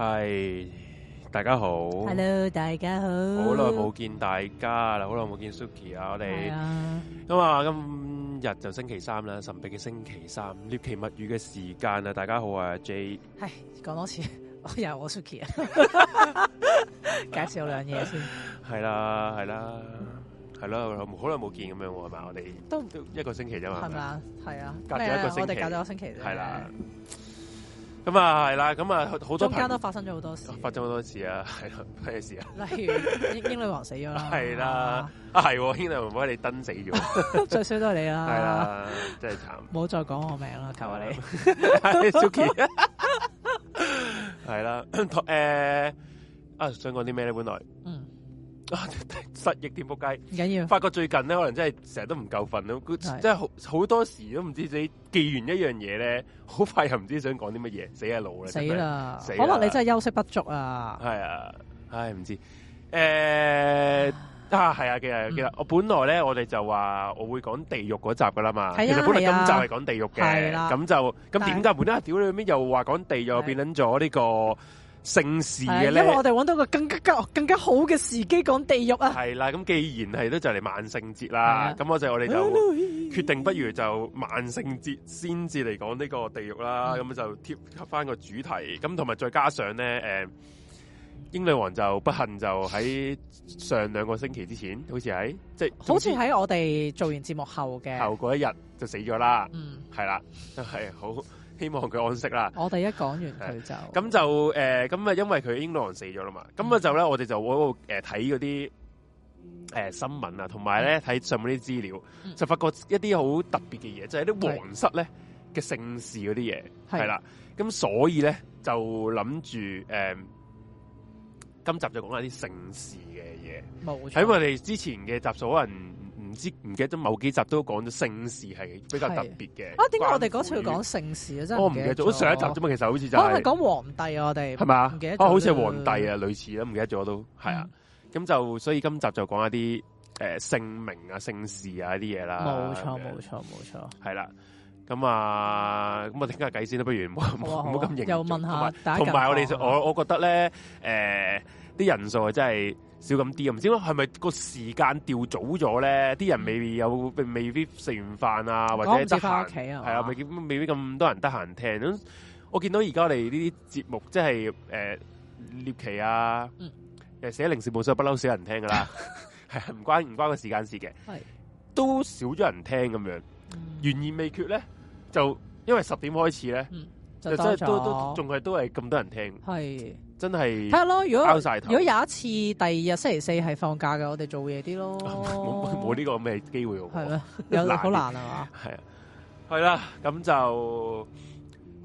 係，大家好。Hello，大家好。好耐冇見大家啦，好耐冇見 Suki 啊，我哋咁啊，今日就星期三啦，神秘嘅星期三，獵奇物語嘅時間啊，大家好啊，J。係講多次，我又係我 Suki 啊。介紹兩嘢先。係啦、啊，係啦，係咯，好耐冇見咁樣係嘛，我哋都唔到一個星期啫嘛。係嘛，係啊。隔咗一個星期，我哋隔咗一個星期。係啦、啊。咁啊，係啦，咁啊，好多，中間都發生咗好多事，發生好多事啊，係咩事啊？例如英女王死咗啦，係啦，啊係，英女王唔好你登死咗，最衰都係你啦，係啦，真係慘，唔好再講我名啦，求下你，Suki，係啦，誒，啊，想講啲咩咧？本來，嗯。失憶添，仆街！唔緊要。發覺最近咧，可能真係成日都唔夠瞓咯是的，即係好好多時都唔知自己記完一樣嘢咧，好快又唔知想講啲乜嘢，死下腦啦！死啦！可能你真係休息不足啊！係啊，唉唔知誒，欸、唉啊係啊，其實其實我本來咧，我哋就話我會講地獄嗰集噶啦嘛，啊、其實本來今集係講地獄嘅，咁、啊、就咁點解本得？屌你咩又話講地獄，變撚咗呢個？盛事嘅咧，呢因為我哋揾到個更加更加好嘅時機講地獄啊！係啦，咁既然係都就嚟萬聖節啦，咁了我就我哋就決定，不如就萬聖節先至嚟講呢個地獄啦。咁、嗯、就貼合翻個主題，咁同埋再加上咧，誒，英女王就不幸就喺上兩個星期之前，好似喺即係，好似喺我哋做完節目後嘅後嗰一日就死咗啦。嗯，係啦，都係好。希望佢安息啦，我第、嗯。我哋一講完佢就咁就誒，咁、呃、啊，因為佢英女皇死咗啦嘛，咁啊、嗯、就咧，我哋就喺度誒睇嗰啲誒新聞啊，同埋咧睇上面啲資料，嗯、就發覺一啲好特別嘅嘢，就係、是、啲皇室咧嘅對 姓氏嗰啲嘢係啦。咁對 所以咧就諗住誒，今集就講下啲姓氏嘅嘢。冇喺沒錯 我哋之前嘅集數可能。唔知唔記得咗某幾集都講咗姓氏係比較特別嘅，啊，點解我哋嗰次要講姓氏啊，真係我唔記得咗，上一集啫嘛，其實好似就我係講皇帝啊，我哋係嘛，唔記得哦，好似係皇帝啊，類似啦，唔記得咗都係啊，咁就所以今集就講一啲誒姓名啊、姓氏啊啲嘢啦。冇錯冇錯冇錯，係啦，咁啊咁啊，傾下偈先啦，不如唔好唔好咁認真，又問下，同埋我哋，我我覺得咧，誒，啲人數啊，真係。少咁啲唔知係咪個時間調早咗咧？啲人未必有未必食完飯啊，或者得閒，係啊，未必咁多人得閒聽。我見到而家我哋呢啲節目，即係誒獵奇啊，嗯、寫靈異故事不嬲少人聽噶啦，係唔 關唔關個時間事嘅，是都少咗人聽咁樣。懸疑未決咧，就因為十點開始咧、嗯，就真係都都仲係都係咁多人聽。真係睇下咯，如果如果有一次第二日星期四係放假嘅，我哋做嘢啲咯、啊。冇呢個咩機會喎？係啊 有好 難啊嘛。係啊 係啦，咁就。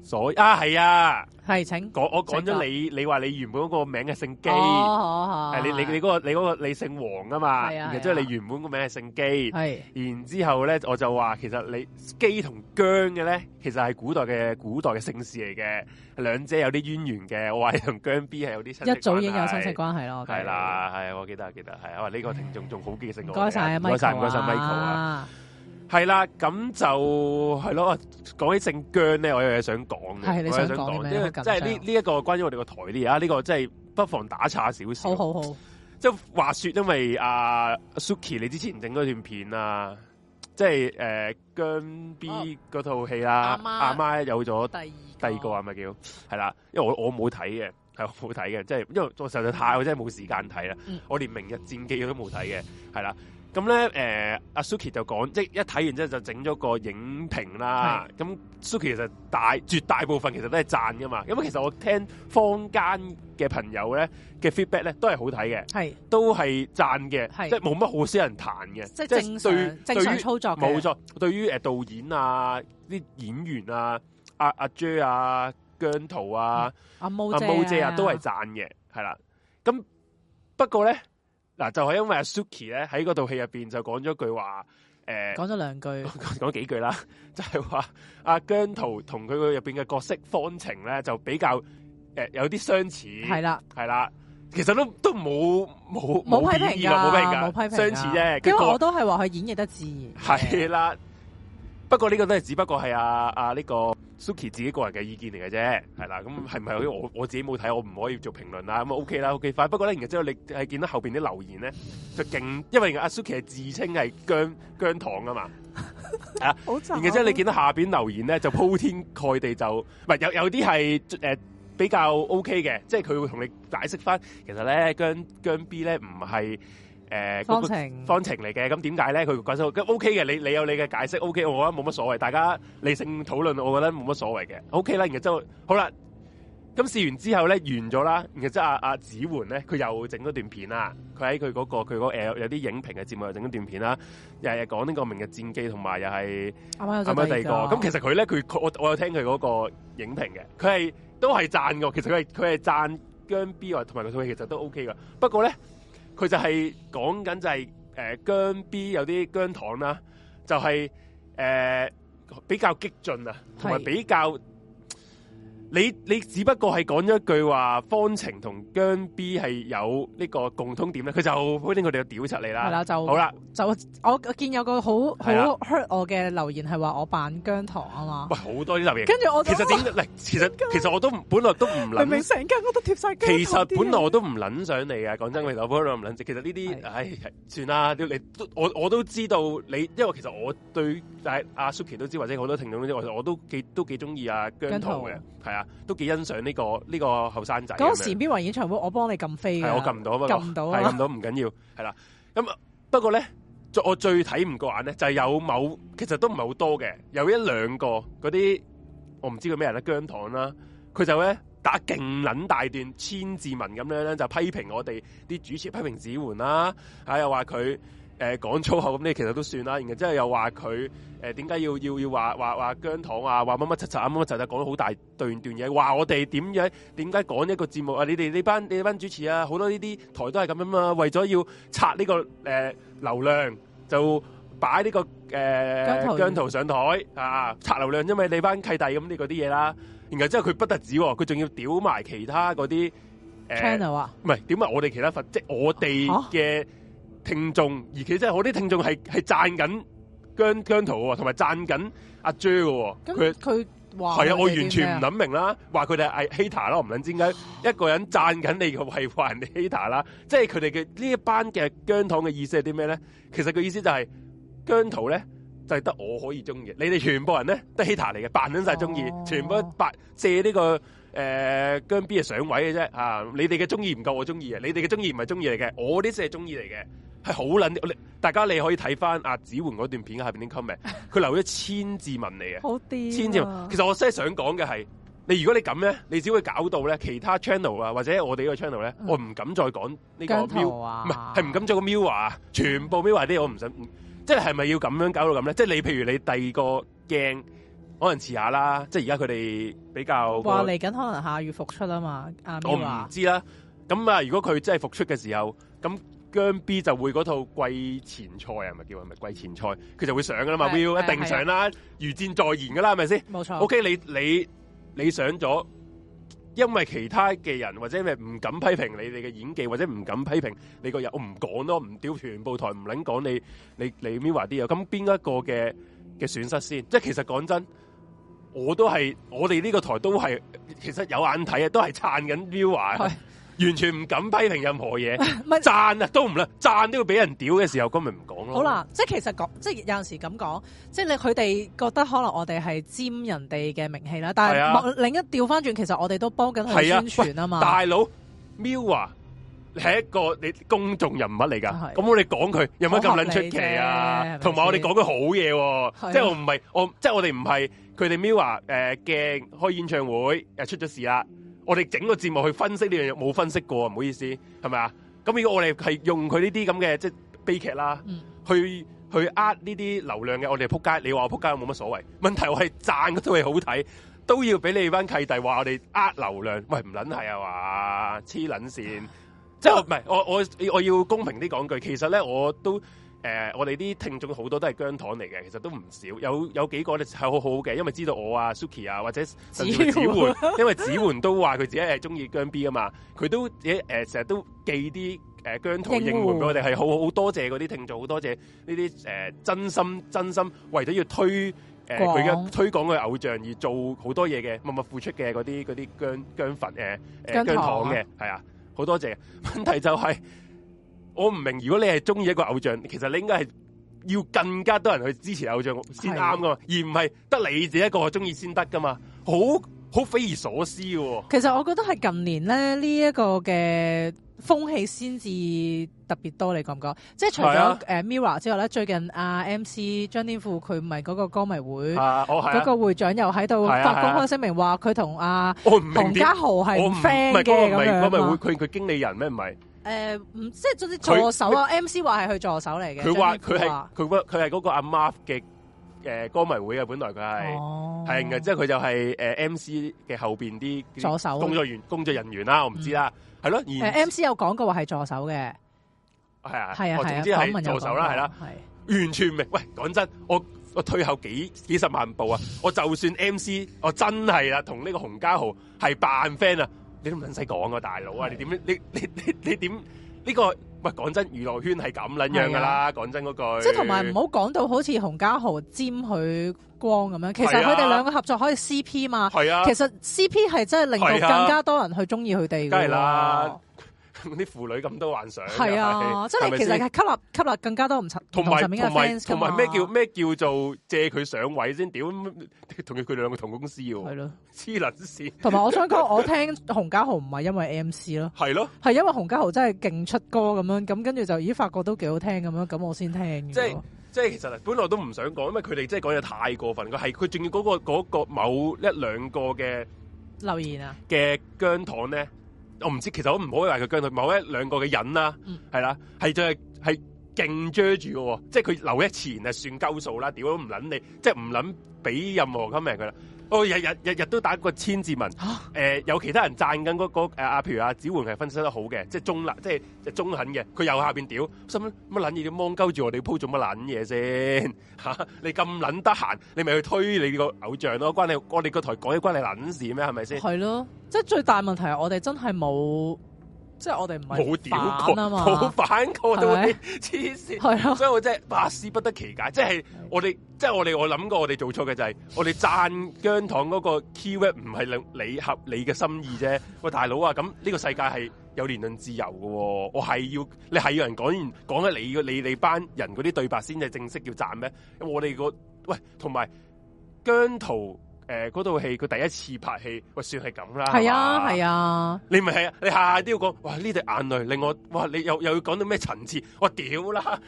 所以啊，係啊，係請講，我講咗你，你話你原本嗰個名係姓姬，係你你你嗰個你嗰個你姓黃啊嘛，即係你原本個名係姓姬，係，然之後咧我就話其實你姬同姜嘅咧，其實係古代嘅古代嘅姓氏嚟嘅，兩者有啲淵源嘅，我話你同姜 B 係有啲親一早已經有親戚關係咯，係啦，係我記得記得，係我話呢個聽眾仲好記性，唔該晒啊，唔該晒唔該晒 Michael 啊。係啦，咁就係咯。講起姓姜咧，我有嘢想講嘅。係你對想講咩？即係呢呢一個關於我哋個台啲嘢啊，呢、這個真係不妨打岔少少。好好好。即係話說，因為阿、啊、Suki 你之前整嗰段片啊，即係誒姜 B 嗰套戲啦，阿媽有咗第二第二個係咪叫？係啦，因為我我冇睇嘅，係我冇睇嘅，即、就、係、是、因為我實在太真係冇時間睇啦，我、嗯、我連《明日戰記》我都冇睇嘅，係啦。咁咧，阿、呃啊、Suki 就講，即係一睇完之後就整咗個影評啦。咁 Suki 其實大絕大部分其實都係讚噶嘛。咁其實我聽坊間嘅朋友咧嘅 feedback 咧都係好睇嘅，都係是讚嘅，是即係冇乜好少人彈嘅，即係正即對正正操作嘅。冇錯，對於誒導演啊、啲演員啊、阿、啊、阿、啊、J 啊、姜濤啊、阿毛、啊啊姐，啊啊、姐啊，都係讚嘅，係啦。咁不過咧。嗱、啊，就係因為阿 Suki 咧喺嗰套戲入邊就講咗句話，誒、呃，講咗兩句，講幾句啦，就係話阿姜濤同佢入邊嘅角色方晴咧就比較、呃、有啲相似，係啦了，係啦，其實都都冇冇冇批評㗎，冇批評嘅，批評相似啫，因為我都係話佢演繹得自然，係啦。不過呢個都係只不過係阿阿呢個 Suki 自己個人嘅意見嚟嘅啫。係啦，咁係咪我我自己冇睇，我唔可以做評論，啊那 OK，啦，咁啊 OK 啦，OK 快。不過咧，然之後你係見到後邊啲留言咧，就勁，因為阿、啊、Suki 係自稱係姜姜糖啊嘛， 啊，然之後你見到下邊留言咧，就鋪天蓋地就，唔係有有啲係誒比較 OK 嘅，即係佢會同你解釋翻，其實咧姜姜 B 咧唔係。不是誒，呃、方，情方程方程嚟嘅，咁點解咧？佢講咗，咁 OK 嘅，你你有你嘅解釋，OK，我覺得冇乜所謂，大家理性討論，我覺得冇乜所謂嘅，OK 啦。然之後好啦，咁試完之後咧，完咗啦。然之後阿阿子媛咧，佢又整咗段片啦，佢喺佢嗰個佢嗰誒有啲影評嘅節目又整咗段片啦，日日講呢個明日戰記，同埋又係係咪第二個？咁、啊、其實佢咧，佢我我有聽佢嗰個影評嘅，佢係都係讚噶，其實佢係佢係讚姜 B 啊，同埋佢其實都 OK 噶，不過咧。佢就係講緊就係、是、誒、呃、姜 B 有啲姜糖啦、啊，就係、是、誒、呃、比較激進啊，同埋是比較。你你只不過係講咗一句話，方程同姜 B 係有呢個共通點咧，佢就 p o 佢哋嘅屌出嚟啦。係啦，就好啦，就我我見有個好好 hurt 我嘅留言係話我扮姜糖啊嘛。喂，好多啲留言。跟住我其實點嚟？其實其實我都本來都唔明明成間我都貼曬。其實本來我都唔諗上嚟嘅。講真，其實我 point 其實呢啲算啦，你我我都知道你，因為其實我對阿 Suki 都知或者好多聽眾都知，我我都幾都幾中意阿姜濤嘅都幾欣賞呢、這個呢、這個後生仔。嗰個時變雲演唱會我幫你撳飛，我幫你撳飛係，我撳唔到，撳唔到，撳唔到，唔緊要，係啦。咁不過咧，我最睇唔過眼咧，就係、是、有某，其實都唔係好多嘅，有一兩個嗰啲，我唔知佢咩人啦，姜糖啦，佢就咧打勁捻大段千字文咁樣咧，就批評我哋啲主持批評子煥啦，啊又話佢。誒講、呃、粗口咁，你其實都算啦。然後即係又話佢誒點解要要要話話話姜濤啊，話乜乜柒柒啊，乜乜柒柒，講咗好大段段嘢話我哋點樣點解講一個節目啊？你哋你班你班主持啊，好多呢啲台都係咁啊為咗要拆呢、這個誒、呃、流量，就擺呢、這個誒姜濤上台啊，拆流量，因為你班契弟咁啲嗰啲嘢啦。然後之後佢不得止，佢仲要屌埋其他嗰啲 channel 啊，唔係點埋我哋其他佛即我哋嘅、啊。聽眾而且真係我啲聽眾係係讚緊姜姜濤同埋讚緊阿 J 嘅、er。佢佢話係啊，的我完全唔諗明白啦。話佢哋係 hater 唔諗點解一個人讚緊你嘅話，話人哋 hater 啦。即係佢哋嘅呢一班嘅姜糖嘅意思係啲咩咧？其實個意思就係姜濤咧就係、是、得我可以中意，你哋全部人咧都 hater 嚟嘅，扮撚晒中意，哦、全部白借呢、這個誒、呃、姜 B 嘅上位嘅啫。啊，你哋嘅中意唔夠我中意啊，你哋嘅中意唔係中意嚟嘅，我啲先係中意嚟嘅。係好撚，你大家你可以睇翻阿子媛嗰段片下面啲 comment，佢留咗千字文嚟嘅，千 瘋、啊、字文。其實我真係想講嘅係，你如果你咁咧，你只會搞到咧其他 channel 啊，或者我哋個 channel 咧，我唔敢再講呢個 m i、嗯、啊，係，唔敢做個 Miu 啊，全部 Miu 啲我唔想，即係係咪要咁樣搞到咁咧？即、就、係、是、你譬如你第二個鏡可能遲下啦，即係而家佢哋比較話嚟緊可能下月復出啊嘛，啊我唔知啦。咁啊，如果佢真係復出嘅時候，咁。姜 B 就會嗰套季前賽啊，係咪叫係咪季前賽？佢就會上噶啦嘛，Will 對一定上啦，如箭在弦噶啦，係咪先？冇沒錯 okay。O K，你你你上咗，因為其他嘅人或者咩唔敢批評你哋嘅演技，或者唔敢批評你個人，我唔講咯，唔屌全部台，唔撚講你你你 Mirror 啲嘢，咁邊一個嘅嘅損失先？即係其實講真，我都係我哋呢個台都係其實有眼睇啊，都係撐緊 Mirror。完全唔敢批評任何嘢，唔係讚啊都唔啦，讚都要俾人屌嘅時候，咁咪唔講咯。好啦，即係其實講，即係有陣時咁講，即係你佢哋覺得可能我哋係佔人哋嘅名氣啦，但係、啊、另一調翻轉，其實我哋都幫緊佢宣傳啊嘛。啊大佬 Mirror 你係一個你公眾人物嚟噶，咁、啊啊、我哋講佢有乜咁撚出奇啊？同埋我哋講佢好嘢、啊，啊、即係我唔係我，即係我哋唔係佢哋 Mirror 誒，鏡開演唱會出咗事啦。我哋整個節目去分析呢樣嘢冇分析過，唔好意思，係咪啊？咁如果我哋係用佢呢啲咁嘅即係悲劇啦，嗯、去去呃呢啲流量嘅，我哋撲街，你話我撲街，我冇乜所謂。問題我係讚嘅都係好睇，都要俾你班契弟話我哋呃流量，喂唔撚係啊話黐撚線。即係唔係？我我我要公平啲講句，其實咧我都。誒、呃，我哋啲聽眾好多都係姜糖嚟嘅，其實都唔少。有有幾個咧係好好嘅，因為知道我啊 Suki 啊，或者甚至指換， 因為指換都話佢自己係鍾意姜 B 啊嘛，佢都誒成日都寄啲誒姜糖應援俾我哋，係好好多謝嗰啲聽眾，好多謝呢啲誒真心真心為咗要推誒佢嘅，呃、光推廣佢偶像而做好多嘢嘅默默付出嘅嗰啲嗰啲姜姜粉誒誒姜糖嘅，係啊好、啊、多謝。問題就係、是。我唔明，如果你係中意一個偶像，其實你應該係要更加多人去支持偶像先啱噶，是的 而唔係得你自己一個中意先得噶嘛，好好非而所思匪夷所思嘅、哦。其實我覺得係近年咧呢一、這個嘅風氣先至特別多，你覺唔覺？即、就、係、是、除咗 Mirror 之外咧，是啊、最近阿 MC 張天賦佢唔係嗰個歌迷會嗰、啊哦啊、個會長，又喺度發公開聲明話佢同阿家豪係 friend 嘅咁樣。我咪歌迷會佢佢經理人咩？唔係。誒，唔、呃、即係總之助手啊！M C 話係佢助手嚟嘅。佢話佢係佢佢係嗰個阿 Mark 嘅誒歌迷會啊，本來佢係係嘅，即係佢就係、是、誒、呃、M C 嘅後邊啲助手、工作人員、啊、工作人員啦，我唔知啦，係咯。誒，M C 有講過話係助手嘅，係啊，係啊，是啊，總之係助手啦，係啦、啊，係、啊啊啊、完全唔明。喂，講真，我我退後幾幾十萬步啊！我就算 M C，我真係啊，同呢個洪家豪係扮 friend 啊！你都唔使講個大佬啊！是的 你點？你你你你點？呢個喂，講真，娛樂圈係咁樣噶啦。講是的 真嗰句，即係同埋唔好講到好似洪家豪沾佢光咁樣。其實佢哋兩個合作可以 CP 嘛？係啊。其實 CP 係真係令到更加多人去中意佢哋。梗係啦。啲婦女咁多幻想，係啊，即係其實係吸納吸納更加多唔同上面嘅 fans。同埋同埋咩叫咩叫做借佢上位先？屌，同佢哋兩個同公司喎。係咯，黐撚線。同埋我想講，我聽洪嘉豪唔係因為 MC 咯，係咯，係因為洪嘉豪真係勁出歌咁樣，咁跟住就咦發覺都幾好聽咁樣，咁我先聽嘅。即即其實本來都唔想講，因為佢哋真係講嘢太過分。佢係佢仲要嗰個嗰個某一兩個嘅留言啊嘅薑糖咧。我唔知，其實我唔可以話佢僵到某一個兩個嘅人啦、啊，係啦、嗯啊，係就係、是、係勁遮住喎。即係佢留一次，就算鳩數啦，屌都唔撚你，即係唔撚俾任何 comment 佢啦。哦，日日日日都打個千字文，誒、啊呃、有其他人讚緊嗰嗰阿譬如阿子桓係分析得好嘅，即係中立，即係即係中肯嘅。佢右下面屌，心乜撚嘢要芒鳩住我哋鋪做乜撚嘢先？嚇你咁撚得閒，你咪去推你個偶像咯。關你我哋個台講嘢關你撚事咩？係咪先？係咯，即係最大問題係我哋真係冇。即係我哋唔係好反啊嘛，冇反過到啲黐線，所以我真係百思不得其解。即、就、係、是、我哋，即係 我哋、就是，我諗過我哋做錯嘅就係我哋讚姜糖嗰個 keyword 唔係令你合你嘅心意啫、 哦那個。喂，大佬啊，咁呢個世界係有言論自由噶，我係要你係有人講完講緊你你哋班人嗰啲對白先至正式叫讚咩？咁我哋個喂，同埋姜糖。誒，嗰套戲佢第一次拍戲，喂，算係咁啦，係啊，係吧啊，你咪係啊，你下下都要講，哇，呢對眼淚令我，哇，你又又要講到咩層次，我屌啦，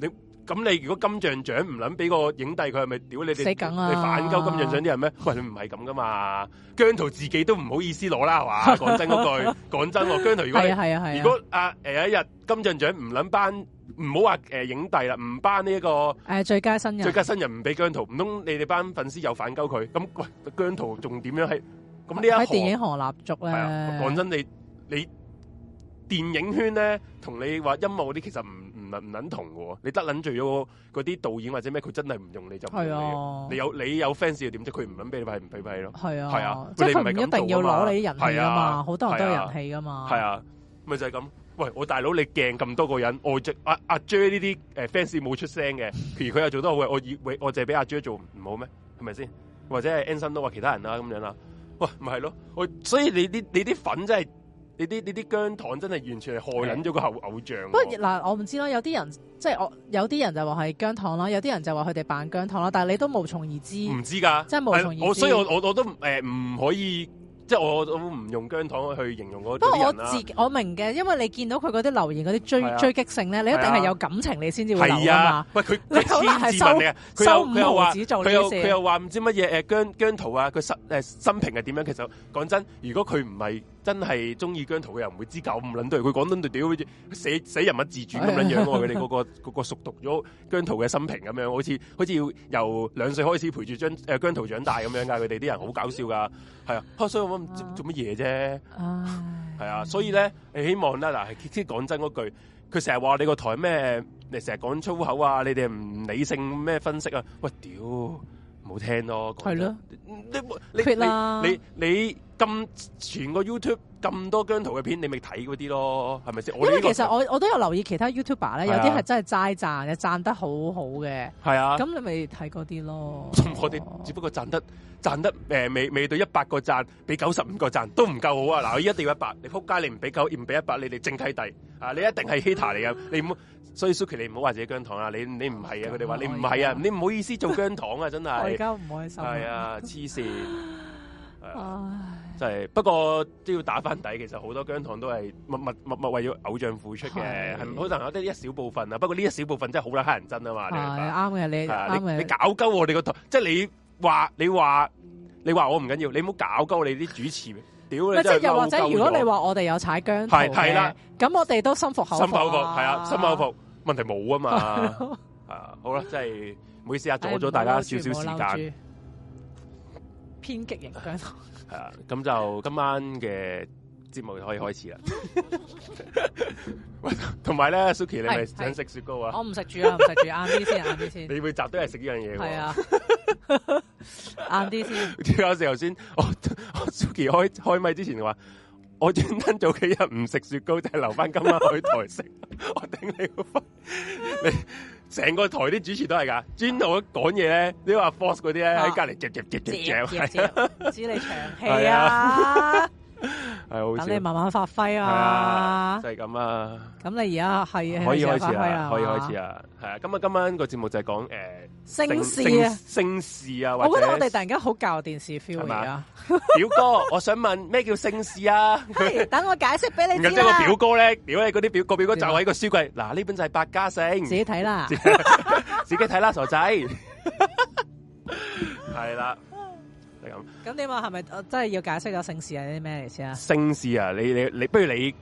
你咁你如果金像獎唔諗俾個影帝佢係咪屌你哋死梗啊？你反鳩金像獎啲人咩？喂，你唔係咁噶嘛，姜濤自己都唔好意思攞啦，係嘛，講 真嗰句，講真，姜濤如果係，係啊，啊，啊如果阿誒、啊、有一日金像獎唔諗頒。唔好話誒影帝啦，唔頒呢一個誒最佳新人，最佳新人唔俾姜濤，唔通你哋班粉絲又反鳩佢？咁喂姜濤仲點樣喺？咁呢一喺電影行立足咧？係啊，講真你你電影圈咧，同你話音樂啲其實唔唔唔撚同嘅。你得撚住咗嗰啲導演或者咩，佢真係唔用你就係啊的。你有粉絲你有 fans 又點啫？佢唔撚俾你派唔俾派咯？係啊係啊，即係唔一定要攞你人氣啊嘛？好的多人都有人氣噶嘛？係啊，咪就係、是、咁。喂，我大佬你鏡咁多個人，阿阿、啊、阿 j 呢啲誒 fans 冇出聲嘅，譬如佢又做得好喂，我以我借俾阿 j、er、做唔好咩？係咪先？或者係 Anson 都話其他人啦、啊、咁樣啦？喂，唔係咯，我所以你啲你啲粉真係你啲你啲姜糖真係完全係害撚咗個偶偶像的。我 不過嗱，我唔知啦，有啲人即係我有啲人就話係姜糖啦，有啲人就話佢哋扮姜糖啦，但係你都無從而知，唔知㗎，即係無從而知。所以我我我都誒唔、呃、可以。即我我都唔用姜糖去形容嗰，啊、不過我自我明嘅，因為你見到佢嗰啲留言嗰啲追追擊、啊、性咧，你一定係有感情你先至會留啊，喂，佢佢千字文嚟嘅，佢又佢又佢又話唔知乜嘢誒薑薑濤啊，佢生誒平係點樣？其實講真，如果佢唔係。真係中意姜濤嘅人唔會知搞唔撚到，佢講到屌好似死人物自傳咁撚樣喎，佢哋嗰個 熟讀咗姜濤嘅心平咁樣，好似好似要由兩歲開始陪住姜誒姜濤長大咁樣㗎，佢哋啲人好搞笑㗎，係啊，啊，所以我唔知做乜嘢啫，係啊，所以咧、嗯、希望咧嗱，係先講真嗰句，佢成日話你個台咩，你成日講粗口啊，你哋唔理性咩分析啊，喂，屌！冇聽咯，那個、你你你你你咁全個 YouTube 咁多姜濤嘅片，你咪睇嗰啲咯，係咪先？我這個、因為其實我我都有留意其他 YouTuber 咧，啊、有啲係真係齋賺嘅，賺得好好嘅。係啊，咁你咪睇嗰啲咯。嗯、我哋只不過賺得賺得，賺得未未到一百個讚俾九十五個讚都唔夠好啊！嗱，我一定要一百， 你撲街你唔俾九，唔俾一百，你哋正契弟啊！你一定係 hater 嚟嘅，你唔～ 所以 Suki 你唔好話自己姜糖啊，你你唔係啊，佢哋話你唔係啊，你唔好意思做姜糖啊，真係。我而家唔開心。係啊，黐線。就係不過都要打翻底，其實好多姜糖都係默默默默為要偶像付出嘅，係可能有得一小部分啊。不過呢一小部分真係好鬼黑人憎啊嘛。啱嘅，你啱嘅。你搞鳩我哋個糖，即係你話你話你話我唔緊要，你唔好搞鳩你啲主持，屌你即係又或者如果你話我哋有踩姜糖，係係啦，咁我哋都心服口服。心啊，心口服。問題冇啊嘛， 啊，好啦，即係唔好意思啊，阻咗大家少少時間。 偏激型嘅，係 啊，咁就今晚嘅節目就可以開始啦。同埋咧，Suki 你咪想食雪糕啊？我唔食住啊，唔食住，啱啲 先，啱啲先。你每集都係食呢樣嘢？係啊，啱啲先。有時頭先我,我 Suki 開開咪之前話？我專登早幾日唔食雪糕，就係留翻今晚去台食。我頂你個肺！你成個台啲主持都係㗎，專好講嘢咧。你話 force 嗰啲咧，喺隔離嚼嚼嚼嚼嚼，係啊，指你長氣啊！係，等你慢慢發揮啊！就係咁啊！咁你而家係可以開始啊！可以開始啊！係啊！今日今晚個節目就係講誒，姓氏啊，姓氏啊！我覺得我哋突然間好舊電視 feel 啊！表哥，我想問咩叫姓氏啊？等我解釋俾你知啦，即係個表哥咧，表咧嗰啲表哥，表哥就喺個書櫃嗱，呢本就係百家姓，自己睇啦，自己睇啦，傻仔，係啦。咁你話係咪？是是我真係要解釋咗姓氏係啲咩嚟先啊？姓氏啊，你你你，不如你。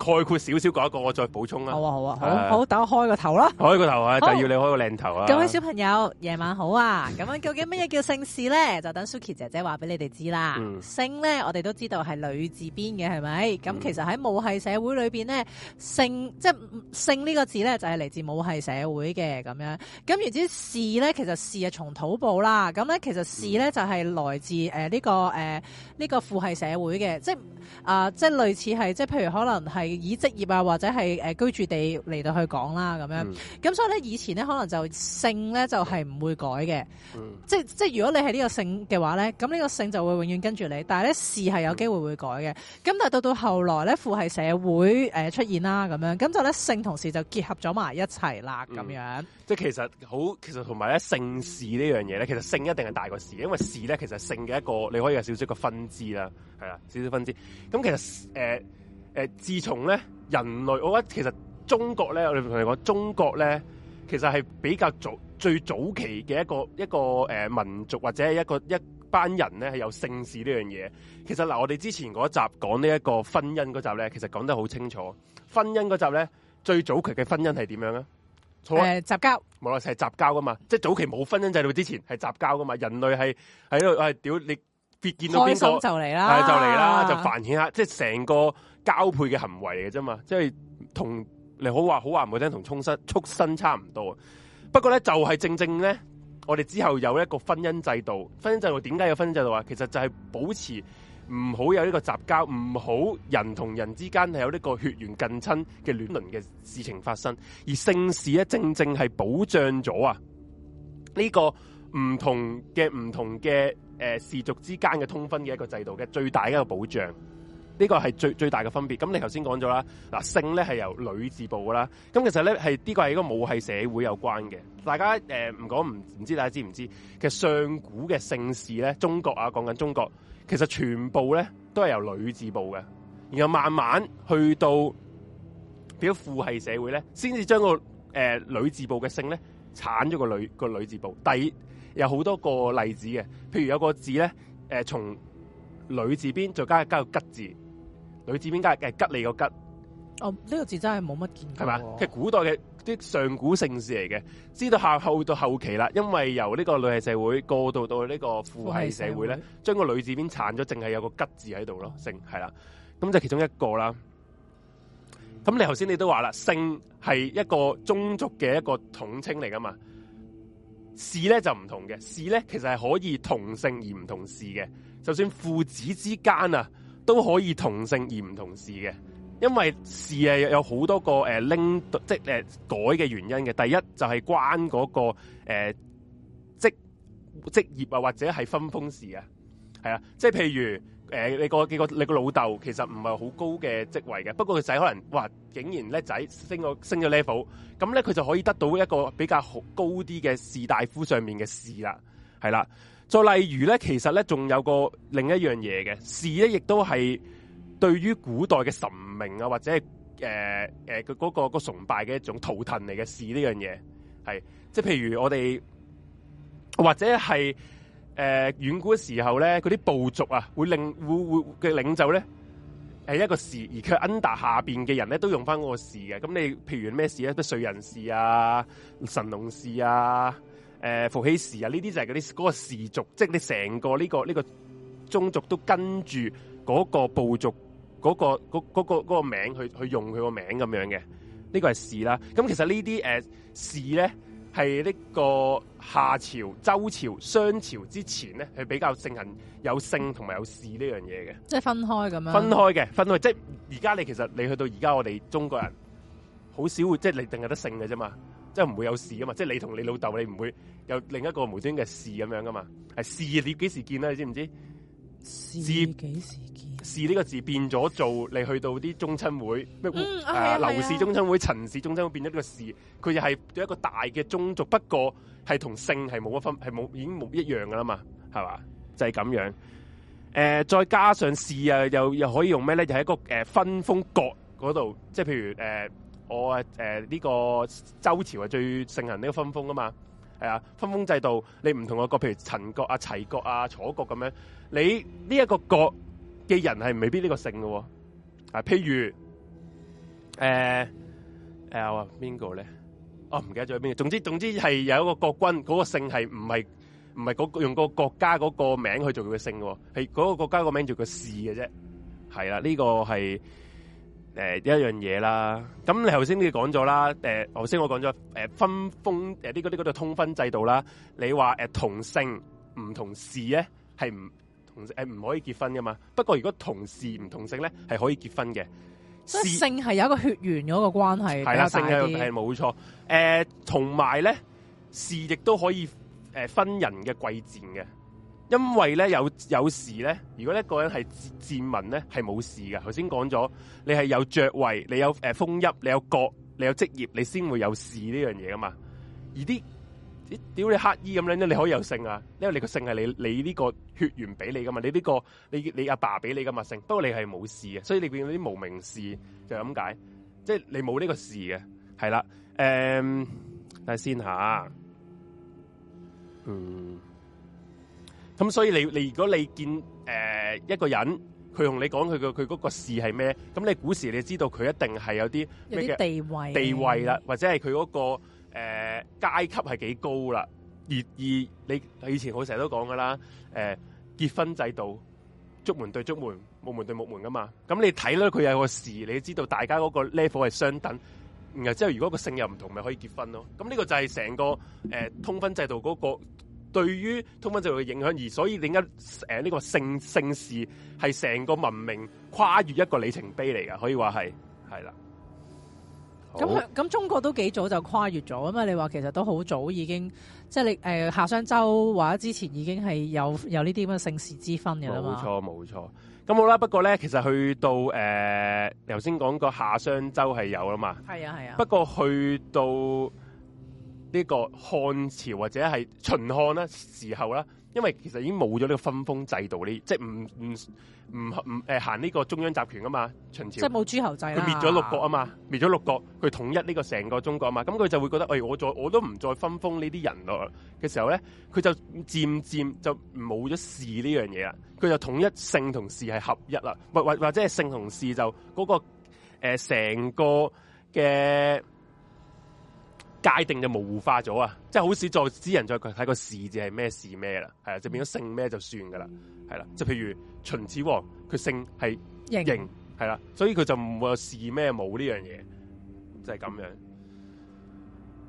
概括少少講一個，我再補充啦好啊。好啊，呃、好啊，好好，等我開個頭啦。開個頭啊，好就要你開個靚頭啊。各位小朋友，夜晚好啊。咁 究竟乜嘢叫姓氏咧？就等 Suki 姐姐話俾你哋知啦。姓咧、嗯，我哋都知道係女字邊嘅，係咪？咁其實喺母系社會裏邊咧，姓即係姓呢個字咧，就係、是、嚟自母系社會嘅咁樣。咁至於氏咧，其實氏係從土部啦。咁咧，其實氏咧就係、是、來自誒呢、呃這個誒呢、呃這個父系社會嘅，即係啊、呃，即係類似係，即係譬如可能係。以職業啊，或者係誒居住地嚟到去講啦，咁樣咁、嗯、所以咧，以前咧可能就姓咧就係、是、唔會改嘅、嗯，即係即係如果你係呢個姓嘅話咧，咁呢個姓就會永遠跟住你，但係咧氏係有機會會改嘅。咁、嗯、但係到到後來咧，父系社會誒、呃、出現啦，咁樣咁就咧姓同氏就結合咗埋一齊啦，咁、嗯、樣。即係其實好，其實同埋咧姓氏呢樣嘢咧，其實姓一定係大過氏，因為氏咧其實係姓嘅一個，你可以有少少個分支啦，係啦，少少分支。咁其實誒。呃誒，自從咧人類，我覺得其實中國咧，我哋同你講，中國咧其實係比較早、最早期嘅一個一個誒、呃、民族，或者係一個一班人咧係有姓氏呢樣嘢。其實嗱、呃，我哋之前嗰集講呢、這、一個婚姻嗰集咧，其實講得好清楚。婚姻嗰集咧，最早期嘅婚姻係點樣啊？誒，雜、呃、交，冇錯，係雜交噶嘛。即係早期冇婚姻制度之前係雜交噶嘛。人類係喺度誒，屌你見到邊個、哎？開心就嚟啦，就嚟啦，就繁衍下，即係成個。交配嘅行為嚟嘅啫嘛，即係同你好話好話唔好聽，同冲身畜生差唔多。不過咧，就係、是、正正咧，我哋之後有一個婚姻制度，婚姻制度點解有婚姻制度啊？其實就係保持唔好有呢個雜交，唔好人同人之間係有呢個血緣近親嘅亂倫嘅事情發生，而姓氏咧正正係保障咗啊呢個唔同嘅唔同嘅誒氏族之間嘅通婚嘅一個制度嘅最大一個保障。呢個係最最大嘅分別。咁你頭先講咗啦，嗱，姓咧係由女字部噶啦。咁其實咧係呢是、這個係一個母系社會有關嘅。大家誒唔講唔唔知大家知唔知？其實上古嘅姓氏咧，中國啊講緊中國，其實全部咧都係由女字部嘅。然後慢慢去到變咗父系社會咧，先至將個誒、呃、女字部嘅姓咧鏟咗個女個女字部。第二有好多個例子嘅，譬如有個字咧，誒、呃、從女字邊再加加個吉字。女字邊加係吉你個吉哦，呢個字真係冇乜見過。係嘛，佢係古代嘅啲上古姓氏嚟嘅，知道下後到後期啦，因為由呢個女系社會過渡到呢個父系社會咧，將個女字邊鏟咗，淨係有個吉字喺度咯，姓係啦。咁就其中一個啦。咁你頭先你都話啦，姓係一個宗族嘅一個統稱嚟噶嘛？氏咧就唔同嘅，氏咧其實係可以同姓而唔同氏嘅，就算父子之間啊。都可以同姓而唔同氏嘅，因為氏係有好多個誒拎、呃、即誒、呃、改嘅原因嘅。第一就係關嗰、那個誒職職業啊，或者係分封氏啊，係啊，即係譬如誒、呃、你、那個幾個你個老豆其實唔係好高嘅職位嘅，不過個仔可能哇竟然叻仔升個升咗 level，咁咧佢就可以得到一個比較好高啲嘅士大夫上面嘅氏啦，係啦。再例如咧，其實咧仲有個另一樣嘢嘅，氏咧亦都係對於古代嘅神明啊，或者係誒誒個嗰、嗰個崇拜嘅一種圖騰嚟嘅氏，氏。呢樣嘢，係即係譬如我哋或者係誒、呃、遠古嘅時候咧，嗰啲部族啊會令會會嘅領袖咧係一個氏。而佢 under 下邊嘅人咧都用翻嗰個氏嘅，咁你譬如咩氏咧？啲瑞人氏啊，神龍氏啊。誒，伏羲氏啊，呢啲就係嗰啲嗰個氏族，即係你成個呢個呢個宗族都跟住嗰個部族嗰個嗰個嗰個名去去用佢個名咁樣嘅，呢個係氏啦。咁其實、呃、呢啲誒氏咧係呢個夏朝、周朝、商朝之前咧係比較盛行有姓同埋有氏呢樣嘢嘅，即係分開咁樣。分開嘅，分開即係而家你其實你去到而家我哋中國人好少會即係你淨係得姓嘅啫嘛。即係唔會有事噶嘛，即係你同你老豆，你唔會有另一個無端嘅氏咁樣噶嘛？係氏，你幾時見咧？你知唔知？氏幾時見？氏呢個字變咗做你去到啲宗親會咩？誒劉氏宗親會、啊、陳氏宗親會變咗呢個氏，佢就係一個大嘅宗族，不過係同姓係冇一分，係冇已經冇一樣噶啦嘛，係嘛？就係、是、咁樣。誒、呃，再加上氏啊，又又可以用咩咧？就係一個誒、呃、分封國嗰度，即係譬如誒。呃我誒誒呢個周朝係最盛行呢個分封啊嘛，係啊分封制度，你唔同個國，譬如陳國啊、齊國啊、楚國咁、啊、樣，你呢一個國嘅人係未必呢個姓嘅、哦，啊，譬如誒誒，邊、呃呃、個咧？我、哦、唔記得咗邊個，總之總之係有一個國君，嗰、那個姓係唔係唔係用個國家嗰個名去做佢嘅姓嘅、哦，係嗰個國家名的的、啊這個名做佢氏嘅啫，係啦，呢個係。誒、呃，一樣嘢啦。咁你頭先都講咗啦。誒、呃，頭先我講咗誒分封誒，呢啲呢通婚制度啦。你話誒、呃、同姓唔同氏咧，係唔同誒唔、呃、可以結婚噶嘛？不過如果同氏唔同姓咧，係可以結婚嘅。所以，姓係有一個血緣嗰個關係，係啦，姓係冇錯。誒、呃，同埋咧，氏亦都可以誒、呃、分人嘅貴賤嘅。因為咧，有有氏咧，如果一個人係賤民咧，係冇氏噶。頭先講咗，你係有爵位，你有誒封邑，你有國，你有職業，你先會有氏呢樣嘢噶嘛而啲，屌你乞衣咁樣咧，你可以有姓啊，因為你個姓係你你呢個血緣俾你噶嘛你呢個你你阿爸俾你噶嘛姓不過你係冇氏嘅，所以你變咗啲無名氏，就係咁解，即係你冇呢個氏嘅，係啦。誒，但係先吓，嗯。看看嗯咁、嗯、所以你你如果你見誒、呃、一個人佢同你講佢個佢個姓係咩，咁你古時你知道佢一定係有啲有啲地位地位啦，或者係佢嗰個誒階、呃、級係幾高啦，而意，而你以前好成日都講噶啦，誒、呃、結婚制度，竹門對竹門，木門對木門噶嘛，咁、嗯、你睇咧佢有個姓，你知道大家嗰個 level 係相等，然後之後如果個姓又唔同，咪可以結婚咯。咁呢個就係成個誒、呃、通婚制度嗰、那個。對於通婚制度嘅影響，而所以點解誒呢個姓姓氏係成個文明跨越一個里程碑嚟㗎，可以話係係啦。咁、嗯、咁中國都幾早就跨越咗啊嘛？你話其實都好早已經，即係你誒、呃、夏商周話之前已經係有有呢啲咁嘅姓氏之分嘅啦，冇錯冇錯。咁好啦，不過咧其實去到誒，頭先講個夏商周係有啦嘛。係啊係啊。啊不過去到。呢個漢朝或者係秦漢啦時候啦，因為其實已經冇咗呢個分封制度，呢即係唔唔唔唔誒行呢個中央集權啊嘛。秦朝即係冇諸侯制啦。佢滅咗六國啊嘛，滅咗六國，佢統一呢個成個中國啊嘛，咁、嗯、佢就會覺得，喂、哎，我再我都唔再分封呢啲人咯嘅時候咧，佢就漸漸就冇咗氏呢樣嘢啦，佢就統一姓同氏係合一啦，或或或者係姓同氏就嗰、那個成、呃、個嘅。界定就模糊化咗啊！即係好少再之人再睇個氏字係咩氏咩啦，係啊，就變咗姓咩就算噶啦，係啦，即係譬如秦始皇佢姓係嬴，係啦，所以佢就唔會有氏咩武呢樣嘢，就係、是、咁樣。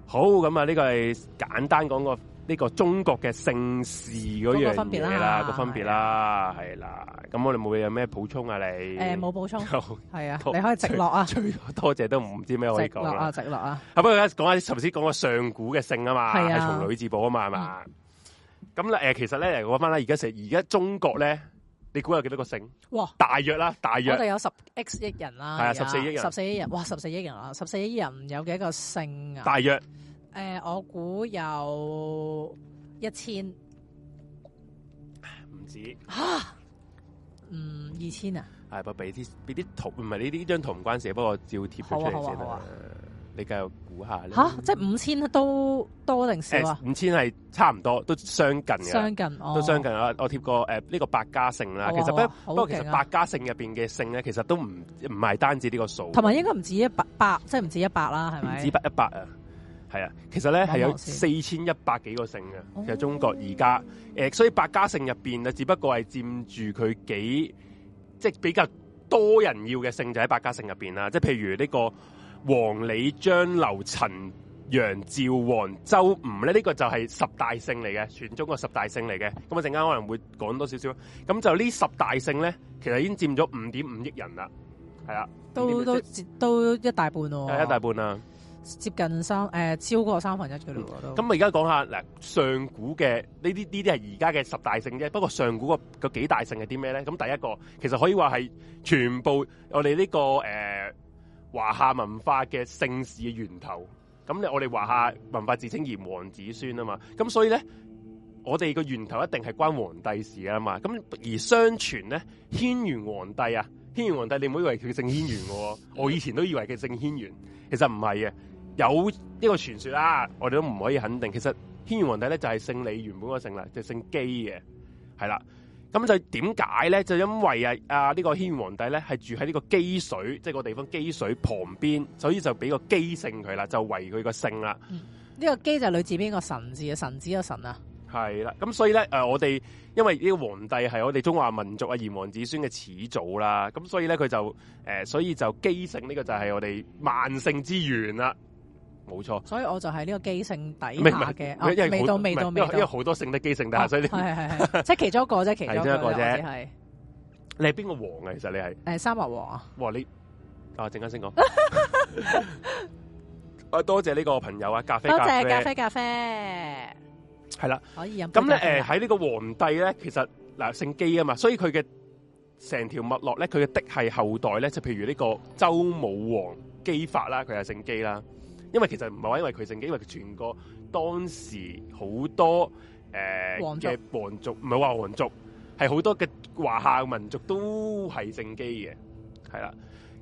好，咁啊呢個係簡單講個。呢個中國嘅姓氏嗰樣嘢啦，個分別啦，係啦。咁我哋冇有咩補充啊？你誒，冇補充，係啊，你可以直落啊。最多多謝都唔知咩可以講啦。直落啊，直落啊。啊，不過講下，頭先講個上古嘅姓啊嘛，係從女字部啊嘛，係嘛。咁咧誒，其實咧嚟講翻咧，而家而家中國咧，你估有幾多個姓？哇！大約啦，大約我哋有十 X 億人啦，係啊，十四億人，十四億人，哇，十四億人啊，十四億人有幾多個姓啊？大約。誒、呃，我估有一千，唔止吓，嗯，二千啊，係，不俾啲俾啲圖係，唔係呢啲呢張圖唔關事，不過照貼出嚟先啦。你繼續估下吓，即係五千都多定少？五千係差唔多，都相近嘅，相近，哦、都相近。我我貼、呃這個誒呢個百家姓啦，啊、其實不、啊、不過其實百家姓入邊嘅姓咧，其實都唔唔係單止呢個數，同埋應該唔止一百百，即係唔止一百啦，係咪？唔止一百啊？係啊，其實咧係有四千一百幾個姓嘅，其實中國而家，誒、oh. 呃，所以百家姓入邊啊，只不過係佔住佢幾，即係比較多人要嘅姓就喺百家姓入邊啦。即係譬如呢個黃、李、張、劉、陳、楊、趙、王、周、吳咧，呢、呢個就係十大姓嚟嘅，全中國十大姓嚟嘅。咁啊，陣間可能會講多少少。咁就呢十大姓咧，其實已經佔咗、啊、都五點五億人啦。係啊都，都都即都一大半喎、啊。係一大半啊。接近三誒、呃，超過三分之一之多。咁我而家講下嗱，上古嘅呢啲呢啲係而家嘅十大姓啫。不過上古個個幾大姓係啲咩咧？咁第一個其實可以話係全部我哋呢、這個誒華、呃、夏文化嘅姓氏嘅源頭。咁我哋華夏文化自稱炎黃子孫啊嘛。咁所以咧，我哋個源頭一定係關皇帝事啊嘛。咁而相傳咧，軒轅皇帝啊，軒轅皇帝你唔好以為佢姓軒轅嘅。 我以前都以為佢姓軒轅，其實唔係嘅。有呢個傳說啦，我哋都唔可以肯定。其實軒轅皇帝咧就係、是、姓李，原本個姓啦，就是、姓姬嘅，係啦。咁就點解咧？就因為啊啊呢、這個軒轅皇帝咧係住喺呢個姬水，即係個地方姬水旁邊，所以就俾個姬姓佢啦，就為佢、嗯，這個姓啦。呢個姬就來自邊個神字啊？神字個神啊？係啦。咁所以咧，誒、呃、我哋因為呢個皇帝係我哋中華民族啊炎黃子孫嘅始祖啦，咁所以咧佢就誒、呃、所以就姬姓呢個就係我哋萬姓之源啦。冇錯，所以我就係呢個姬姓底下嘅，因為好多姓的姬姓底下，所以係係即係其中一個啫，其中一個啫係。你係邊個王啊？其實你係誒三伯王啊？哇！你啊，陣間先講。啊，多謝呢個朋友啊，咖啡，多謝咖啡，咖啡係啦，可以咁咧。誒，喺呢個皇帝咧，其實嗱，姓姬啊嘛，所以佢嘅成條脈絡咧，佢嘅嫡系後代咧，就譬如呢個周武王姬發啦，佢係姓姬啦。因為其實唔係話因為佢姓姬，因為全國當時好多誒嘅、呃、王族，唔係話王族係好多嘅華夏民族都係姓姬嘅，係啦。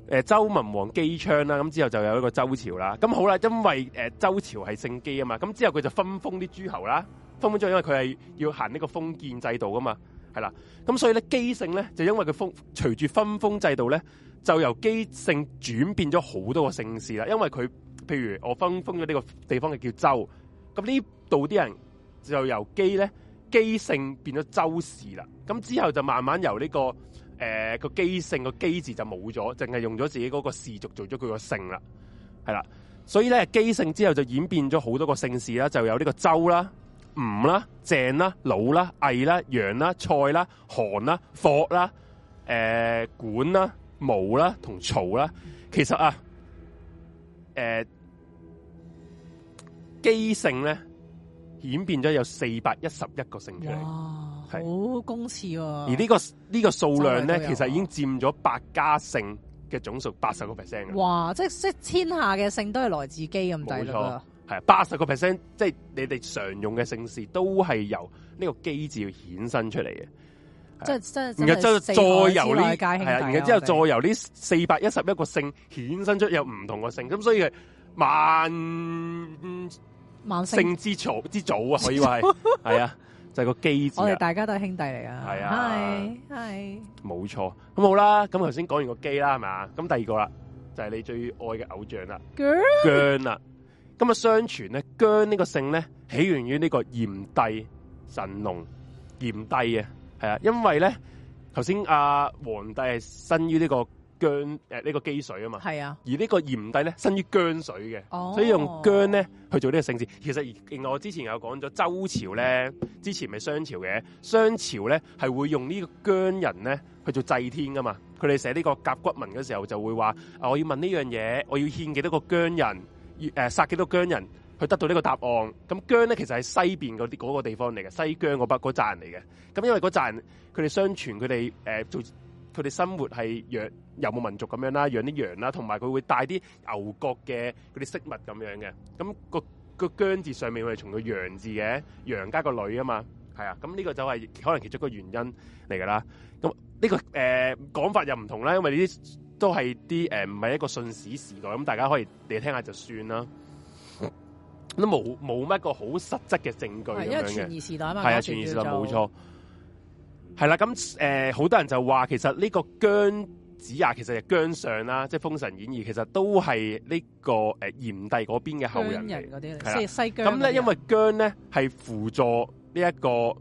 誒、呃，周文王姬昌啦，咁、啊、之後就有一個周朝啦。咁、啊、好啦，因為誒周、呃、朝係姓姬啊嘛，咁、啊、之後佢就分封啲諸侯啦，分封咗，因為佢係要行呢個封建制度噶嘛，係啦。咁、啊、所以咧姬姓咧就因為佢封隨住分封制度咧，就由姬姓轉變咗好多個姓氏啦，因為佢。譬如我分封咗呢個地方嘅叫周，咁呢度啲人就由姬咧，姬姓變咗周氏啦。咁之後就慢慢由呢、這個誒個姬姓個姬字就冇咗，淨係用咗自己嗰個氏族做咗佢個姓啦，係啦。所以咧姬姓之後就演變咗好多個姓氏啦，就有呢個周啦、吳啦、鄭啦、魯啦、魏啦、楊啦、蔡啦、韓啦、霍啦、誒、呃、管啦、毛啦同曹啦。其實啊，誒、呃。姬姓咧，演變咗有四百一十一個姓出嚟，係好公事喎。是啊、而、這個這個、數量呢個呢個數量咧，啊、其實已經佔咗百家姓嘅總數八十個 percent。哇！即係即係天下嘅姓都係來自姬咁樣，冇錯錯。係八十個 percent，即係你哋常用嘅姓氏都係由呢個姬字衍生出嚟嘅。即係的即係，然後即係再由呢，係啊，然後之後再由呢四百一十一個姓衍生出有唔同個姓，咁所以。萬萬姓之祖之祖啊！可以話係 啊，就係、是、個基。字、啊。我哋大家都係兄弟嚟啊！係係 Hi, hi.，冇錯。咁好啦，咁頭先講完個基啦，係咪？咁第二個啦，就係、是、你最愛嘅偶像啦，姜啦。咁啊，相傳咧，姜呢個姓咧，起源於呢個炎帝神農炎帝啊，係啊，因為咧，頭先阿皇帝係生於呢個。姜誒呢、呃這個姬水啊嘛，係啊，而個呢個炎帝咧生於姜水嘅，哦、所以用姜咧去做呢個姓氏。其實而另外我之前有講咗周朝咧，之前咪商朝嘅，商朝咧係會用呢個姜人咧去做祭天噶嘛。佢哋寫呢個甲骨文嘅時候就會話、嗯呃：我要問呢樣嘢，我要獻幾多個姜人，誒殺幾多姜人去得到呢個答案。咁姜咧其實係西邊嗰啲個地方嚟嘅，西羌嗰筆嗰羣嚟嘅。咁因為嗰人，佢哋相傳佢哋誒做佢哋生活係弱。有冇民族咁樣啦，養啲羊啦，同埋佢會帶啲牛角嘅嗰啲飾物咁樣嘅。咁、那個個姜字上面從羊字，我哋從個羊字嘅羊加個女啊嘛，係啊。咁呢個就係可能其中一個原因嚟噶啦。咁呢、這個誒講、呃、法又唔同啦，因為呢啲都係啲誒唔係一個信史時代，咁大家可以你聽一下就算啦。都冇冇乜個好實質嘅證據的樣子的，因為傳疑時代啊嘛。係啊，傳疑時代冇錯。係啦的，咁誒好多人就話其實呢個姜。子牙其實係姜尚啦，即係《封神演義》，其實都係呢個誒炎帝嗰邊嘅後人嚟。姜人嗰啲咧，啊、西姜。咁咧，因為姜咧係輔助呢、這、一個誒、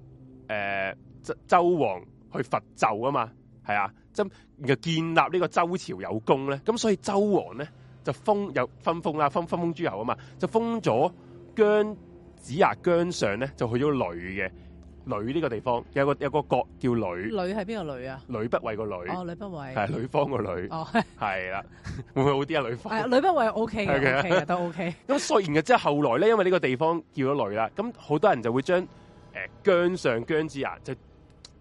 呃、周周王去伐紂啊嘛，係啊，咁然後建立呢個周朝有功咧，咁所以周王咧就封有分封啦，分封分封諸侯啊嘛，就封咗姜子牙、姜尚咧，就去咗雷嘅。「呂」呢個地方有個有個國叫呂」呂係呂啊。呂呂哦「呂」係邊個呂」啊？呂不韋個呂」。哦，呂不韋。係呂方個呂」。哦，係。係啦，會唔會好啲啊？呂方。係呂、呃、不韋 O K 嘅，O K 都 O、okay、K。咁、 嗯、雖然嘅，即係後來咧，因為呢個地方叫咗呂了」啦、嗯，咁好多人就會將誒姜尚姜子牙就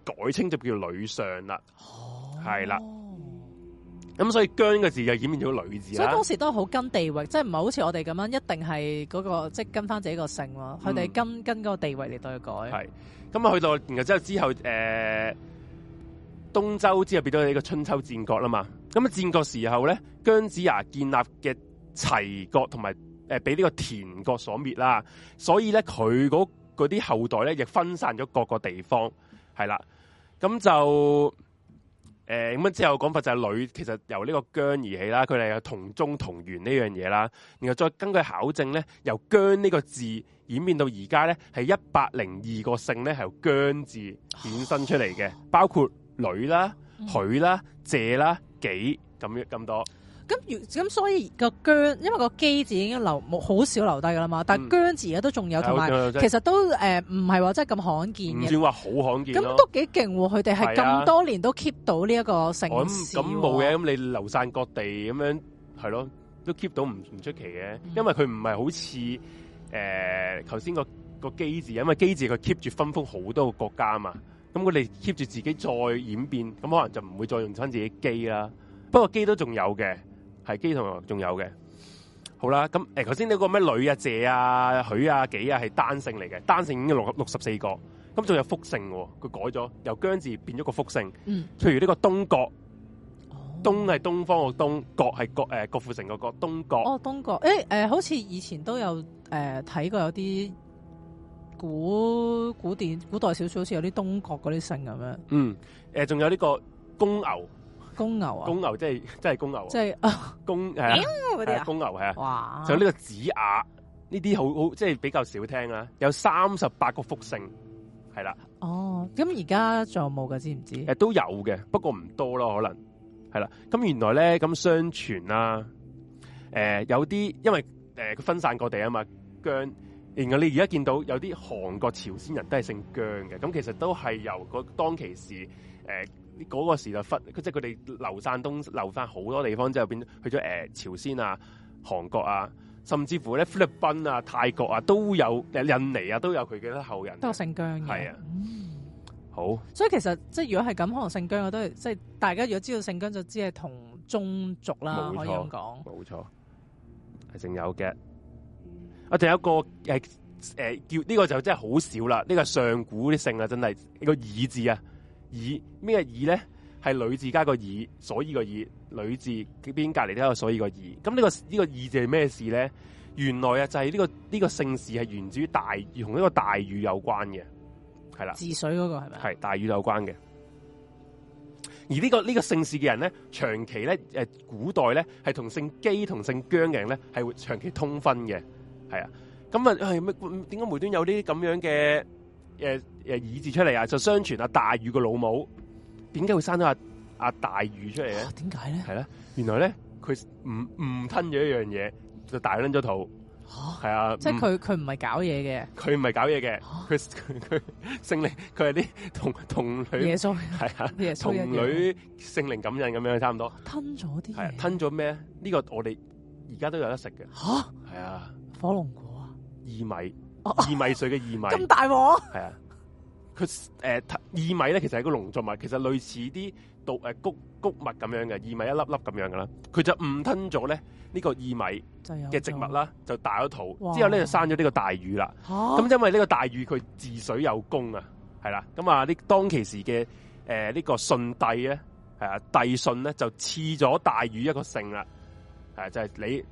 改稱就叫呂尚」啦。哦。係啦。哦、嗯。咁所以姜嘅字就演變咗呂字」字所以當時都好跟地域，即係唔係好似我哋咁樣，一定係嗰、那個即係跟翻自己個姓咯。佢哋跟、嗯、跟嗰個地域嚟到去改。係。咁啊，去到然後之後之後，誒、呃，東周之後變咗呢個春秋戰國啦嘛。咁啊，戰國時候咧，姜子牙建立嘅齊國，同埋誒，俾呢個田國所滅啦。所以咧，佢嗰啲後代咧，亦分散咗各個地方，係啦。咁就誒咁樣之後講法就係呂其實由呢個姜而起啦。佢哋有同宗同源呢樣嘢啦。然後再根據考證咧，由姜呢個字。演變到而家咧，係一百零二個姓咧，係由姜字衍生出嚟嘅，哦、包括女啦、許、嗯、啦、謝啦、幾咁咁多。咁咁、嗯嗯，所以個姜，因為個姬字已經留冇好少留低噶啦嘛，但係姜字而家都仲有，同埋其實都誒唔係話真係咁罕見，嘅，唔算話好罕見。咁都幾勁，佢哋係咁多年都 keep 到呢一個姓氏。咁冇嘢，咁你流散各地咁樣，係咯，都 keep 到唔唔出奇嘅，因為佢唔係好似。誒，頭先個個姬字，因為姬字佢 keep 住分封好多個國家啊嘛，咁佢哋 keep 住自己再演變，咁可能就唔會再用翻自己姬啦。不過姬都仲有嘅，係姬同仲有嘅。好啦，咁誒，頭先呢個咩呂啊、謝啊、許啊、幾啊係單姓嚟嘅，單姓已經六六十四個，咁、嗯、仲、嗯、有複姓、哦，佢改咗由姜字變咗個複姓。譬如呢個東郭，哦、東係東方個東，郭係郭誒郭、呃、富城個郭東郭。哦，東郭，誒誒、呃，好似以前都有。誒，睇、呃、過有啲古古典古代小說，好似有啲東國嗰啲姓咁樣。嗯，誒、呃，仲有呢個公牛，公牛啊，公牛，公牛，即係即係公牛，即係公係啊，公牛係啊，哇！仲有呢個子牙，呢啲好好即係、就是、比較少聽啦、啊。有三十八個複姓係啦。啊、哦，咁而家仲有冇噶？知唔知？誒、呃，都有嘅，不過唔多咯，可能係啦。咁、啊、原來咧咁相傳啦、啊，誒、呃，有啲因為。誒佢、呃、分散各地啊嘛，姜。然後你而家見到有啲韓國朝鮮人都係姓姜嘅，咁、嗯、其實都係由個當其時誒嗰、呃嗰個時代分，即係佢哋流散東流散好多地方之後變去咗誒、呃、朝鮮啊、韓國啊，甚至乎咧菲律賓啊、泰國啊都有，印尼啊都有佢嘅多後人，都係姓姜嘅。係啊，嗯、好。所以其實即係如果係咁，可能姓姜我都即係大家如果知道姓姜就知係同宗族啦，冇錯，可以咁講。冇錯。係仲有嘅，我仲有一個誒誒、呃、叫呢、這個就真係好少啦，呢、這個上古啲姓啊，真係、這個以字啊，以咩以咧？係女字加個以，所以個以女字邊隔籬都有所以個以。咁、嗯這個這個、呢個呢個以字係咩事咧？原來啊就係、是、呢、這個呢、這個姓氏係源自於大，同呢個大禹有關嘅，係啦。治水嗰個係咪？係大禹有關嘅。而呢個呢、呢個姓氏嘅人咧，長期咧誒古代咧係同姓姬同姓姜嘅人咧係會長期通婚嘅，係、哎、啊，咁啊係咩？點解梅端有啲咁樣嘅誒誒語字出嚟啊？就相傳啊，大禹個老母點解會生咗阿阿大禹出嚟嘅？點解咧？係啦，原來咧佢唔唔吞咗一樣嘢，就大咗咗肚。係啊，即係佢佢唔係搞嘢嘅，佢唔係搞嘢嘅，佢佢佢聖靈，佢係啲同同女，係啊，同女聖靈感應咁樣差唔多，吞咗啲，係吞咗咩？呢個我哋而家都有得食嘅，吓，係啊，火龍果啊，薏米，薏米水嘅薏米，咁大鑊，係啊，佢誒薏米咧其實係一個農作物，其實類似啲稻誒谷。穀物咁樣嘅薏米一粒粒咁樣噶啦，佢就誤吞咗咧呢、這個薏米嘅植物啦，就大咗肚，之後咧就生咗呢個大禹啦。咁哇因為呢個大禹佢治水有功，嗯、啊，係啦，咁、呃這個、啊呢當其時嘅誒呢個舜帝咧，係啊帝舜咧就賜咗大禹一個姓啦，係、啊、就係、是、你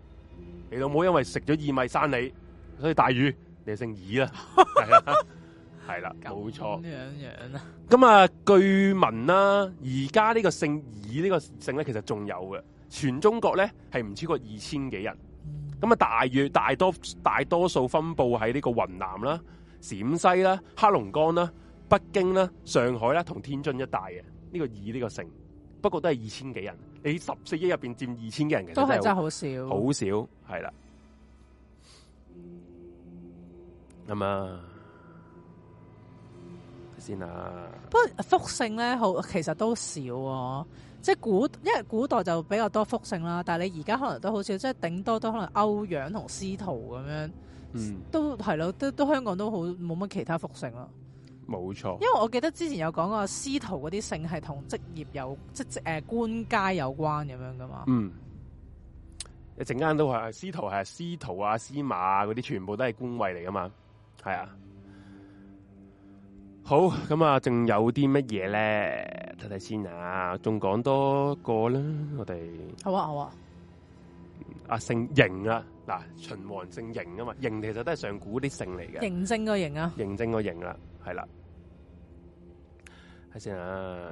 你老母因為食咗薏米生你，所以大禹你姓苡啦，係啦。 係啦，冇錯。咁這樣錯樣啦、啊。咁啊，據聞啦、啊，而家呢個姓以，呢個姓咧，其實仲有嘅。全中國咧係唔超過二千幾人。咁啊、嗯，大約大多大多數分佈喺呢個雲南啦、陝西啦、黑龍江啦、北京啦、上海啦同天津一帶嘅呢個以呢個姓，不過都係二千幾人。你十四億入邊佔二千幾人，嘅，實都係真係好少，少，好少係啦。咁啊、嗯。嗯先啦、啊，不過複姓咧好其實都少、啊，即係古因為古代就比較多複姓啦，但係你而家可能都好少，即係頂多都可能歐陽同司徒咁樣，嗯、都係咯，都都香港都好冇乜其他複姓咯，冇錯。因為我記得之前有講過司徒嗰啲姓係同職業有即誒、呃、官階有關咁樣噶嘛，嗯，一陣間都係司徒係、啊、司徒啊司馬啊嗰啲全部都係官位嚟噶嘛，係啊。好，咁啊，仲有啲乜嘢咧？睇睇先啊，仲講多個啦，我哋好啊，好啊，阿姓嬴啊，嗱、啊啊，秦王姓嬴啊嘛，嬴其實都係上古啲姓嚟嘅，嬴政個嬴啊，嬴政個嬴啦，係啦，睇先啊，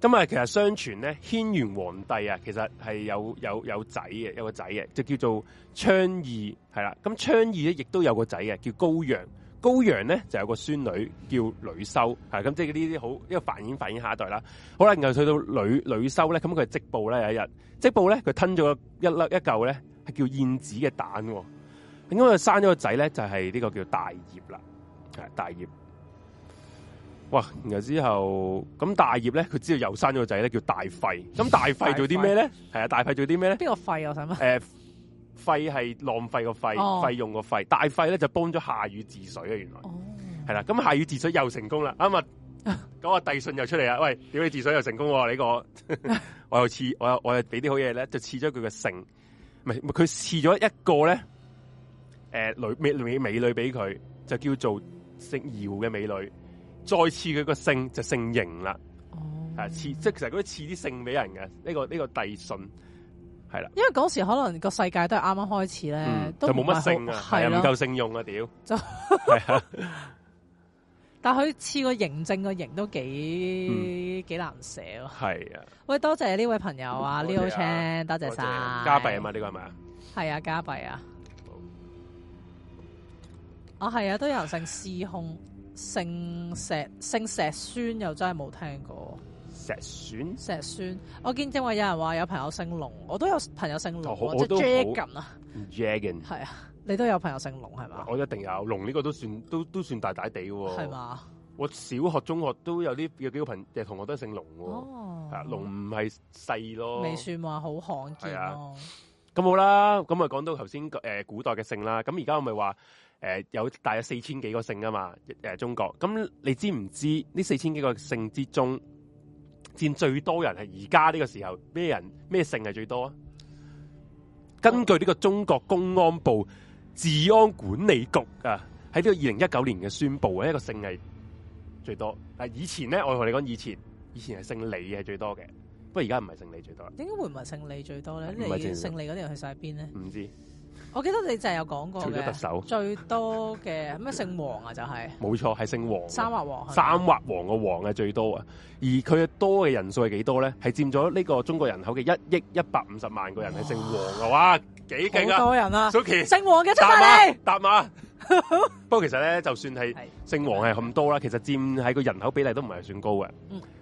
咁啊，其實相傳咧，軒轅皇帝啊，其實係有有有仔嘅，有，有，有個仔嘅，就叫做昌意，係啦，咁昌意咧，亦都有個仔嘅，叫高陽。高陽咧就有個孫女叫女修，吓咁即係呢啲好，呢個繁衍繁衍下一代啦。好啦，然後去到女女修咧，咁佢係織布啦有一日，織布咧佢吞咗一粒一嚿咧係叫燕子嘅蛋、哦，咁佢生咗個仔咧就係呢個叫大業啦，係大業。哇！然後之後咁大業咧，佢知道又生咗個仔咧叫大費。咁大費做啲咩咧？係啊， 大費做啲咩咧？邊個費、啊？我想問、呃。費係浪費個費，費用個費，oh. 大費咧就幫咗夏禹治水啊！原來係啦，咁夏、oh. 嗯、禹治水又成功啦。啱、oh. 啊，咁啊，帝舜又出嚟啦。喂，屌你治水又成功喎！呢、這個、oh. 我又賜我我又俾啲好嘢咧，就賜咗佢個姓，唔係佢賜咗一個咧，誒、呃、女美美女俾佢，就叫做姓姚嘅美女，再賜佢個姓就姓嬴啦。哦、oh. 啊，係賜即係其實佢啲賜啲姓俾人嘅呢、這個呢、這個帝舜。係啦，因為嗰時可能個世界都係啱啱開始咧，就冇乜性，又唔夠性用啊屌！但佢似個嬴政個形都幾幾難寫咯。係啊，喂，多謝呢位朋友啊，Leo Chan，多謝晒加幣啊嘛，呢個係咪啊？係啊，加幣啊，哦，係啊，都有姓司空、姓石、姓石孫，又真係冇聽過。石選石選，我見正話有人話有朋友姓龍，我都有朋友姓龍啊、哦，哦、我即係 dragon 啊，dragon 係啊，你都有朋友姓龍係嘛？是我一定有龍呢個都算都都算大大地嘅係嘛？嗎我小學中學都有啲有幾個朋同學都係姓龍嘅哦，龍唔係細咯，未算話好罕見、哦、啊。咁好啦，咁啊講到頭先誒古代嘅姓啦，咁而家我咪話誒有大約四千幾個姓啊嘛，誒、呃、中國咁你知唔知呢四千幾個姓之中？，佔最多人係而家呢個時候，咩人咩姓係最多啊？根據呢個中國公安部治安管理局啊，喺呢個二零一九年嘅宣佈嘅一個姓係最多。啊，以前咧，我同你講以前，以前係姓李係最多嘅，不過而家唔係姓李最多啦。點解會唔係姓李最多咧？係姓李嗰啲人去晒邊咧？唔知。我記得你就係有講過嘅，除咗特首，最多嘅咩姓王啊、就係，就係冇錯，係姓王。三畫王，三畫王嘅王係最多啊！而佢嘅多嘅人數係幾多咧？係佔咗呢個中國人口嘅一億一百五十萬個人係姓王嘅哇！幾勁啊！好多人啊，Suki，姓王嘅出真係。答碼。 不過其實咧，就算係姓王係咁多啦，其實佔喺個人口比例都唔係算高嘅。喺呢、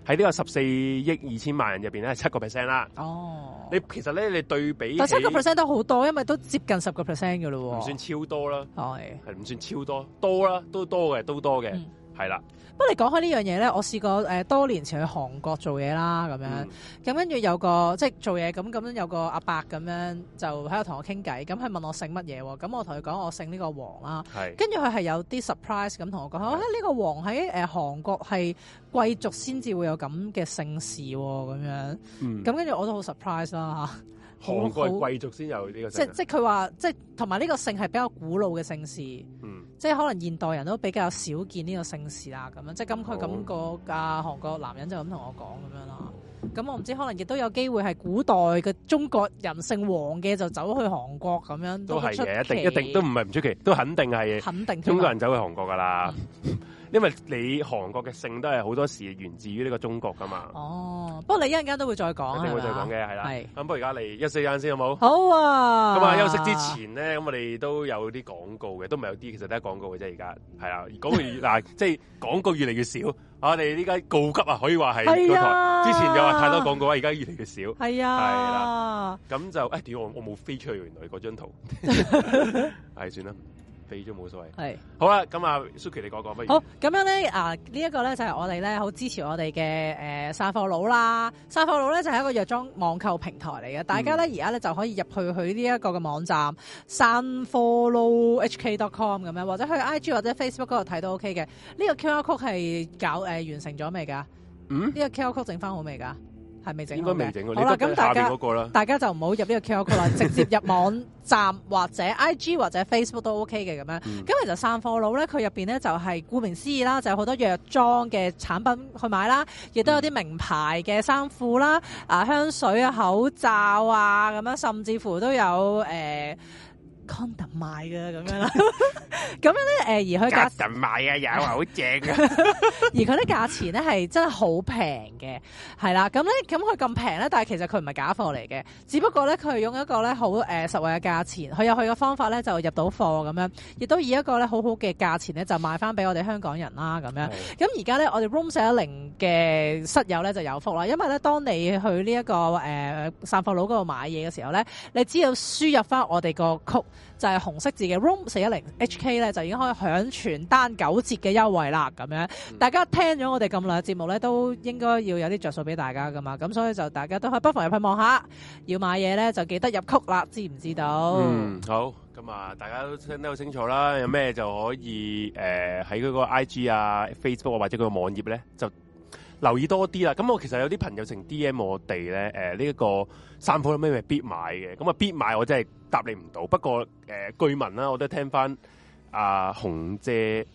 嗯、個十四億二千萬人入邊咧，係七個 percent 啦。哦，你其實咧，你對比，但係七個 percent 都好多，因為都接近十個 percent 嘅咯。唔算超多啦，係、哦，係唔算超多，多啦，都多嘅，都多嘅，係啦、嗯。不你講開呢樣嘢咧，我試過誒多年前去韓國做嘢啦，咁樣咁跟住有個即係做嘢咁咁樣有個阿伯咁樣就喺度同我傾偈，咁佢問我姓乜嘢喎？咁我同佢講我姓呢個王啦。是他是有點跟住佢係有啲 surprise 咁同我講，呢是個王喺誒、嗯、 很韓國係貴族先至會有咁嘅姓氏喎，咁樣。咁跟住我都好 surprise 啦嚇。韓國係貴族先有呢個。即即佢話，即係同埋呢個姓係比較古老嘅姓氏。嗯即係可能現代人都比較少見呢個姓氏啦，咁樣即係咁佢咁個啊韓國男人就咁同我講咁樣啦。咁我唔知可能亦都有機會係古代嘅中國人姓王嘅就走去韓國咁樣都係嘅出奇，一定一定，都唔係唔出奇，都肯定係肯定中國人走去韓國㗎啦。因為你韓國嘅姓都係好多時源自於呢個中國噶嘛。哦，不過你一陣間都會再講。一定會再講嘅，係啦。係咁，不如而家你休息一陣間先好唔好？好啊。咁啊，休息之前咧，咁我哋都有啲廣告嘅，都唔係有啲，其實都係廣告嘅啫。而家係啦，講完嗱，即係廣告越嚟越少。我哋呢家告急啊，可以話係有台之前又話太多廣告啊，而家越嚟越少。係啊。係啦。咁就誒，點我我冇飛出去，原來嗰張圖係算啦。咗，冇所謂。係好啦，咁啊，Suki 你講講不如。好咁樣咧，啊、這個、呢一個咧就係我哋咧好支持我哋嘅誒散貨佬啦。散貨佬咧就係、係、一個藥妝網購平台嚟嘅，大家咧而家咧就可以入去佢呢一個嘅網站、嗯、散貨佬 HK.com 咁樣，或者去 IG 或者 Facebook 嗰度睇都 OK 嘅。呢、這個 QR code 係搞誒、呃、完成咗未㗎？嗯？呢個 QR code 整翻好未㗎？係未整？是是應該未整㗎。好啦吧，咁大家個大家就唔好入呢個 QR Code 啦， 直接入網站或者 IG 或者 Facebook 都 OK 嘅咁樣。咁其實散貨佬咧，佢入面咧就係顧名思義啦，就係好多藥妝嘅產品去買啦，亦都有啲名牌嘅衫褲啦、啊香水啊、口罩啊咁樣，甚至乎都有誒。呃康特賣咁樣啦，咁樣咧而佢價，康特賣啊有啊好正啊，而佢啲價錢咧係真係好平嘅，係啦，咁咧咁佢咁平咧，但係其實佢唔係假貨嚟嘅，只不過咧佢用一個咧好誒實惠嘅價錢，佢有佢嘅方法咧就入到貨咁樣，亦都以一個咧好好嘅價錢咧就賣翻俾我哋香港人啦咁樣，咁而家咧我哋 Room 四一零嘅室友咧就有福啦，因為咧當你去呢、這、一個誒、呃、散貨佬嗰度買嘢嘅時候咧，你只要輸入翻我哋個 code。就係紅色字嘅 Room 四一零 HK 咧，就已經可以享全單九折嘅優惠啦。咁樣，嗯、大家聽咗我哋咁耐嘅節目咧，都應該要有啲着數俾大家噶嘛。咁所以就大家都可以不妨入去望下。要買嘢咧，就記得入曲啦，知唔知道？嗯，好。咁啊，大家都聽得好清楚啦。有咩就可以誒喺嗰個 IG 啊、Facebook 啊，或者嗰個網頁咧，就。留意多啲啦，咁我其實有啲朋友成 D.M 我哋咧，呢、呃、一、這個三寶有咩咪必買嘅？咁、嗯、啊必買我真係答你唔到。不過誒、呃、據聞啦、啊，我都聽翻阿、啊、紅姐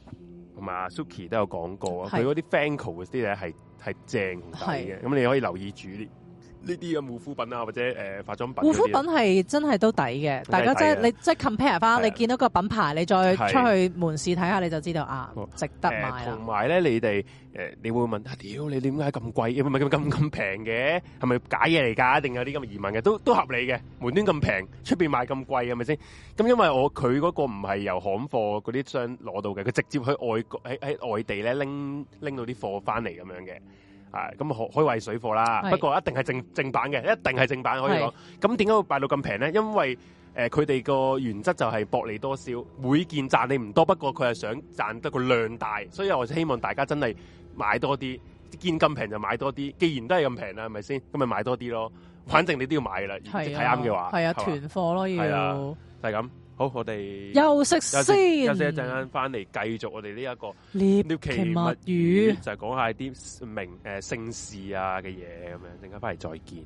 同埋阿、啊、Suki 都有講過，佢嗰啲 Fancol 嗰啲咧係係正嘅，咁是 你可以留意住啲。呢啲嘅護膚品啊，或者誒、呃、化妝品，護膚品係真係都抵嘅。大家即、就、係、是、的你即係 compare 翻，就是、的你見到個品牌，你再出去門市睇下，你就知道啊，哦、值得買。同埋咧，你哋誒、呃，你會問啊，屌你點解咁貴？唔係咁咁平嘅，係咪假嘢嚟㗎？定有啲咁疑問嘅，都都合理嘅。門端咁平，出邊賣咁貴係咪先？咁因為我佢嗰個唔係由行貨嗰啲箱攞到嘅，佢直接去外國喺喺外地咧拎拎到啲貨翻嚟咁樣嘅。係，咁可、嗯、可以話係水貨啦，是 不過一定係正正版嘅，一定係正版可以講。咁點解會賣到咁平咧？因為誒佢哋個原則就係薄利多銷，每件賺你唔多，不過佢係想賺得個量大，所以我希望大家真係買多啲，見咁平就買多啲。既然都係咁平啦，係咪先？咁咪買多啲咯，反正你都要買啦，睇啱嘅話，係啊，囤貨咯要，係啊，就係咁。好，我哋休息先，休息一陣間翻嚟繼續我哋呢一個《獵奇物語》就係，就係講下啲名誒姓氏啊嘅嘢咁樣，陣間翻嚟再見。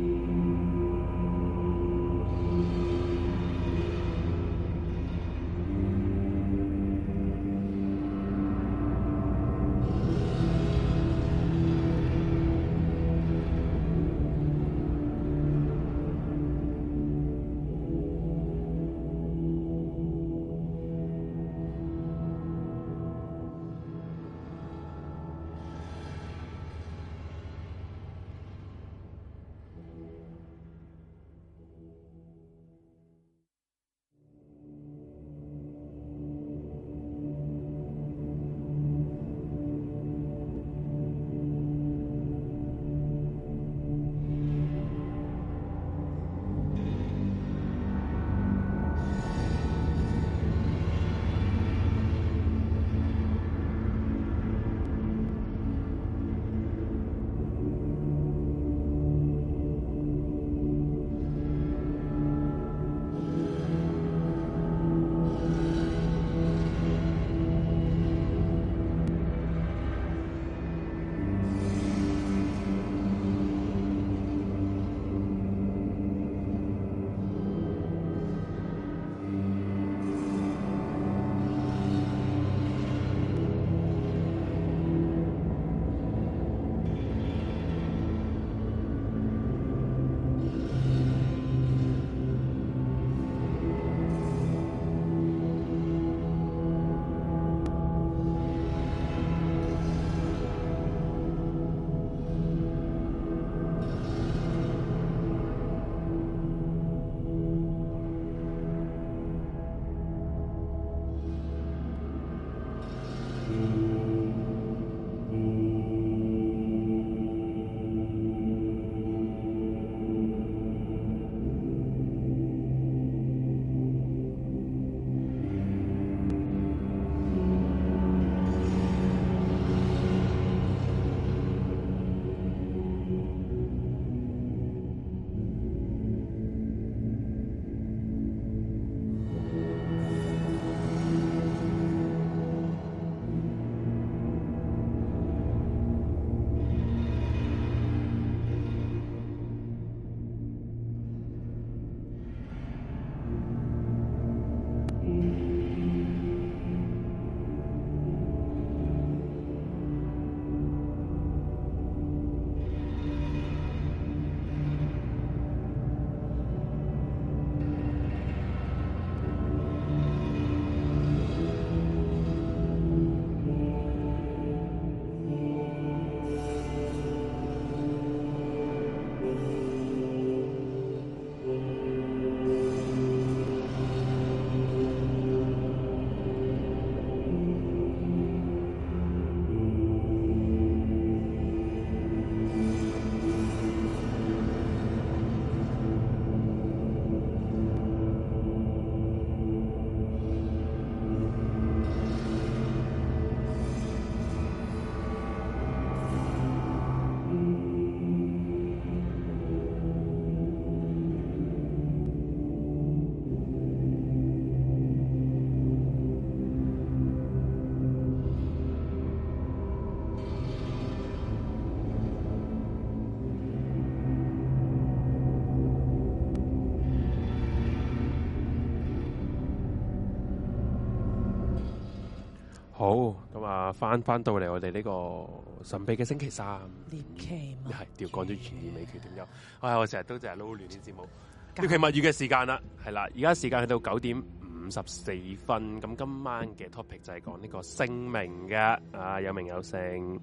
好咁啊，翻翻到嚟我哋呢個神秘嘅星期三，獵奇係調轉字尾，點樣？我我成日都淨係撈亂啲節目，獵奇物語嘅時間啦，係啦，而家時間去到九點五十四分。咁今晚嘅 topic 就係講呢個姓名嘅啊，有名有姓，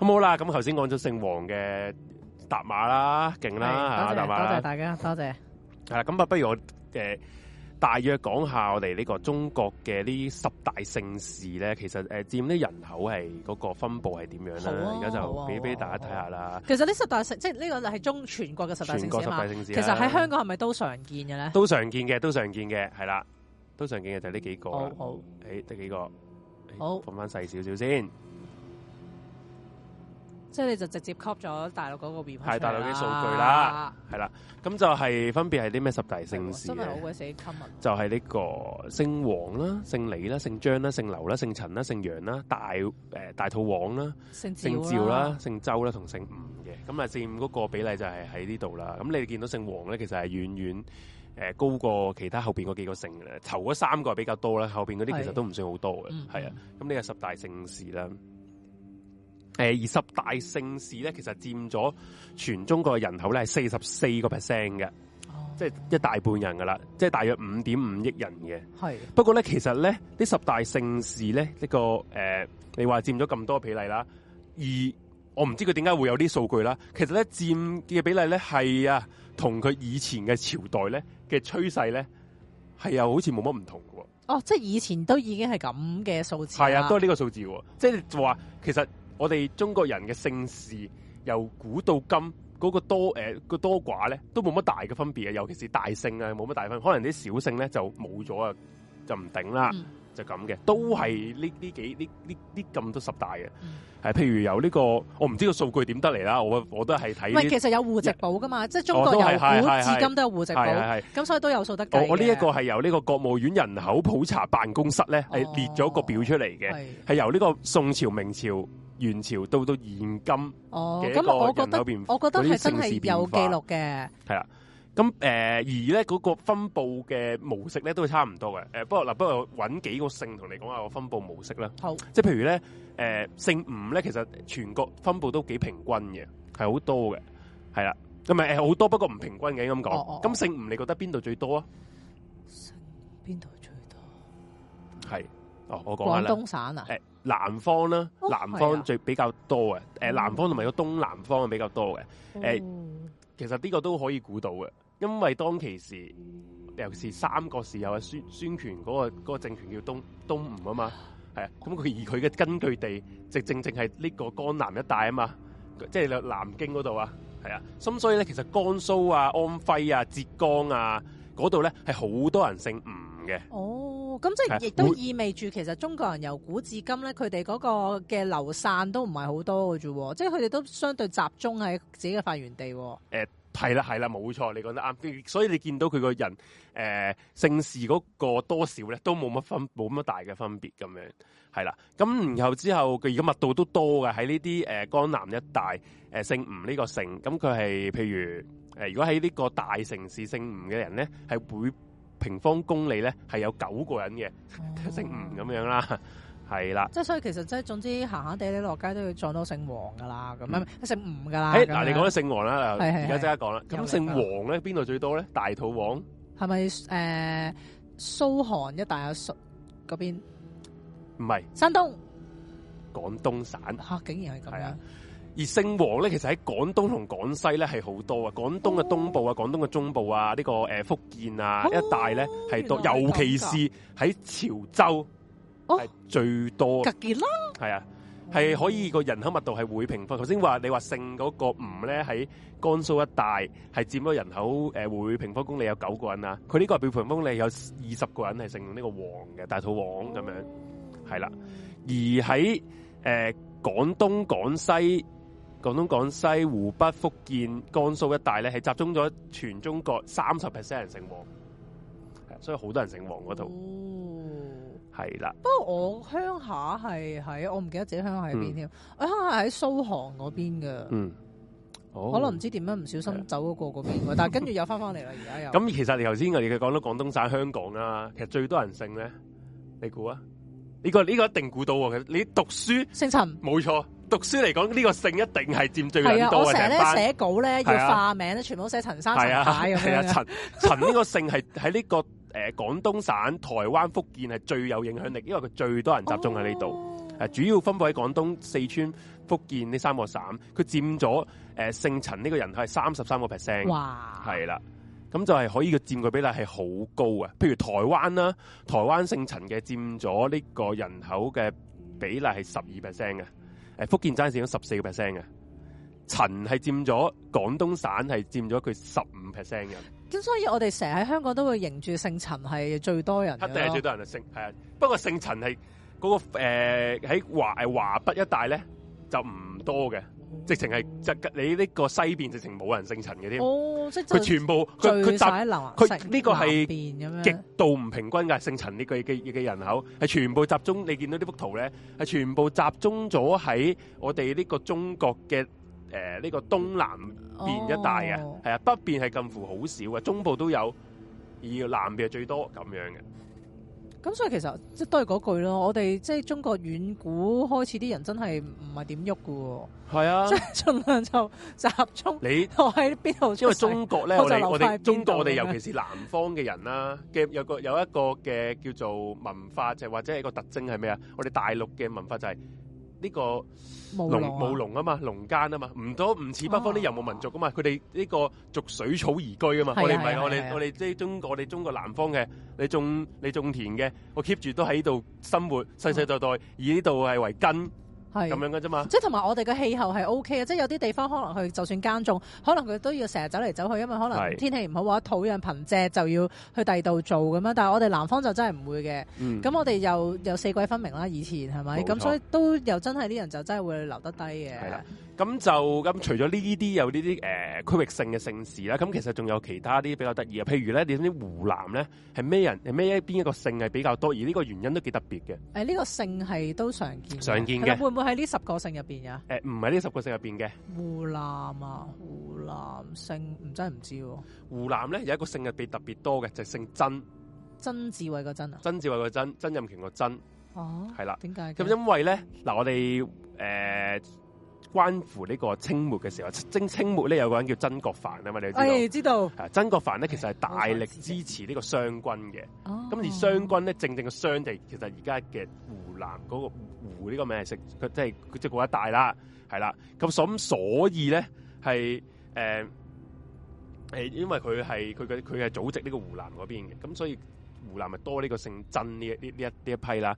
好唔好啦？咁頭先講咗姓黃嘅達馬啦，勁啦吓，達馬，多謝大家，多謝。係啦，咁啊，不如我誒。大約講下我哋呢個中國嘅呢十大姓氏咧，其實誒佔啲人口係嗰、嗰個分布係點樣啦？而家、啊、就俾俾大家睇下啦、啊。啊啊、其實呢十大姓，即係呢個係中全國嘅十大姓氏，全國十大姓氏吧其實喺香港係咪都常見嘅咧？都常見嘅，都常見嘅，係啦，都常見嘅就係呢幾個。好，誒，得、欸、幾個？欸、好，放翻細少少先。即係你就直接 cover 咗大陸嗰個面啦，係大陸嘅數據啦，係、嗯、啦，咁就係分別係啲咩十大姓氏，嗯、真係好鬼死 cover 就係呢、呢個姓王啦、姓李啦、姓張啦、姓劉啦、姓劉啦、姓陳啦、姓楊啦、大誒、呃、大肚王啦、姓趙啦、姓周啦同姓吳嘅，咁、嗯、啊、嗯、四五嗰個比例就係喺呢度啦。咁你哋見到姓王咧，其實係遠遠誒、呃、高過其他後邊嗰幾個姓嘅，頭嗰三個比較多啦，後邊嗰啲其實都唔算好多嘅，係是啊。咁呢、嗯啊、個十大姓氏啦。誒，二十大姓氏咧，其實佔咗全中國嘅人口咧係四十四個 percent 嘅，Oh. 即係一大半人噶啦，即係大約五點五億人嘅。係的不過咧，其實咧呢十大姓氏咧，呢、這個誒、呃，你話佔咗咁多比例啦，而我唔知佢點解會有啲數據啦。其實咧佔嘅比例咧係啊，同佢以前嘅朝代咧嘅趨勢咧係又好似冇乜唔同嘅。哦，oh, 即係以前都已經係咁嘅數字，係啊，都係呢個數字，即係話其實。我哋中國人嘅姓氏由古到今嗰個多誒個、欸、多寡咧，都冇乜大嘅分別嘅，尤其是大姓啊，冇乜大分。可能啲小姓咧就冇咗啊，就唔頂啦，就咁嘅，都係呢呢幾呢呢呢咁多十大嘅。係譬如由呢、呢個，我唔知道個數據點得嚟啦，我我都係睇。唔係，其實有戶籍簿㗎嘛，嗯、即係中國由古至今都有戶籍簿，係咁所以都有數得。我呢一個係由呢個國務院人口普查辦公室咧係列咗個表出嚟嘅，係、哦、由呢個宋朝、明朝。元朝到到現今，哦，咁我覺得，我覺得係真係有記錄嘅。係啦，咁誒，而咧嗰個分布嘅模式咧都差唔多嘅。誒，不過嗱，不過搵幾個姓同你講下個分布模式啦。好，即係譬如咧，誒，姓吳咧，其實全國分布都幾平均嘅，係好多嘅，係啦，咁咪誒好多，不過唔平均嘅咁講。咁姓吳你覺得邊度最多啊？姓邊度最多？係，哦，我講啦，廣東省啊。南方啦、啊，哦、南方最，比較多嘅，誒、啊呃、南方同埋個東南方比較多嘅，誒、嗯呃、其實呢個都可以估到嘅，因為當其時尤其是三國時候，啊，孫孫權嗰，那個那個政權叫東東吳啊嘛，係啊，咁佢而佢嘅根據地就正正係呢個江南一帶啊嘛，即、就、係、是、南京嗰度啊，係啊，咁所以咧其實江蘇啊、安徽啊、浙江啊嗰度咧係好多人姓吳嘅。哦咁、哦、即係亦都意味住，其實中國人由古至今咧，佢哋嗰個嘅流散都唔係好多嘅啫。即係佢哋都相對集中喺自己嘅發源地。誒係啦，係啦，冇錯，你講得啱。所以你見到佢個人誒、呃、姓氏嗰個多少咧，都冇乜分，冇乜大嘅分別咁樣。係啦，咁然後之後佢而家密度都多嘅喺呢啲誒江南一帶誒、呃、姓吳呢個姓。咁佢係譬如誒、呃，如果喺呢個大城市姓吳嘅人咧，係會平方公里咧，係有九個人嘅、嗯、姓吳咁樣啦，係啦。即係所以其實即係總之，閒閒地你落街都要撞到姓黃噶啦，咁啊、嗯、姓吳噶啦。誒嗱、欸，樣你講咗姓黃啦，而家即刻講啦。咁是姓黃咧邊度最多咧？大肚王係咪誒蘇杭一帶阿蘇嗰邊唔係是山東廣東省嚇、啊，竟然係咁樣。而姓王咧，其實喺廣東同廣西咧係好多啊！廣東嘅東部啊，oh. 廣東嘅中部啊，呢、呢個誒、呃、福建啊、oh. 一帶咧係多，尤其是喺潮州係、oh. 最多。吉吉啷，係啊，係可以個人口密度係每平方。頭先話你話姓嗰個吳咧，喺江蘇一帶係佔咗人口誒每、呃、平方公里有九個人啊，佢呢、呢個係每、呃、平方公里有二十個人係姓呢個王嘅大肚王，咁樣係啦。是 oh. 而喺誒、呃、廣東廣西。廣東、廣西、湖北、福建、江蘇一帶咧，係集中咗全中國三十 percent 人姓黃，所以好多人姓黃嗰度。哦，係啦。不過我鄉下係喺我唔記得自己鄉下喺邊添，我鄉下喺蘇杭嗰邊㗎。嗯，可能唔知點樣唔小心走咗過嗰邊，的但係跟住又翻翻嚟啦。而家 又咁，其實頭先我哋講到廣東省、香港啊，其實最多人姓咧，你估啊？呢、這個呢、這個一定估到。其實你讀書姓陳陳，冇錯。讀書嚟講，呢、這個姓一定係佔最多嘅。我成日咧寫稿咧要化名咧，啊、全部寫陳生陳假咁啊，啊陳 陳呢個姓係喺呢個誒、呃、廣東省、台灣、福建係最有影響力，因為佢最多人集中喺呢度。誒、哦啊，主要分布喺廣東、四川、福建呢三個省，佢佔咗誒、呃、姓陳呢個人口係三十三個 percent。哇！係啦，啊，咁就係可以個佔據比例係好高啊。譬如台灣啦，台灣姓陳嘅佔咗呢個人口嘅比例係十二 percent 嘅。誒、福建爭佔咗十四個 percent 嘅，陳係佔咗廣東省係佔咗佢十五 percent 嘅。咁所以我哋成日喺香港都會迎住姓陳係最多人的，一定係最多人啦。姓係啊，不過姓陳係嗰、那個喺、呃、華華北一帶咧就唔多嘅。嗯、直情係就你呢個西邊直情冇人姓陳嘅添，佢、哦、全部佢、佢集喺南啊，佢呢個係極度唔平均噶，的姓陳呢個嘅嘅人口係全部集中，你見到呢幅圖咧，係全部集中咗喺我哋呢個中國嘅誒呢個東南邊一帶嘅，係啊、哦、北邊係近乎好少嘅，中部都有而南邊係最多咁樣嘅。咁所以其實即係都係嗰句咯，我哋即係中國遠古開始啲人真係唔係點喐㗎喎，係啊，即係儘量就集中在，你我喺邊度？因為中國咧，我哋我哋中國我哋尤其是南方嘅人啦，嘅有個有一個嘅叫做文化，就係或者係一個特徵係咩啊？我哋大陸嘅文化就係、是。呢個務務農啊嘛、啊，農耕啊嘛，唔多唔似北方啲游牧民族噶、啊、嘛，佢哋呢個逐水草而居啊嘛，是啊我哋唔係我哋們是、啊、我哋即係中國，我哋中國南方嘅，你種、啊是啊、你種田嘅，我 keep 住都喺度生活，世世代代以呢度係為根。咁嘛是、OK，即係同埋我哋嘅氣候係 O K 嘅，即係有啲地方可能佢就算耕種，可能佢都要成日走嚟走去，因為可能天氣唔好話是的 土壤貧瘠就要去第二度做咁樣，但係我哋南方就真係唔會嘅，咁、嗯、我哋又又四季分明啦，以前係咪？咁沒錯 所以都又真係啲人就真係會留得低嘅。咁就咁除咗呢啲有呢啲誒區域性嘅姓氏啦，咁其實仲有其他啲比較得意。啊。譬如咧，你啲湖南咧係咩人係咩邊一個姓係比較多？而呢個原因都幾特別嘅。誒呢個姓係都常見，常見嘅。會唔會喺呢十個姓入邊呀？誒唔係呢十個姓入邊嘅。湖南啊，湖南姓唔真係唔知喎、啊。湖南咧有一個姓入特特別多嘅，就係姓曾。曾志偉個曾啊。曾志偉個曾，曾蔭權個曾。哦、啊。係啦。點解？咁因為咧嗱、呃，我哋誒。呃關乎呢個清末嘅時候，清末咧有個人叫曾國藩啊嘛，你知、哎？知道。啊、曾國藩咧其實係大力支持這個、哎、呀呢個湘軍嘅。咁而湘軍咧正正嘅湘地，其實而家嘅湖南嗰個湖呢個名係食，佢即係佢即係過得大啦，係啦。咁所所以咧係誒誒，是呃、是因為佢係佢嘅佢係組織呢個湖南嗰邊嘅，咁所以湖南咪多呢個姓曾呢一呢一呢一,一批啦。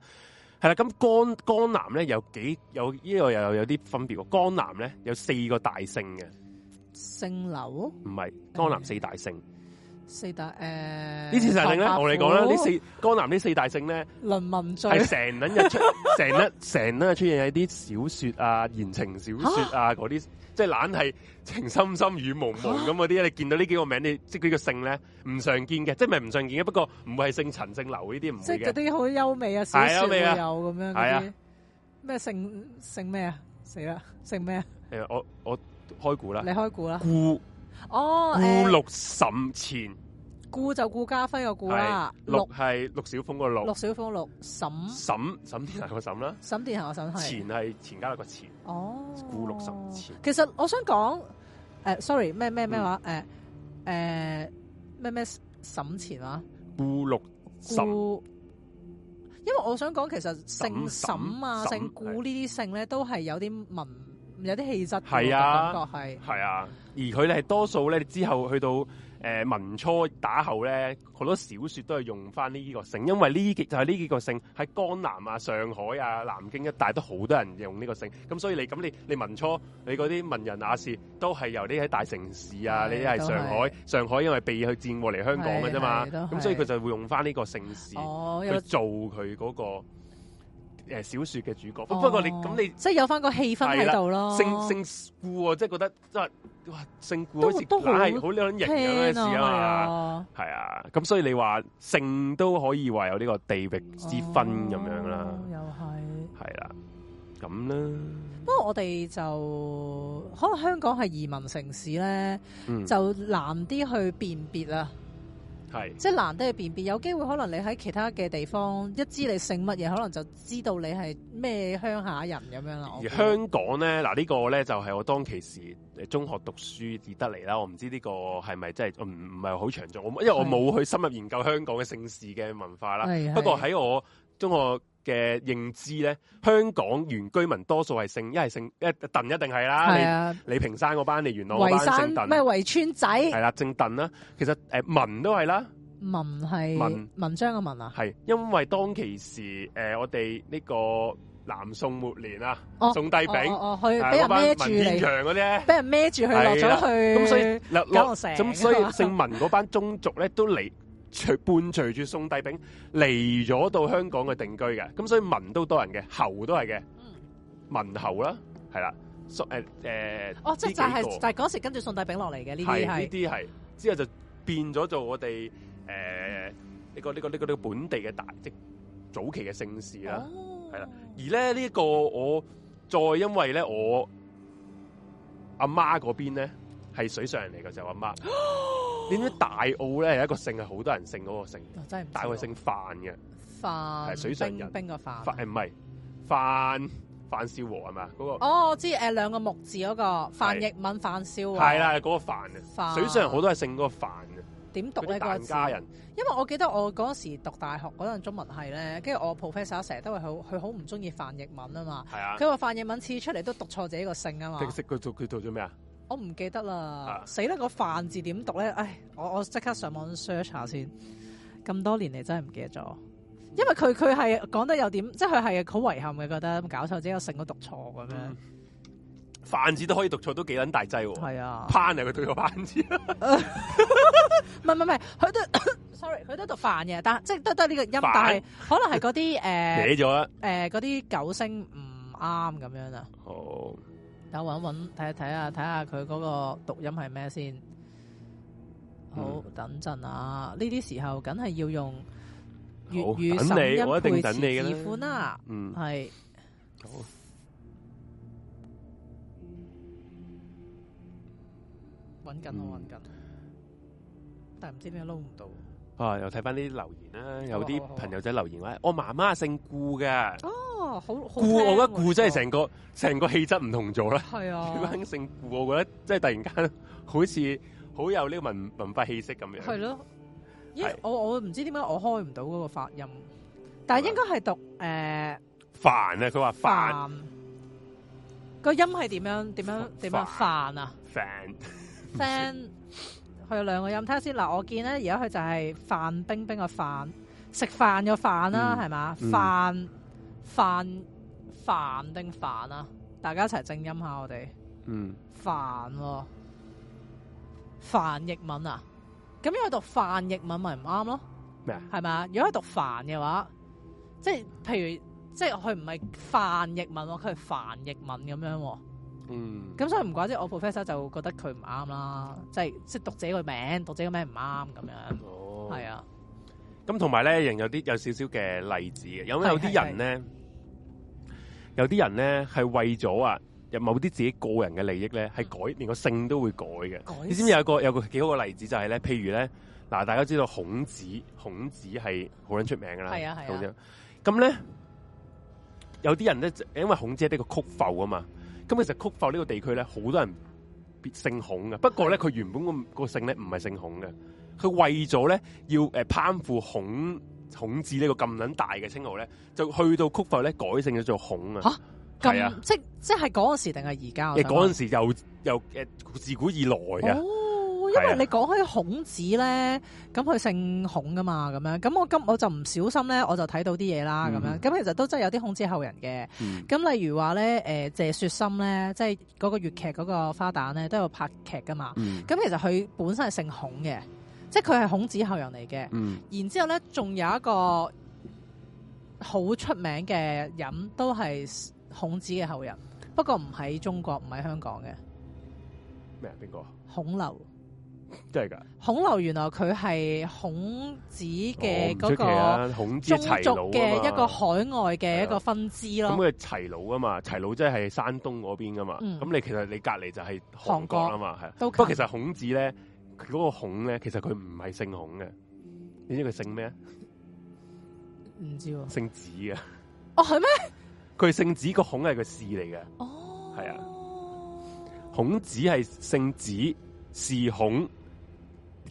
係啦，咁江江南咧有幾有呢，這個又有啲分別喎。江南咧有四個大姓嘅，姓劉唔係江南四大姓，嗯，四大誒，呃、次呢次就係咧，我同你講啦，呢四江南呢四大姓咧，林文俊係成日出成一成日出現喺啲小説啊，言情小説啊嗰啲。啊即係懶係情深深雨濛濛咁嗰啲，你見到呢幾個名字，你即係佢個姓咧唔常見嘅，即係咪唔常見嘅？不過唔會係姓陳、姓劉呢啲唔會嘅。即嗰啲好優美啊，少少有咁樣嗰啲咩姓姓咩啊？死啦，姓咩啊？誒，我我開估啦，你開估啦，古哦，古六沈前。顧就顧家輝個顧啦，陸係陸小鳳個陸，陸小鳳陸沈沈沈殿霞個沈啦，沈殿霞個沈係，錢係錢嘉樂個錢哦，顧陸沈錢其實我想講，誒、呃、，sorry，咩咩咩話，誒誒咩咩沈錢啊？呃、錢啊顧陸沈，因為我想講，其實姓沈啊，姓顧呢啲姓咧，都係有啲文，有啲氣質啊。嘅感覺係、啊，係啊，而佢哋係多數咧，你之後去到。誒、呃、民初打後咧，好多小説都係用翻呢個姓，因為呢幾就係、是、呢幾個姓喺江南啊、上海啊、南京一帶都好多人用呢個姓，咁所以你咁你你民初你嗰啲文人雅士都係由呢喺大城市啊，你啲係上海，是上海因為避去戰禍嚟香港嘅啫嘛，咁、嗯、所以佢就會用翻呢個姓氏去做佢嗰、那個。誒，小說嘅主角，不過你咁你即係有翻個氣氛喺度咯。姓姓顧，即係覺得即係哇，姓顧好似都係好靚型嘅事啊嘛，係啊，咁所以你話姓都可以話有呢個地域之分咁樣啦，又係係啦，咁啦。不過我哋就可能香港係移民城市咧，就難啲去辨別啦。係，是即係難得去辨別，有機會可能你喺其他嘅地方一知你姓乜嘢，可能就知道你係咩鄉下人咁樣啦。而香港咧，嗱、啊這個、呢個咧就係、是、我當其時中學讀書得嚟啦。我唔知呢個係咪真係唔唔係好詳盡，我、呃、因為我冇去深入研究香港嘅姓氏嘅文化啦。是不過喺我中學。嘅認知咧，香港原居民多數係姓，一係姓一鄧一定係啦。啊，李平山嗰班，你元朗嗰姓鄧唔係圍村仔。係啦、嗯，姓鄧啦。其實誒、呃，文都係啦。文係文文章嘅文啊。係因為當其時誒、呃，我哋呢個南宋末年啊，哦、宋帝昺、哦哦哦，去俾人孭住嚟。嗰啲俾人孭住佢落咗去。咁、啊、所以，咁我所以姓文嗰班宗族咧都嚟。隨伴隨住宋帝昺嚟咗到香港嘅定居嘅，咁所以文都多人嘅，侯都係嘅，文侯啦，係啦，誒、so, 呃、哦，哦，即係就係、是、就係、是、嗰時跟住宋帝昺落嚟嘅呢啲係，之後就變咗做我哋誒呢個呢、這個呢、這個呢、這個本地嘅大即早期嘅姓氏啦，係啦、哦，而咧呢一、這個我再因為咧我阿媽嗰邊咧。係水上人嚟嘅，就阿媽。點知大澳咧有一個姓，係好多人姓嗰個姓。真係大澳姓范嘅。范。係水上人。冰嘅范。唔係范？范少和係嘛？嗰個。哦，我知誒兩個木字嗰個范逸敏、范少和。係啦，嗰個范啊。水上人好多係姓嗰個范啊。點讀呢個家人。因為我記得我嗰陣時讀大學嗰陣中文係咧，跟住我 professor 成日都話好，佢好唔中意范逸文啊嘛。係啊。佢話范逸文次次出嚟都讀錯自己個姓啊嘛。佢識佢做佢做咗咩啊？我唔記得啦，啊、死啦！個范字點讀咧？唉，我我即刻上網 search 下先。咁多年嚟真係唔記得咗，因為佢佢係講得有點，即係佢係好遺憾嘅，覺得搞錯之後成個讀錯咁樣。范字都可以讀錯，都幾撚大劑喎。係啊，係啊，攀嚟佢讀個范字。唔係唔係，佢都 sorry，佢都讀范嘅，但即係都得呢個音，但係可能係嗰啲誒，寫咗啦，嗰啲、呃、九聲唔啱咁樣啊。好。等揾揾睇一睇啊，睇下佢嗰個讀音係咩先。好，嗯、等陣啊！呢啲時候梗係要用粵語，我一定等你倍字款啦、啊，嗯，係是。好。揾緊我，揾緊，嗯、但唔知咩解撈唔到。啊！又睇翻啲留言啦、啊，好有啲朋友仔留言話、啊：我媽媽姓顧嘅。哦哇，好！顧，我覺得顧真係成個成個氣質唔同咗啦。係啊，李亨顧，我覺得即係突然間好似好有呢個文文化氣息咁樣。係咯，我我唔知點解我開唔到嗰個發音，但係應該係讀誒范啊，佢話范個音係點樣？點樣點樣范啊？fan fan 佢有兩個音，睇下先。嗱，我見咧而家佢就係范冰冰個范，食飯個飯啦，係嘛？飯。范范定范啊？大家一齊正音下我哋。嗯、哦。范喎，范逸文啊，咁如果讀范逸文咪唔啱咯？咩啊？係咪啊？如果佢讀范嘅話，即係譬如即係佢唔係范逸文，佢係范逸文咁樣，啊。嗯。咁所以唔怪之我 professor 就覺得佢唔啱啦，即係即係讀自己個名，讀自己個名唔啱咁樣。哦。係啊。咁同埋咧，仍有啲有少少嘅例子嘅，有有啲人咧。有啲人咧係為咗啊，有某啲自己個人嘅利益咧，係改連個姓都會改嘅。改成你知唔知有個有個幾好嘅例子就係、是、咧，譬如咧嗱，大家知道孔子，孔子係好撚出名噶啦。係啊係啊。咁咧、啊、有啲人咧，因為孔子係一個曲阜啊嘛，咁其實曲阜呢個地區咧，好多人姓孔嘅。不過咧，佢原本個個姓咧唔係姓孔嘅，佢為咗咧要誒、呃、攀附孔。孔子個呢個咁撚大嘅稱號咧，就去到曲阜咧改姓咗做孔啊蛤！咁是、啊、即即係嗰陣時定係而家？你嗰陣時又又自古以來啊、哦！因為是、啊、你講起孔子咧，咁佢姓孔噶嘛，咁樣，咁我今我就唔小心咧，我就睇到啲嘢啦，咁樣，咁其實都真係有啲孔子後人嘅。咁、嗯、例如話咧，誒、呃、謝雪心咧，即係嗰個粵劇嗰個花旦咧，都有拍劇噶嘛。咁、嗯、其實佢本身係姓孔嘅。即係佢係孔子後人嚟嘅，嗯、然之後咧仲有一個好出名嘅人，都係孔子嘅後人，不過唔喺中國，唔喺香港嘅。咩？邊流個、哦啊？孔劉真係噶？孔劉原來佢係孔子嘅嗰個宗族嘅一個海外嘅一個分支咯。咁佢、嗯、齊魯啊嘛，齊魯即係山東嗰邊噶嘛。咁、嗯、你其實你隔籬就係韓國啊嘛，係。不過其實孔子咧。佢嗰個孔咧，其實佢唔係姓孔嘅，你知佢姓咩？唔知，姓子嘅。哦，係咩？佢姓子，個孔係個氏嚟嘅。哦，係啊。孔子係姓子，氏孔，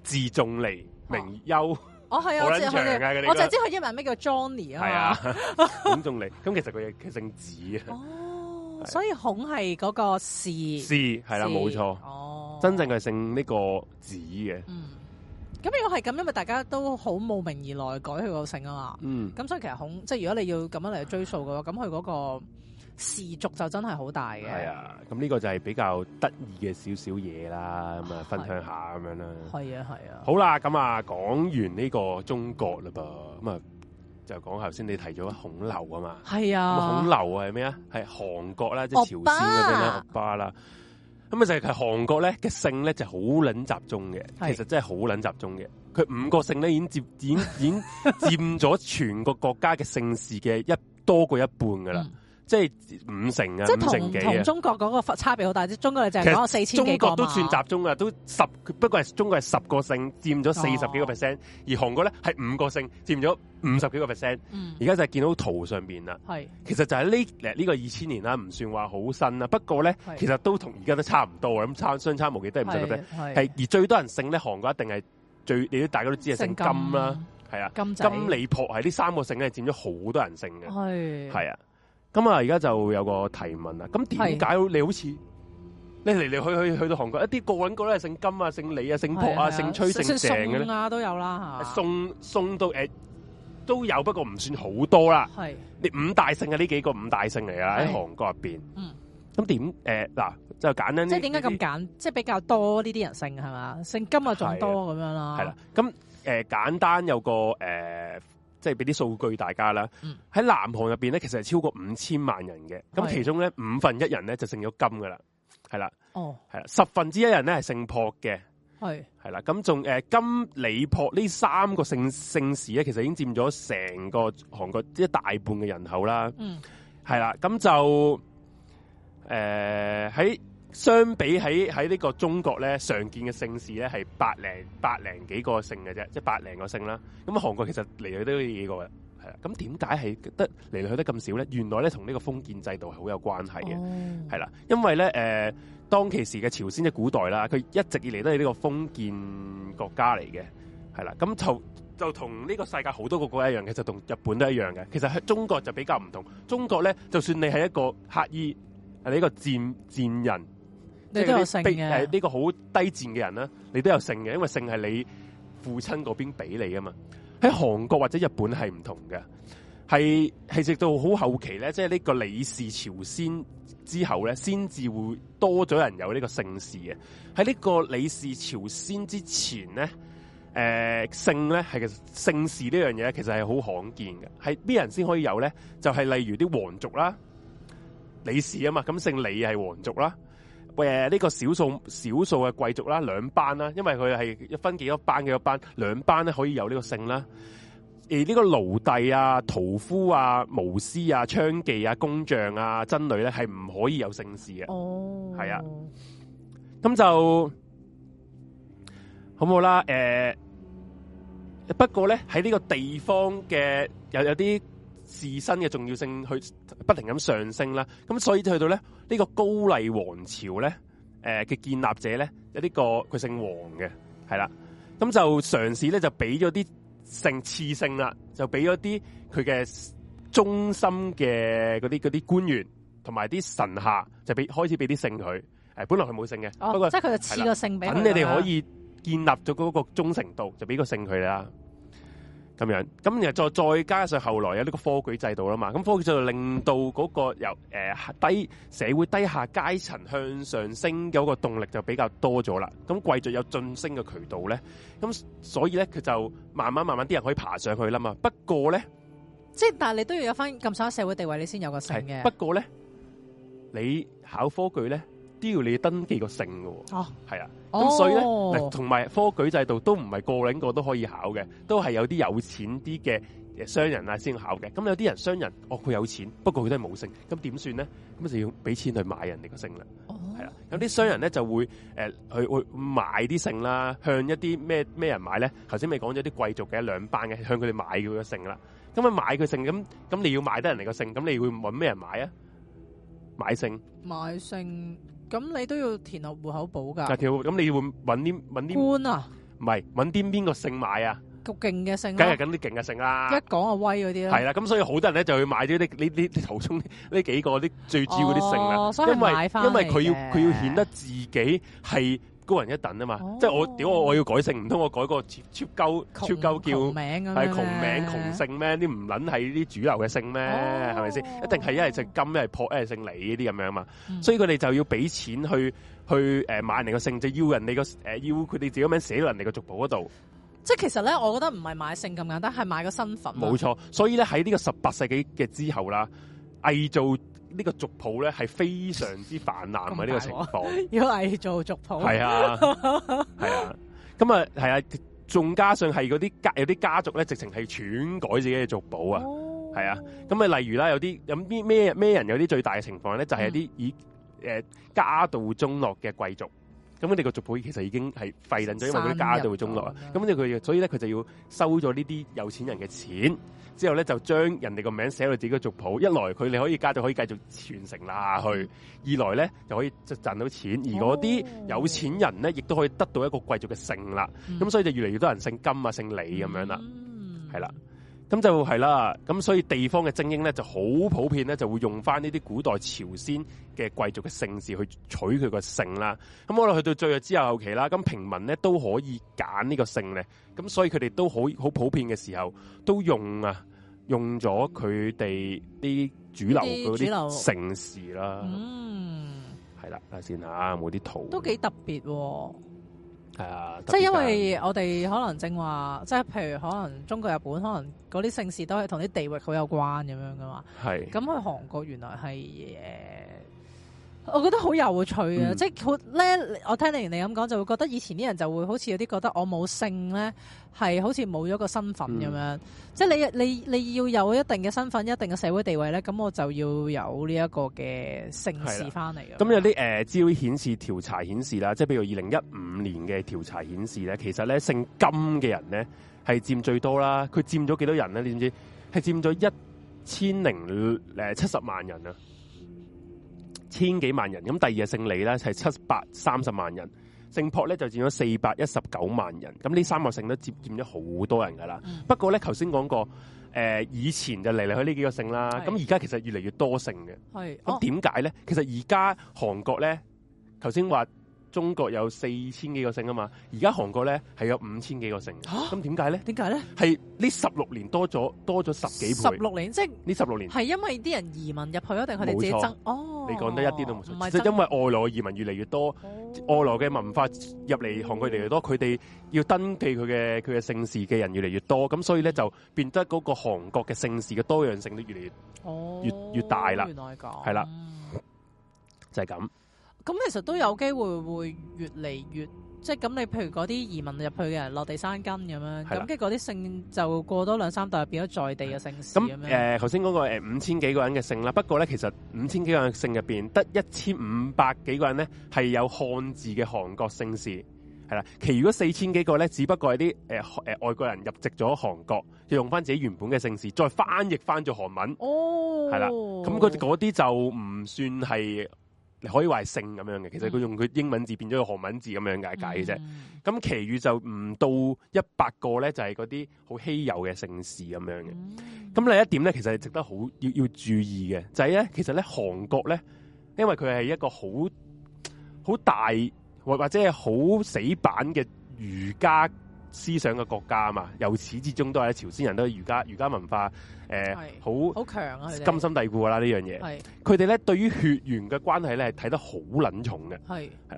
字仲尼，名丘。哦，係啊，我淨係知佢英文咩叫 Johnny 啊。係啊，孔仲尼。咁其實佢佢姓子啊。哦，所以孔係嗰個氏。氏，係啦，冇錯。哦。真正係姓呢個子嘅。嗯，咁如果係咁，因為大家都好慕名而來改佢個姓啊嘛，嗯，咁所以其實孔，即係如果你要咁樣嚟追溯嘅話，咁佢嗰個氏族就真係好大嘅。哎，係啊，咁呢個就係比較得意嘅少少嘢啦，咁啊分享下咁樣啦，係啊係啊，是啊是啊是啊好啦，咁啊講完呢個中國啦噃，咁啊就講頭先你提咗孔劉啊嘛，係啊，孔劉係咩啊？係韓國啦，即係朝鮮嗰邊啦，歐巴啦。咁啊就係韓國咧嘅姓咧就好撚集中嘅，其實真係好撚集中嘅。佢是的 五個姓咧已經接，已經 已佔咗全個國家嘅姓氏嘅一多過一半噶啦。即係五成啊，五成幾啊，即係同同中國嗰個差別好大，中國就係講個四千幾個嘛。中國都算集中噶，都十不過係中國係十個姓佔咗四十幾個 percent，而韓國咧係五個姓佔咗五十幾個 percent。而家就係見到圖上邊啦。係其實就係呢呢個二千年啦，唔算話好新啦。不過咧，其實都同而家都差唔多啊。咁差相差無幾都係五十幾個 percent。係，而最多人姓咧，韓國一定係最，你都大家都知啊，係姓金啦，係啊，金李朴係呢三個姓咧，佔咗好多人姓嘅。係啊。咁啊，而家就有個提問啊！咁點解你好似你嚟嚟去去去到韓國一啲個搵個都係姓金啊、姓李啊、姓朴啊、姓崔、姓鄭啦咧？宋宋都誒都有，不過唔算好多啦。係你五大姓啊呢幾個五大姓嚟啊！喺韓國入邊，咁點誒嗱就簡單，即係點解咁簡？即係比較多呢啲人姓係嘛？姓金啊，仲多咁樣咯。係啦，咁誒簡單有個誒。即係俾啲數據大家啦，喺南韓入邊咧，其實係超過五千萬人嘅，咁其中咧五分一人咧就姓咗金嘅啦，係啦，係啦，十分之一人咧係姓朴嘅，係係啦，咁仲誒金、李、朴呢三個姓姓氏咧，其實已經佔咗成個韓國一大半嘅人口啦，嗯，係啦，咁就誒喺。相比喺喺呢個中國咧，常見嘅姓氏咧係百零百零幾個姓嘅啫，即係百零個姓啦。咁、嗯、韓國其實嚟嚟去都係、嗯、呢個嘅，係啦。咁點解係得嚟嚟去去得咁少咧？原來咧同呢個封建制度係好有關係嘅，係啦、哦。因為咧誒、呃，當其時嘅朝鮮嘅古代啦，佢一直以嚟都係呢個封建國家嚟嘅，係啦。咁、嗯、就就同呢個世界好多個國家一樣嘅，就同日本都一樣嘅。其實係中國就比較唔同，中國咧就算你係一個乞衣，你一個賤賤人。你都有姓嘅，呢個好低賤嘅人咧，你都有姓嘅，因為姓係你父親嗰邊俾你啊嘛。喺韓國或者日本係唔同嘅，係係直到好後期咧，即係呢個李氏朝鮮之後咧，先至會多咗人有呢個姓氏嘅。喺呢個李氏朝鮮之前咧，誒、呃、姓咧係嘅姓氏呢樣嘢其實係好罕見嘅。係邊人先可以有咧？就係、是、例如啲皇族啦，李氏啊嘛，咁姓李係皇族啦。誒，呢個少數少數嘅貴族啦，兩班啦，因為佢係一分幾多班嘅一班，兩班咧可以有呢個姓啦。而、呃、呢、這個奴隸啊、屠夫啊、巫師啊、娼妓啊、工匠啊、僧侶咧係唔可以有姓氏嘅。哦，係啊，咁就好冇啦。誒、呃，不過咧喺呢在這個地方嘅又有啲。有些自身嘅重要性去不停咁上升啦，咁所以就去到咧呢、這個高麗王朝咧，誒、呃、嘅建立者咧有呢、這個佢姓王嘅，係啦，咁就嘗試咧就俾咗啲姓賜姓啦，就俾咗啲佢嘅忠心嘅嗰啲嗰啲官員同埋啲臣下就俾開始俾啲姓佢，誒、呃、本來佢冇姓嘅，哦、不過即係佢就賜個姓俾，咁的你哋可以建立咗嗰個忠誠度，啊、就俾個姓佢啦。咁樣，咁然後再再加上後來有呢個科舉制度啦嘛，咁科舉制度令到嗰個由低、呃、社會低下階層向上升嘅嗰個動力就比較多咗啦。咁貴族有晉升嘅渠道咧，咁所以咧佢就慢慢慢慢啲人可以爬上去啦嘛。不過咧，即係但係你都要有返咁上下社會地位，你先有個姓嘅。不過咧，你考科舉咧，都要你登記個姓嘅、哦，係啊，咁所以咧，同埋、哦、科舉制度都唔係個領個都可以考嘅，都係有啲有錢啲嘅商人啊先考嘅。咁有啲人商人，哦，佢有錢，不過佢都係冇姓，咁點算咧？咁就要俾錢去買人哋個姓啦，係啊、哦。咁啲商人咧就會誒去、呃、買啲姓啦，向一啲咩咩人買咧？頭先咪講咗啲貴族嘅兩班嘅向佢哋買佢嘅姓啦。咁啊買佢姓，咁咁你要買得人哋個姓，咁你會搵咩人買啊？買姓，買姓。咁你都要填落戶口簿噶？條咁你要揾啲揾啲官啊？唔係揾啲邊個姓買啊？個勁嘅姓，梗係揾啲勁嘅姓啦。一講阿威嗰啲啦。係啦，咁所以好多人咧就去買咗呢呢呢呢圖中呢幾個啲最主要啲姓啦。因為因為佢要佢要顯得自己係高人一等啊嘛！哦、即係我屌我我要改姓，唔通我改個超超鳩叫，名啊！係窮名，係窮，名窮姓咩？啲唔撚係啲主流嘅姓咩？係咪先？一定係一係姓金，一係、哦、姓朴，一姓李呢啲咁樣嘛。所以佢哋就要俾錢去去誒買人哋個姓，就要人哋個誒要佢哋自己名寫到人哋個族譜嗰度。即係其實咧，我覺得唔係買姓咁簡單，係買個身份，啊。冇錯，所以咧喺呢個十八世紀嘅之後啦，偽造。呢個族譜咧係非常之泛濫啊！呢個情況要偽做族譜係啊係啊，咁啊係啊，仲、啊、加上係啲家有啲家族咧，直情係篡改自己嘅族譜、哦、啊！係啊，咁啊，例如啦，有啲有啲咩咩人有啲最大嘅情況咧，就係、有、啲以誒家道中落嘅貴族。咁佢哋個族譜其實已經係廢撚咗，因為佢家道中落啊。咁即係佢，所以咧佢就要收咗呢啲有錢人嘅錢，之後咧就將人哋個名寫到自己嘅族譜。一來佢哋可以加到可以繼續傳承下去；二來咧就可以即係賺到錢。而嗰啲有錢人咧，亦都、哦、可以得到一個貴族嘅姓啦。咁、嗯、所以就越嚟越多人姓金啊、姓李咁樣啦，係啦。咁就係啦，咁所以地方嘅精英咧，就好普遍咧，就會用翻呢啲古代朝鮮嘅貴族嘅姓氏去取佢個姓啦。咁我哋去到最後之後後期啦，咁平民咧都可以揀呢個姓咧。咁所以佢哋都好好普遍嘅時候，都用啊，用咗佢哋啲主流嗰啲姓氏啦。嗯，係啦，睇下先吓，冇啲圖都幾特別，哦。係啊，即係因為我哋可能正話，即係譬如可能中國、日本，可能嗰啲姓氏都係同啲地域好有關咁樣㗎嘛。係是，咁去韓國原來係誒。我覺得好有趣啊！嗯、即係好咧，我聽你你咁講，就會覺得以前啲人就會好似有啲覺得我冇姓咧，係好似冇咗個身份咁樣。嗯、即係你你你要有一定嘅身份、一定嘅社會地位咧，咁我就要有呢一個嘅姓氏翻嚟嘅。咁有啲誒資料顯示調查顯示啦，即係譬如二零一五年嘅調查顯示咧，其實咧姓金嘅人咧係佔最多啦。佢佔咗幾多人咧？你知唔知？係佔咗一千零誒七十萬人啊！千幾萬人，咁第二個姓李咧係七百三十萬人，姓朴咧就佔咗四百一十九萬人，咁呢三個姓都接佔咗好多人噶啦。嗯、不過咧，頭先講過，誒、呃、以前就嚟嚟去呢幾個姓啦，咁而家其實越嚟越多姓嘅。係是，咁點解咧？哦、其實而家韓國咧，頭先話，中國有四千幾個姓啊嘛，而家韓國咧係有五千幾個姓，咁點解咧？點解咧？係呢十六年多咗多咗十幾倍。十六年，即係呢十六年，係因為啲人移民入去一定佢哋自己增哦，你講得一啲都冇錯，就因為外來移民越嚟越多，外來嘅文化入嚟韓國越嚟越多，佢哋要登記佢嘅佢嘅姓氏嘅人越嚟越多，咁所以咧就變得嗰個韓國嘅姓氏嘅多樣性都越嚟越，哦，越越大啦。原來講係啦，就係咁。咁、嗯、其實都有機會會越嚟越，即係咁，你譬如嗰啲移民入去嘅人落地生根咁樣，咁跟住嗰啲姓就過多兩三代變咗在地嘅姓氏咁。誒、嗯，頭先嗰個誒、呃、五千幾個人嘅姓啦，不過咧其實五千幾個人嘅姓入邊得一千五百幾個人咧係有漢字嘅韓國姓氏係啦，其餘嗰四千幾個咧只不過係啲誒誒外國人入籍咗韓國，就用翻自己原本嘅姓氏再翻譯翻做韓文哦，係、嗯、啦，咁嗰啲就唔算係。你可以話係姓咁樣嘅，其實佢用佢英文字變咗個韓文字咁樣解解嘅啫。咁、mm hmm. 其餘就唔到一百個咧，就係嗰啲好稀有嘅姓氏咁樣嘅。咁、mm hmm. 另一點咧、就是，其實係值得好要要注意嘅，就係咧，其實咧韓國咧，因為佢係一個好好大或或者係好死板嘅儒家思想嘅國家啊嘛，由始至終都係朝鮮人都係儒家儒家文化。誒，好，好強啊！金心蒂固啦是呢樣嘢，佢哋咧對於血緣嘅關係咧係睇得好捻重嘅，係是，係，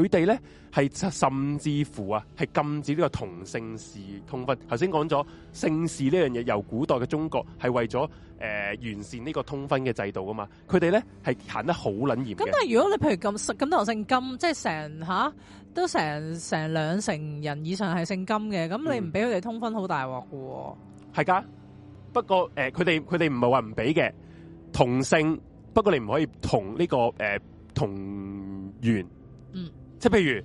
佢哋咧係甚至乎啊，係禁止呢個同姓氏通婚。頭先講咗姓氏呢樣嘢，由古代嘅中國係為咗誒、呃、完善呢個通婚嘅制度㗎嘛，佢哋咧係行得好捻嚴嘅。咁但係如果你譬如咁咁同姓金，即係成吓都成成兩成人以上係姓金嘅，咁你唔俾佢哋通婚，好大鑊噶喎，係噶。不過誒，佢哋佢哋唔係話唔俾嘅同姓，不過你唔可以同呢、這個誒、呃、同源。嗯，即係譬如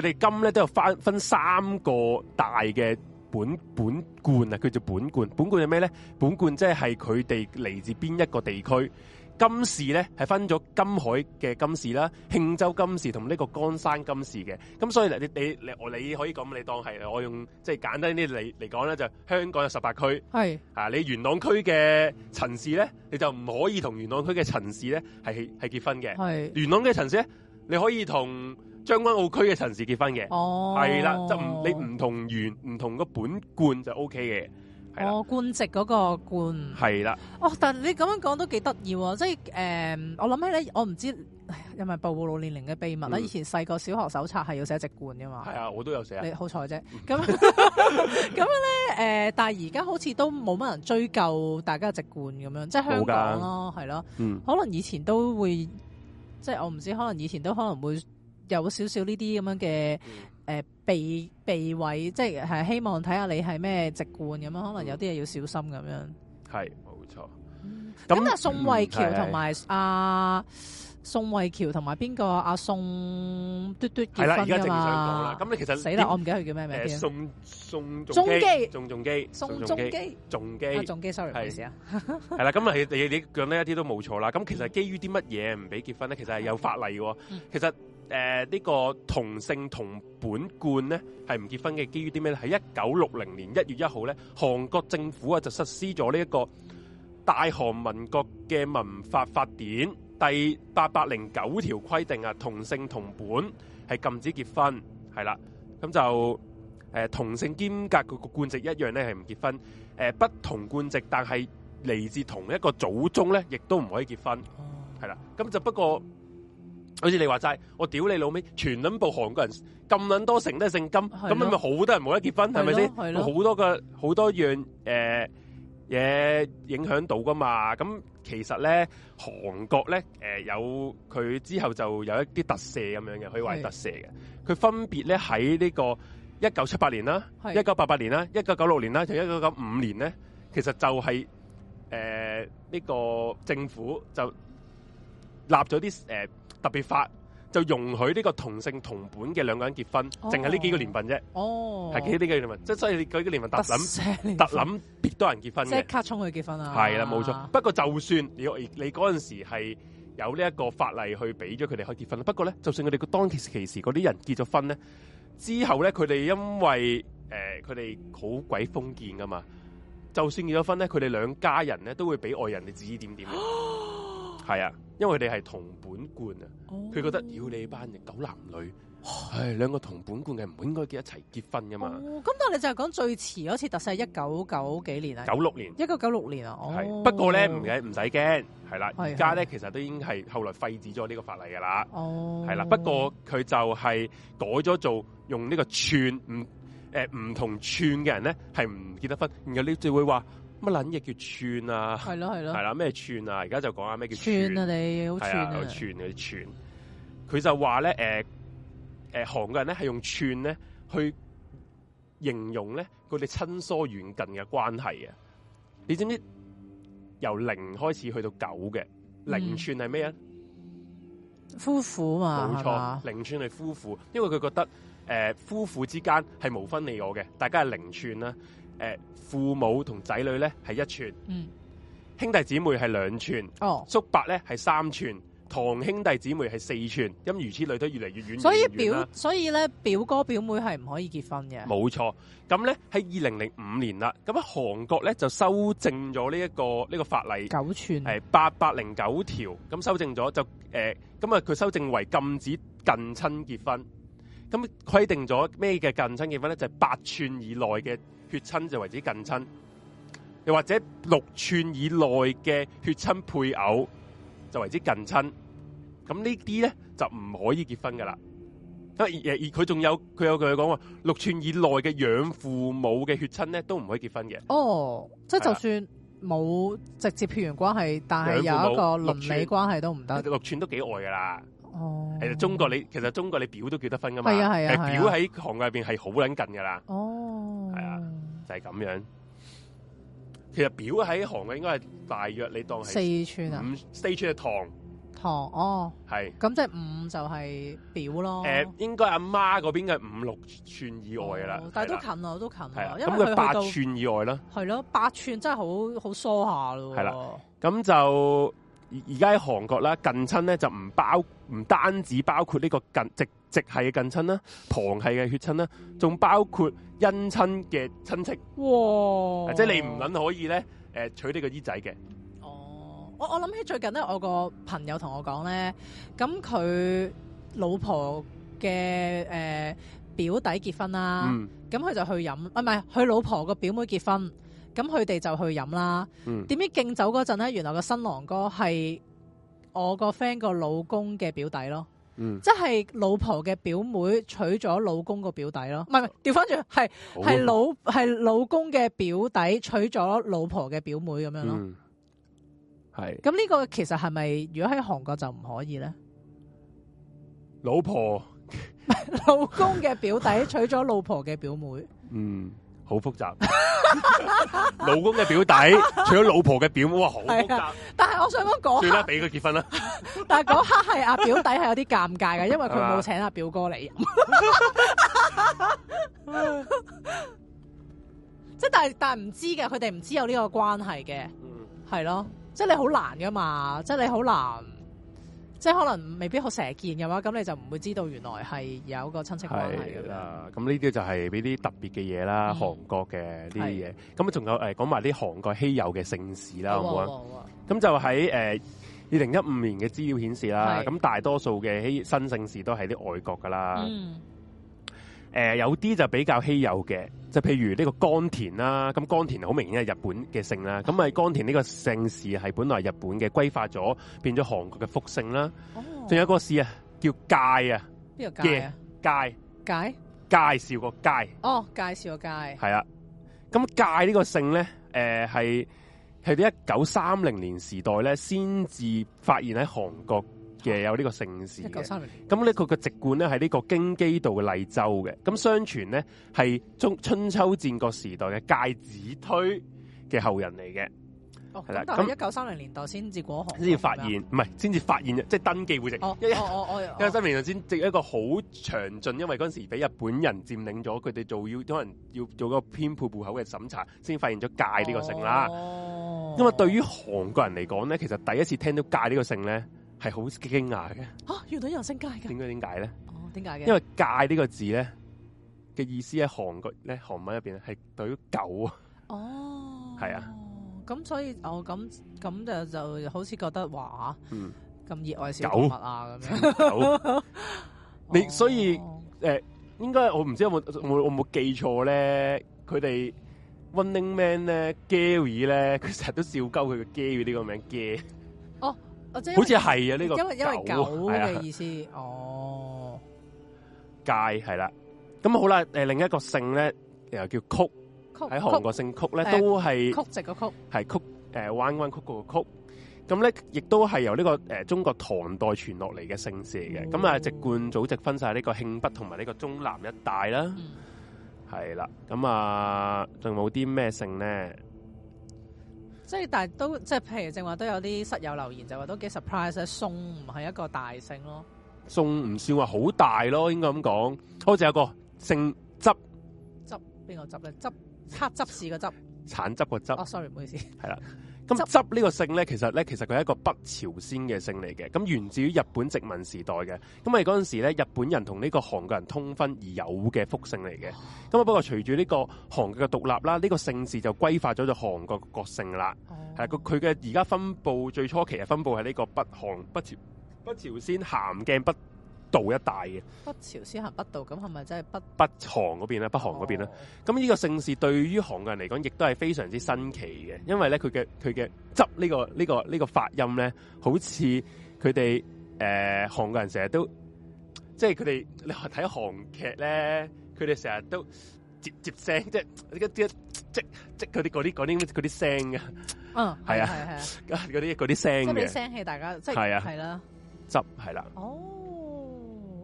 佢哋金咧都有分分三個大嘅本本貫啊，叫做本貫。本貫係咩咧？本貫即係佢哋嚟自邊一個地區。金氏咧係分咗金海嘅金氏啦、慶州金氏同呢個江山金氏嘅。咁所以你你你我你可以咁，你當係我用即係簡單啲嚟嚟講咧，就係、香港有十八區係是啊。你元朗區嘅陳氏咧，你就唔可以同元朗區嘅陳氏咧係係結結婚嘅。是元朗嘅陳氏咧，你可以同將軍澳區嘅陳氏結婚嘅。哦，係啦，就唔你唔同源唔同個本貫就 O K 嘅。我、哦、官籍嗰個官係啦。的哦，但你咁樣講都幾得意，即係誒、呃，我諗起咧，我唔知因為暴暴露年齡嘅秘密啦。嗯、以前細個小學手冊係要寫籍貫噶嘛？係啊，我都有寫。你好彩啫。咁咁 樣咧，誒，但係而家好似都冇乜人追究大家嘅籍貫咁樣，即係香港咯，係咯、啊。的嗯、可能以前都會，即係我唔知，可能以前都可能會有少少呢啲咁樣嘅。嗯誒被被毀，即係希望睇下你係咩籍貫咁樣，可能有啲嘢要小心咁樣。係冇錯。咁啊，宋慧喬同埋阿宋慧喬同埋邊個阿宋嘟嘟結婚㗎嘛？咁你其實死啦！我唔記得佢叫咩名。誒宋宋仲基宋仲基宋仲基仲基仲基 Sorry，唔好意思啊！係啦，咁你你講呢一啲都冇錯啦。咁其實基於啲乜嘢唔俾結婚咧？其實係有法例嘅。其實。誒，呢、呃這個同姓同本貫呢，係唔結婚嘅，基於啲咩咧？喺一九六零年一月一號咧，韓國政府啊就實施咗呢一個大韓民國嘅民法法典第八百零九條規定啊，同姓同本係禁止結婚，係啦。咁就誒、呃，同姓兼隔個個貫籍一樣咧係唔結婚。誒、呃，不同貫籍但係嚟自同一個祖宗咧，亦都唔可以結婚，係啦。咁就不過。好似你話齋，我屌你老味，全捻部韓國人咁捻多成都係姓金，咁咪咪好多人冇得結婚，係咪先？好吧多個好多樣誒嘢影響到噶嘛？咁、嗯、其實咧，韓國咧誒、呃、有佢之後就有一啲特赦咁樣嘅，佢話係特赦嘅。佢是的 分別咧喺呢個一九七八年啦，一九八八年啦，一九九六年啦，同一九九五年咧，其實就係誒呢個政府就立咗啲誒。呃特別法就容許呢個同性同本嘅兩個人結婚，淨係呢幾個年份啫。哦，係幾呢幾個年份，即係、oh. 所以佢啲年份特諗，特諗然別多人結婚嘅，即刻衝去結婚啊！係啦，冇錯。不過就算你你嗰陣時係有呢一個法例去俾咗佢哋可以結婚啦。不過咧，就算佢哋當其時嗰啲人結咗婚咧，之後咧佢哋因為誒佢哋好鬼封建噶嘛，就算結咗婚咧，佢哋兩家人咧都會俾外人哋指指點點。 係啊，因為你係同本貫啊，佢、oh. 覺得屌你班嘅狗男女，係兩個同本貫嘅唔應該結一齊結婚噶嘛。咁、oh. 但係你就係講最遲嗰次特是，特首係一九九幾年啊，九六年，一九九六年啊。係、oh. 不過咧唔使唔使驚，係、oh. 啦而家咧其實都已經係後來廢止咗呢個法例噶啦。哦，係啦，不過佢就係改咗做用呢個串唔誒唔同串嘅人咧係唔結得婚，然後你就會話。乜捻嘢叫串啊？係咯，係咯，係啦咩串啊？而家就講下咩叫串啊？你好串啊！串嘅串，佢就話咧，誒、呃、誒，韓、呃、國人咧係用串咧去形容咧佢哋親疏遠近嘅關係嘅。你知唔知由零開始去到九嘅零串係咩啊？夫婦嘛，冇錯錯，吧零串係夫婦，因為佢覺得誒、呃、夫婦之間係無分你我嘅，大家係零串啦、啊。誒，父母同仔女咧係一寸，嗯、兄弟姊妹係兩寸，哦、叔伯咧係三寸，堂兄弟姊妹係四寸。咁如此類推，越嚟越遠。所以表所以咧表哥表妹係唔可以結婚嘅。冇錯，咁咧喺二零零五年啦。咁啊，韓國咧就修正咗呢一個呢、這個法例，九寸係八百零九條咁修正咗就誒咁啊，佢、呃、修正為禁止近親結婚，咁規定咗咩嘅近親結婚咧，就係八寸以內嘅。血親就為之近親，又或者六寸以內嘅血親配偶就為之近親，咁呢啲咧就唔可以結婚噶啦。而而佢仲有佢有句講話，六寸以內嘅養父母嘅血親咧都唔可以結婚嘅。哦，即係、啊、就算冇直接血緣關係，但係有一個倫理關係都唔得。六寸都幾遠噶啦。哦，其實中國你其實中國你表都結得婚噶嘛。係啊係啊係。係啊表喺韓國入邊係好撚近噶啦。哦。就係咁樣，其實表喺韓國應該係大約你當 5, 四寸啊，五四寸嘅堂。堂哦，係咁即係五就係表咯。誒、呃，應該阿媽嗰邊嘅五六寸以外噶啦、哦，但係都近啊，都了近啊，了因為佢八寸以外啦，係咯，八寸真係好好疏下咯、啊。係啦，咁就而而家喺韓國咧近親咧就唔包唔單止包括呢個近直直系嘅近親啦，堂系嘅血親啦，仲包括。姻親嘅親戚，哇！即係你唔撚可以咧，誒、呃、娶呢個姨仔嘅。哦，我我諗起最近咧，我個朋友同我講咧，咁佢老婆嘅誒、呃、表弟結婚啦，咁佢、嗯、就去飲，啊，唔係佢老婆個表妹結婚，咁佢哋就去飲啦。點、嗯、知敬酒嗰陣咧，原來個新郎哥係我個 friend 個老公嘅表弟咯。嗯、即係老婆嘅表妹娶咗老公個表弟咯，唔係唔係，調翻轉，係係老係老公嘅表弟娶咗老婆嘅表妹咁樣咯，係、嗯。咁呢個其實係咪如果喺韓國就唔可以咧？老婆， 老公嘅表弟娶咗老婆嘅表妹，嗯。好複雜， 老公嘅表弟，除咗老婆嘅表妹，哇好複雜。是但係我想講講，算啦，俾佢結婚啦。 但係嗰刻係阿表弟係有啲尷尬嘅，因為佢冇請阿表哥嚟即係但係但係唔知嘅，佢哋唔知有呢個關係嘅，係咯、嗯，即係你好難噶嘛，即係你好難。即係可能未必好成日見嘅話，咁你就唔會知道原來係有個親戚關係咁樣。啦，咁呢啲就係啲特別嘅嘢啦，韓國嘅呢啲嘢。咁仲是的 有誒講埋啲韓國稀有嘅姓氏啦，好冇啊好？咁就喺誒二零一五年嘅資料顯示啦，咁是的 大多數嘅稀新姓氏都係啲外國噶啦。嗯呃、有啲就比較稀有嘅。就譬如呢個乾田啦，咁乾田好明顯係日本嘅姓啦。咁啊，乾田呢個姓氏係本來日本嘅，歸化咗變咗韓國嘅福姓啦。仲、哦、有一個姓啊，叫介啊，邊個介啊？介介介紹個介哦，介紹個介係啊。咁介呢個姓咧，係係到一九三零年時代咧先至發現喺韓國。嘅有呢個姓氏，咁呢，佢個籍貫咧喺呢個京畿道嘅麗州嘅，咁相傳呢，係中春秋戰國時代嘅介子推嘅後人嚟嘅、哦。係啦，咁一九三零年代先至過韓先至發，麼發現，唔係先至發現，即係登記戶籍。哦、一九三零年代先籍一個好詳盡，因為嗰陣時俾日本人佔領咗，佢哋做要可能要做個偏配戶口嘅審查，先發現咗介呢個姓啦。因為對於韓國人嚟講咧，其實第一次聽到介呢個姓咧。係好驚訝嘅，啊遇到人姓界嘅，點解點解咧？哦，點解嘅？因為界呢、呢個字咧嘅意思喺韓國咧韓文入邊咧係對於狗、哦、啊，哦，係啊，咁所以我咁咁就就好似覺得哇，咁熱、嗯、愛小狗動物啊咁樣，狗，你所以誒、呃，應該我唔知有冇我我冇記錯咧，佢哋 Running Man 咧 Gary 咧，佢成日都笑鳩佢個 Gary 呢個名 Gary。好似係啊，呢、啊這個因為因為狗嘅意思哦、啊，界係啦，咁、oh、好啦，誒、呃，另一個姓咧又叫曲，喺韓國姓曲咧、呃、都係曲直個曲，係曲誒彎彎曲曲個曲，咁咧亦都係由呢、這個誒、呃、中國唐代傳落嚟嘅姓氏嚟嘅，咁啊直貫祖籍分晒呢個慶北同埋呢個中南一帶啦，係啦、mm. 嗯，咁啊仲冇啲咩姓咧？即係但係都即係，譬如正話都有啲室友留言，就話都幾 surprise，宋唔係一個大姓咯。宋唔算話好大咯，應該咁講。好似有一個姓汁，汁邊個汁咧？汁黑汁似嘅汁，橙汁個汁。哦，oh, sorry，唔好意思。係啦。 咁執呢個姓咧，其實咧，其實佢係一個北朝鮮嘅姓嚟嘅，咁、嗯、源自於日本殖民時代嘅，咁啊嗰陣時咧，日本人同呢個韓國人通婚而有嘅福姓嚟嘅，咁啊唉不過隨住呢個韓國嘅獨立啦，呢、呢個姓氏就歸化咗做韓國國姓啦，係佢嘅而家分佈最初其實分佈係呢個北韓北朝北朝鮮咸鏡北道一帶嘅，北朝先行北道，咁係咪真係北北韓嗰邊咧？北韓嗰邊咧？咁呢、哦、個姓氏對於韓國人嚟講，亦都係非常之新奇嘅，因為咧佢嘅佢嘅執呢、呢個呢、呢個呢、呢個發音咧，好似佢哋誒韓國人成日都，即係佢哋你話睇韓劇咧，佢哋成日都接接聲，即係即即嗰啲啲啲啲聲嘅，嗯，係啊，係啊，啊嗰啲啲聲，嗰啲聲氣大家，係、就是、啊，係啦，執係啦，哦。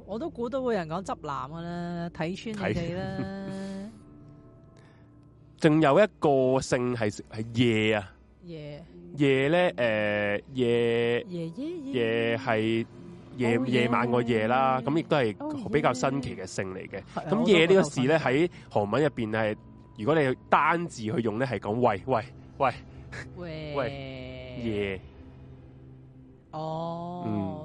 我都估到有人講執男嘅啦，睇穿你哋啦。仲有一個姓係係夜啊，夜夜咧誒，夜夜夜係夜夜晚個夜啦。咁亦都係比較新奇嘅姓嚟嘅。咁夜呢個字咧喺韓文入邊係，如果你單字去用咧係講喂喂喂喂夜哦。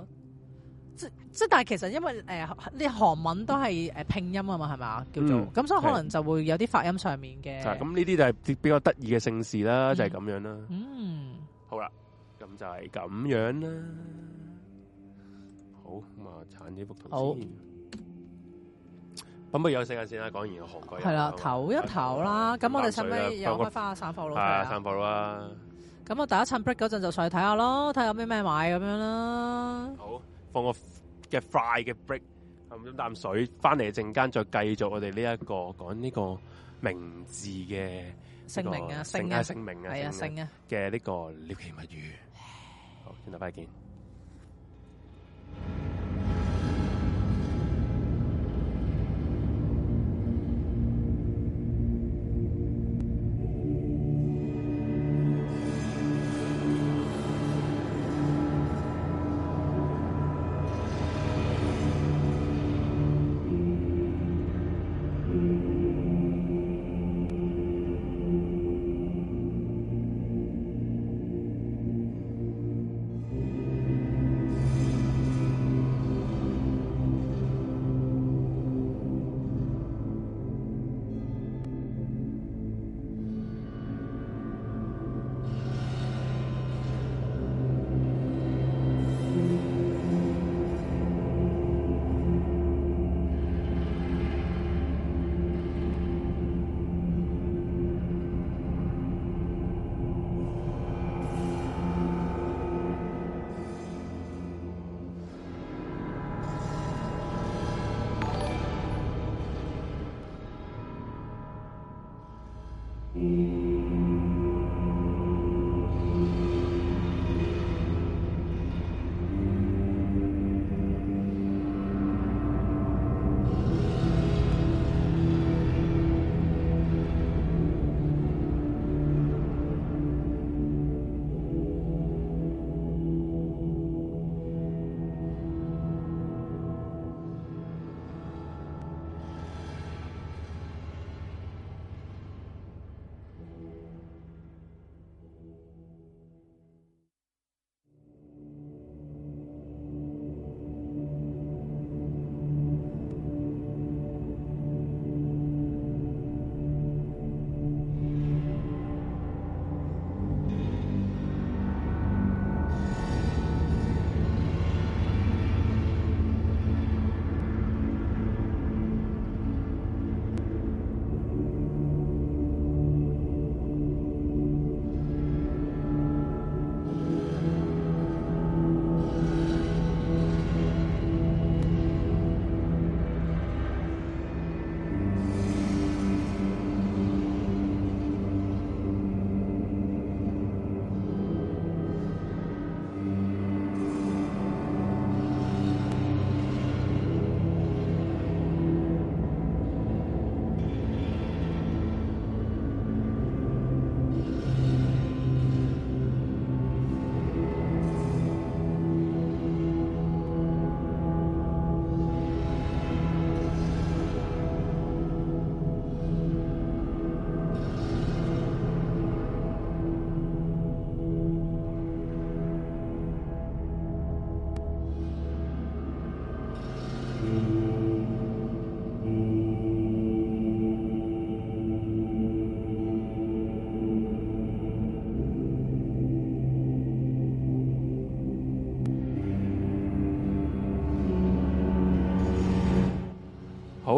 即係，但係其實因為誒，呢韓文都係誒拼音啊嘛，係嘛，叫做咁，所以可能就會有啲發音上面嘅。咁呢啲就係比較得意嘅姓氏啦，就係咁樣啦。嗯，好啦，咁就係咁樣啦。好，咁啊，鏟呢幅圖。好，咁不如休息下先啦。講完個韓國，係啦，唞一唞啦。咁我哋使唔使又開返散貨咯？係散貨啦。咁我第一 break 嗰陣就上去睇下咯，睇下有咩咩買咁樣啦。好，放個。嘅 f i r 嘅 break，飲咗啖水，翻嚟嘅陣間再繼續我哋呢一個講呢個名字嘅，呢個、姓名啊，姓啊，姓，啊姓名啊，係、哎、呀啊，姓啊嘅呢個獵奇物語，好，先大拜見。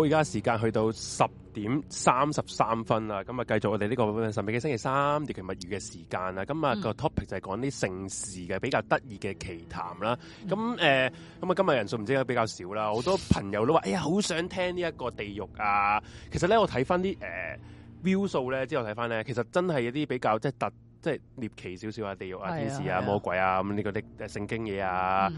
我而家時間去到十點三十三分啦，咁啊繼續我哋呢個神秘嘅星期三獵奇物語嘅時間啦，咁啊個 topic 就係講啲城市嘅比較得意嘅奇談啦。咁誒、嗯，咁啊、呃、今日人數唔知得比較少啦，好多朋友都話：哎呀，好想聽呢一個地獄啊！其實咧，我睇翻啲誒 view 數咧，之後睇翻咧，其實真係有啲比較即係特。即係獵奇少少啊，地獄啊，天使啊，魔鬼啊，咁呢啲聖經嘢啊，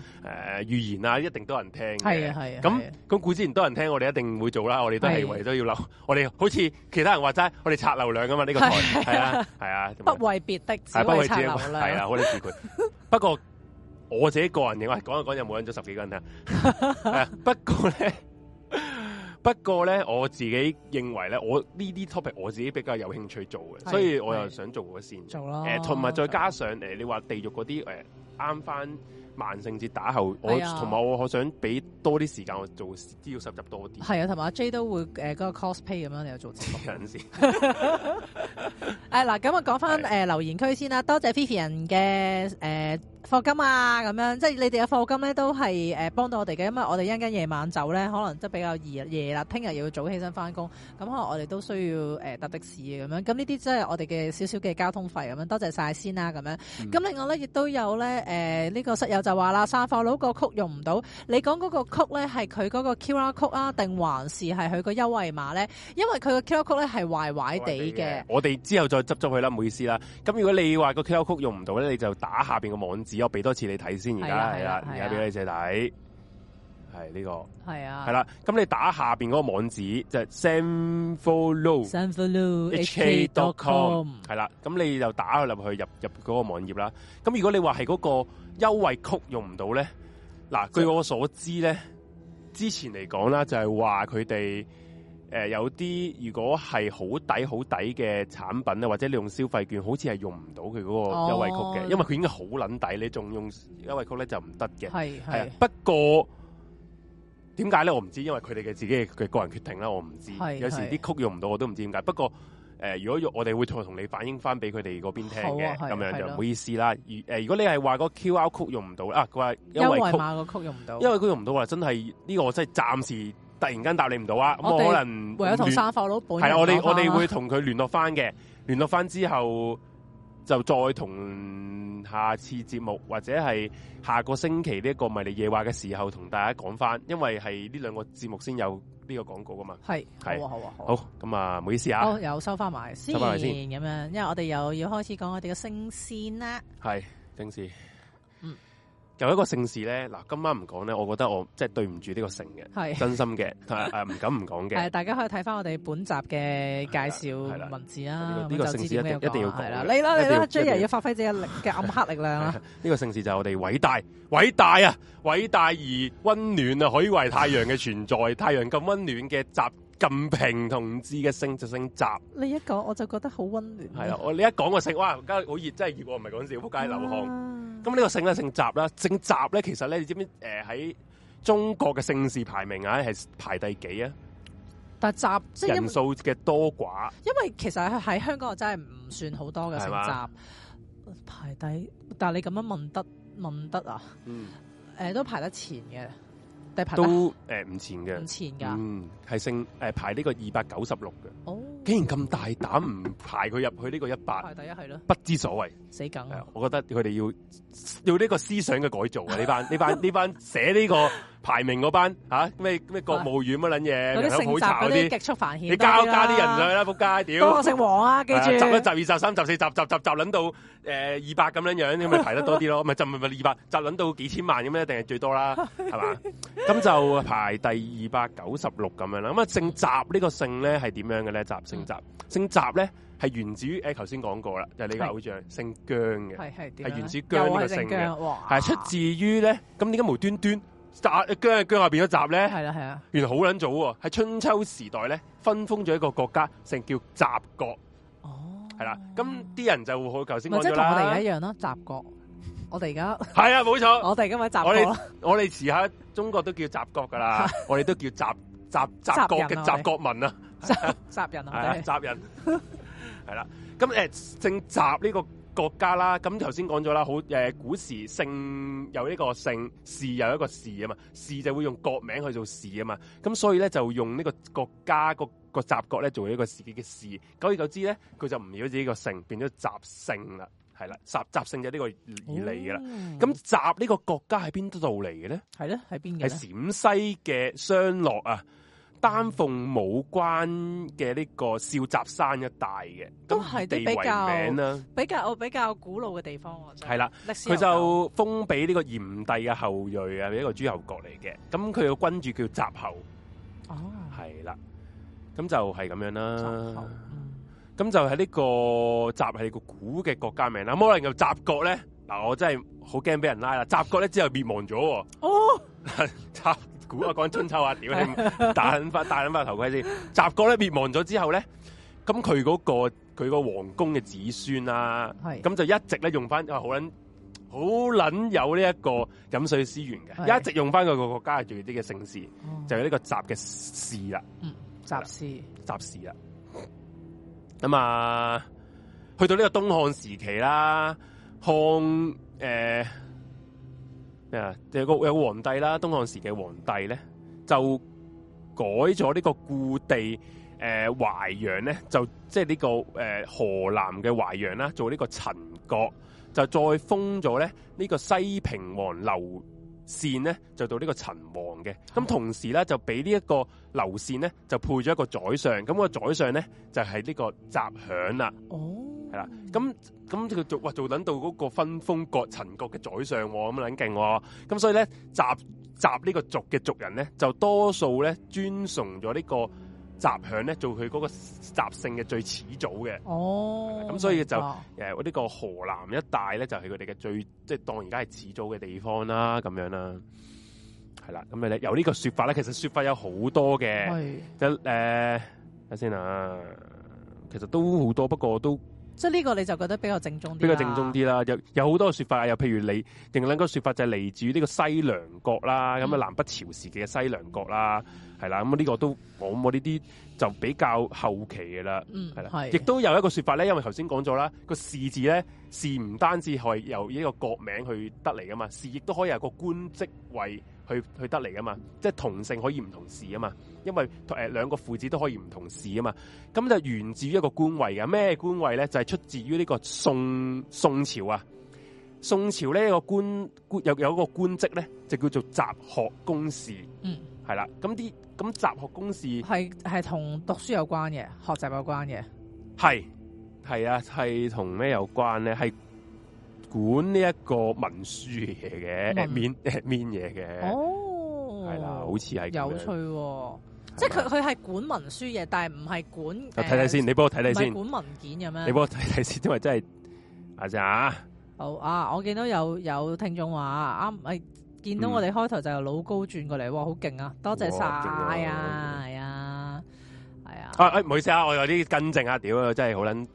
誒預言啊，一定多人聽嘅。係啊係啊，咁咁古之前都多人聽，我哋一定會做啦。我哋都係為咗要留，我哋好似其他人話齋，我哋拆流量噶嘛，呢個台係啊係啊，不為別的，只係拆流量。係啊，我哋自己。不過我自己個人認為，講一講又冇搵咗十幾個人聽。係啊，不過咧。不過咧，我自己認為咧，我呢啲 topic 我自己比較有興趣做嘅，是所以我又想做嗰先。做咯吧。同埋、呃、再加上吧你話地獄嗰啲誒啱返。呃萬聖節打後，我同埋我我想俾多啲時間我做資料收集多啲。係啊，同埋 J 都會嗰個 cosplay 咁樣嚟做自己。先。誒嗱，咁我講翻的、呃、留言區先啦，多謝 Vivian 嘅誒課金啊，咁樣即係你哋嘅課金咧都係誒、呃、幫到我哋嘅，因為我哋一陣間夜晚走咧，可能即係比較夜啦，聽日又要早起身翻工，咁可能我哋都需要誒搭、呃、的士咁樣，咁呢啲即係我哋嘅少少嘅交通費咁樣，多謝晒先啦咁樣。咁、嗯、另外咧亦都有咧呢、呃這個室友。就話啦，散貨佬個曲用唔到。你講嗰個曲咧，係佢嗰個 QR 曲啊，定還是係佢個優惠碼咧？因為佢個 QR 曲咧係壞壞地嘅。我哋之後再執咗佢啦，唔好意思啦。咁如果你話個 QR、ah、曲用唔到咧，你就打下邊個網址，我俾多次你睇先。而家係啦，而家俾你借睇，係呢個係啊，係啦。咁你打下邊嗰個網址就 samfalo samfalo hk dot com 係啦。咁你就打佢入去，入入嗰個網頁啦。咁如果你話係嗰個。優惠曲用唔到咧？嗱、啊，據我所知咧，之前嚟講啦，就係話佢哋誒有啲如果係好抵好抵嘅產品咧，或者你用消費券，好似係用唔到佢嗰個優惠曲嘅，哦、因為佢已經好捻抵，你仲用優惠曲咧就唔得嘅。係係是是 啊，不過點解咧？我唔知，因為佢哋嘅自己嘅個人決定啦，我唔知。是是有時啲曲用唔到，我都唔知點解。不過。誒、呃，如果用我哋會同同你反映翻俾佢哋嗰邊聽嘅，咁、啊、樣就唔好意思啦。如誒的，如果你係話個 QR code 用唔到啊，佢話因為 code code 用唔到，因為佢、那個、用唔到啊，真係呢、這個我真係暫時突然間答你唔到啊。咁啊們，我可能唯有同沙發佬補。係啊，我哋我哋會同佢聯絡翻嘅，聯絡翻之後就再同下次節目或者係下個星期呢、這、一個迷離夜話嘅時候同大家講翻，因為係呢兩個節目先有。呢個廣告噶嘛，係係是，好是好啊，好啊，咁啊唔好，好意思啊，好又收翻埋，先，咁樣，先因為我哋又要開始講我哋嘅聲線啦，係正事。正事有一個姓氏咧，嗱今晚唔講咧，我覺得我即係、就是、對唔住呢個姓嘅，是真心嘅，係唔、 呃、敢唔講嘅。係大家可以睇翻我哋本集嘅介紹文字啦。呢、這個、個姓氏一定一定要講。你啦你啦，J 爺要，要，要發揮自己嘅暗黑力量。呢、這個姓氏就係我哋偉大偉大啊，偉大而溫暖啊，可以為太陽嘅存在，太陽咁溫暖嘅集。近平同志嘅姓就姓習，你一講我就覺得好溫暖。係啦，我你一講個姓，哇，而家好熱，真係熱，我唔係講笑，仆街流汗。咁呢、啊、個姓咧姓習啦，姓習咧其實咧，你知唔知？誒，喺中國嘅姓氏排名啊，係排第幾啊？但習即係人數嘅多寡，因為其實喺香港我真係唔算好多嘅姓習，嗎排第，但係你咁樣問得問得啊，誒、嗯欸，都排得前嘅。排都誒唔、呃、前嘅，唔前㗎，嗯，係姓誒、呃、排呢個二百九十六嘅，哦，oh. 竟然咁大膽唔排佢入去呢個一百，排第一係咯，不知所謂。死梗、呃，我覺得佢哋要要呢個思想嘅改造啊，呢 班呢班呢 班寫呢、這個。 排名嗰班嚇咩咩國務院乜撚嘢普查啲極速繁衍，你加加啲人上去啦，撲街屌！姓王啊，記住、啊、集一集二集三集四集，集集集集撚到誒二百咁樣樣，咁咪排得多啲咯？咪係 集咪二百集撚到幾千萬咁咧，一定係最多啦，係嘛？ 咁就排第二百九十六咁樣啦。咁啊，姓習呢個姓咧係點樣嘅咧？習姓習姓習咧係源自於誒頭先講過啦，就呢、是、個偶像是姓姜嘅，係係係源自姜呢個姓嘅，係出自於咧。咁點解無端端？習姜姜下邊嗰習咧，係啦係啊，原來好撚早喎、哦，喺春秋時代咧，分封咗一個國家，成叫習國。哦，係啦，咁啲人就會好頭先講啦，即同、就是、我哋一樣咯，習國。我哋而家係啊，冇錯，我哋而家咪習國咯，我哋遲下中國都叫習國噶啦、 啊啊，我哋都叫習習國嘅習國民啊，習的人係啊，習人係啦。咁誒，正習呢個。國家啦，咁頭先講咗啦，好誒、呃，古時姓有呢個姓，氏有一個氏啊嘛，氏就會用國名去做氏啊嘛，咁所以咧就用呢個國家個個習國咧做一個自己嘅氏，久而久之咧佢就唔要自己個姓，變咗習姓啦，係啦，習習姓就呢個而嚟噶啦。咁習呢個國家喺邊度嚟嘅咧？係咧，喺邊嘅？係陝西嘅商洛啊。丹鳳武關嘅呢個少習山一帶嘅，都係地名啦，比較比較古老嘅地方，係啦，佢的就封俾呢個炎帝嘅後裔啊，一個諸侯國嚟嘅，咁佢個君主叫習侯，哦、啊，係啦，咁就係咁樣啦，咁喉就係呢個習係個古嘅國家名啦，摩後來習國咧，嗱我真係好驚俾人拉啦，習國咧之後滅亡咗，哦， 估啊，講 春秋啊，屌你！戴緊翻，戴緊頭盔先。習國咧滅亡咗之後咧，咁佢嗰個佢個皇宮嘅子孫啦、啊，咁是就一直咧用翻，哇好捻好捻有呢一個飲水思源嘅，是一直用翻佢個國家最啲嘅姓氏，就係呢個習嘅氏啦。嗯，習氏，習氏啦。咁啊，去到呢個東漢時期啦，漢誒。呃啊！有個、yeah, 有皇帝啦，東漢時嘅皇帝咧，就改咗呢個故地，誒淮陽咧，就即係呢個誒、呃、河南嘅淮陽啦，做呢個陳國，就再封咗咧呢、呢個西平王劉。線咧就到呢個陳王嘅，咁同時咧就俾呢一個劉善呢就配咗一個宰相，咁、那個宰相咧就係、是、呢個習響啦，係啦、哦，咁咁佢做哇做等到嗰個分封各陳國嘅宰相，咁樣捻勁，咁所以咧習集呢個族嘅族人咧就多數咧尊崇咗呢、這個。習向咧做佢嗰個習姓嘅最始祖嘅，咁、哦、所以就誒呢、啊呢個河南一帶咧就係佢哋嘅最即係、就是、當而家係始祖嘅地方啦，咁樣啦，係啦，咁你咧有呢個説法咧，其實説法有好多嘅，就誒睇先啊，其實都好多，不過都。即係呢個你就覺得比較正宗啲，比較正宗啲啦。有有好多説法，又譬如你另外一個説法就係嚟自於呢個西涼國啦，咁啊、嗯、南北朝時期嘅西涼國啦，係啦。咁、嗯、呢、呢個都講我呢啲就比較後期嘅啦。的嗯，係啦，亦都有一個説法咧，因為頭先講咗啦，個氏字咧，氏唔單止係由一個國名去得嚟噶嘛，氏亦都可以係個官職位去去得嚟噶嘛。即係同姓可以唔同氏啊嘛。因為誒兩個父子都可以唔同事啊嘛，咁就源自於一個官位嘅，咩官位咧？就係、是、出自於呢個宋宋朝啊，宋朝呢個官官又有，有一個官職咧，就叫做集學公事。嗯，係啦，咁啲咁集學公事係係同讀書有關嘅，學習有關嘅，係係啊，係同咩有關咧？係管呢一個文書嘅嘢嘅，面編嘢嘅，呃、哦，係啦，好似係有趣、哦。即係佢佢係管文書嘢，但係唔係管。呃、我睇睇先，你幫我睇睇先。管文件咁咩？你幫我睇睇先，因為真係阿仔啊。好、oh, 啊，我見到有有聽眾話啊，誒、啊，見到我哋開頭就有老高轉過嚟，哇，好勁啊！多謝晒啊，係、哎、啊，係啊。誒誒，唔好意思啊，我有啲更正啊，屌，真係好卵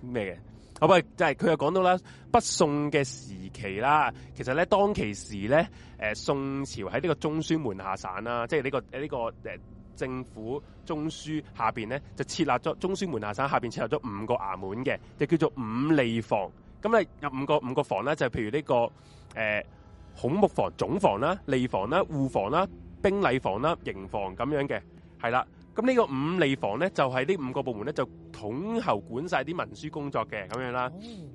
咩嘅？好不好？即係佢又講到啦，不宋嘅時期啦，其實咧當其時咧，誒、呃，宋朝喺呢個中孫門下散啦、啊，即係呢、這個呢、這個誒。呃政府中書下邊咧，就設立咗中書門下省，下邊設立咗五個衙門嘅，就叫做五吏房。咁咧有五個五個房咧，就係、是、譬如呢、這個誒孔目房、總房啦、吏房啦、戶房啦、兵禮房啦、營房咁樣嘅，係啦。咁呢個五吏房咧，就係、是、呢五個部門咧，就統籌管晒啲文書工作嘅咁樣啦，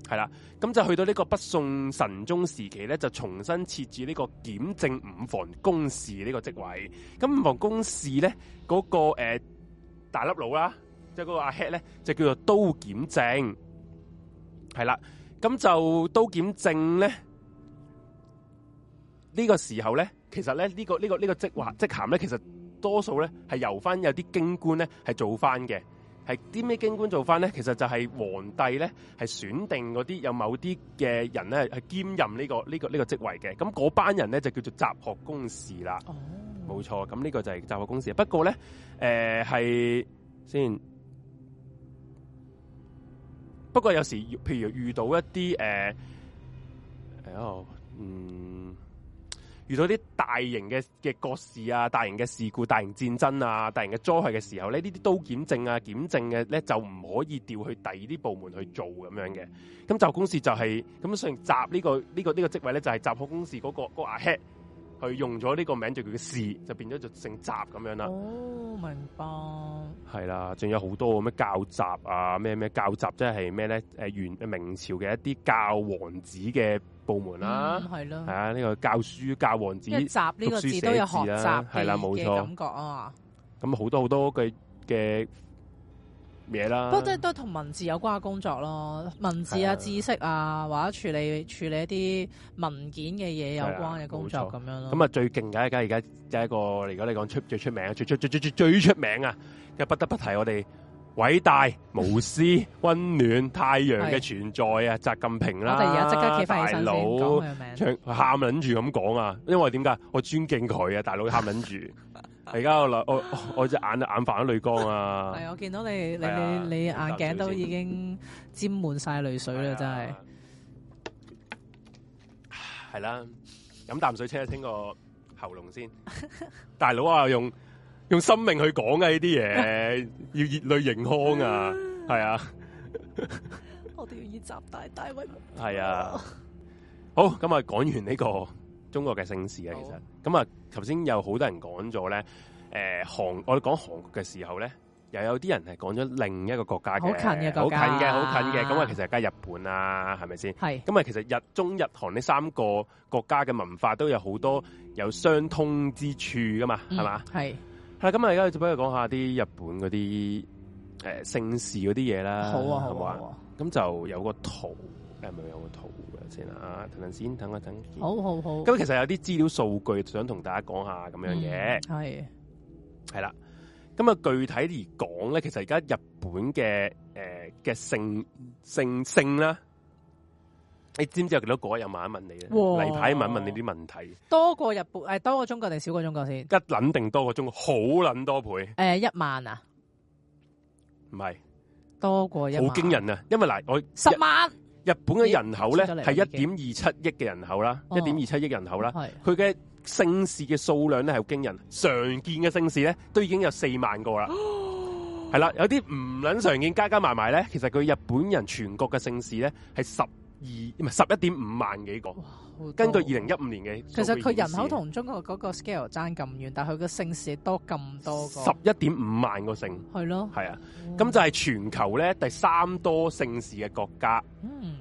係啦。咁就去到呢個北宋神宗時期咧，就重新設置呢個檢正五,五房公事呢、呢個職位。咁五房公事咧，嗰個誒大粒佬啦，即係嗰個阿 head 咧，就叫做都檢正。係啦，咁就都檢正咧，呢、呢個時候咧，其實咧呢、呢個、呢個呢個呢個、呢個呢個職話職銜咧，其實。多數咧係由翻有啲京官咧係做翻嘅，係啲咩京官做翻咧？其實就係皇帝咧係選定嗰啲有某啲嘅人咧係兼任呢、呢個呢、呢個呢、呢個職位嘅，咁嗰班人咧就叫做集學公事啦。哦，冇錯，咁呢個就係集學公事。不過咧，誒、呃、係先，不過有時譬如遇到一啲誒，誒、呃哎，嗯。遇到啲大型嘅嘅國事啊、大型嘅事故、大型戰爭啊、大型嘅災害嘅時候咧，呢啲刀檢證啊、檢證嘅、啊、咧就唔可以調去第二啲部門去做咁樣嘅。咁就公示就係、是、咁，所以集呢、這個呢、這個呢、這個職位咧就係、是、集好公示嗰、那個嗰、那個 head。佢用咗呢個名就叫佢嘅書，就變咗就姓習咁樣啦。哦，明白。係啦，仲有好多咩教習啊，咩咩教習，即係咩咧？原元明朝嘅一啲教皇子嘅部門啦，係咯，係啊，呢、嗯啊呢個教書教皇子呢讀書寫字、啊、都有學習嘅感覺啊。咁好、啊、多好多嘅嘅嘢啦，不過都都同文字有關嘅工作咯，文字啊、知識啊，或者處理處理一啲文件嘅嘢有關嘅工作咁樣咯。咁啊最勁嘅梗係而家即係一個，如果你講出最出名、最出最最最最出名啊，又不得不提我哋偉大無私、溫暖太陽嘅存在啊，的習近平啦。我哋而家即刻企翻起身佬先名，喊忍住咁講啊！因為點解？我尊敬佢啊，大佬喊忍住。 而家我我我隻眼眼泛咗淚光啊！係 我見到你你你呀你眼鏡都已經沾滿晒淚水啦，是呀真係係啦，飲啖水車清一清個喉嚨先。 大佬啊，用用生命去講嘅呢啲嘢， 要熱淚盈眶啊！係啊， 我哋要以習大大為係啊！好，今日講完呢、這個。中國嘅姓氏啊，其實咁啊，頭先好、嗯、有好多人講咗咧，誒、呃，韓我哋講韓國嘅時候咧，又有啲人係講咗另一個國家嘅，好近嘅好近嘅，好近嘅，咁啊，其實係加日本啊，係咪先？係。咁啊，其實日中日韓呢三個國家嘅文化都有好多有相通之處噶嘛，係嘛？係係啦。咁啊、嗯，而、嗯、家就不如講下啲日本嗰啲誒姓氏嗰啲嘢啦，呃、好啊，好啊，咁就有個圖，誒，咪有個圖。先啊，等等先，等一等。好好好。咁其實有啲資料數據想同大家講下咁樣嘅，係係啦。咁啊，具體而講咧，其實而家日本嘅誒嘅姓姓姓啦，你知唔知有幾多個？有問一問你嘅，例牌哇問一問你啲問題。多過日本誒，多過中國定少過中國先？一捻定多過中國，好捻多倍。誒、呃，一萬啊？唔係是，多過一，好驚人啊！因為嗱，我十萬。日本嘅人口咧係一點二七億嘅人口啦，一點二七億人口啦，佢嘅姓氏嘅數量咧係驚人，常見嘅姓氏咧都已經有四萬個啦，係啦，有啲唔捻常見加加埋埋咧，其實佢日本人全國嘅姓氏咧係十。二唔係十一點五萬幾個，哦、根據二零一五年嘅。其實佢人口同中國嗰個 scale 爭咁遠，但係佢個姓氏多咁多個。十一點五萬個姓係咯，係啊，咁、哦、就係全球咧第三多姓氏嘅國家，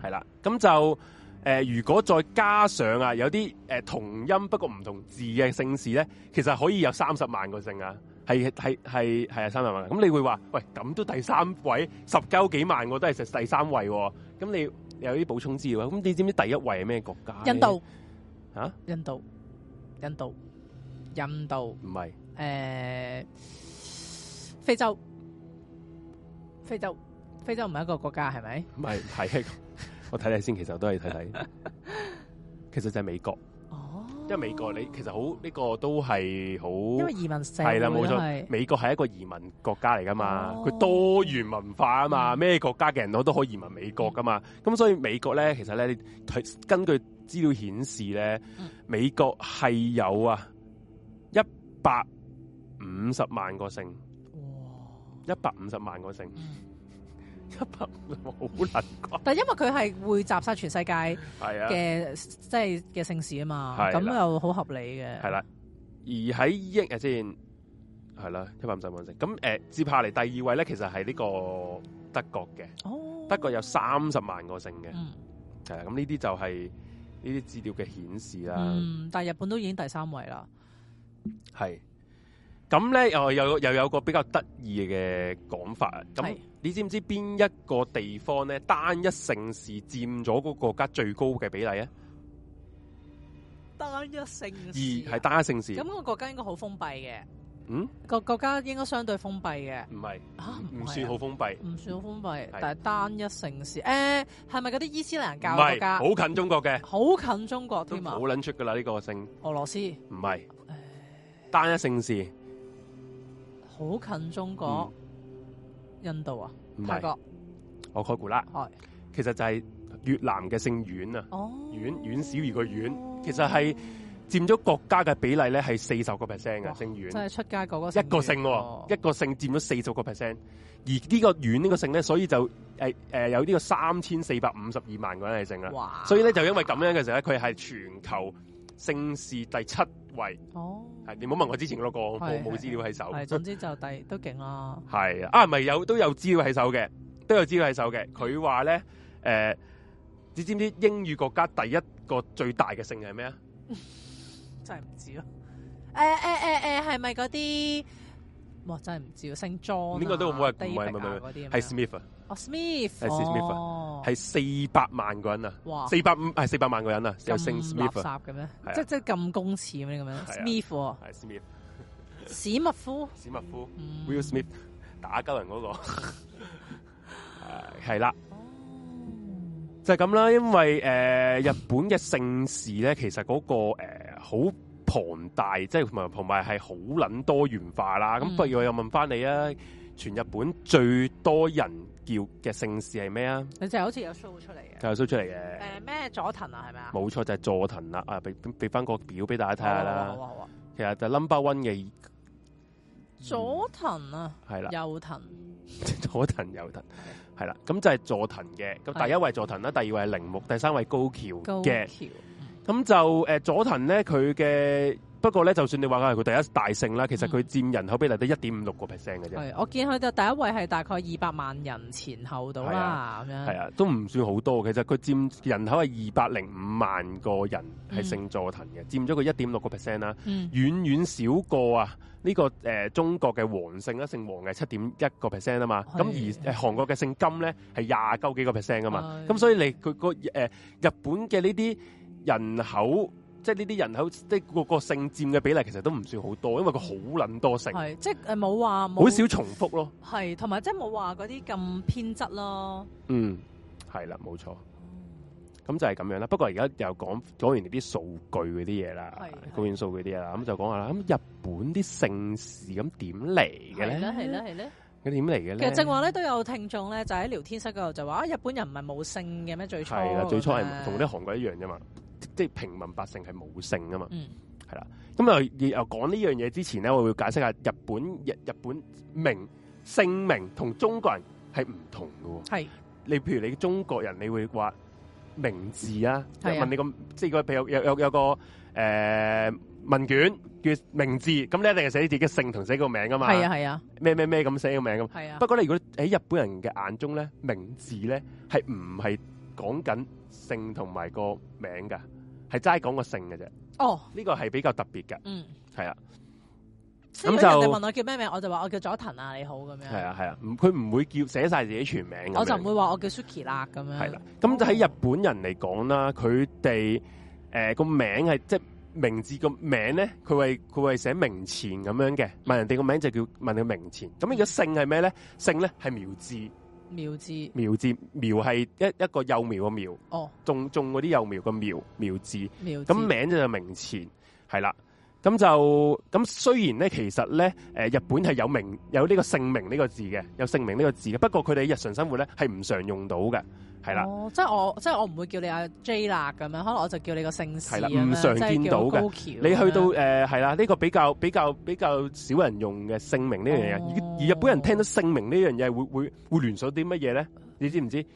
係啦、嗯。咁、啊、就、呃、如果再加上啊有啲、呃、同音不過唔同字嘅姓氏咧，其實可以有三十萬個姓啊，係係係啊，三十萬個。咁、嗯、你會話喂，咁都第三位十九幾萬個都係第三位喎、哦，咁、嗯、你？有啲補充資料，啊。咁你知唔知第一位係咩國家？印度，吓、啊？印度，印度，印度，唔係？誒、呃，非洲，非洲，非洲唔係一個國家，係咪？唔係，係一個，我睇睇先， 其實都係睇睇，其實就係美國。因為美國你其實好呢、這個都係好，因為移民社會係啦冇錯，是美國係一個移民國家嚟噶嘛，佢、哦、多元文化啊嘛，咩、嗯、國家嘅人我都可以移民美國噶嘛，咁、嗯、所以美國咧其實咧根據資料顯示咧，嗯、美國係有啊一百五十萬個姓，一百五十萬個姓。一百五好難講過笑，但因為佢係會集曬全世界嘅，是啊、即係嘅姓氏啊嘛，咁又好合理嘅、啊。係啦、啊，而喺英啊先，係啦、啊，一百五十萬姓。咁誒、呃，接下嚟第二位咧，其實係呢個德國嘅。哦，德國有三十萬個姓嘅。嗯、啊，係啦、就是。咁呢啲就係呢啲資料嘅顯示啦。嗯，但係日本都已經第三位啦。係。咁咧，又又又有，有，有個比較得意嘅講法啊！咁你知唔知邊一個地方咧，單一姓氏佔咗個國家最高嘅比例咧？單一姓氏、啊，二係單一姓氏。咁個國家應該好封閉嘅。嗯，個國家應該相對封閉嘅。唔係是，唔、啊啊、算好封閉，唔算好封閉，是但係單一姓氏。誒、呃，係咪嗰啲伊斯蘭教國家？好近中國嘅，好近中國添啊！好捻出噶啦呢個姓俄羅斯，唔係單一姓氏。好近中國、印度啊，泰國，我概估啦。係，其實就係越南嘅姓阮啊，阮阮小二個阮，其實係佔咗國家嘅比例咧，係四十個 percent 嘅姓阮。即係出街嗰個一個姓，一個姓佔咗四十個 percent，而呢個阮呢個姓咧，所以就誒誒有呢個三千四百五十二萬個人係姓啊。哇！所以咧就因為咁樣嘅時候咧，佢係全球。姓氏第七位哦，係，你唔好問我之前嗰、那個，我冇資料喺手。係是總之就第都勁啦。係啊，啊咪有都有資料喺手嘅，都有資料喺手嘅。佢話咧，誒、呃，你知唔知英語國家第一個最大嘅、嗯欸欸欸、姓係咩啊？真係唔知咯。誒誒誒誒，係咪嗰啲？我真係唔知咯。姓莊，應該都冇係第一教嗰係 Smith 啊。哦、oh,，Smith 哦，係四百萬個人啊，哇，四百五係四百萬個人啊，有姓 Sm、啊、麼 Smith 嘅咩？即即咁公廁咩咁樣？Smith，係史密夫，史密夫、嗯、，Will Smith 打鳩人嗰、那個係係啦， 啊嗯、就係咁啦。因為誒、呃、日本嘅姓氏咧，其實嗰、那個誒好龐大，即係同埋同埋係好捻多元化啦。咁、嗯、不如我又問翻你啊，全日本最多人？叫嘅姓氏係咩啊？是你就好似有 show 出嚟嘅，有 show 出嚟嘅、呃。誒，咩佐藤啊？係咪啊？冇錯，就係、是、佐藤啦。啊，俾俾翻個表俾大家睇下啦。好好啊。好啊，好啊，其實就 number one 嘅左藤啊，係啦、嗯右藤 右藤，左藤右藤係啦。咁就係佐藤嘅。咁第一位佐藤啦，的第二位係鈴木，第三位高橋嘅。咁橋就誒、呃，佐藤咧，佢嘅。不過咧，就算你話佢係佢第一大姓啦，其實佢佔人口比例得一點五六個 percent 嘅啫。係、嗯，我見佢就第一位係大概二百萬人前後到啦、啊啊，咁這樣。係啊，都唔算好多。其實佢佔人口係二百零五萬個人係姓佐藤嘅，嗯、佔咗佢一點六個 percent 啦，遠遠少過啊、這、呢個誒、呃、中國嘅王姓啦，姓王嘅七點一個 percent 啊嘛。咁是的 而韓國嘅姓金咧係廿鳩幾個 percent 啊嘛。咁、嗯、所以你，佢個誒日本嘅呢啲人口。即係呢啲人口，即係個個姓佔嘅比例，其實都唔算好多，因為佢好捻多姓，係即係冇話好少重複咯。係，同埋即係冇話嗰啲咁偏執咯。嗯，係啦，冇錯。咁、嗯、就係咁樣啦。不過而家又講講完啲數據嗰啲嘢啦，講完數據啲嘢啦，咁就講下啦。咁日本啲姓氏咁點嚟嘅咧？係咧係咧係咧。佢點嚟嘅咧？是的的呢其實正話咧都有聽眾咧，就喺聊天室嗰度就話、啊、日本人唔係冇姓嘅咩？最初係啦，最初係同啲韓國一樣啫嘛。即係平民百姓係冇姓噶嘛、嗯嗯，係啦。咁又又講呢樣嘢之前咧，我會解釋下日本日日本名姓名同中國人係唔同噶喎。係，你譬如你中國人，你會話名字啊？問你個是、啊、即係譬如有有有，有個誒問、呃、卷叫名字，咁、嗯、你一定係寫自己嘅姓同寫個名噶嘛。係啊係啊什麼，咩咩咩咁寫個名咁。係是啊。不過你如果喺日本人嘅眼中咧，名字咧係唔係。講緊姓同埋個名噶，係齋講個姓嘅啫。哦，呢個係比較特別㗎。嗯，係啊的。咁就你問我叫咩名，我就話我叫佐藤啊，你好咁樣。係啊係啊，佢唔會叫寫晒自己全名。我就唔會話我叫 Suki 啦咁樣。係啦，咁就喺日本人嚟講啦，佢哋誒個名係即係名字個名咧，佢會佢會寫名前咁樣嘅。問人哋個名就叫問佢名前。咁、嗯、如果姓係咩咧？姓咧係苗字。苗字，苗字，苗字，苗係一一個幼苗嘅苗，哦，種種嗰啲幼苗嘅苗，苗字，咁字名就就名前係啦。咁就咁，雖然咧，其實咧、呃，日本係有名有呢個姓名呢個字嘅，有姓名呢個字嘅。不過佢哋日常生活咧係唔常用到嘅，係啦。哦，即係我即係我唔會叫你阿 J 啦咁樣，可能我就叫你個姓氏啦，唔常見到嘅。你去到誒係啦，呢、呃呢個比較比較比較少人用嘅姓名呢樣嘢。哦、而日本人聽到姓名呢樣嘢會會會，會聯想啲乜嘢咧？你知唔知？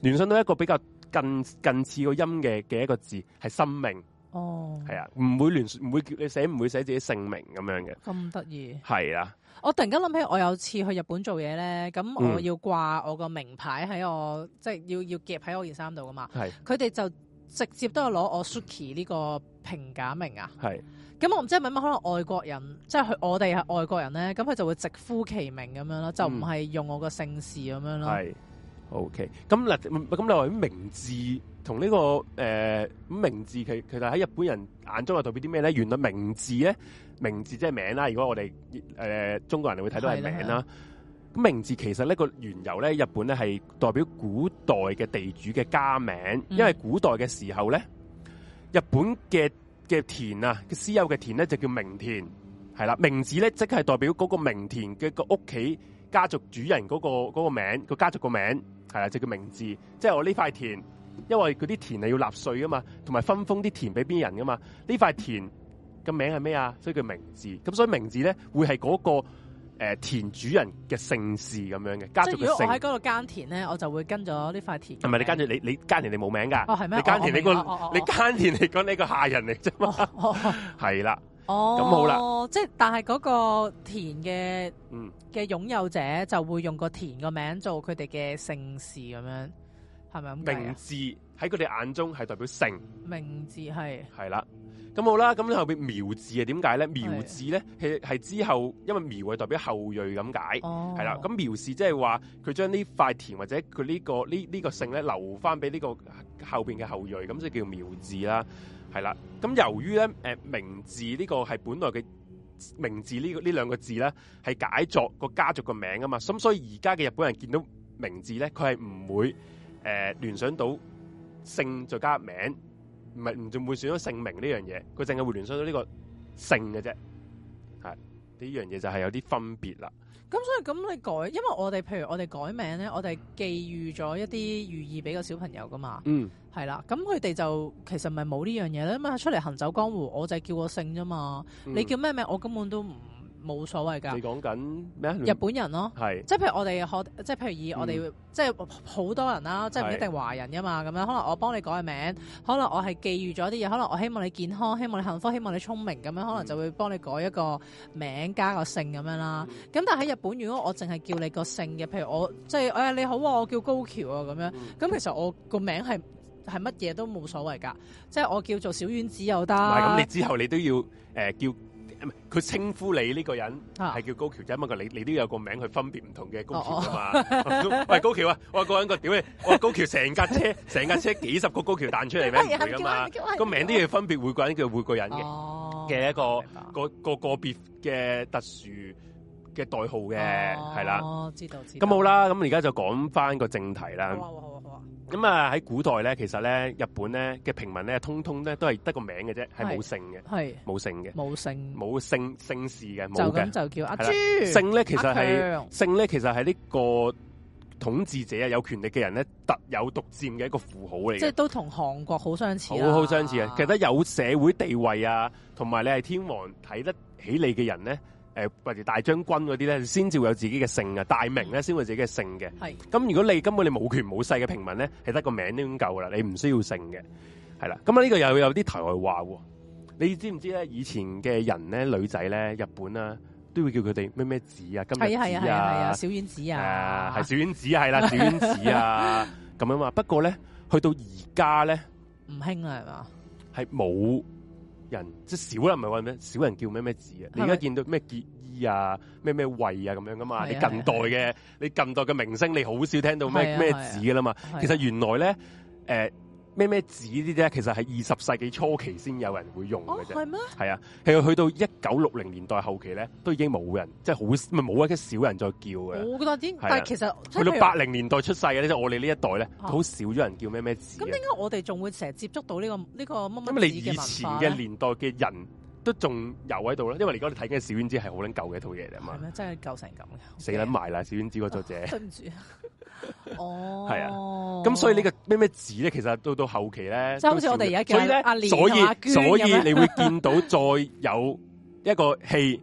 聯想到一個比較近近似個音嘅嘅一個字係生命。哦，係、oh, 啊，唔會亂，唔會叫你寫，唔會寫自己姓名咁樣嘅，咁得意。係啊，我突然間諗起我有次去日本做嘢咧，咁我要掛我個名牌喺我、嗯、我，即係要要夾喺我件衫度噶嘛。係是，佢哋就直接都係攞我 Suki 呢個平假名啊。係是，咁我唔知係咪乜可能外國人，即、就、係、是、我哋係外國人咧，咁佢就會直呼其名咁樣，樣咯，就唔係用我個姓氏咁樣咯。係。O K. 咁嗱，咁、okay, 你話，這個呃、名字同呢個誒咁名字其其實喺日本人眼中係代表啲咩咧？原來名字咧，名字即係名啦。如果我哋誒、呃、中國人會睇到係名啦。咁名字其實呢個原由咧，日本咧係代表古代嘅地主嘅家名，嗯、因為古代嘅時候咧，日本嘅嘅田啊，私有嘅田咧就叫名田，係啦。名字咧即係代表嗰個名田嘅個屋企家族主人嗰、嗰個嗰、嗰個名，個家族個名。係啊，就叫名字，即係我呢塊田，因為佢啲田係要納稅㗎嘛，同埋分封啲田俾邊人噶嘛，呢塊田個名係咩啊？所以叫名字，咁所以名字咧會係嗰、那個誒、呃、田主人嘅姓氏咁樣嘅家族嘅姓。即係我喺嗰度耕田咧，我就會跟咗呢塊田。係咪你跟田，你你耕田你冇名噶。係咩、哦？哦、你耕田你個、哦、你耕田嚟講你個下人嚟啫嘛。係係啦。 哦哦，咁、oh, 好啦，即係但係嗰個田嘅，嗯嘅擁有者就會用個田個名做佢哋嘅姓氏咁樣，係咪咁解？名字喺佢哋眼中係代表姓，名字係係啦，咁好啦，咁你後邊苗字係點解咧？苗字咧係係之後，因為苗係代表後裔咁解，係啦、oh.，咁苗字即係話佢將呢塊田或者佢呢、呢個呢呢、呢個姓咧留翻俾呢個後邊嘅後裔，咁即係叫苗字啦。係啦，咁由於咧，誒、呃、名，名，名，名字呢個係本來嘅名字呢個呢兩個字咧，係解作個家族個名啊嘛，咁所以而家嘅日本人見到名字咧，佢係唔會誒聯想到姓再加名，唔係唔仲會選到姓名呢樣嘢，佢淨係會聯想到呢個姓嘅啫，係呢樣嘢就係有啲分別啦。咁所以咁你改，因為我哋譬如我哋改名咧，我哋寄予咗一啲寓意俾個小朋友噶嘛，係啦、嗯，咁佢哋就其實咪冇呢樣嘢咧嘛，出嚟行走江湖，我就係叫我姓啫嘛，你叫咩名？我根本都唔冇所謂㗎。你講緊咩日本人咯，係是即係譬如我哋學，即係譬如以我哋、嗯、即係好多人啦，即係唔一定華人㗎嘛，咁樣可能我幫你改個名，可能我係寄予咗啲嘢，可能我希望你健康，希望你幸福，希望你聰明，咁樣可能就會幫你改一個名加個姓咁樣啦。咁、嗯、但係喺日本如果我淨係叫你個姓嘅，譬如我即係誒、哎、你好啊，我叫高橋啊咁樣。咁、嗯、其實我個名係係乜嘢都冇所謂㗎，即係我叫做小丸子又得。咁，你之後你都要誒、呃、叫。佢稱呼你呢個人係叫高橋仔，咁你你都有個名去分別唔同嘅高橋㗎嘛？喂，高橋啊，我話個人個屌你，我高橋成架車，成架車幾十個高橋彈出嚟咩？係啊嘛，個名都要分別每個人叫每個人嘅嘅一個個個別嘅特殊嘅代號嘅係啦。哦，知道知。咁好啦，咁而家就講翻個正題啦。咁啊喺古代咧，其實咧日本咧嘅平民咧，通通咧都係得個名嘅啫，係冇是姓嘅，冇是姓嘅，冇姓，冇姓姓氏嘅冇就咁就叫阿豬。姓咧其實係姓咧其實係呢個統治者啊，有權力嘅人咧特有獨佔嘅一個符號嚟嘅，即係都同韓國好相似好好相似啊。其實有社會地位啊，同埋你係天皇睇得起你嘅人咧。誒，或者、呃、大將軍嗰啲咧，先至會有自己嘅姓啊，大名咧，先會自己嘅姓嘅。係。咁如果你根本你冇權冇勢嘅平民咧，係得個名都已經夠噶啦。你唔需要姓嘅。係啦。咁啊，呢個又有啲題外話。喎你知唔知咧？以前嘅人咧，女仔咧，日本啊，都會叫佢哋咩咩子啊，今日子啊，啊啊啊啊啊、小丸子啊，係、啊、小丸子係啦，小丸子啊，咁樣嘛。不過咧，去到而家咧，唔興啊，係嘛？係冇。人即少啦，唔係話咩少人叫咩咩子是是啊？你而家見到咩結衣啊、咩咩慧啊咁樣噶嘛？是啊、你近代嘅是、啊、你近代嘅明星，你好少聽到咩咩是、啊、子噶啦嘛？是啊、其實原來咧誒。是啊呃咩咩子呢啲咧？什麼什麼其實係二十世紀初期先有人會用嘅啫、哦，係咩？係啊，係去到一九六零年代後期咧，都已經冇人，即係好冇一即係少人再叫嘅。我覺得但係、啊、其實去到八零年代出世嘅咧，如我哋呢一代咧，好、啊、少咗人叫咩咩子。咁點解我哋仲會成日接觸到、這個這個、呢個呢個乜乜子咁？你以前嘅年代嘅人都仲有喺度啦，因為而家你睇緊《小丸子》係好撚舊嘅一套嘢嚟啊嘛，係咪？真係舊成咁，死撚埋啦！《小丸子》個作者。對唔住啊！ 哦，係、 oh、啊，咁所以個什麼什麼呢個咩咩字咧，其實到到後期咧，即係 So 好似我哋而家，所以咧，所以所以你會見到再有一個戲，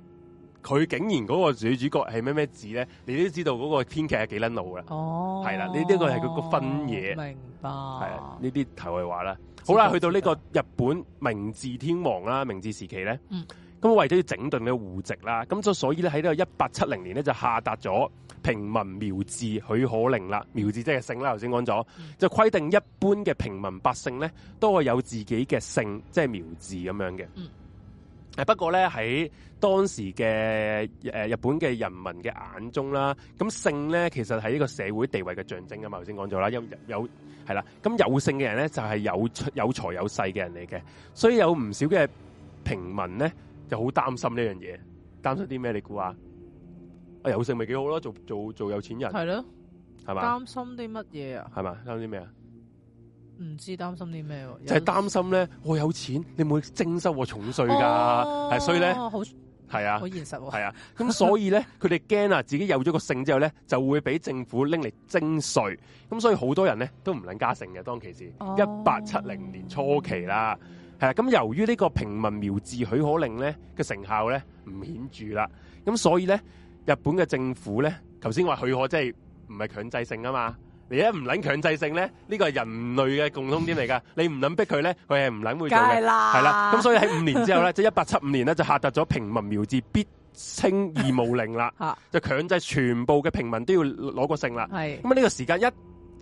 佢 竟然嗰個女主，主角係咩咩字咧，你都知道嗰個編劇係幾捻老噶，哦、oh 啊，係啦，呢呢個係佢個分嘢，明白，係啊，呢啲題外話啦，好啦，知道知道去到呢個日本明治天皇、啊」啦，明治時期咧，嗯。咁為咗要整頓呢個戶籍啦，咁就所以咧喺呢個一八七零年咧就下達咗平民苗字許可令啦，苗字即係姓啦。頭先講咗，就規定一般嘅平民百姓咧都係有自己嘅姓，即係苗字咁樣嘅。不過咧喺當時嘅日本嘅人民嘅眼中啦，咁姓咧其實係一個社會地位嘅象徵㗎嘛。頭先講咗啦，有有係啦，咁有姓嘅人咧就係有有財有勢嘅人嚟嘅，所以有唔少嘅平民咧。就好擔心呢樣嘢，擔心啲咩？你估下，啊有姓咪幾好咯，做做做有錢人係咯，係嘛了？擔吧心啲乜嘢啊？係嘛？擔心啲咩啊？唔知擔心啲咩？就係擔心咧，我有錢，你唔會徵收我重稅噶，係、啊、所以咧，係好啊，好現實，係啊，咁、啊、所以咧，佢哋驚啊，自己有咗個姓之後咧，就會俾政府拎嚟徵稅，咁所以好多人咧都唔能加姓嘅。當其時，一八七零年初期啦。咁由於呢個平民苗字許可令咧嘅成效咧唔顯著啦，咁所以咧日本嘅政府咧，頭先話許可即係唔係強制性啊嘛，你一唔諗強制性咧，呢個係人類嘅共通點嚟㗎，你唔諗逼佢咧，佢係唔諗會做嘅，係然啦。咁所以喺五年之後咧，即係一八七五年咧，就下達咗平民苗字必稱義務令啦， 就強制全部嘅平民都要攞個姓啦。係咁啊，呢個時間一。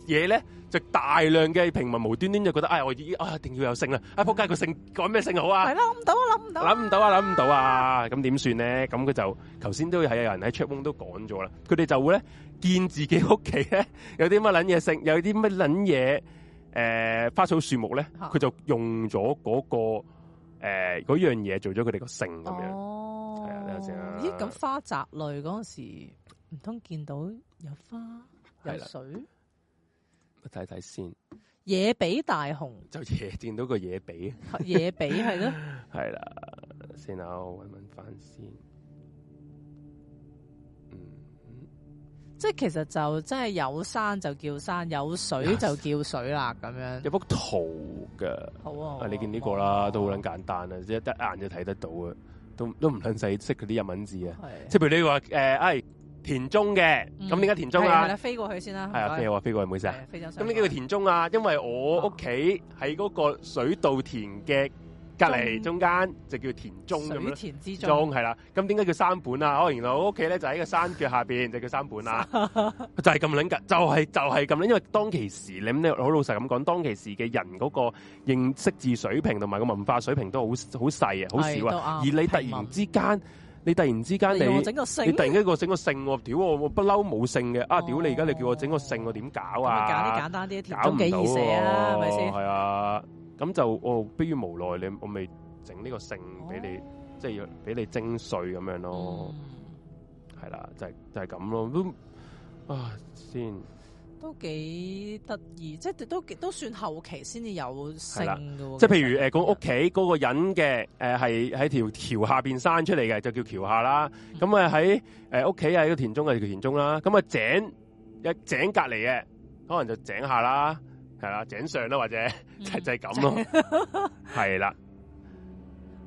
嘢咧就大量嘅平民無端端就覺得啊，我依啊一定要有姓啦，啊，仆街個姓講咩姓好啊？係啦，諗唔到啊，諗唔到諗唔到啊，諗唔到啊，咁點算咧？咁佢就頭先都係有人喺出翁都講咗啦，佢哋就會咧見自己屋企咧有啲乜捻嘢姓，有啲乜捻嘢誒花草樹木咧，佢就用咗嗰個誒嗰樣嘢做咗佢哋個姓咁樣。哦，係啊，等下先啊。咦，咁花澤類嗰陣時唔通見到有花有水？睇睇先看看，野比大雄就野見到個野比，野比係咯，係啦，先啦，我搵搵翻先。嗯，即係其實就真係有山就叫山，有水就叫水啦，咁、啊、樣。有幅圖噶、啊，好啊，你見呢個啦、啊，都好捻簡單啊，即係一得眼就睇得到啊，都都唔捻使識嗰啲日文字啊，即係譬如你話誒、呃，哎。田中嘅，咁點解田中啊？飛過去先啦，係啊，飛喎，飛過去唔好意思啊。咁呢幾叫田中啊，因為我屋企喺嗰個水稻田嘅隔離中間，就叫田中咁樣。田之中，係啦。咁點解叫山本啊？哦，原來我屋企咧就喺個山腳下邊，就叫山本啊。就係咁撚噶，就係就係咁撚。因為當其時，你咁好老實咁講，當其時嘅人嗰個認識字水平同埋個文化水平都好好細啊，好少啊。而你突然之間。你突然之間，你突然一個整個姓喎，屌我，我不嬲冇姓嘅，啊屌！你而家你叫我整個姓，我點搞啊？搞啲簡單啲，挑唔起意寫啊，係咪先？係啊，咁就我迫於無奈，你我咪整呢個姓俾你，即係俾你蒸碎咁樣咯，係啦，就係就係咁咯，都啊先。都幾得意，即係都都算後期先至有姓嘅，即係的譬如誒，屋企嗰個人嘅，誒，係喺條橋下邊生出嚟嘅，就叫橋下啦。咁啊喺誒，屋企喺呢個田中啊，叫田中啦。咁啊井一井隔籬嘅，可能就井下啦，係啦，井上啦，或者就就係咁咯，係啦、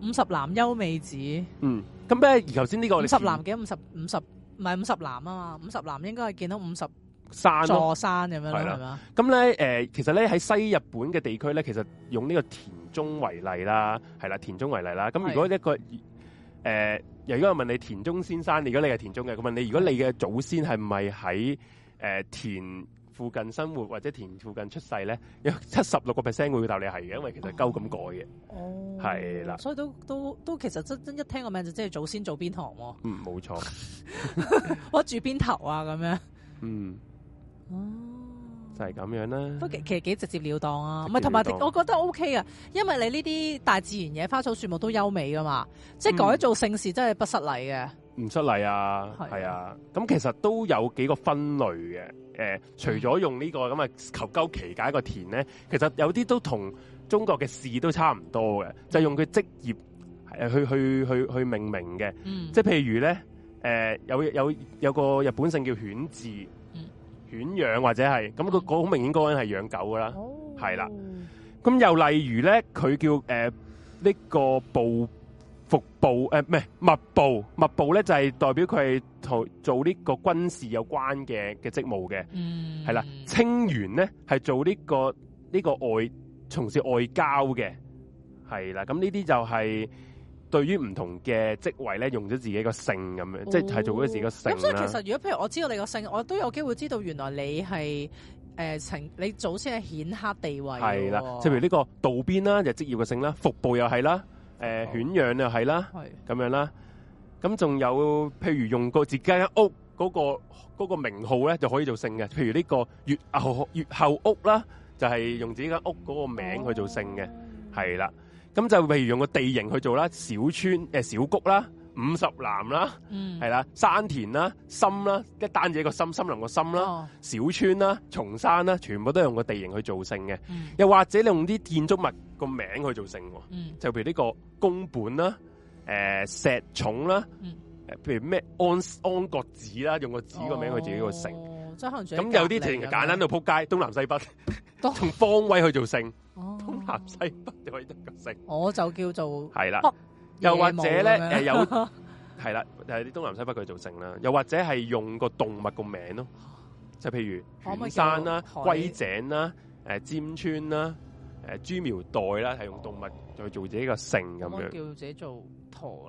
嗯。五十男優美子，嗯，咁咧而頭先呢個五十男幾五十五十，唔係五十男啊嘛，五十男應該係見到五十。山座、啊、山咁樣啦是的 吧，係啦。咁咧，誒，其實咧喺西日本嘅地區咧，其實用呢個田中為例啦，係啦，田中為例啦。咁如果一個，誒是的、呃，如果我問你田中先生，如果你係田中嘅，佢問你，如果你嘅祖先係咪喺誒田附近生活或者田附近出世咧，有七十六個 percent 會答你係嘅，因為其實鳩咁改嘅。哦，係啦，所以都都都其實真真一聽個名就知係祖先做邊行喎。嗯，冇錯。我住邊頭啊，咁樣。嗯。哦，嗯、就係咁樣啦，都其實幾直接了當啊了當，唔係同埋，我覺得 O K 啊，因為你呢啲大自然嘢，花草樹木都優美噶嘛，嗯、即係改造姓氏真係不失禮嘅，唔失禮啊，係是啊,啊，咁其實都有幾個分類嘅，誒、呃，除咗用呢、這個咁啊、呃嗯、求鳩其解個田咧，其實有啲都同中國嘅字都差唔多嘅，就是、用佢職業去去去去命名嘅，嗯、即係譬如咧，誒、呃、有有有個日本姓叫犬治。.犬養或者係咁，佢好明顯嗰個人係養狗噶啦，係啦、oh.。咁又例如咧，佢叫誒呢、呃這個部服部誒，唔係密部。密、呃、部咧，就係、是、代表佢係做做呢個軍事有關嘅嘅職務嘅，係啦、mm.。清源咧係做呢、這個呢、這個外從事外交嘅，係啦。咁呢啲就係、是。對於唔同嘅職位咧，用咗自己個姓咁樣，哦、即係做咗自己個姓。咁、哦、所以其實如果譬如我知道你個姓，我都有機會知道原來你係誒情你祖先係顯赫地位嘅、哦。係啦，即係譬如呢個道邊啦，就職、是、業嘅姓啦，服部又係啦，誒、呃哦、犬養又係啦，咁的樣啦。咁仲有譬如用過自己間屋嗰、那個那個名號咧，就可以做姓嘅。譬如呢個越後越後屋啦，就係、是、用自己間屋嗰個名去做姓嘅，係啦、哦。咁就譬如用個地形去做啦，小村、誒、呃、小谷啦、五十嵐啦，係啦、嗯，山田啦、森啦，一單字一個森森林個森啦，哦、小村啦、松山啦，全部都用個地形去做成嘅。嗯、又或者你用啲建築物個名去做成，嗯、就譬如呢個宮本啦，誒、呃、石塚啦，誒譬、嗯、如咩安安國寺啦，用個寺個名去自己個姓。咁、哦、有啲地形就簡單到撲街，東南西北。 從方位去做姓，哦、東南西北可以得個姓。我就叫做係啦，了又或者咧，誒 有係啦，誒啲東南西北去做姓啦，又或者係用個動物個名咯，即係譬如玄山啦、龜井啦、誒、呃、尖村啦、誒、呃、豬苗代啦，係用動物嚟做自己個姓咁、哦、樣。叫自己做鴕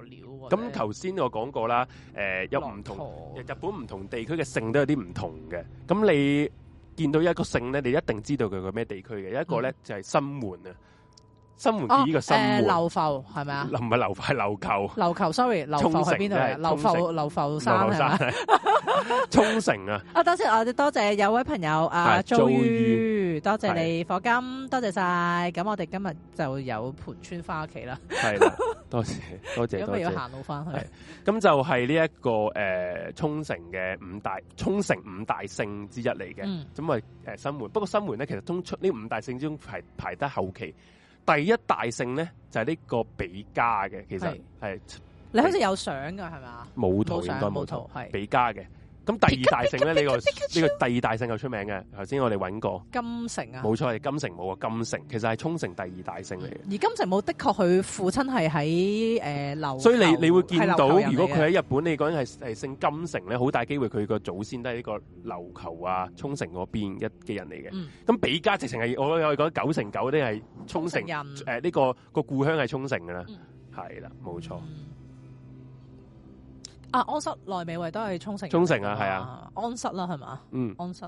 鳥。咁頭先我講過啦，誒、呃、有唔同，鴨日本唔同地區嘅姓都有啲唔同嘅。咁你見到一個姓呢，你一定知道佢係咩地區嘅，一個呢就係心門啊。新門呢個新門，誒，流浮係咪啊？唔係流塊琉球、琉球，sorry，流浮係邊度啊？流浮，流浮山係嘛？沖繩啊！啊，多謝我，多謝有位朋友啊，周瑜，多謝你課金，多謝晒。咁我哋今日就有盤川翻屋企啦。係啦，多謝，多謝，咁咪要行路翻去。咁就係呢一個誒沖繩嘅五大沖繩五大姓之一嚟嘅。咁咪誒新門。不過新門咧，其實通出呢五大姓之中排排得後期。第一大姓咧就係、是、呢個比加嘅，其實係是是你好似有相㗎係咪啊？冇圖應該冇圖係比加嘅。咁第二大姓咧，呢個呢個第二大姓又出名嘅。頭先我哋揾過金城啊，冇錯係金城武啊。金城其實係沖繩第二大姓嚟嘅。而金城武的確佢父親係喺誒琉，呃、所以你你會見到，如果佢喺日本，你講係係姓金城咧，好大機會佢個祖先都係呢個琉球啊沖繩嗰邊一嘅人嚟嘅。咁比嘉直情係我我哋講九成九都係沖繩人誒呢個個故鄉係沖繩噶啦，係啦，冇錯。啊！安室奈美惠都係沖繩，沖繩啊，係啊，安室啦，係嘛，嗯，安室。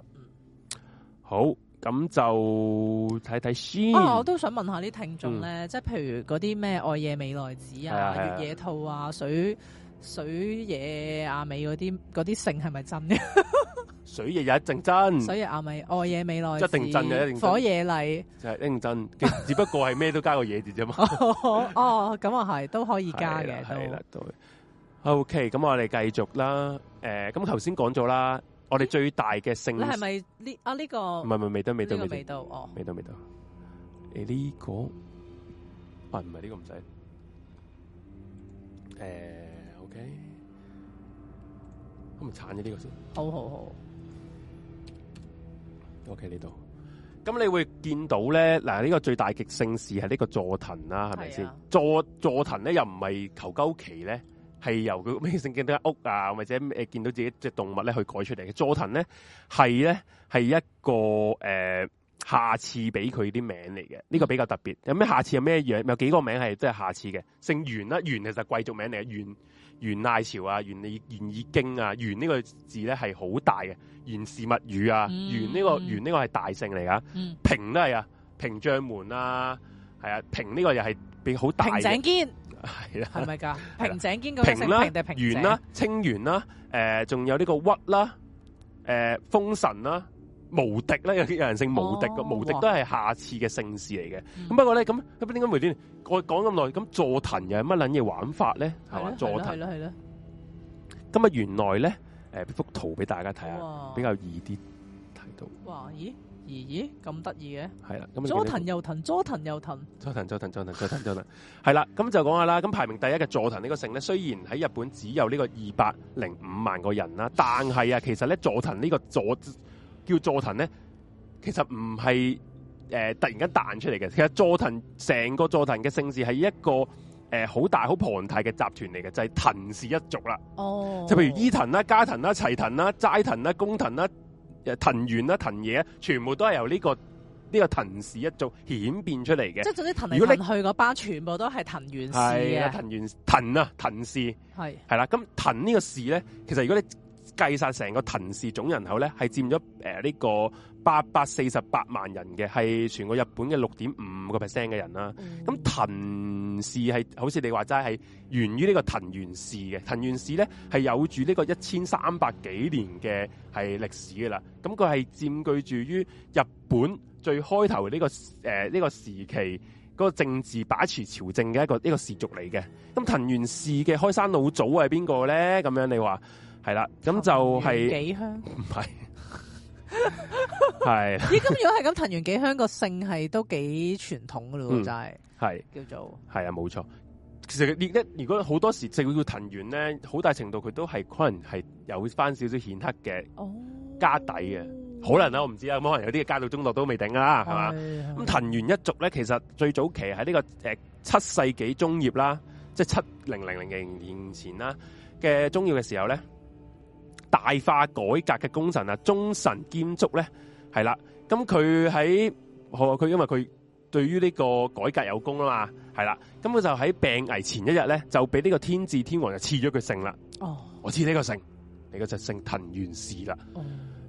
好，咁就睇睇先。啊，我都想問下啲聽眾咧，即係譬如嗰啲咩愛野美奈子啊、月野兔啊、水水野阿美嗰啲，嗰啲姓係咪真嘅？水野有一定真，水野阿美愛野美奈子，一定真嘅，一定真。火野麗就係一定真，只不過係咩都加個野字啫嘛。哦，咁啊係，都可以加嘅，係啦，都。O K，咁我哋繼續啦。誒，咁頭先講咗啦，我哋最大嘅姓，你係咪呢啊？呢個唔係，唔係未到，未到呢個味哦，未到，未到。誒，呢個啊，唔係呢個唔使。誒，O K，咁咪剷咗呢個先。好好好。O K，呢度。咁你會見到咧，嗱，呢個最大嘅姓氏係呢個座藤啦，係咪先？座座藤咧又唔係求鳩期咧？係由佢咩先見到間屋啊，或者誒、呃、見到自己隻動物咧去改出嚟嘅。佐藤咧係咧係一個誒、呃、下次俾佢啲名嚟嘅，呢、呢個比較特別。有咩下次有咩樣？有幾個名係即係下次嘅？姓源啦，源其實係貴族名嚟嘅。源，源賴朝啊，源利，源義經啊，源呢個字咧係好大嘅。源氏物語啊，嗯、源呢、呢個、嗯、源呢個係大姓嚟噶、嗯。平都係啊，啊，平將門啦，係啊，平呢個又係變好大嘅。係啦，係咪噶平井堅個姓平平，平完啦，清完啦、啊，誒、呃，仲有呢個屈啦、啊，誒、呃，封神啦、啊，無敵啦、啊，有人姓無敵個、啊哦、無敵都係下次嘅姓氏嚟嘅。咁、哦嗯、不過咧，咁咁點解會轉？我講咁耐，咁佐藤又係乜撚嘢玩法咧？係嘛、啊，佐藤。係咯係咯。今日、啊啊、原來咧，誒、呃，幅圖俾大家睇下，哇比較易啲睇到。哇！咦？咦？咁得意嘅！係啦，佐藤又藤，佐藤又藤，佐藤，佐藤，佐藤，佐藤，係啦。咁就講下啦。咁排名第一嘅佐藤呢個姓咧，雖然喺日本只有呢個二百零五萬個人啦，但係啊，其實咧佐藤呢個佐叫佐藤咧，其實唔係誒突然間彈出嚟嘅。其實佐藤成個佐藤嘅姓氏係一個誒好大好龐大嘅集團嚟嘅，就係藤氏一族啦。哦，就譬如伊藤啦、加藤啦、齊藤啦、齋藤啦、工藤啦。誒，藤原啦，藤野啊，全部都係由呢個呢個藤氏一族顯變出嚟嘅。即係嗰啲藤如果你去嗰班，全部都係藤原氏嘅藤原藤啊，藤氏係係啦。咁藤的呢個氏咧，其實如果你計晒成個藤氏總人口咧，係佔咗誒呢個八百四十八萬人嘅，係全個日本嘅六點五個 percent 嘅人啦、啊。咁藤氏係好似你話齋係源於呢個藤原氏嘅藤原氏咧，係有住呢個一千三百幾年嘅係歷史噶啦。咁佢係佔據住於日本最開頭呢、這個誒呢、呃呢個時期嗰、嗰個政治把持朝政嘅一個一、呢個氏族嚟嘅。咁藤原氏嘅開山老祖係邊個咧？咁樣你話？係啦，咁就係、是、幾香，唔係，係咦？咁如果係咁，藤原幾香 個姓係都幾傳統噶咯，就係係叫做係啊，冇錯。其實一如果好多時，就會叫藤原咧，好大程度佢都係可能係有翻少少顯赫嘅哦家底嘅，哦、可能啊，我唔知啦、啊，冇可能有啲家道中落都未定啦，係嘛 吧？咁藤原一族咧，其實最早期喺呢、這個誒、呃、七世紀中葉啦，即係七零零零年前啦嘅中葉嘅時候咧。大化改革嘅功臣啊，中臣鎌足咧，係啦。咁佢喺佢因為佢對於呢個改革有功啊嘛，係啦。咁佢就喺病危前一日咧，就俾呢個天智天皇就賜咗佢姓啦。哦、oh.，我賜呢個姓，你個就姓藤原氏啦。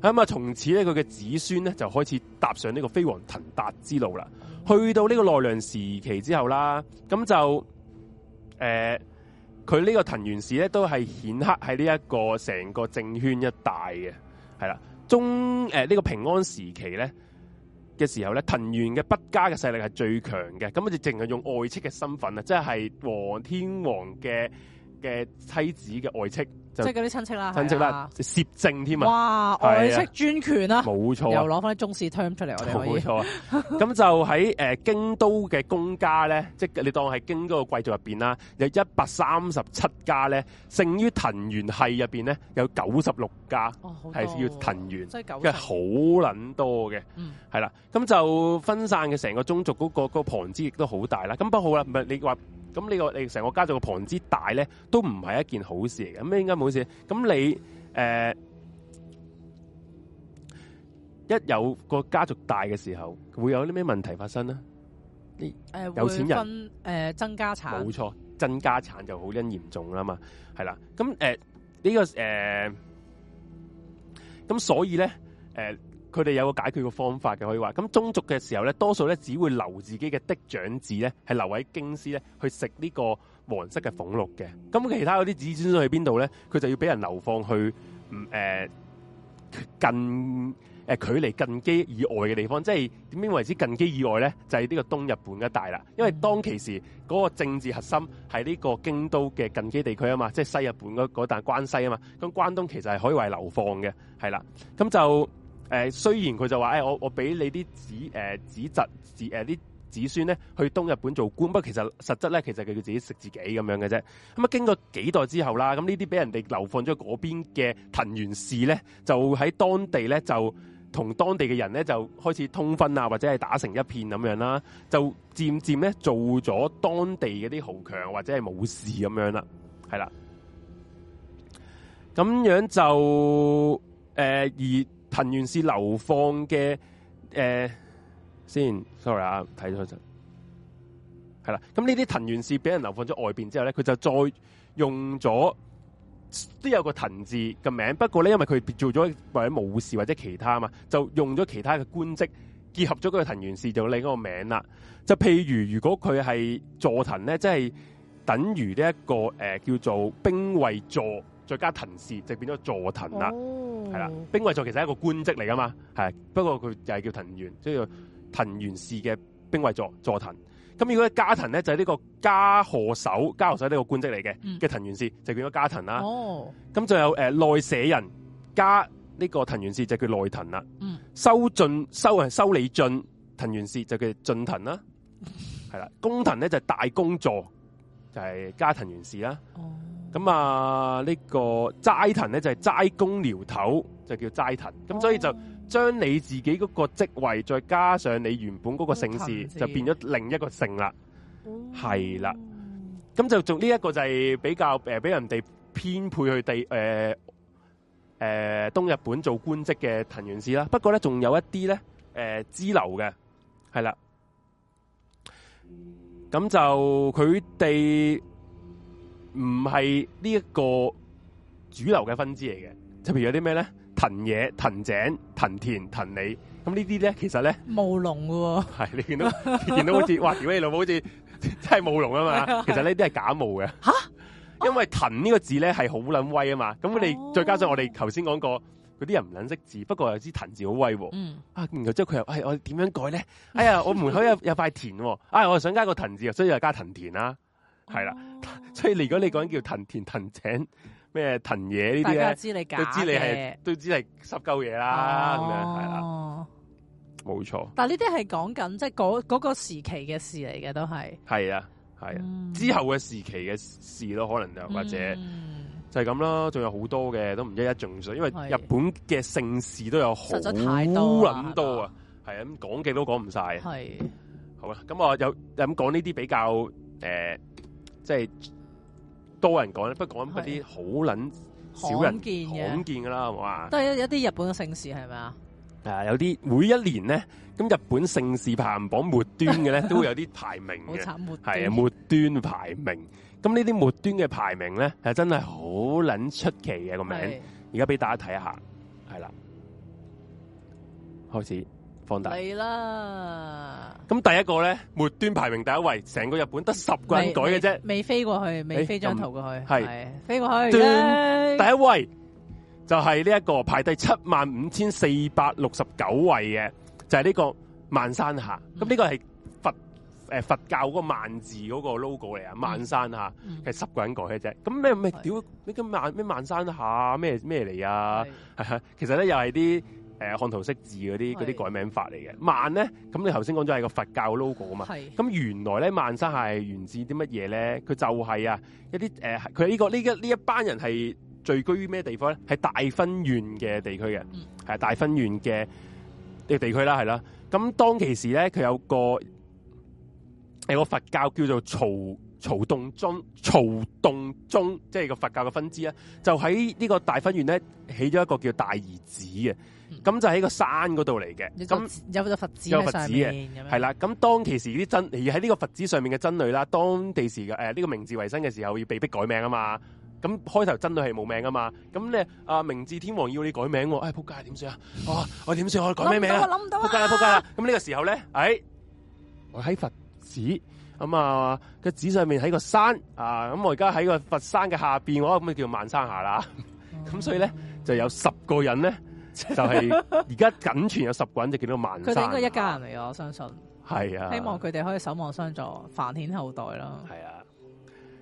咁啊、oh.，從此咧佢嘅子孫咧就開始踏上呢個飛黃騰達之路啦。Oh. 去到呢個奈良時期之後啦，咁就誒。呃佢呢個藤原氏咧都係顯赫喺呢一個成個政圈一帶嘅，係啦，中誒呢、呃呢個平安時期咧嘅時候咧，藤原嘅北家嘅勢力係最強嘅，咁佢就淨係用外戚嘅身份啊，即、就、係、是、皇天皇嘅嘅妻子嘅外戚。即係嗰啲親戚啦，親戚啦，攝政添啊！哇，啊、外戚專權啦、啊，冇錯、啊，又攞翻啲宗氏 term 出嚟，我哋冇錯、啊。咁 就喺誒、呃、京都嘅公家咧，即你當係京都嘅貴族入邊啦，有一百三十七家咧，勝於藤原系入邊咧，有九十六家，係、哦、要藤原，即係是好撚多嘅，係啦、嗯。咁、啊、就分散嘅成個宗族嗰、那個旁支亦都好大啦。咁不過好啦，唔係你話咁你個你成個家族嘅旁支大咧，都唔係一件好事嚟嘅。咁應該？好似，咁你誒、呃、一有個家族大嘅時候，會有啲咩問題發生咧？呢誒、呃、有錢人誒、呃、爭家產，冇錯爭家產就好因嚴重啦嘛，係啦、咁誒呢個誒咁、呃、所以咧誒佢哋有個解決嘅方法嘅，可以話，咁宗族嘅時候咧，多數咧只會留自己嘅嫡長子咧，係留喺京師咧去食呢、這個。黃色嘅俸祿嘅，咁其他嗰啲子孫去邊度咧？佢就要俾人流放去，誒、呃、近誒、呃、距離近畿以外嘅地方。即係點樣為之近畿以外咧？就係、是、呢個東日本一帶啦。因為當其時嗰個政治核心係呢個京都嘅近畿地區啊嘛，即、就、係、是、西日本嗰段關西啊嘛。咁關東其實係可以為流放嘅，係啦。咁就誒、呃，雖然佢就話誒、哎，我我俾你啲子誒子侄誒啲。呃子孫咧去東日本做官，不過其實實質咧，其實佢自己食自己咁樣嘅啫。咁啊，經過幾代之後啦，咁呢啲俾人哋流放咗嗰邊嘅藤原氏咧，就喺當地咧就同當地嘅人咧就開始通婚啊，或者係打成一片咁樣啦，就漸漸咧做咗當地嗰啲豪強或者係武士咁樣啦，係啦。咁樣就誒、呃，而藤原氏流放嘅誒。呃先，sorry 啊，睇咗先，係啦。咁呢啲藤原氏俾人流放咗外邊之後咧，佢就再用咗都有個藤字嘅名字，不過咧因為佢做咗或者武士或者其他啊嘛，就用咗其他嘅官職結合咗嗰個藤原氏就另一個名啦。就譬如如果佢係佐藤咧，即、就、係、是、等於呢一個誒、呃、叫做兵衛佐，再加藤氏，就變咗佐藤啦。係啦、oh.，兵衛佐其實係一個官職嚟噶嘛，係。不過佢又係叫藤原，即係。藤原氏嘅兵衛佐，佐藤，咁如果加藤咧就係、是、呢個加賀守，加賀守呢個官職嚟嘅嘅藤原氏就叫咗加藤啦。哦，咁仲有誒、呃、內舍人加呢個藤原氏就叫內藤啦。嗯、修修進修啊修理進藤原氏就叫進藤啦。係 啦，工藤咧就是、大工座，就係、是、加藤原氏啦。咁、哦、啊、這個、齋呢個齋藤咧就係、是、齋公寮頭就叫齋藤，咁所以就。哦將你自己嗰個職位，再加上你原本嗰個姓氏，就變咗另一個姓啦，係啦、嗯。咁就做呢一個就係比較誒，俾人哋編配去第誒誒東日本做官職嘅藤原氏啦。不過咧，仲有一啲咧誒支流嘅係啦。咁就佢哋唔係呢一個主流嘅分支嚟嘅，就譬如有啲咩咧？藤野、藤井、藤田、藤里咁呢啲咧，其實咧，冒龍嘅喎。係你見到， 你見到好似，哇！屌 你老母好似真係冒龍啊嘛？ 其實呢啲係假冒嘅。吓、啊，因為藤呢個字咧係好捻威啊嘛。咁你再加上我哋頭先講過，嗰啲人唔捻識字，不過又知藤字好威。嗯。啊，然後之後佢又，哎，我點樣改咧？哎呀，我門口有有塊田啊，啊、哎，我想加個藤字，所以又加藤田啦、啊。係啦，哦、所以如果你講緊叫藤田藤井。咩藤野呢啲咧的？都知你係，都知係十嚿嘢啦，咁、啊、樣係啦，冇錯。但係呢啲係講緊即係嗰嗰個時期嘅事嚟嘅，都係。係啊，係。嗯、之後嘅時期嘅事咯，可能又、嗯、或者就係咁咯，仲有好多嘅都唔一一盡述，因為日本嘅姓氏都有實在太多啊，係啊，咁講嘅都講唔晒。係的。好啊，咁、嗯、我有咁講呢啲比較誒、呃，即係。多人講咧，不過講緊啲好捻罕見罕見嘅啦，係啊，都係一啲日本嘅姓氏係咪啊？係、呃、有啲每一年咧，咁日本姓氏排行榜末端嘅咧，都會有啲排名嘅，係啊， 好慘，末端，端排名。咁呢啲末端嘅排名咧，係真係好捻出奇嘅個名字。而家俾大家睇一下，係啦，開始。放大係啦，咁第一個咧，末端排名第一位，成個日本得十個人改嘅啫，未飛過去，未飛張圖過去，係、哎、飛過去。第一位就係呢一個排第七萬五千四百六十九位嘅，就係、是、呢、這個萬山下。咁呢、嗯、個係佛誒、呃、佛教嗰個萬字嗰個 logo 嚟啊，萬、嗯、山下係、嗯、十個人改嘅啫。咁咩咩屌萬咁萬咩萬山下咩咩嚟啊？是 其實咧又係啲。誒看圖識字嗰啲嗰啲改名法嚟嘅，萬咧咁你頭先講咗係個佛教 logo 啊嘛，咁是原來咧萬山係源自啲乜嘢咧？佢就係啊一啲誒，佢、呃、呢、這個呢一呢一班人係聚居於咩地方咧？係大分縣嘅地區嘅，係、嗯啊、大分縣嘅嘅地區啦，係啦。咁當其時咧，佢有個有個佛教叫做曹曹洞宗，曹洞宗即係個佛教嘅分支啦、啊，就喺呢個大分縣咧起咗一個叫大兒子嘅。咁、嗯、就喺個山嗰度嚟嘅，咁有咗佛寺，有佛寺上面，係啦。咁當其時啲真喺呢個佛寺上面嘅僧侶啦，當地時嘅誒呢個明治維新嘅時候要被逼改名啊嘛。咁開頭僧侶係冇名啊嘛。咁咧啊明治天皇要你改名，誒，仆街點算啊？哦，我點算，我改咩名到仆街啦，仆街啦！咁呢個時候咧，誒、哎、我喺佛寺，咁啊個寺上面喺個山啊。咁、嗯、我而家喺個佛山嘅下邊，我咁啊叫萬山下啦。咁、嗯嗯、所以咧就有十個人咧。 就係而家僅存有十個人就見到萬山。佢哋應該一家人嚟咯，我相信。係是啊。希望佢哋可以守望相助，繁衍後代咯。係啊。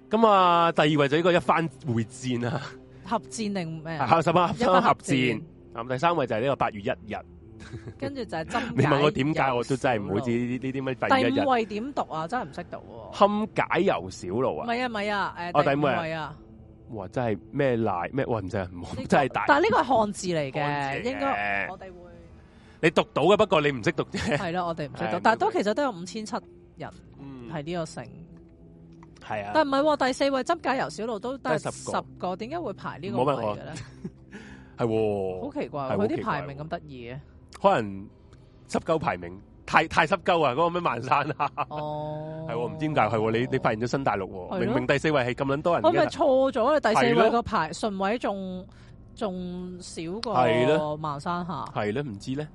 咁啊，第二位就呢個一番會戰啊。合戰定咩？啊，十啊，十啊，合戰。咁戰第三位就係呢個八月一日。 跟住就係真。你問我點解，我都真係唔會知呢啲啲乜第一日。第五位點讀啊？真係唔識讀。堪解由小路啊。唔係啊，唔係啊，誒、呃。啊、哦，第五位啊。哦真係咩奶咩雲啫，真係、這個、大。但係呢個係漢字嚟嘅，啊、應該我哋會。你讀到嘅，不過你唔識讀。係啦，我哋唔識讀。唉但係都其實都有五千七人，係呢、嗯、個城。係啊。但唔係喎，第四位執介由小路都得十個，點解會排呢個位嘅咧？係。好、哦、奇怪，佢啲排名咁得意嘅。可能十九排名。太太濕鳩啊！嗰、那個咩萬山下？哦，係喎、 哦，唔知點解係喎，哦、你你發現咗新大陸喎、哦？的明明第四位係咁撚多人嘅，我咪錯咗？第四位個排的順位仲仲少過萬山下。係咯，唔知咧。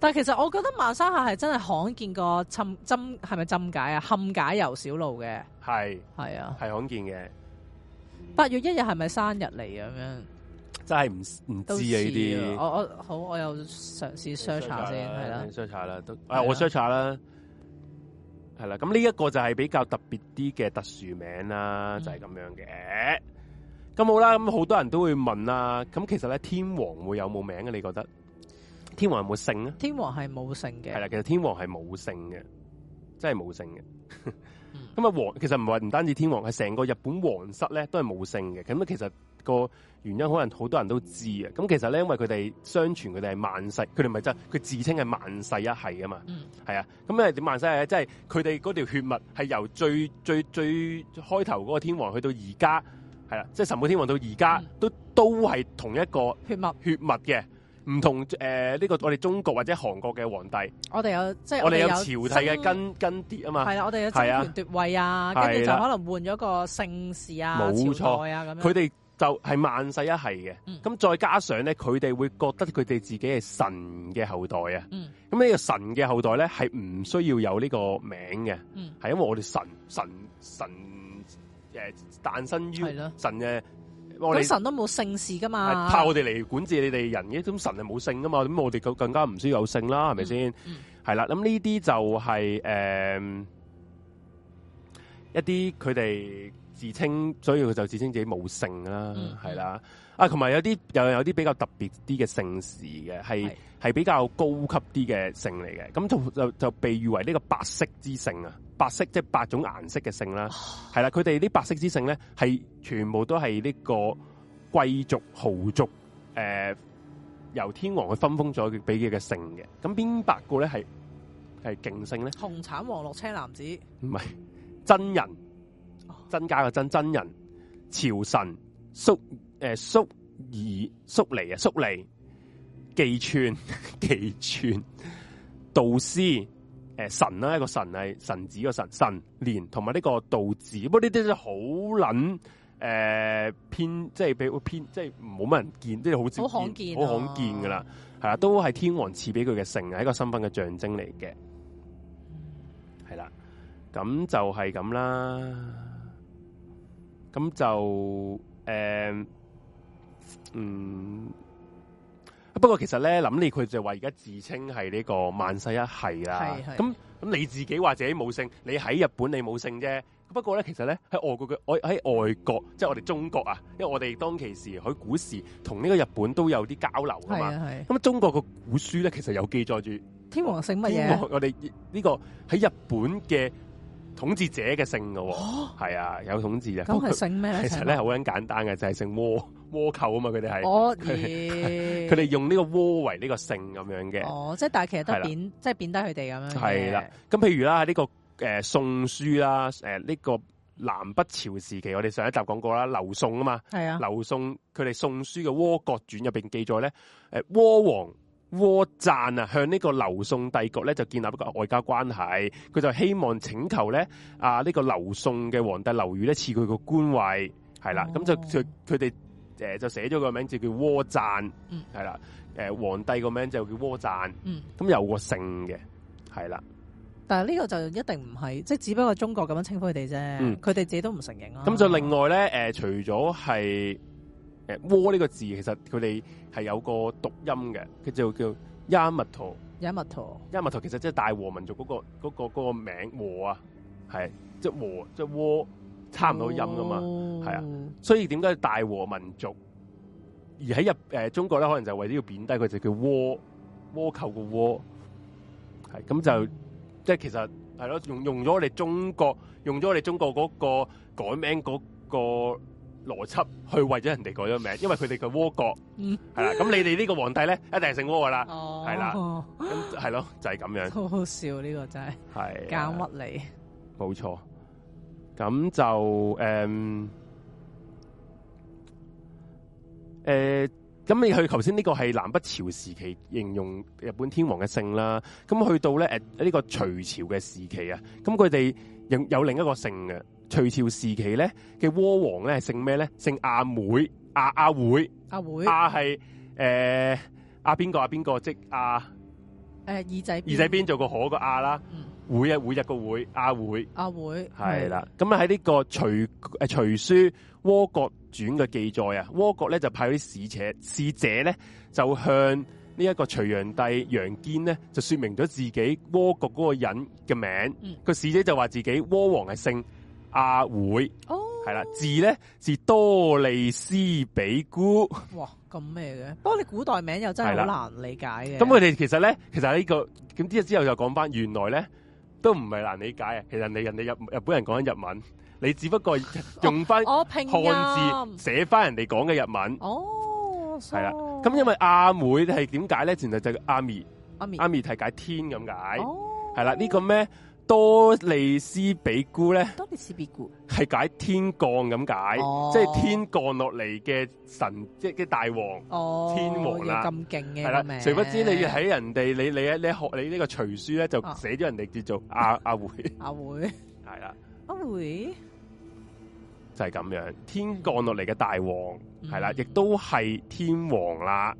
但係其實我覺得萬山下係真係罕見過浸浸係咪浸解啊？冚解遊小路嘅係，係啊，係罕見嘅。八、嗯、月一日係咪生日嚟咁樣？真係唔唔知啊！呢啲我我好，我又嘗試 search 下先係啦。search 了下啦，都誒對了、啊，我 search 下啦，係啦。咁呢一個就係比較特別啲嘅特殊名啦，就係、是、咁樣嘅。咁、嗯、好啦，咁好多人都會問啦、啊。咁其實咧，天皇會有冇名嘅、啊？你覺得天皇有冇姓咧？天皇係冇姓嘅、啊。係啦，其實天皇係冇姓嘅，真係冇姓嘅。咁 啊，皇其實唔係唔單止天皇，係成個日本皇室咧都係冇姓嘅。咁啊，其實、那個。原因可能好多人都知啊，咁其實咧，因為佢哋相傳佢哋係萬世，佢哋咪真，佢自稱係萬世一系啊嘛。嗯，係啊，咁因為點萬世咧？即係佢哋嗰條血脈係由最最最開頭嗰個天皇去到而家，係啦、啊，即、就、係、是、神武天皇到而家、嗯、都都係同一個血脈血脈嘅，唔同誒呢、呃這個我哋中國或者韓國嘅皇帝。我哋有即係、就是、我哋有，有朝代嘅更更迭啊嘛。係啦、啊，我哋有政權奪位啊，跟住、啊、就可能換咗個姓氏啊，冇錯、啊，啊咁錯樣。佢哋就係萬世一系嘅，咁、嗯、再加上咧，佢哋會覺得佢哋自己係神嘅後代啊。咁呢、嗯、個神嘅後代咧，係唔需要有呢個名嘅，係、嗯、因為我哋神神神誒誕、呃、生於神的我哋們神都冇姓氏噶嘛，怕我哋嚟管治你哋人嘅，咁神係冇姓噶嘛，咁我哋更加唔需要有姓啦，係咪先？係啦吧，咁呢啲就係、是、誒、呃、一啲佢哋。自稱，所以佢就自稱自己冇姓啦，係、嗯、啦，啊，同埋有啲又有啲比較特別啲嘅姓氏嘅，係係是比較高級啲嘅姓嚟嘅，咁就就就被譽為呢個白色之姓啊，白色即係八種顏色嘅姓啦，係唉啦，佢哋啲白色之姓咧係全部都係呢個貴族豪族，誒、呃、由天王去分封咗佢俾佢嘅姓嘅，咁邊八個咧係係勁姓咧？呢是是性呢紅橙黃綠青藍紫，唔係真人。真加嘅真真人朝臣、叔誒叔兒叔尼啊叔尼祭傳祭傳導師誒、呃、神啦一個神係神子個神神連同埋呢個道子不過呢啲都好捻誒偏即係比較偏即係冇乜人見啲好少見好罕見噶啦係啦都係天王賜俾佢嘅姓係一個身份嘅象徵嚟嘅係啦咁就係咁啦。咁就誒、嗯，嗯，不過其實咧，諗你佢就話而家自稱係呢個萬世一系啦。咁咁係係你自己話自己冇姓，你喺日本你冇姓啫。不過咧，其實咧喺外國嘅，我喺外國，即係我哋中國啊，因為我哋當其時喺古時同呢個日本都有啲交流噶嘛。咁、啊、中國嘅古書咧，其實有記載住天皇姓乜嘢？我哋呢個喺日本嘅。統治者嘅姓喎，哦，係，哦、啊，有統治啊。咁係姓咩咧？其實咧好簡單嘅，就係、是、姓倭倭寇啊嘛，佢哋係。佢哋以用呢個倭為呢個姓咁樣嘅。哦，即係但係其實都貶，啊、即係貶低佢哋咁樣。係啦，啊，咁譬如啦，喺、這、呢個誒、呃、宋書啦，誒、呃、呢、這個南北朝時期，我哋上一集講過啦，劉宋啊嘛。係是啊劉宋。劉宋佢哋宋書嘅倭國傳入邊記載咧，誒倭王。窩贊啊，向呢個劉宋帝國咧就建立一個外交關係，佢就希望請求咧啊呢、這個劉宋嘅皇帝劉裕咧賜佢個官位，係啦，咁、哦、就、呃、就佢哋誒就寫咗個名就叫窩贊，嗯，係、呃、啦，誒皇帝個名就叫窩贊，咁、嗯、有個姓嘅，係啦，但係呢個就一定唔係，即係只不過中國咁樣稱呼佢哋啫，佢哋、嗯、自己都唔承認啊，咁就另外咧，誒、呃、除咗係。誒，倭呢個字其實佢哋係有個讀音嘅，佢就叫 Yamato。Yamato。Yamato 其實即係大和民族嗰、嗰個、嗰個、嗰個名和啊，係即係和即係倭差唔多音噶嘛，係、oh. 啊。所以點解大和民族而喺入，誒、呃、中國咧，可能就為咗要貶低佢就叫倭倭寇嘅倭係咁就、mm. 即係其實係咯、啊，用用咗我哋中國用咗我哋中國嗰個改名嗰、嗰個。邏輯去為咗人哋改咗名，因為佢哋嘅倭國係啦。咁 你哋呢個皇帝咧，一定係姓倭噶啦，係啦、哦，咁係咯，就係、是、咁樣。好好笑呢、這個真係，搞乜的你？冇錯，咁就誒，誒、嗯，咁你去頭先呢個係南北朝時期形容日本天皇嘅姓啦。咁去到咧誒呢個隋朝嘅時期啊，咁佢哋有有另一個姓嘅。隋朝時期咧嘅倭王咧姓咩咧？姓阿妹、阿阿會阿會惠阿係誒、呃、阿邊個阿邊個即阿誒、啊、耳仔耳仔邊做過可個阿啦？嗯，會啊會入個會阿會阿會係啦。咁啊喺呢個隋誒隋書倭國傳嘅記載啊，倭國咧就派啲使者使者咧就向呢一個隋煬帝楊堅咧就說明咗自己倭國嗰個人嘅名。嗯，個使者就話自己倭王係姓。阿會，係啦、oh.，字咧是多利斯比姑，哇，咁咩嘅？不過你古代名字又真係好難理解嘅。咁佢哋其實咧，其實呢、這個咁之之後就講翻，原來咧都唔係難理解啊。其實你人哋日日本人講緊日文，你只不過用翻漢字寫翻人哋講嘅日文。哦、oh, oh,，係啦。咁因為阿會係點解咧？其實就叫阿咪，阿咪米阿咪係解天咁解，係啦、oh.，呢、這個咩？多利斯比古咧，多利斯比古係解天降咁解，即係天降落嚟嘅神，即係大王，天王啦。咁勁嘅係啦，誰不知你喺人哋，你你你學你呢個隋書咧就寫咗人哋叫做阿阿會阿會係啦阿會就係咁樣，天降落嚟嘅大王係啦，亦都係天王啦，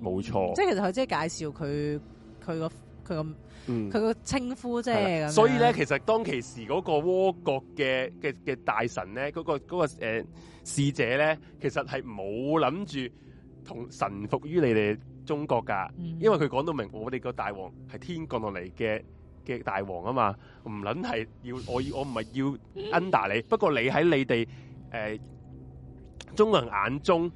冇錯。即係其實佢即係介紹佢佢個佢個。嗯，佢個稱呼即係所以咧，其實當其時嗰個倭國嘅嘅嘅大臣咧，嗰個、嗰個誒、呃、使者咧，其實係冇諗住同臣服於你哋中國噶，嗯、因為佢講到明，我哋個大王係天降落嚟嘅嘅大王啊嘛，唔諗係要我要我唔係要 under 你， 不過你喺你哋誒、呃，中國人眼中。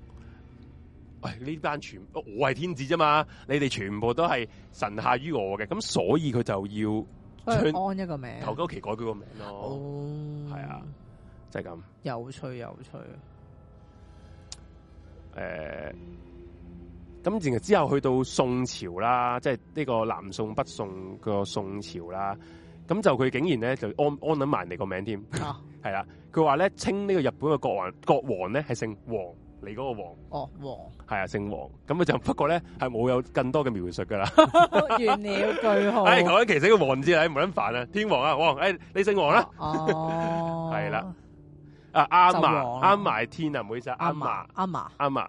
呢、哎、班全我係天子啫嘛，你哋全部都係臣下於我嘅，咁所以佢就要安一個名字，求鳩其改佢個名字咯。係、哦、啊，就係、是、咁有，有趣，有趣、呃。誒，咁然之後去到宋朝啦，即係呢個南宋北宋個宋朝啦，咁就佢竟然咧就安安諗埋你個名添，係啦、啊。佢話咧稱呢個日本嘅國王國王咧係姓王。你嗰個王哦，王係啊，姓王咁啊，就不過咧係冇有更多嘅描述噶啦，完了 句號。哎，我其實個王字係冇諗煩啊，天王啊，王，哎，你姓王啦，哦，係啦，啊，阿媽，阿埋天啊，唔好意思，阿媽、啊，阿媽、啊，阿媽，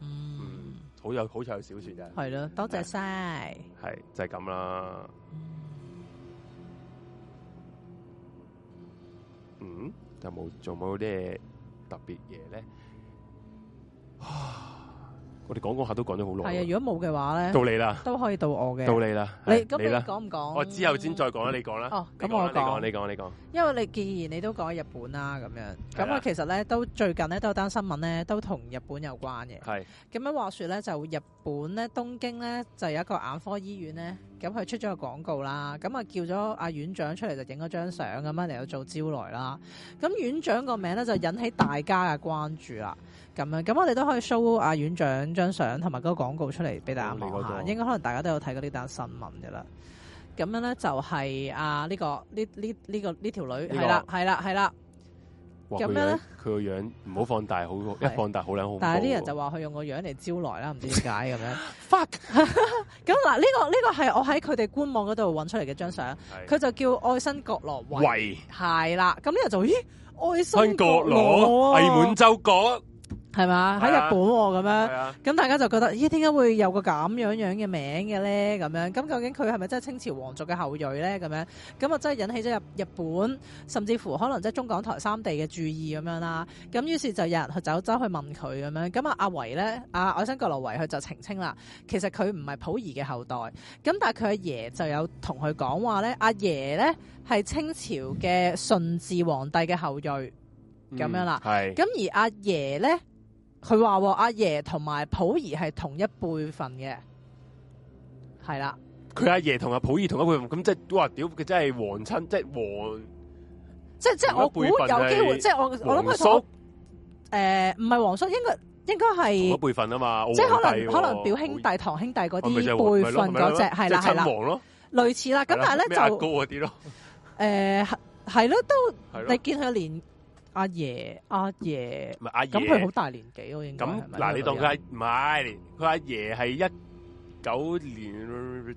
嗯，好有，有，好彩有小說嘅，係咯，多謝晒，係就係咁啦，嗯，有冇做冇啲特別嘢咧？我哋講講下都講咗好耐。係啊，如果冇嘅話咧，到你啦，都可以到我嘅。到你啦，你咁你講唔講？我之後先再講啦，你講啦。哦，咁我講，你講，你講。因為你既然你都講日本啦，咁樣，咁啊其實咧都最近咧都有單新聞咧都同日本有關嘅。係。咁樣話說咧，就日本咧東京咧就有一個眼科醫院咧，咁佢出咗個廣告啦，咁啊叫咗阿院長出嚟，就影咗張相咁樣嚟到做招來啦。咁院長個名咧就引起大家嘅關注啦。咁樣，咁我哋都可以 show 阿院長張相同埋嗰個廣告出嚟俾大家望下。應該可能大家都有睇過呢單新聞噶啦。咁樣咧就係阿呢個呢呢呢個呢條女係啦係啦係啦。咁樣咧，佢個樣唔好放大，好一放大好靚好。但係啲人就話佢用個樣嚟招來啦，唔知點解咁樣。咁嗱，呢個呢個係我喺佢哋官網嗰度搵出嚟嘅張相，佢就叫愛新覺羅維，係啦。咁呢日就咦，愛新覺羅係滿洲國。係嘛？喺、啊、日本咁、哦、樣，咁、啊、大家就覺得咦？點解會有個咁樣樣嘅名嘅咧？咁樣咁究竟佢係咪真係清朝皇族嘅後裔咧？咁樣咁啊，就真係引起咗日日本甚至乎可能即係中港台三地嘅注意咁樣啦。咁於是就有人去走走去問佢咁樣。咁啊，啊，阿維咧，阿愛新覺羅維佢就澄清啦，其實佢唔係溥儀嘅後代。咁但係佢阿爺就有同佢講話咧，阿爺咧係清朝嘅順治皇帝嘅後裔咁樣啦。係、嗯。咁而阿爺咧。佢話阿爺同埋溥儀係同一輩份嘅，係啦。佢阿爺同阿溥儀同一輩份，咁即係話，屌佢真係皇親，即係皇。即係即係我估有機會，即係我我諗佢同誒唔係皇叔，應該應該係。輩份啊嘛，即係可能可能表兄弟、堂兄弟嗰啲輩份嗰隻係啦係啦。類似啦，咁但係咧就高嗰啲咯。誒係係咯，都你見佢年。阿爺，阿爺，唔係阿爺，咁佢好大年紀，我應該咁。嗱，你當佢阿唔係，佢阿爺係一。九年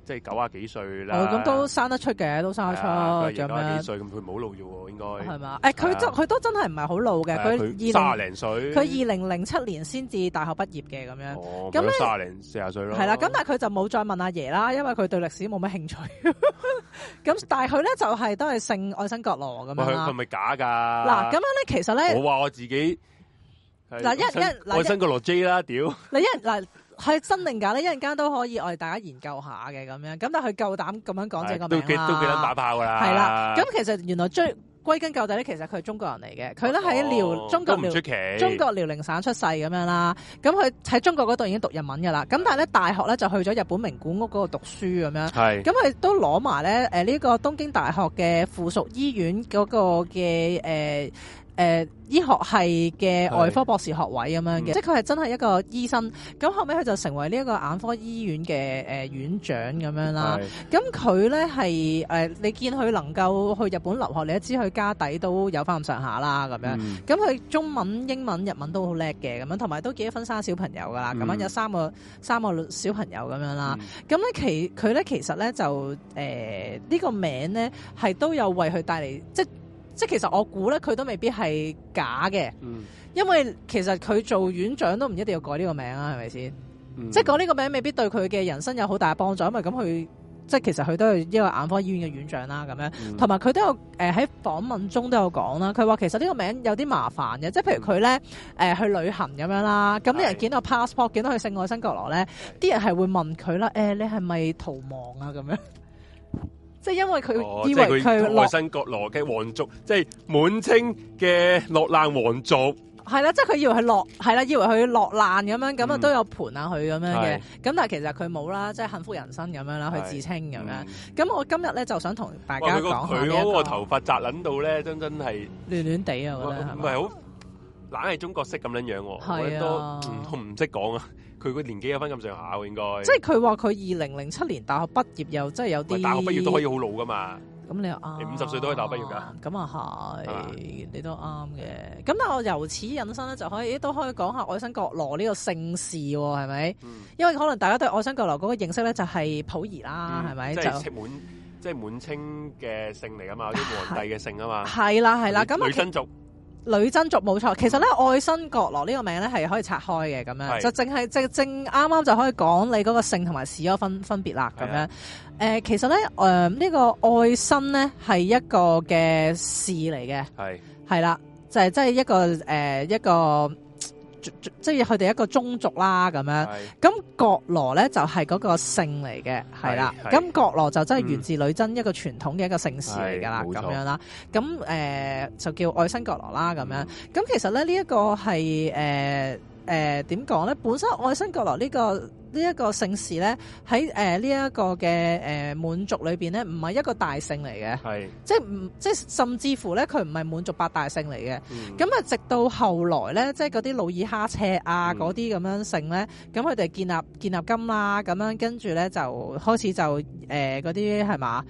即係九啊幾歲啦，咁都生得出嘅，都生得出。仲有咩？幾歲咁佢唔好老啫喎，應該。係嘛？誒，佢佢都真係唔係好老嘅。佢卅零歲。佢二零零七年先至大學畢業嘅咁樣。哦。咁卅零四啊歲咯。係啦，咁但係佢就冇再問阿爺啦，因為佢對歷史冇乜興趣。咁但係佢咧就係都係姓愛新覺羅咁樣啦。佢係咪假㗎？嗱，咁樣咧其實咧，我話我自己嗱一一愛新覺羅 J 啦屌。嗱一嗱。係真定假咧，一陣間都可以，我哋大家研究下嘅咁樣。咁但係佢夠膽咁樣講就咁樣自己個名都幾都幾得打炮㗎啦。係啦。咁其實原來追歸根究底咧，其實佢係中國人嚟嘅。佢咧喺遼中國遼中國遼寧省出世咁樣啦。咁佢喺中國嗰度已經讀日文㗎啦。咁但係咧大學咧就去咗日本名古屋嗰度讀書咁樣。係是。咁佢都攞埋咧誒呢個東京大學嘅附屬醫院嗰個嘅誒。呃誒、呃、醫學系嘅外科博士學位咁樣嘅，是即係佢係真係一個醫生。咁後尾，佢就成為呢一個眼科醫院嘅誒、呃、院長咁樣啦。咁佢咧係誒，你見佢能夠去日本留學，你都知佢家底都有翻咁上下啦。咁樣，咁佢、嗯、中文、英文、日文都好叻嘅咁樣，同埋都幾多分生小朋友噶啦。咁樣有三個、嗯、三個小朋友咁樣啦。咁咧、嗯、其佢咧其實咧就誒呢、呃呢個名咧係都有為佢帶嚟即。即其實我估咧，佢都未必係假嘅，嗯、因為其實佢做院長都唔一定要改呢個名啊，係咪先？嗯、即係改呢個名未必對佢嘅人生有好大幫助，因為咁佢即係其實佢都係一個眼科醫院嘅院長啦，咁樣同埋佢都有喺、呃、訪問中都有講啦，佢話其實呢個名有啲麻煩嘅，即係譬如佢咧、呃、去旅行咁樣啦，咁啲人見到 passport 見到佢姓愛新覺羅咧，啲人係會問佢啦、呃，你係咪逃亡啊咁樣？即係因為佢以為佢愛、哦、新覺羅嘅皇族，即係滿清嘅落難皇族。係啦、嗯，即係佢以為佢落係啦，以為佢落難咁樣，咁啊都有盤下佢咁樣嘅。咁、嗯、但係其實佢冇啦，即係幸福人生咁樣啦，佢自稱咁樣。咁我今日咧就想同大家講、這個。佢嗰個頭髮紮撚到咧，真真係亂亂地啊！我覺得唔係好，硬係吧中國式咁撚樣子，我都唔唔識講啊。佢個年紀有返咁上下喎，應該。即係佢話佢二零零七年大學畢業，又真係有啲大學畢業都可以好老噶嘛。咁你又啱，你五十歲都可以大學畢業㗎。咁啊係，你都啱嘅。咁但我由此引申咧，就可以都可以講下愛新覺羅呢個姓氏喎，係咪？因為可能大家對愛新覺羅嗰個認識咧，就係溥儀啦，係咪？即係滿，即係滿清嘅姓嚟㗎嘛，啲皇帝嘅姓啊嘛。係啦，係啦，咁女真族冇錯，其實咧愛新覺羅呢個名咧係可以拆開嘅咁樣，是的 就淨係正正啱啱就可以講你嗰個姓同埋氏有分分別啦，咁是的 樣、呃。其實咧誒呢、呃呢個愛新咧係一個嘅氏嚟嘅，係係啦，就係即係一個誒一個。呃一個即係佢哋一個宗族啦，咁樣。咁覺羅咧就係嗰個姓嚟嘅，係對啦。咁覺羅就真係源自女真一個傳統嘅一個姓氏嚟噶啦，咁樣啦。咁誒、呃、就叫愛新覺羅啦，咁樣。咁其實咧呢一、這個係誒誒點講咧？本身愛新覺羅呢個。這個事呢一、呃這個姓氏咧喺誒呢一個嘅誒滿族裏邊咧，唔係一個大姓嚟嘅，係是即係唔即係甚至乎咧，佢唔係滿族八大姓嚟嘅。咁啊、嗯，直到後來咧，即係啲努爾哈赤啊，啲咁、嗯、樣姓咧，咁佢哋建立建立金啦，咁樣跟住咧就開始就誒啲係嘛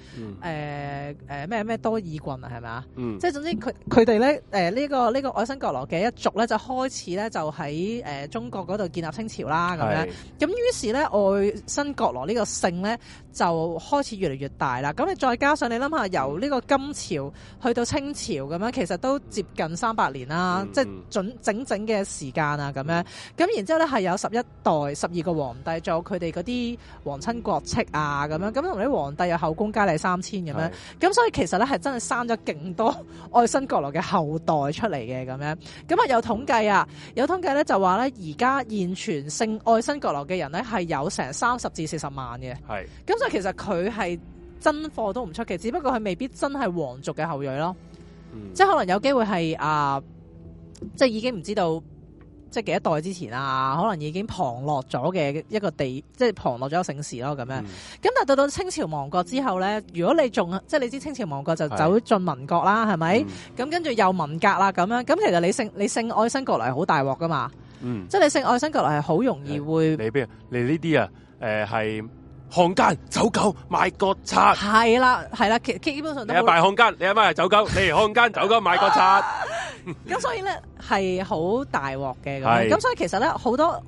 誒誒咩咩多爾袞啊係咪啊，嗯、呃，即係總之佢佢哋咧誒呢個呢個愛新覺羅嘅一族咧，就開始咧就喺誒中國度建立清朝啦咁是樣咁於。於是咧，愛新覺羅呢個姓咧，就開始越嚟越大啦！咁你再加上你諗下，由呢個金朝去到清朝咁樣，其實都接近三百年啦，嗯嗯、即係準整整嘅時間啊咁樣。咁然之後咧係有十一代、十二個皇帝，仲有佢哋嗰啲皇親國戚啊咁樣。咁同啲皇帝有後宮佳麗三千咁樣。咁所以其實咧係真係生咗勁多愛新覺羅嘅後代出嚟嘅咁樣。咁啊有統計啊，有統計咧就話咧而家現存姓愛新覺羅嘅人咧係有成三十至四十萬嘅。係。即係其實佢係真貨都唔出奇，只不過佢未必真係皇族嘅後裔咯。嗯、即係可能有機會係啊，即係已經唔知道即係幾多代之前啊，可能已經旁落咗嘅一個地，即係旁落咗一個姓氏咯。咁樣，咁、嗯、但係到到清朝亡國之後咧，如果你仲即係你知清朝亡國就走進民國啦，係咪？咁跟住又文革啦，咁樣咁，其實你姓你姓愛新覺羅，係好大鑊噶嘛？嗯、即係你姓愛新覺羅，係好容易會，你譬你呢啲啊，誒、呃、係。漢奸走狗賣國賊係啦係啦，其實基本上都一賣漢奸，你阿媽係走狗， 你漢奸走狗賣國賊。咁 所以咧係好大鑊嘅咁，咁所以其實咧好多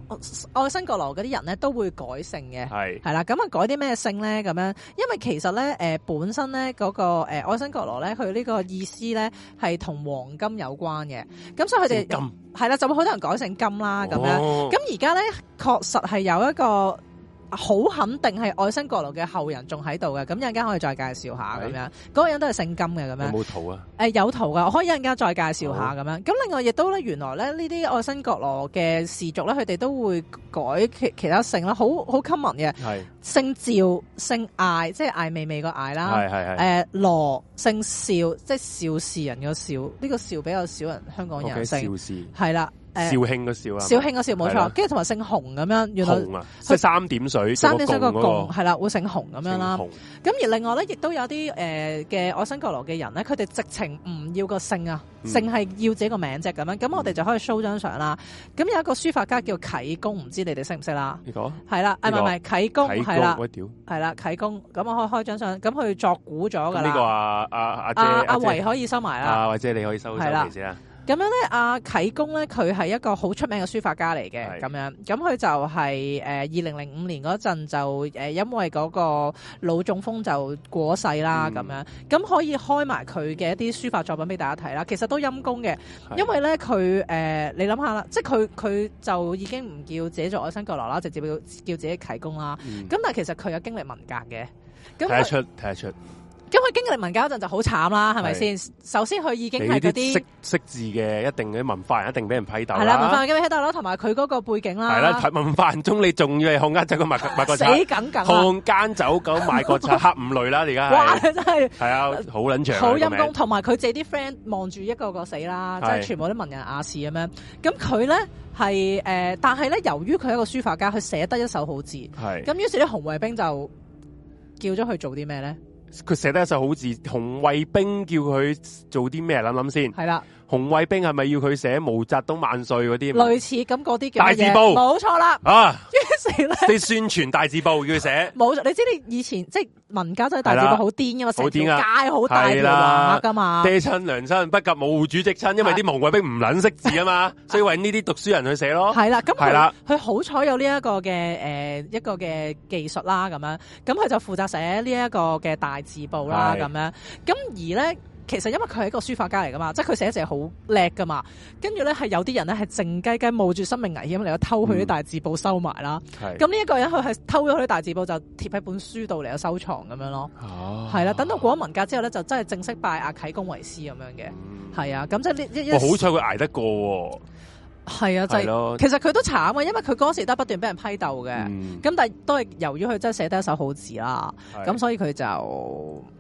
愛新覺羅嗰啲人咧都會改姓嘅，係係啦。咁啊的改啲咩姓咧咁樣？因為其實咧誒、呃、本身咧嗰、那個誒愛新覺羅咧佢呢個意思咧係同黃金有關嘅。咁所以佢哋係啦就會好多人改姓金啦咁、哦、樣。咁而家咧確實係有一個。好肯定係愛新覺羅嘅後人仲喺度嘅，咁一陣間可以再介紹下咁樣，嗰嗎個人都係姓金嘅咁樣。有冇圖啊？誒、呃，有圖噶，我可以一陣間再介紹下咁樣。咁的另外亦都咧，原來咧呢啲愛新覺羅嘅氏族咧，佢哋都會改其其他姓啦，好好 common 嘅。係的姓趙、姓艾，即係艾未未個艾啦。係係係。誒、呃，羅姓邵，即係邵氏人邵，這個邵，呢個邵比較少人香港人姓。嘅邵氏係啦。肇慶嗰肇啊，肇慶嗰肇冇錯，跟住同埋姓洪咁樣，原來即係三點水，三點水個共係啦，會姓洪咁樣啦。咁而另外咧亦都有啲誒嘅愛新覺羅嘅人咧，佢哋直情唔要個姓啊，淨係要自己個名啫咁樣。咁我哋就可以 show 張相啦。咁有一個書法家叫啟功，唔知你哋識唔識啦？呢個係啦，唔係唔係，啟功係啦，啟功咁我可以開張相，咁佢作古咗噶啦。呢個啊阿阿阿阿維可以收埋啦，或者你可以收收咁樣咧，阿啟功咧，佢係一個好出名嘅書法家嚟嘅，咁是樣，咁佢就係誒二零零五年嗰陣就誒、呃、因為嗰個腦中風就過世啦，咁、嗯、樣，咁可以開埋佢嘅一啲書法作品俾大家睇啦，其實都陰功嘅，是因為咧佢誒你諗下啦，即係佢佢就已經唔叫自己做愛新覺羅啦，直接叫叫自己啟功啦，咁、嗯、但係其實佢有經歷文革嘅，睇得出睇得出。因為經歷文革嗰陣就好慘啦，係咪先？首先佢已經係嗰啲識識字嘅，一定嘅文化人一定俾人批鬥。係啦，文化人俾人批鬥咯，同埋佢嗰個背景啦。係啦，文化人中你仲要係漢奸走狗賣國，死梗梗。漢奸走狗賣國賊，黑五類啦！而家哇，真係係啊，好撚場，好陰功。同埋佢自己啲 friend 望住一個個死啦，即係全部啲文人雅士咁樣。咁佢咧係誒，但係咧由於佢係一個書法家，佢寫得一手好字。咁，於是啲紅衛兵就叫咗佢做啲咩咧？佢寫得一手好字，紅衛兵叫佢做啲咩諗諗先。係啦。紅衛兵係咪要佢寫毛澤東萬歲嗰啲？類似咁嗰啲叫大字報，冇錯啦。啊，啲宣傳大字報要佢寫冇錯。你知你以前即係文革真係大字報好癲噶嘛？好癲，界好大噶嘛？爹親娘親不及毛主席親，因為啲紅衛兵唔捻識字啊嘛， 所以為呢啲讀書人去寫咯。係對了、這個呃、啦，咁係啦，佢好彩有呢一個嘅誒一個嘅技術啦，咁樣咁佢就負責寫呢一個嘅大字報啦，咁對 樣咁而咧。其實因為佢係一個書法家嚟噶嘛，即係佢寫字係好叻噶嘛，跟住咧係有啲人咧係靜雞雞冒住生命危險嚟咗偷佢啲大字報收埋啦。咁呢一個人佢係偷咗佢啲大字報就貼喺本書度嚟咗收藏咁樣咯。係啦、啊，等到過咗文革之後咧，就真係正式拜阿啟功為師咁樣嘅。係啊、嗯，咁即係呢一。哇好彩佢捱得過。係啊，就係，其實佢都慘啊，因為佢嗰時都不斷俾人批鬥嘅。咁、嗯、但係都係由於佢真係寫得一手好字啦，咁、嗯、所以佢就、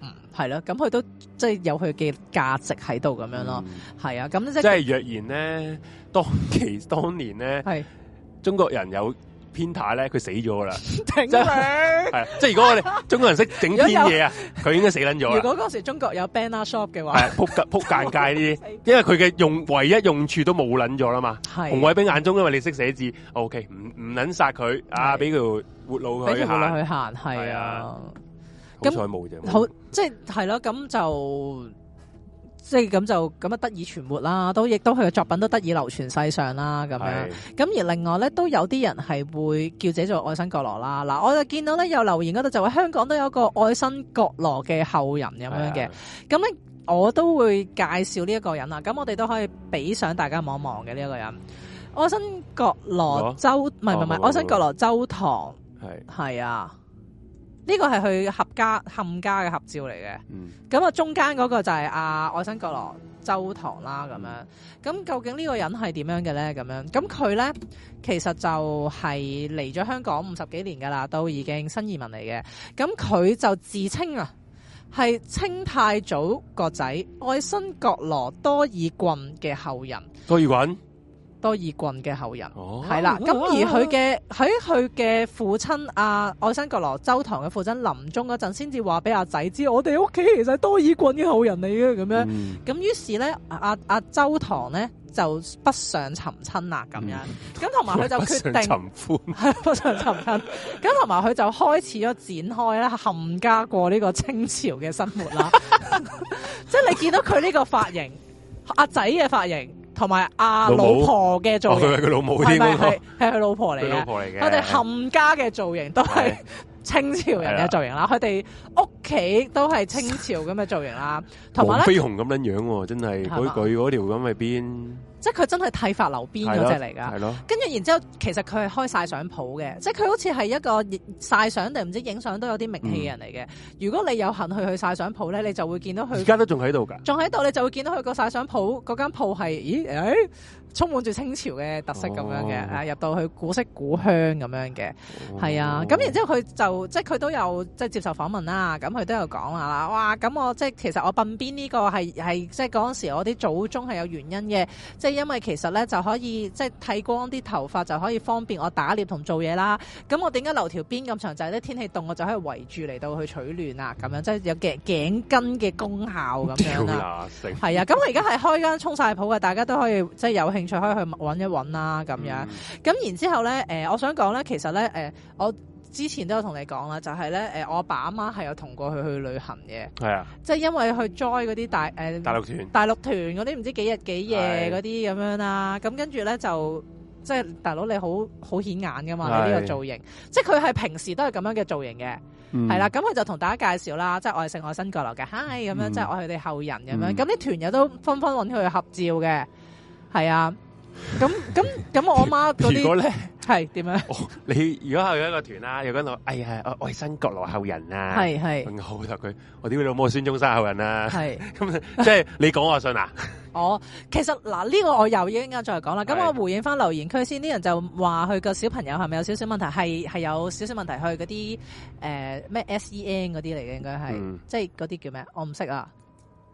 嗯係咯，咁佢都即係有佢嘅價值喺度咁樣咯，係啊，咁即係若然咧，當其當年咧，係中國人有偏袒咧，佢死咗啦。停你，係即係如果我哋中國人識整偏嘢啊，佢應該死捻咗。如果嗰時中國有 banner shop 嘅話，撲街撲街街呢啲，因為佢嘅用唯一用處都冇捻咗啦嘛。係紅衛兵眼中，因為你識寫字，OK，唔唔捻殺佢啊，俾條活路佢，俾條路佢行，係啊。那好，好，即係咯，咁就即係咁就咁、是、啊，就得以存活啦，都亦都佢嘅作品都得以流傳世上啦，咁是、啊、樣。咁而另外咧，都有啲人係會叫自己做愛新覺羅啦。嗱，我就見到咧，有留言嗰度就話香港都有個愛新覺羅嘅後人咁樣嘅。咁咧是、啊，我都會介紹呢一個人啦。咁我哋都可以俾上大家望一望嘅呢一個人。愛新覺羅周，唔係唔係，愛新覺羅周堂，係係啊。呢個係佢合家冚家嘅合照嚟嘅，咁啊中間嗰個就係阿、啊、愛新覺羅周堂啦咁樣，咁、嗯、究竟呢個人係點樣嘅咧？咁樣，咁佢咧其實就係嚟咗香港五十幾年㗎喇，都已經新移民嚟嘅，咁佢就自稱啊係清太祖個仔愛新覺羅多爾袞嘅後人。多爾袞。多爾袞嘅後人，係啦、哦，咁而佢嘅喺佢嘅父親阿、啊、愛新覺羅周堂嘅父親臨終嗰陣，先至話俾阿仔知，我哋屋企其實多爾袞嘅後人嚟嘅，咁樣、嗯，咁於是咧，阿、啊、阿、啊、周堂咧就不想尋親啦，咁樣，咁同埋佢就決定，尋歡，不想尋親，咁同埋佢就開始咗展開咧，冚家過呢個清朝嘅生活啦，即係 你見到佢呢個髮型，阿、 啊、仔嘅髮型。同埋阿老婆嘅造型，佢老母、哦老母，那個，老婆嚟？佢老婆嚟嘅。佢哋冚家嘅造型都係清朝人嘅造型啦，佢哋屋企都係清朝咁嘅造型啦。同埋咧，黃飛鴻咁撚樣，樣，真係佢佢嗰條咁喺邊？即係佢真係剃髮留辮嗰隻嚟㗎，跟住然之後，後其實佢係開晒相鋪嘅，即係佢好似係一個晒相定唔知影相都有啲名氣人嚟嘅。嗯、如果你有幸去去晒相鋪咧，你就會見到佢。而家都仲喺度㗎，仲喺度你就會見到佢個晒相鋪嗰間鋪係，咦誒、哎，充滿住清朝嘅特色咁樣嘅，哦、入到去古色古香咁樣嘅，係、哦、啊。咁然之後佢就即係佢都有即係接受訪問啦，咁佢都有講下啊，哇！咁我即係其實我辮邊呢個係係即係嗰陣時我啲祖宗係有原因嘅，即係。因為其實咧就可以即係剃光啲頭髮，就可以方便我打獵同做嘢啦。咁我點解留條邊咁長？就係、是、咧天氣凍，我就可以圍住嚟到去取暖啊。咁樣即係有頸頸巾嘅功效咁樣啦。係了啊，咁 我而家係開間沖晒鋪嘅，大家都可以即係有興趣可以去揾一揾啦、啊。咁樣咁、嗯、然之後咧，誒、呃，我想講咧，其實咧，誒、呃，我。之前都有同你講啦，就係咧誒，我阿爸阿媽係有同過佢去旅行嘅，係啊，即係因為去 join 嗰啲大誒、呃、大陸團、大陸團嗰啲唔知幾日幾夜嗰啲咁樣啦、啊，咁跟住咧就即係大佬你好好顯眼噶嘛，是你呢個造型，即係佢係平時都係咁樣嘅造型嘅，係啦、嗯，咁佢、啊、就同大家介紹啦，即係我係姓愛新覺羅嘅，嗨咁樣，嗯、即係我係佢哋後人咁樣，咁啲、嗯、團友都紛紛揾佢去合照嘅，係啊。咁咁咁，啊、我阿媽嗰啲係點樣？你如果係有一個團啦，又跟到哎呀，愛新覺羅後人啊，係係，好呀，佢我點會老母孫中山後人啊？係是，咁、嗯嗯、即係你講我信啊？哦，其實嗱，呢、這個我又已經有再講啦。咁我回應翻留言區先，啲人就話佢個小朋友係咪有少少問題？係係有少少問題，佢嗰啲誒咩 SEN 嗰啲嚟嘅，應該係、嗯、即係嗰啲叫咩？我唔識啊。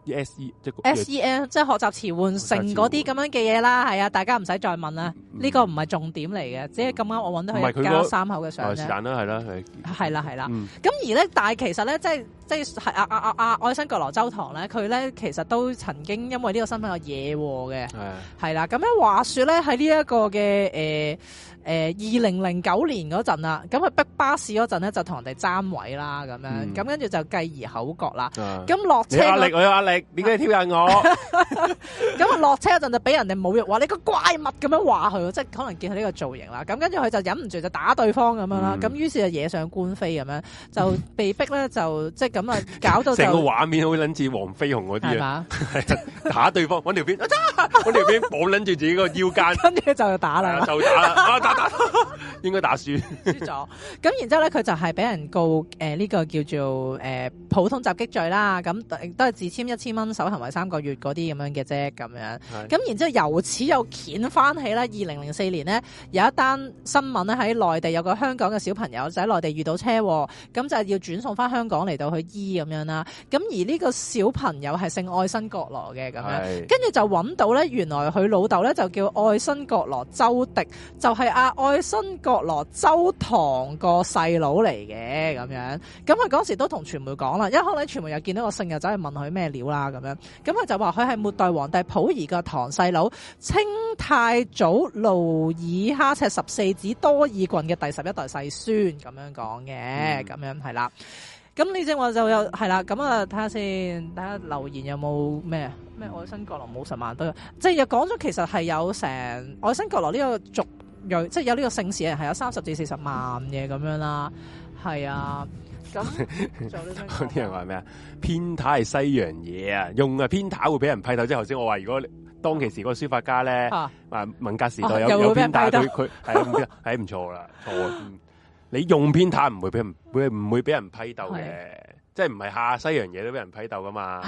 S, S E 即 S E L 即學習詞換成嗰啲咁樣嘅嘢啦，係啊，大家唔使再問啦，呢、嗯、個唔係重點嚟嘅，嗯、只係咁啱我搵到佢一家三口嘅相啫。時間啦，係啦，係係啦，係啦。咁、嗯、而咧，但係其實咧，即即係阿阿阿阿愛新覺羅州堂咧，佢咧其實都曾經因為呢個身份有惹禍嘅，係啦、嗯。咁樣的話說咧，喺呢一個嘅誒。呃誒二零零九年嗰陣啦，咁佢逼巴士嗰陣咧就同人哋爭位啦，咁樣，咁跟住就繼而口角啦。咁落、啊、車你有壓力，我有壓力，點解你挑釁我？咁啊落車嗰陣就俾人哋侮辱，話你個怪物咁樣話佢，即係可能見佢呢個造型啦。咁跟住佢就忍唔住就打對方咁樣啦。咁、嗯、於是就惹上官非咁樣，就被逼咧就即係咁啊，嗯、搞到成個畫面好撚似黃飛鴻嗰啲吧 打對方搵條片。啊我條 band 綁拎住自己個腰間，跟住就打啦， 就打啦、 啊，啊打打，打。應該打輸，輸了，輸咗。咁然之後咧，佢就係俾人告，誒、呃、呢、這個叫做誒、呃、普通襲擊罪啦。咁亦都係自簽一千蚊，守行為三個月嗰啲咁樣嘅啫。咁樣。咁是的 然之後，由此又掀翻起啦。二零零四年呢，有一單新聞咧，喺內地有個香港嘅小朋友就喺內地遇到車禍，咁就係要轉送翻香港嚟到去醫咁樣啦。咁而呢個小朋友係姓愛新覺羅嘅，咁樣。跟住是的 就揾到咧，原來佢老豆咧就叫愛新覺羅周迪，就係、是、阿、啊、愛新。覺羅周唐個細佬嚟嘅咁樣，咁佢嗰時都同傳媒講啦，一開呢傳媒又見到個姓，又走去問佢咩料啦咁樣，咁佢就話佢係末代皇帝溥儀個堂細佬，清太祖努爾哈赤十四子多爾袞嘅第十一代世孫咁樣講嘅，咁、嗯、樣係啦，咁呢只我就有係啦，咁啊睇下先，睇下留言有冇咩咩愛新覺羅冇十萬多，即係又講咗其實係有成愛新覺羅呢個族。即有即係有呢個姓氏係有三十至四十萬嘅咁樣啦，係啊。咁有啲 人話咩啊？偏袒係西洋嘢啊，用啊偏袒會俾人批鬥。即係頭先我話如果當其時個書法家咧，啊，文革時代有有偏袒佢佢係唔係唔錯啦。錯，啊，錯 你用偏袒唔會俾人會唔會俾人批鬥嘅？即係唔係下西洋嘢都俾人批鬥噶嘛？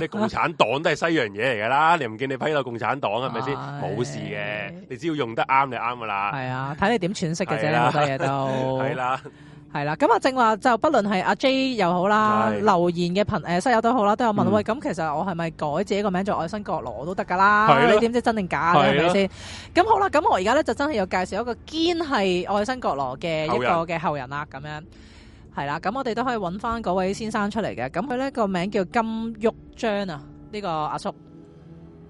你共產黨都係西洋嘢嚟噶啦，你唔見你批鬥共產黨係咪先？冇事嘅，你只要用得啱就啱噶啦。係啊，睇你點詮釋嘅啫，我哋就係啦，係啦。咁啊，正話就不論係阿 J 又好啦，留言嘅朋誒，室友都好啦，都有問喂，咁其實我係咪改自己個名做愛新覺羅都得噶啦？你點知真定假？係咪先？咁好啦，咁我而家咧就真係有介紹一個堅係愛新覺羅嘅一個嘅後人啦，咁樣。係啦，咁我哋都可以揾翻嗰位先生出嚟嘅。咁佢咧個名叫金玉章啊，呢個阿叔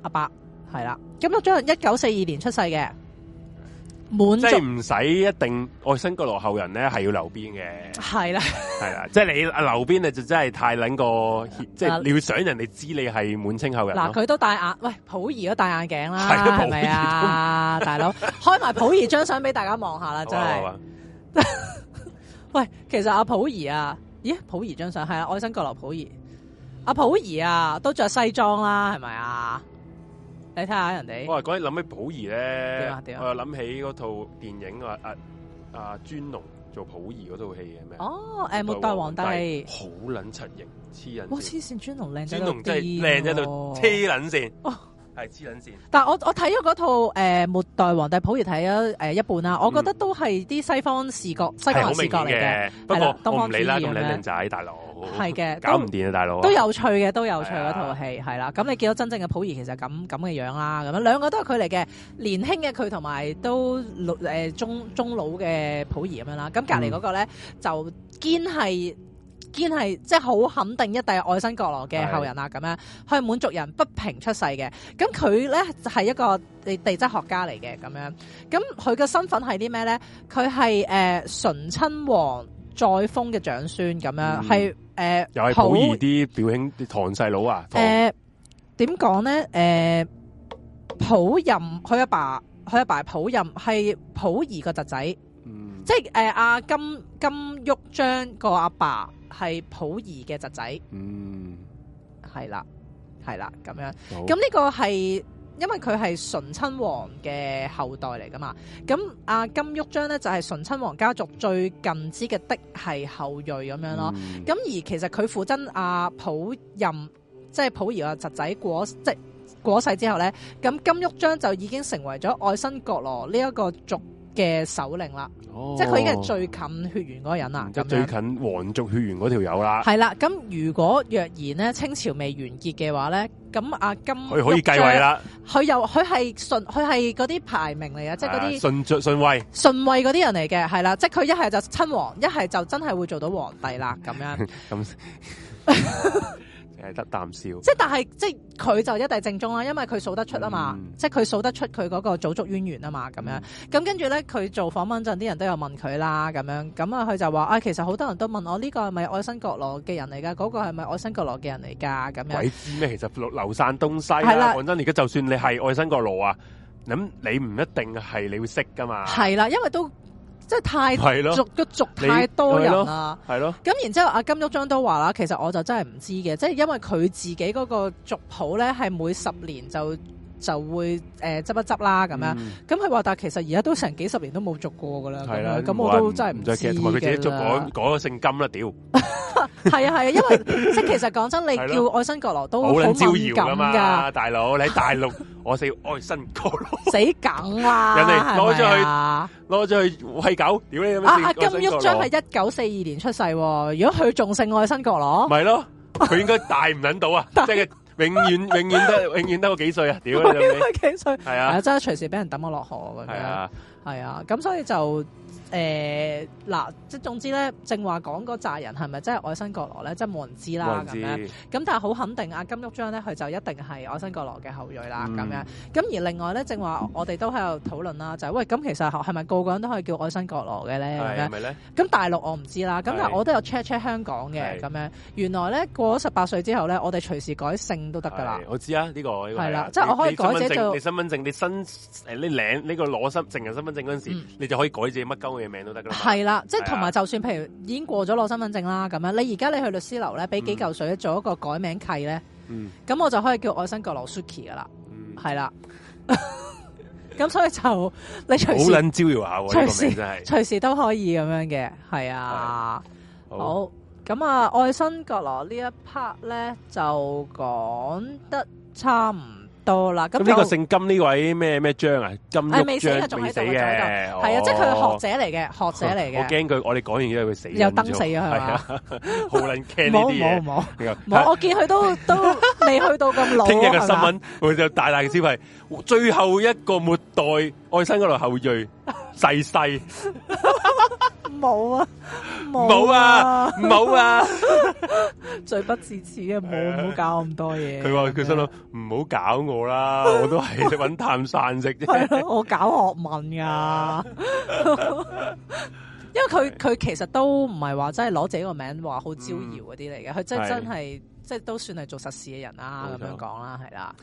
阿伯係啦。金玉章一九四二年出世嘅，滿，即係唔使一定愛新覺羅後人咧係要留邊嘅。係啦，係啦，即係你留邊你就真係太捻個，即係你要想人哋知你係滿清後人。嗱，佢都戴眼，喂溥儀都戴眼鏡啦，係咪啊，大佬 開埋溥儀張相俾大家望下啦，真係。 喂，其實阿溥儀啊，咦，溥儀張相係愛新覺羅溥儀，阿溥儀啊，啊都着西裝啦，係咪啊？你睇下人哋，我話講起諗起溥儀咧，我又諗起嗰套電影啊，阿阿尊龍做溥儀嗰套戲係咩？哦，誒、哎，末代皇帝，好撚柒型，黐人，哇、哦，黐線，尊龍靚仔。度，尊龍真係靚仔度，黐撚線。係黐撚線，但係我我睇咗嗰套誒《末代皇帝》溥儀睇咗誒一半啦，我覺得都係啲西方視角、嗯、西方視角嚟嘅，的的不過東方主義咁靚仔，大佬係嘅，搞唔掂啊，大佬都有趣嘅，都有趣，嗰套戲係啦。咁你見到真正嘅溥儀其實咁咁嘅樣啦，咁樣兩個都係佢嚟嘅，年輕嘅佢同埋都老、呃、中中老嘅溥儀咁樣啦。咁隔離嗰個咧就堅係。堅係即係好肯定一定係愛新覺羅嘅後人啊，咁是的 樣，佢係滿族人不平出世嘅，咁佢咧係一個地地質學家嚟嘅，咁樣，咁佢嘅身份係啲咩咧？佢係誒醇親王載灃嘅長孫，咁樣係誒又係溥儀啲表兄啲堂細佬啊？誒、嗯，點講咧？誒普、呃呃，溥任佢阿爸，爸，佢阿爸，爸溥任係溥儀個侄仔，嗯、即係誒、呃、阿金。金玉章個阿爸係溥儀嘅侄仔，嗯，係啦，係啦，咁樣。咁呢好個係因為佢係純親王嘅後代嚟噶嘛？咁阿、啊、金玉章呢，就係純親王家族最近支嘅嫡系後裔咁樣咯。咁、嗯、而其實佢父親阿溥任，就是、的即係溥儀個侄仔，過即係過世之後呢，咁金玉章就已經成為咗愛新覺羅呢一個族嘅首領啦，即係佢已經係最近血緣嗰個人啦，就最近皇族血緣嗰條友啦。係啦，咁如果若然咧清朝未完結嘅話咧，咁阿、啊、金，佢可以繼位啦。佢又佢係順，佢係嗰啲排名嚟啊，即係嗰啲順爵順位，順位嗰啲人嚟嘅。係啦，即係佢一係就親王，一係就真係會做到皇帝啦，咁樣。 係得啖笑，即係但係，即係佢就一定正宗啦，因為佢數得出啊嘛，嗯、即係佢數得出佢嗰個祖族淵源啊嘛，咁樣，咁跟住咧，佢做訪問陣，啲人都有問佢啦，咁樣，咁啊，佢就話啊、哎，其實好多人都問我呢、呢個係咪愛新覺羅嘅人嚟噶，嗰、嗰個係咪愛新覺羅嘅人嚟噶，咁樣。鬼知咩？其實流流散東西啦、啊，講真的，而家就算你係愛新覺羅啊，咁你唔一定係你會識噶嘛。係啦，因為都。即係太族個族太多人啦，係咯。咁然之後，阿金玉章都話啦，其實我就真係唔知嘅，即係因為佢自己嗰個族譜咧，係每十年就就會誒執一執啦咁樣，咁佢話，但係其實而家都成幾十年都冇續過噶啦，咁我都真係唔知嘅。同埋佢自己仲講講姓金啦，屌，係啊係啊，因為即係其實講真，你叫愛新覺羅都好撚招搖噶嘛，大佬你喺大陸，我姓愛新覺羅，死梗啊！人哋攞咗去攞咗去餵狗屌你啊！金毓嶂係一九四二年出世，如果佢仲姓愛新覺羅，咪咯，佢應該大唔撚到啊！即係。 永遠永遠得永遠得我幾歲啊！屌， 我幾歲？係啊，真係隨時俾人抌我落河咁樣。係啊，咁所以就誒嗱、欸，即係總之咧，正話講個扎人係咪真係愛新覺羅咧，真係冇人知啦咁樣。咁但係好肯定，阿金玉章咧佢就一定係愛新覺羅嘅後裔啦咁、嗯、樣。咁而另外咧，正話我哋都喺度討論啦，就係、喂，咁其實係咪個個人都可以叫愛新覺羅嘅咧？係咪咧？咁大陸我唔知啦。咁的但係我都有 check check 香港嘅咁的樣。原來咧過咗十八歲之後咧，我哋隨時改姓都得㗎啦。我知啊，呢、呢個呢、呢個係啦，的的即係我可以改者就你身份證，你新誒你，你領呢、這個攞身成人身份。陣時，嗯、你就可以改隻乜鳩嘅名都得噶啦係啦了，即係同埋，就算譬如已經過咗攞身份證啦，咁樣你而家你去律師樓咧，俾幾嚿水做一個改名契咧，咁、嗯、我就可以叫愛新覺羅 Suki 噶啦係啦。咁所以就你隨時好捻招搖下、啊，隨、這個、時隨時都可以咁樣嘅，係啊，啊。好，咁啊，愛新覺羅呢一 part 咧就講得差唔。多啦，咁呢個姓金呢位咩咩章啊，金玉章未死嘅，仲未死嘅，係啊，即係佢係學者嚟嘅，學者嚟嘅。我驚佢，我哋講完之後佢死又登死啊，係嘛？好撚 care 呢啲嘢，冇冇冇，冇我見佢都都未去到咁老。聽日嘅新聞會有大大嘅消息，最後一個末代愛新覺羅後裔逝世。冇啊，冇啊，冇啊！罪不至此啊，冇冇搞咁多嘢。佢話佢心諗，唔好搞我啦，我都係搵探山食啫。我搞學問㗎，因為佢佢其實都唔係話真係攞自己個名話好招搖嗰啲嚟嘅，佢即係真係即係都算係做實事嘅人啦。咁樣講啦，係啦。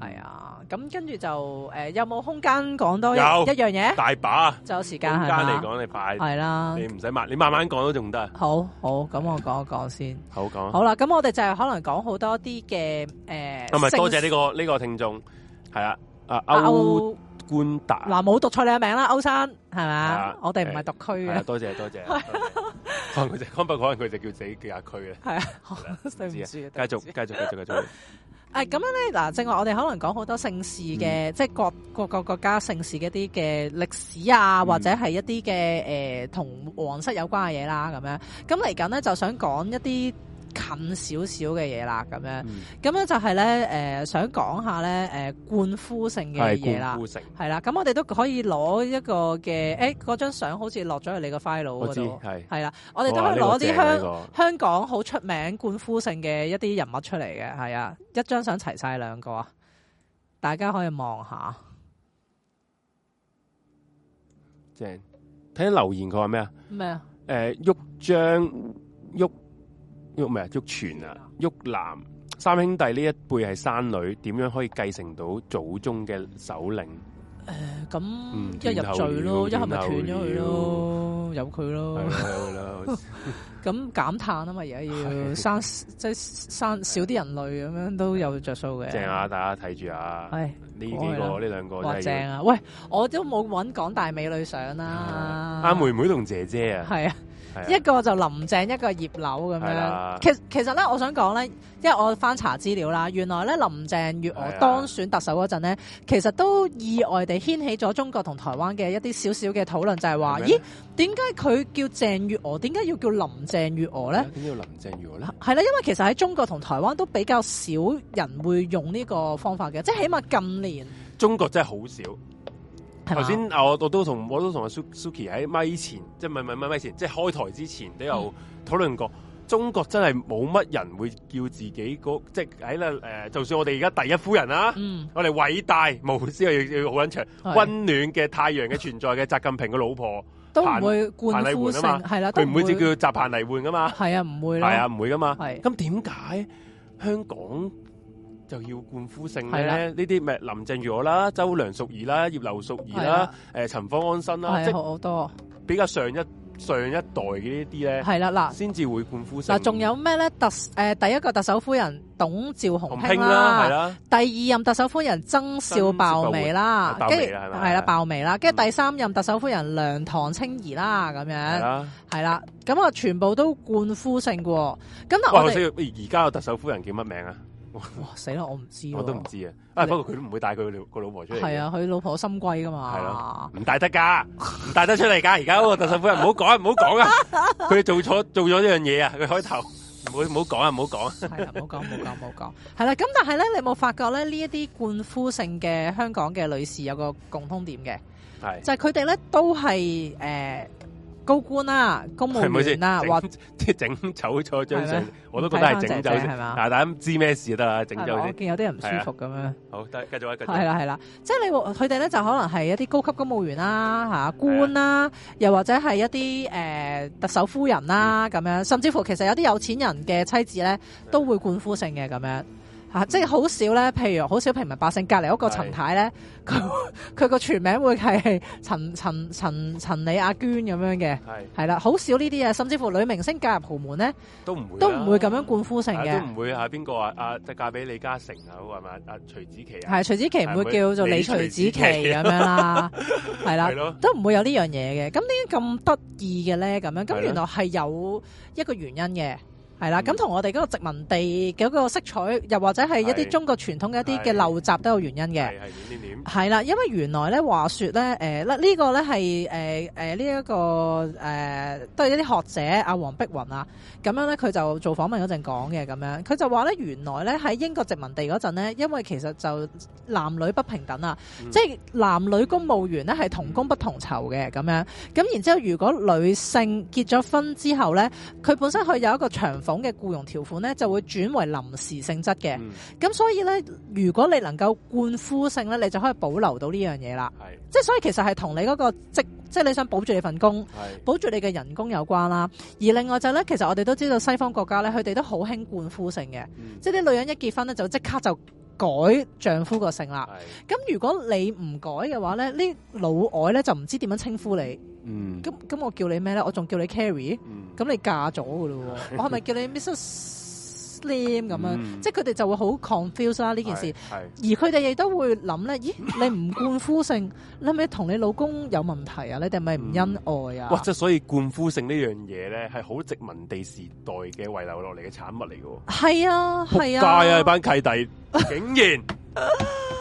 係啊，咁跟住就，誒，有冇空間講多一一樣嘢？大把，就有時間係啦。你講你快，係啦，你唔使慢，你慢慢講都仲得。好好，咁我講一講先。好講。好啦，咁我哋就係可能講好多啲嘅，誒。啊唔係，多謝呢個呢個聽眾，係啊，阿歐官達，嗱冇讀錯你嘅名啦，歐生係嘛？我哋唔係讀區嘅，多謝多謝。可能佢就可能佢就叫自己叫下區嘅。係啊，好，對唔住，繼續繼續繼續繼續。咁樣咧，嗱、啊，正話我哋可能講好多姓氏嘅，嗯、即係各，各各個國家姓氏一啲嘅歷史啊，嗯、或者係一啲嘅同皇室有關嘅嘢啦，咁樣，咁嚟緊咧就想講一啲。近少少嘅嘢啦，咁樣咁、嗯、樣就係、是、咧，誒、呃、想講下咧，誒冠夫姓嘅嘢啦，係啦，咁我哋都可以攞一個嘅，誒嗰張相好似落咗去你個 file 嗰度，係係啦，我哋都可以攞啲香香港好出名的冠夫姓嘅一啲人物出嚟嘅，係啊，一張相齊晒兩個，大家可以望下，正睇留言佢話咩啊？咩啊麼？誒、呃，郁章郁。玉喐唔係喐泉啊，喐男。三兄弟呢一輩係山女，點樣可以繼承到祖宗嘅首領？誒，咁一入贅咯，一係咪斷咗佢咯，由佢咯。係啦，咁減碳啊嘛，而家要生即係生少啲人類咁樣都有着數嘅。正啊，大家睇住啊，呢啲個呢兩個正啊。喂，我都冇揾港大美女相啦，阿妹妹同姐姐啊，係啊。是啊、一個就林鄭，一個葉劉。咁樣是、啊其。其其實咧，我想講咧，因為我翻查資料啦，原來咧林鄭月娥當選特首嗰陣咧，是啊、其實都意外地掀起咗中國同台灣嘅一啲少少嘅討論，就係話，咦，點解佢叫鄭月娥？點解要叫林鄭月娥咧？點、啊、叫林鄭月娥咧？係啦、啊，因為其實喺中國同台灣都比較少人會用呢個方法嘅，即係起碼近年中國真係好少。頭先啊，我都同我都同阿 Suki 喺咪前，即係咪咪咪咪前，即係開台之前都有討論過。嗯、中國真係冇乜人會叫自己、嗰個、即係喺咧誒，就算我哋而家第一夫人啦、啊，嗯、我哋偉大無私啊，要好温長温暖嘅太陽嘅存在嘅習近平嘅老婆，都唔會冠夫姓，係啦，佢唔會只叫習彭麗媛噶嘛，係啊，唔會啦，啊，唔會噶嘛，係。咁點解香港？就要冠夫姓咧，呢啲咪林鄭月娥啦、周梁淑怡啦、葉劉淑儀啦、誒陳方安生啦，即係好多比較上一上一代嘅呢啲咧，係啦，嗱，先至會冠夫姓嗱，仲有咩咧？特誒第一個特首夫人董趙洪卿啦，第二任特首夫人曾少爆眉啦，跟係啦爆眉啦，跟住第三任特首夫人梁唐青儀啦咁樣，係啦，咁啊全部都冠夫姓喎，咁我我哋而家嘅特首夫人叫乜名啊？哇死啦！我唔知，我都唔知啊。知啊，你啊，不過佢都唔會帶佢個老婆出嚟。係啊，佢老婆心貴噶嘛，啊。係咯，唔帶得噶，唔帶得出嚟噶。而家個特首夫人，唔好講，唔好講啊。佢做錯做咗一樣嘢啊！佢 開頭唔好唔好講啊，唔好講。係啦，啊，唔好講，唔好講，唔好講。係啦，咁但係咧，你冇發覺咧？呢一啲冠夫姓嘅香港嘅女士有個共通點嘅，係是、啊、就係佢哋咧都係誒。呃高官啦、啊，公務員啦、啊，話即係整醜咗張相嗎，我都覺得係整咗先。係嘛？大家知咩事就得啦。整咗。我見有啲人唔舒服咁樣的、嗯。好，繼續啊，繼續。係啦，係啦，即係你佢哋咧就可能係一啲高級公務員啦、啊啊，官啦、啊，的又或者係一啲誒、呃、特首夫人啦、啊、咁樣，甚至乎其實有啲有錢人嘅妻子咧的都會冠夫姓嘅咁樣。吓、即係好少咧，譬如好少平民百姓隔離一個陳太咧，佢佢個全名會係陳陳陳陳李阿娟咁樣嘅，係啦是的，好少呢啲啊，甚至乎女明星嫁入豪門咧、啊，都唔會都唔會咁樣冠夫姓嘅，都唔會啊！邊個啊？啊，嫁俾李嘉誠啊？好係咪啊？啊，徐子淇啊，係徐子淇唔會叫做李徐子淇咁 樣啦，係啦，是的 都唔會有呢樣嘢嘅。咁點解咁得意嘅咧？咁樣咁原來係有一個原因嘅。係啦，咁同我哋嗰個殖民地嘅嗰個色彩，又或者係一啲中國傳統嘅一啲嘅陋習都有原因嘅。係啦，因為原來咧話說咧，誒、呃，嗱、這、呢個咧係誒呢一個誒都係一啲學者阿黃碧雲啊，咁樣咧佢就做訪問嗰陣講嘅咁樣，佢就話咧原來咧喺英國殖民地嗰陣咧，因為其實就男女不平等啊，嗯、即係男女公務員咧係同工不同酬嘅咁樣，咁然之後如果女性結咗婚之後咧，佢本身佢有一個長房。講嘅僱傭條款咧就會轉為臨時性質嘅，咁、嗯、所以咧如果你能夠冠夫姓咧，你就可以保留到呢樣嘢啦。係，即係所以其實係同你嗰、那個職，即係你想保住你的份工，是的 保住你嘅人工有關啦。而另外就咧、是，其實我哋都知道西方國家咧，佢哋都好興冠夫姓嘅，嗯、即係啲女人一結婚咧就即刻就改丈夫個姓啦。咁是的 如果你唔改嘅話咧，呢老外咧就唔知點樣稱呼你。嗯，咁咁我叫你咩咧？我仲叫你 Carrie，咁、嗯、你嫁咗噶咯？我係咪叫你 Missus 嗯、Slim 咁樣即係佢哋就會好 confused 啦呢件事，而佢哋亦都會諗咧：咦，你唔冠夫姓，你係咪同你老公有問題啊？你哋係咪唔恩愛啊？哇、嗯！即係所以冠夫姓呢樣嘢咧，係好殖民地時代嘅遺留落嚟嘅產物嚟嘅，係啊，係啊，仆街啊！班契弟竟然。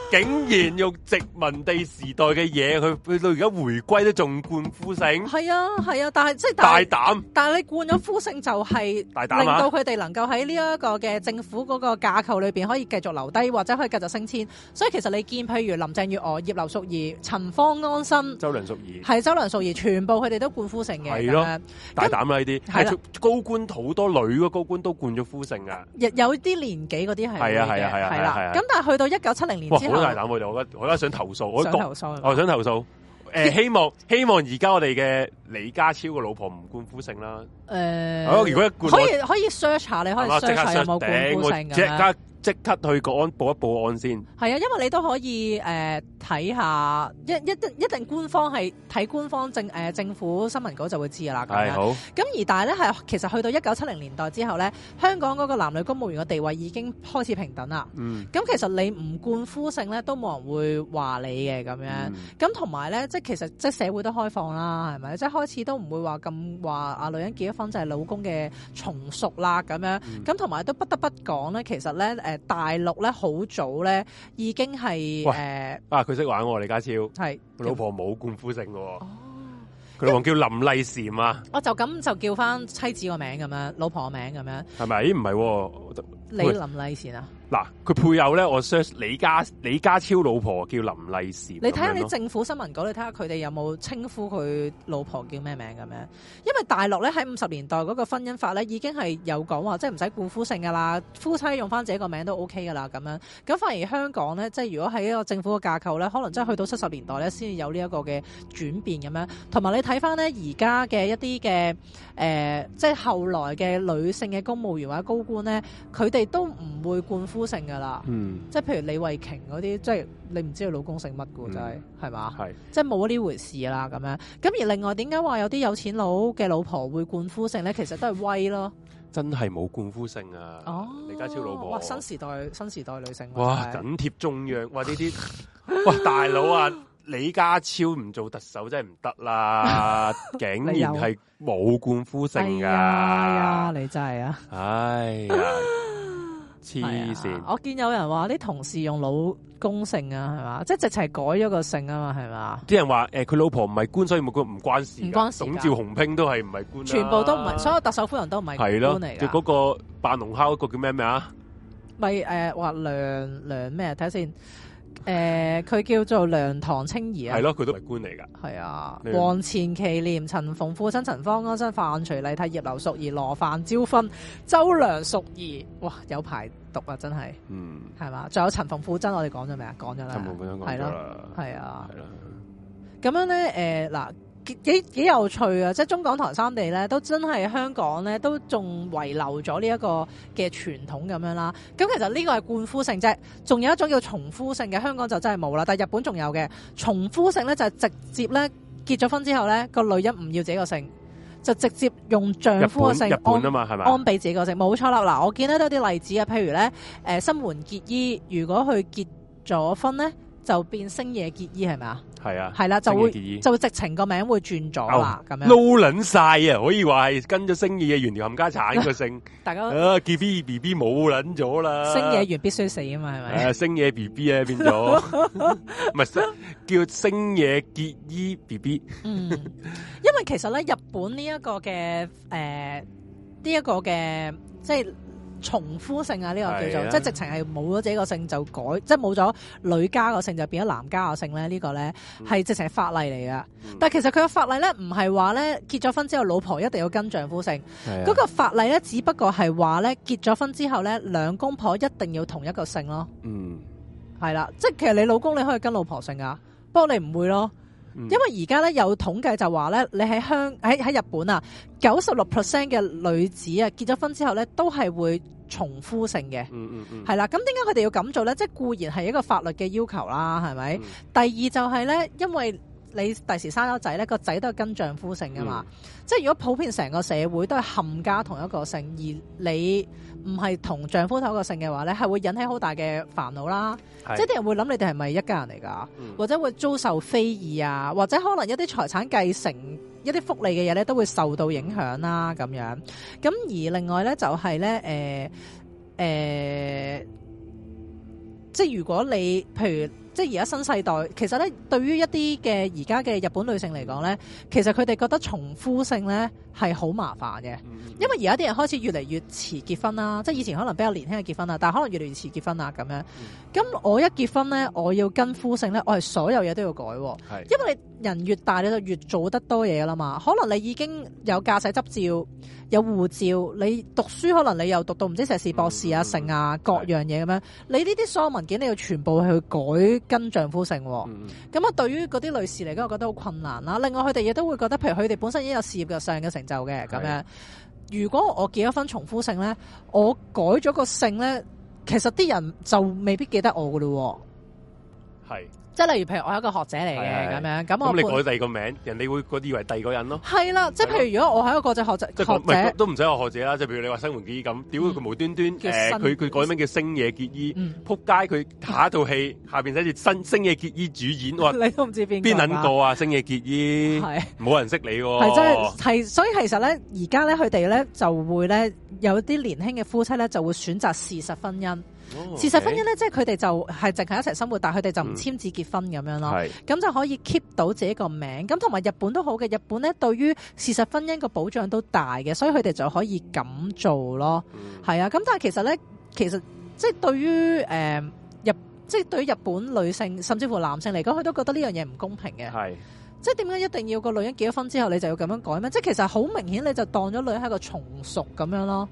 竟然用殖民地時代嘅嘢，去去到而家回歸都仲冠夫姓。係啊，係啊，但係即係大膽。但係你冠咗夫姓就係令到佢哋能夠喺呢一個嘅政府嗰個架構裏邊可以繼續留低，或者可以繼續升遷。所以其實你見譬如林鄭月娥、葉劉淑儀、陳方安生、周梁淑儀，係周梁淑儀，全部佢哋都冠夫姓嘅。係咯，大膽啦呢啲，係高官好多女嘅高官都冠咗夫姓噶。有啲年紀嗰啲係係啊係啊係啊係啦。咁但係去到一九七零年哇，好大膽佢哋，我而家我，我想投訴，我想投訴，我想投訴，誒，希望希望而家我哋嘅李家超嘅老婆唔冠夫姓啦。誒、嗯，如果一可以可以 search 下，你可以 search 下，下有冇冠夫姓㗎？即刻即刻去公安報一報案先。係啊，因為你都可以誒睇下一一一定官方係睇官方政誒、呃、政府新聞稿就會知噶啦。是樣好。咁而但係咧，係其實去到一九七零年代之後咧，香港嗰個男女公務員嘅地位已經開始平等啦。嗯。咁其實你唔冠夫姓咧，都冇人會話你嘅咁樣。咁同埋咧，即係其實即係社會都開放啦，係咪？即係開始都唔會話咁話啊，女人結，就係老公嘅從屬啦，咁樣，咁同埋都不得不講咧，其實咧，誒、呃、大陸咧好早咧已經係誒喂啊，佢識玩喎、啊、李家超，係是老婆冇冠夫姓嘅喎，佢、啊、老婆叫林麗嬋啊，我就咁就叫翻妻子個名咁樣，老婆個名咁樣，係咪？咦，唔係、啊，你林麗嬋啊？嗱，佢配偶咧，我 search 李家李家超老婆叫林麗善，你睇下你政府新聞稿，你睇下佢哋有冇稱呼佢老婆叫咩名咁樣？因為大陸咧喺五十年代嗰個婚姻法咧已經係有講話，即係唔使冠夫姓噶啦，夫妻用翻自己個名都 OK 噶啦咁樣。咁反而香港咧，即係如果喺一個政府嘅架構咧，可能真係去到七十年代咧先至有，有呢一個嘅轉變，咁、呃、樣。同埋你睇翻咧而家嘅一啲嘅誒即係後來嘅女性嘅公務員或者高官咧，佢哋都唔會冠夫。姓噶啦，嗯、即係譬如李慧瓊嗰啲，即係你唔知佢老公姓乜嘅，真係係嘛，嗯、是吧即係冇呢回事啦咁樣。咁而另外，點解話有啲有錢佬嘅老婆會冠夫姓咧？其實都係威咯，真係冇冠夫姓啊！哦、李家超老婆，哇！新時代新時代女性、啊，哇！緊貼中央，哇！呢啲 哇！大佬啊，李家超唔做特首真係唔得啦， 有竟然係冇冠夫姓噶、哎啊，你真係啊！唉、哎呀！ 黐線、啊！我見有人話啲同事用老公姓啊，係嘛？即係直情改咗個姓啊嘛，係嘛？啲人話誒，佢、呃、老婆唔係官，所以冇唔關，關事。唔關事。董趙洪娉都係唔係官、啊？全部都唔係，所有特首夫人都唔係官嚟。嘅嗰個扮龍蝦嗰個叫咩名啊？咪誒話梁梁咩？睇、呃、先。誒，佢、呃、叫做梁唐青儀啊，係咯的，佢都係官嚟噶。係啊，黃錢其濂、陳馮富珍、陳方安生、范徐麗泰、葉劉淑儀、羅范椒芬、周梁淑儀，哇，有排讀啊，真係，嗯，係嘛，仲有陳馮富珍，我哋講咗未啊？講咗、啊啊呃、啦，陳馮富珍講咗啦，係啊，係啦，咁樣咧，誒，嗱。幾幾有趣啊！即係中港台三地咧，都真係香港咧，都仲遺留咗呢一個嘅傳統咁樣啦。咁其實呢個係冠夫姓，啫，仲有一種叫重夫姓嘅，香港就真係冇啦。但係日本仲有嘅重夫姓咧，就係直接咧，結咗婚之後咧，個女人唔要自己個姓，就直接用丈夫個姓安啊嘛係安俾自己個姓。冇錯啦。嗱，我見得多啲例子啊，譬如咧，誒、呃，新垣結衣如果佢結咗婚咧。就變星野結衣係咪啊？係啊，係啦，就會就直情個名會轉咗啦，咁、哦、樣撈撚晒啊！可以話係跟咗星野源條冚家鏟個姓， 大家啊，結衣 B B 冇撚咗啦！星野源必須死啊嘛，係咪？誒，星野 B B 啊變咗，唔係，叫星野結衣 B B。因為其實咧，日本呢一個嘅誒呢一個嘅即係。從夫姓啊，呢、呢個叫做，啊、即直情係冇咗自己個姓就改，即冇咗女家個姓就變咗男家個姓呢、這個姓咧。呢個咧係直情係法例嚟噶。嗯、但其實佢個法例咧唔係話咧結咗婚之後老婆一定要跟丈夫姓，嗰、啊、個法例咧只不過係話咧結咗婚之後咧兩公婆一定要同一個姓咯。嗯，係啦，即其實你老公你可以跟老婆姓啊，不過你唔會咯。因為而家咧有統計就話咧，你喺香喺喺日本啊，九十六 percent 嘅女子啊結咗婚之後咧都係會從夫姓嘅。嗯，嗯嗯嗯，係啦，咁點解佢哋要咁做咧？即係固然係一個法律嘅要求啦，係咪？嗯、第二就係咧，因為。你第時生咗仔咧，個仔都係跟丈夫姓㗎嘛？嗯、即係如果普遍成個社會都係冚家同一個姓，而你唔係同丈夫同一個姓嘅話咧，係會引起好大嘅煩惱啦。是即係啲人會諗你哋係咪一家人嚟㗎？嗯、或者會遭受非議啊？或者可能一啲財產繼承、一啲福利嘅嘢咧，都會受到影響啦、啊。咁樣咁而另外咧，就係、是、咧，誒、呃、誒、呃，即係如果你譬如。即係而家新世代，其實咧對於一啲嘅而家嘅日本女性嚟講咧，其實佢哋覺得重夫姓咧係好麻煩嘅，因為而家啲人開始越嚟越遲結婚啦，即係以前可能比較年輕嘅結婚啦，但係可能越嚟越遲結婚啦咁樣。咁我一結婚咧，我要跟夫姓咧，我係所有嘢都要改，因為你人越大你就越做得多嘢啦嘛。可能你已經有駕駛執照。有護照，你讀書可能你又讀到唔知碩士、博士啊、姓啊、嗯嗯、各樣嘢咁樣，是你呢啲所有文件你要全部去改跟丈夫姓喎，咁啊、嗯、對於嗰啲女士嚟講，我覺得好困難啦。另外佢哋亦都會覺得，譬如佢哋本身已經有事業上嘅成就嘅咁是樣，如果我結咗婚重夫姓呢，我改咗個姓呢，其實啲人就未必記得我噶嘞喎。係。即係例如，譬如我係一個學者嚟嘅咁樣，咁我你改第二個名，人哋會得以為第二個人咯。係啦，即係譬如如果我係一個國際學者，即係都唔使話學者啦。即係譬如你話新垣結衣咁，屌佢無端端佢佢改名叫星野結衣？撲街！佢下一套戲下邊寫住新星野結衣主演，你都唔知邊邊捻啊。星野結衣冇人識你喎。係真係，係所以其實咧，而家咧佢哋咧就會咧有啲年輕嘅夫妻咧就會選擇事實婚姻。事實婚姻咧，即係佢哋就係淨係一齊生活，但係佢哋就唔簽字結婚咁樣咯。咁、嗯、就可以 keep 到自己個名。咁同埋日本都好嘅，日本咧對於事實婚姻個保障,都大嘅，所以佢哋就可以咁做咯。係、嗯、啊，咁但係其實咧，其實即係對於誒日，即係對、呃、對日本女性甚至乎男性嚟講，佢都覺得呢樣嘢唔公平嘅。係，即係點解一定要個女人結咗婚之後，你就要咁樣改咩？即係其實好明顯，你就當咗女人係個從屬咁樣咯。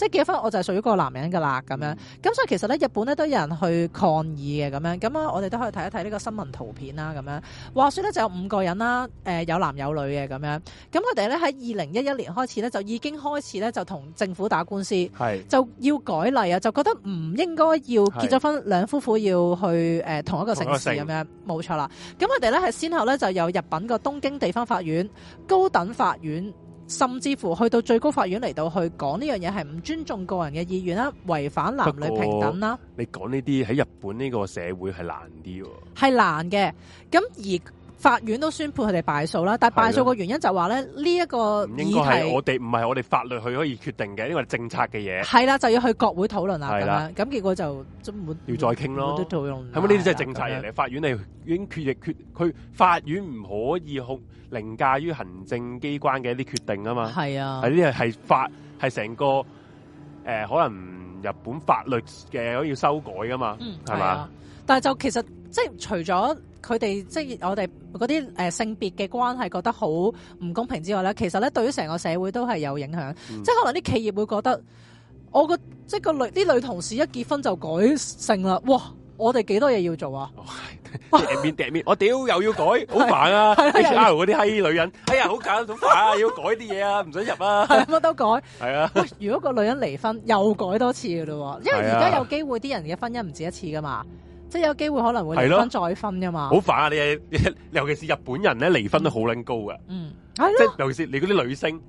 即係結婚，我就係屬於個男人㗎啦，咁、嗯、樣。咁所以其實咧，日本咧都有人去抗議嘅，咁樣。咁啊，我哋都可以睇一睇呢個新聞圖片啦，咁樣。話說咧，就有五個人啦，誒、呃、有男有女嘅，咁樣。咁佢哋咧喺二零一一年開始咧，就已經開始咧就同政府打官司，係是就要改例啊，就覺得唔應該要結咗婚是兩夫婦要去誒、呃、同一個城市咁樣，冇錯啦。咁佢哋咧係先後咧就有入禀個東京地方法院、高等法院。甚至乎去到最高法院嚟到去講呢樣嘢，係唔尊重個人嘅意願啦，違反男女平等啦。你講呢啲喺日本呢個社會係難啲，係難嘅。咁而。法院都宣判佢哋敗訴啦，但係敗訴個原因就話咧，呢一個應該係我哋唔係我哋法律去可以決定嘅，因為政策嘅嘢。係啦，就要去國會討論啦咁樣，咁結果就，要再傾咯。係咪呢啲就係政策嚟？法院你已經決議決，佢法院唔可以控凌駕於行政機關嘅一啲決定啊嘛。係啊，呢啲係法係成個誒可能日本法律嘅可以修改噶嘛，係嘛？但係就其實即係除咗。佢哋即係我哋嗰啲誒性別嘅關係，覺得好唔公平之外咧，其實咧對於成個社會都係有影響。嗯、即係可能啲企業會覺得，我個即係個女啲女同事一結婚就改姓啦，哇！我哋幾多嘢要做啊？掟面掟面，我屌又要改，好煩 啊！係啊 HR，啲嗰啲閪女人，哎呀，好搞，好煩 啊，要改啲嘢啊，唔想入啊，乜 都改。係啊， 喂，如果個女人離婚，又改多次噶喎，啊，因為而家有機會啲人嘅婚姻唔止一次噶嘛。即係有機會可能會離婚再再婚㗎嘛，好煩啊！你，你，你尤其是日本人咧離婚都好撚高噶，即係、嗯、尤其是你嗰啲女星，誒、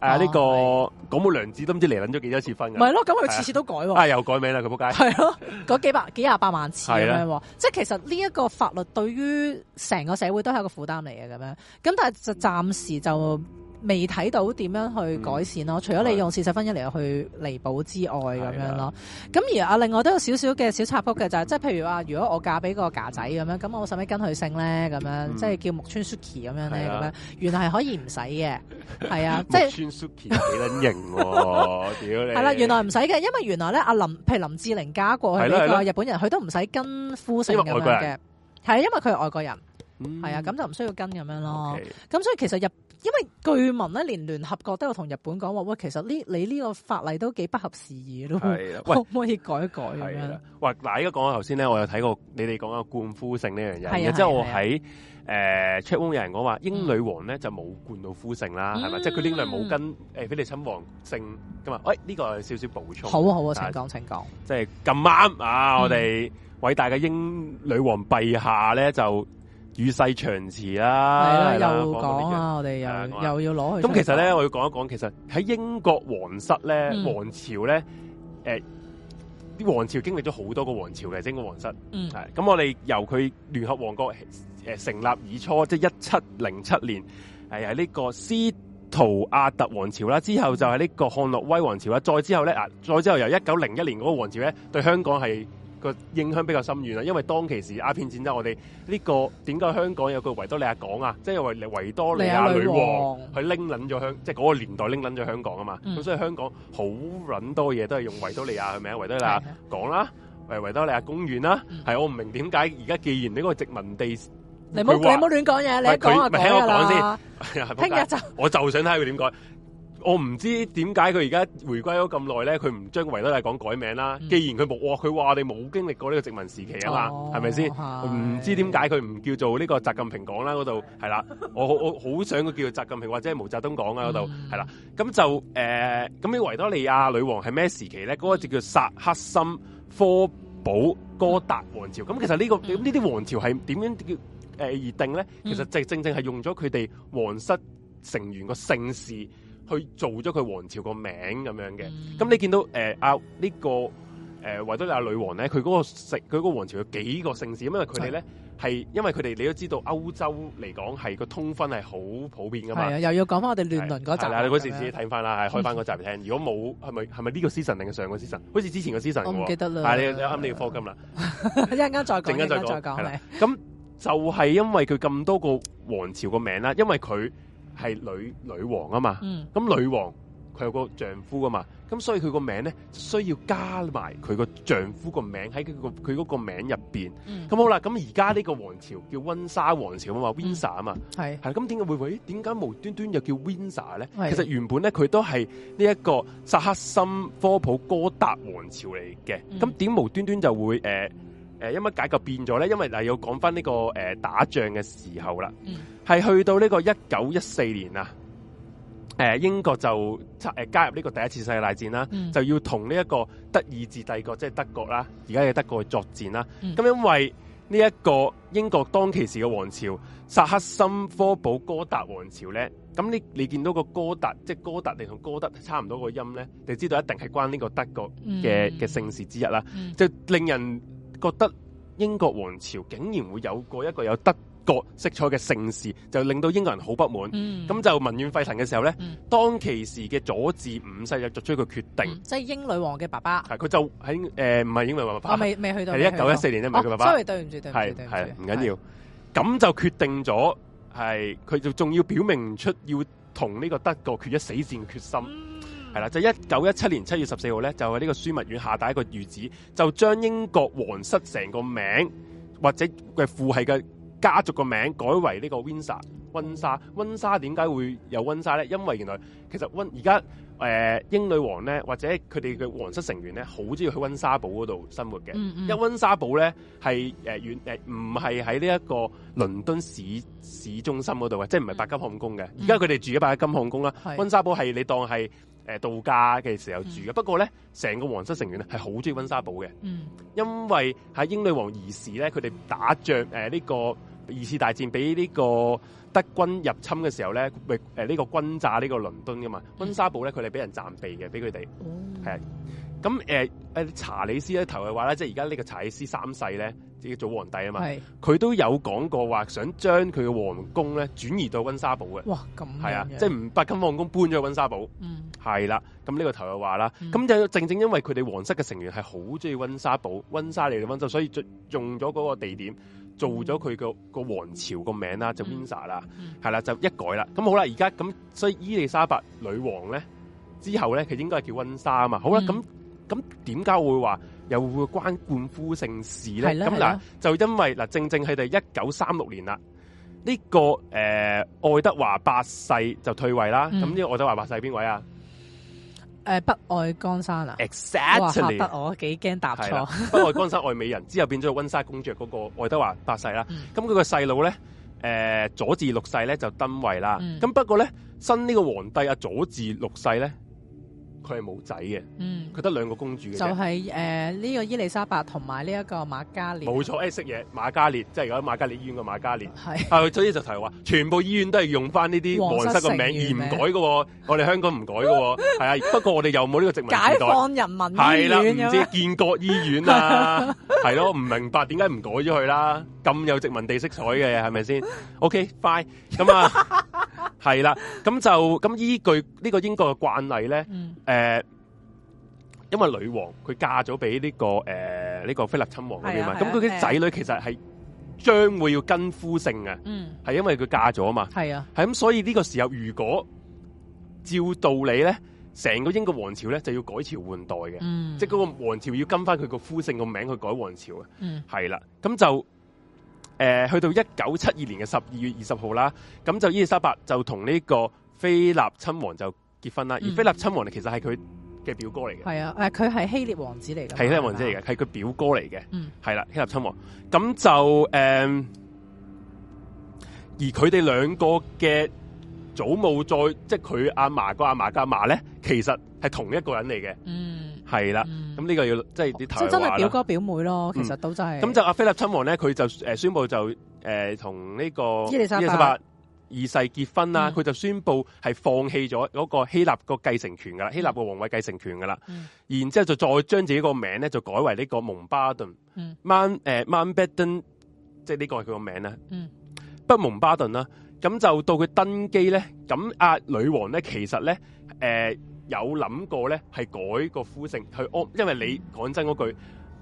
啊、呢、啊這個《港的母良子》都唔知離捻咗幾多次婚，唔係咯？咁佢次次都改啊，啊又改名啦，佢仆街，係咯，嗰幾百幾廿百萬次咁樣的，是的即係其實呢一個法律對於成個社會都係一個負擔嚟嘅咁樣，咁但係就暫時就。未睇到點樣去改善咯，除咗你用事實婚姻嚟去彌補之外，咁樣咯。咁而啊，另外都有少少嘅小插曲嘅就係，即係譬如話，如果我嫁俾個架仔咁樣，咁我使唔使跟佢姓咧？咁樣即係叫木村 Suki 咁樣咧？咁樣原來係可以唔使嘅，係啊，即係木村 Suki 幾撚型喎？屌你係啦，原來唔使嘅，因為原來咧阿林，譬如林志玲嫁過去呢個日本人，佢都唔使跟夫姓咁樣嘅，係啊，因為佢係外國人，係啊，咁就唔需要跟咁樣咯。咁所以其實日因為據聞咧，連聯合國都有同日本講話，喂，其實呢，你呢個法例都幾不合時宜都係啊，喂，可唔可以改一改咁樣？喂，嗱，而家講到頭先咧，我有睇過你哋講嘅冠夫姓呢樣嘢嘅，即係我喺誒 Check One 有人講話英女王咧、嗯、就冇冠到夫姓啦，係咪？嗯、即係佢呢個冇跟誒菲利親王姓咁嘛？喂、呢、這個有少少補充，好，好但說啊，好、嗯，啊，請講，請講，即係咁啱啊！我哋偉大嘅英女王陛下咧就。與世長辭啦、啊，係啦、啊，又講啊，我哋又、啊、又要攞去。咁其實咧，我要講一講，其實喺英國皇室咧，王、嗯、朝咧，啲、欸、王朝經歷咗好多個王朝嘅，整個皇室。咁、嗯、我哋由佢聯合王國成立以初，即係一七零七年，喺、欸、呢個斯圖亞特王朝啦，之後就喺呢個漢諾威王朝啦，再之後咧啊，再之後由一九零一年嗰個王朝咧，對香港係。個影響比較深遠啦，因為當其時鴉片戰爭我們，我哋呢個點解香港有個維多利亞港啊？即係維維多利亞女王佢拎捻咗香，即係嗰個年代拎捻咗香港啊嘛。咁、嗯、所以香港好捻多嘢都係用維多利亞，係咪啊？維多利亞港啦，維維是多利亞公園啦，係、嗯、我唔明點解而家既然呢個殖民地，你唔好說你唔好亂講嘢，不你講啊講啊啦，聽日就 我就想睇佢點講。我唔知點解佢而家回歸咗咁耐咧，佢唔將維多利亞港改名啦。既然佢冇，佢話我哋冇經歷過呢個殖民時期啊嘛，係咪先？唔吧是知點解佢唔叫做呢個習近平港啦？嗰度係啦，我我好想佢叫做習近平或者係毛澤東港啊，嗰度係啦。咁 就誒，咁、呃、你維多利亞女王係咩時期咧？嗰、那個就叫薩克森科堡哥達王朝。咁其實呢、這個呢啲王朝係點樣叫誒、呃、而定咧？其實就正正係用咗佢哋皇室成員個姓氏。去做咗佢王朝個名咁樣嘅，咁你見到誒阿呢個誒維多利亞女王咧，佢嗰個佢個王朝有幾個姓氏，因為佢哋咧係因為佢哋，你都知道歐洲嚟講係個通婚係好普遍噶嘛。係啊，又要講翻我哋亂倫嗰集。嗱，你嗰時自己睇翻啦，開翻個集嚟聽。如果冇係咪係咪呢個 season 定係上個 season？好似之前個 season 我記得啦。係你你啱啱要科金啦。一陣間再講，一陣間再講係啦。咁就係因為佢咁多個王朝個名啦，因為佢。係女女王啊嘛，咁、嗯嗯、女王佢有個丈夫啊嘛，咁、嗯、所以佢個名咧需要加埋佢個丈夫個名喺佢個佢個名入邊。咁、嗯嗯、好啦，咁而家呢個王朝叫溫莎王朝啊嘛，溫莎啊嘛，係係咁點解會喂？點解無端端又叫溫莎咧？是的 其實原本咧佢都係呢一個薩克森科普哥達王朝嚟嘅咁點、嗯嗯、無端端就會誒誒、呃呃，因乜解究變咗咧？因為嗱要講翻呢個誒、呃、打仗嘅時候啦。嗯係去到呢個一九一四年啊，誒、呃，英國就誒、呃、加入呢個第一次世界大戰啦，嗯、就要同呢一個德意志帝國，即、就、係、是、德國啦，而家嘅德國去作戰啦。咁、嗯、因為呢一個英國當其時嘅王朝薩克森科堡哥達王朝咧，咁你你見到個哥達，即係哥達定同哥德差唔多個音咧，你知道一定係關呢個德國嘅嘅、嗯、姓氏之一啦，嗯嗯、就令人覺得英國王朝竟然會有過一個有德。各色彩嘅盛事就令到英國人好不滿，咁、嗯、就民怨沸騰嘅時候咧，嗯、當其時嘅佐治五世又作出一個決定，嗯、即係英女王嘅爸爸，係佢就喺誒唔係英女王爸爸，我未未去到一九一四年啊，唔係佢爸爸、哦，所以對唔住對唔住，是係係唔緊要，咁就決定咗，係佢就仲要表明出要同呢個德國決一死戰嘅決心係啦、嗯。就一九一七年七月十四號咧，就係呢個樞密院下達一個御旨，就將英國皇室成個名或者嘅父系嘅家族個名改為呢個温莎、温莎，温莎點解會有温莎咧？因為原來其實温而家誒英女王咧，或者佢哋嘅皇室成員咧，好中意去温莎堡嗰度生活嘅。因為温莎堡咧係誒遠誒唔係喺呢一、呃呃呃、個倫敦市市中心嗰度嘅，即係唔係白金漢宮嘅。而家佢哋住喺白金漢宮啦。温莎是的 堡係你當係。誒度假嘅時候住嘅，不過咧，成個皇室成員咧係好中意温莎堡嘅，嗯、因為喺英女皇兒時咧，佢哋打仗，誒、呃、呢、這個二次大戰俾呢個德軍入侵嘅時候咧，呢、呃這個轟炸呢個倫敦㗎嘛，温莎、嗯、堡咧佢哋俾人暫避嘅，俾佢哋，啊、哦，咁誒、呃、查理斯呢頭嘅話咧，即係而家呢個查理斯三世咧。做皇帝啊嘛是，佢都有講過話想將佢嘅皇宮咧轉移到温莎堡嘅。哇，咁係啊，即係唔 Buckingham 搬咗去温莎堡。嗯，係啦、啊。咁呢個頭又話啦，咁、嗯、就正正因為佢哋皇室嘅成員係好中意温莎堡、温莎嚟嘅温莎，所以就用咗嗰個地點做咗佢個個皇朝個名啦，嗯、就溫莎啦，係啦、嗯啊，就一改啦。咁好啦，而家咁，所以伊利沙伯女王咧之後咧，佢應該係叫温莎啊嘛。好啦，咁咁點解會話？又會，唔會關冠夫姓事咧？咁嗱，就因為嗱，正正係哋一九三六年啦。呢、這個誒、呃，愛德華八世就退位啦。咁呢、嗯、個愛德華八世邊位啊？誒，不愛江山啊？Exactly 得我幾驚答錯。不愛江山愛美人之後，變咗温莎公爵嗰個愛德華八世啦。咁佢個細佬咧，誒、呃，佐治六世咧就登位啦。咁、嗯、不過咧，新呢個皇帝阿、啊、佐治六世咧。佢係冇仔嘅，他有的嗯，佢得兩個公主嘅就係、是、誒，呢、呃這個伊麗莎白同埋呢一個瑪嘉烈,烈，冇錯，識嘢。瑪嘉烈即係如果瑪嘉烈醫院嘅瑪嘉烈，係的啊，所以就提話，全部醫院都係用翻呢啲皇室嘅名室而唔改嘅，嗎我哋香港唔改嘅，係啊。 不過我哋又冇呢個殖民時代解放人民係啦，唔知建國醫院啊，係咯， 唔明白點解唔改咗佢啦？咁有殖民地色彩嘅係咪先？OK，Bye，咁啊。 係啦，咁、 啊、就咁依據呢個英國嘅慣例咧，誒、嗯呃，因為女王佢嫁咗俾呢個誒呢、呃這個菲臘親王嗰邊嘛，咁佢啲仔女其實係將會要跟夫姓嘅，係、嗯、因為佢嫁咗啊嘛，係是啊，係咁，所以呢個時候如果照道理咧，成個英國王朝咧就要改朝換代嘅，即係嗰個王朝要跟翻佢個夫姓個名去改王朝、嗯、是啊，係啦，咁就。誒、呃，去到一九七二年嘅十二月二十號啦，咁就伊麗莎白就同呢個菲臘親王就結婚啦。嗯、而菲臘親王其實係佢嘅表哥嚟嘅。係啊，誒、呃，佢係希臘王子嚟嘅。係希臘王子嚟嘅，係佢嗎表哥嚟嘅。嗯，係啦，希臘親王。咁就誒、呃，而佢哋兩個嘅祖母再即係佢阿嫲個阿嫲個阿嫲咧，其實係同一個人嚟嘅。嗯。係啦，咁呢、嗯、個要即係啲頭話即真係表哥表妹咯，其實都真係。咁、嗯、就阿菲立親王咧，佢就誒宣布就誒同呢個伊利沙伯二世結婚啦。佢、嗯、就宣布係放棄咗嗰個希臘個繼承權噶啦，嗯、希臘個王位繼承權噶啦。嗯、然之後就再將自己個名咧就改為呢個蒙巴頓，man 誒 manbeton，即係呢個係佢個名啦。嗯，不蒙巴頓啦。咁就到佢登基咧，咁阿女王咧，其實咧，誒、呃。有諗過咧，係改個夫姓去安，因為你講真嗰句，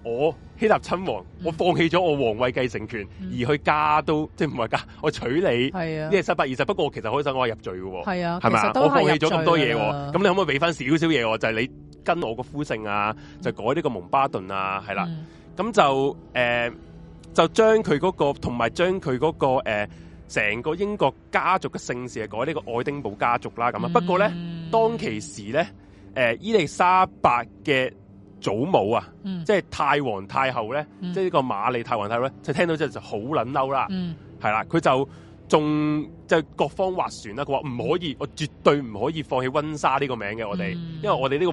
我希臘親王，我放棄咗我皇位繼承權，嗯、而去嫁都即係唔係嫁，我娶你，係啊，呢係失敗而實。不過我其實開心，我係入贅嘅喎，係啊、嗯，係吧我放棄咗咁多嘢，咁的你可唔可以俾翻少少嘢喎？就係、是、你跟我個夫姓啊，就改呢個蒙巴頓啊，係啦，咁、嗯、就誒、呃，就將佢嗰、那個同埋將佢嗰、那個、呃成個英國家族嘅姓氏係改呢個愛丁堡家族啦，咁啊、嗯。不過咧，當其時咧，誒、呃、伊利沙伯嘅祖母啊，嗯、即係太皇太后咧，嗯、即係呢個瑪麗太皇太后咧，就聽到之後就好撚嬲啦。係、嗯、啦，佢就仲就各方劃船啦。佢話唔可以，我絕對唔可以放棄温莎呢個名嘅我哋，嗯、因為我哋呢個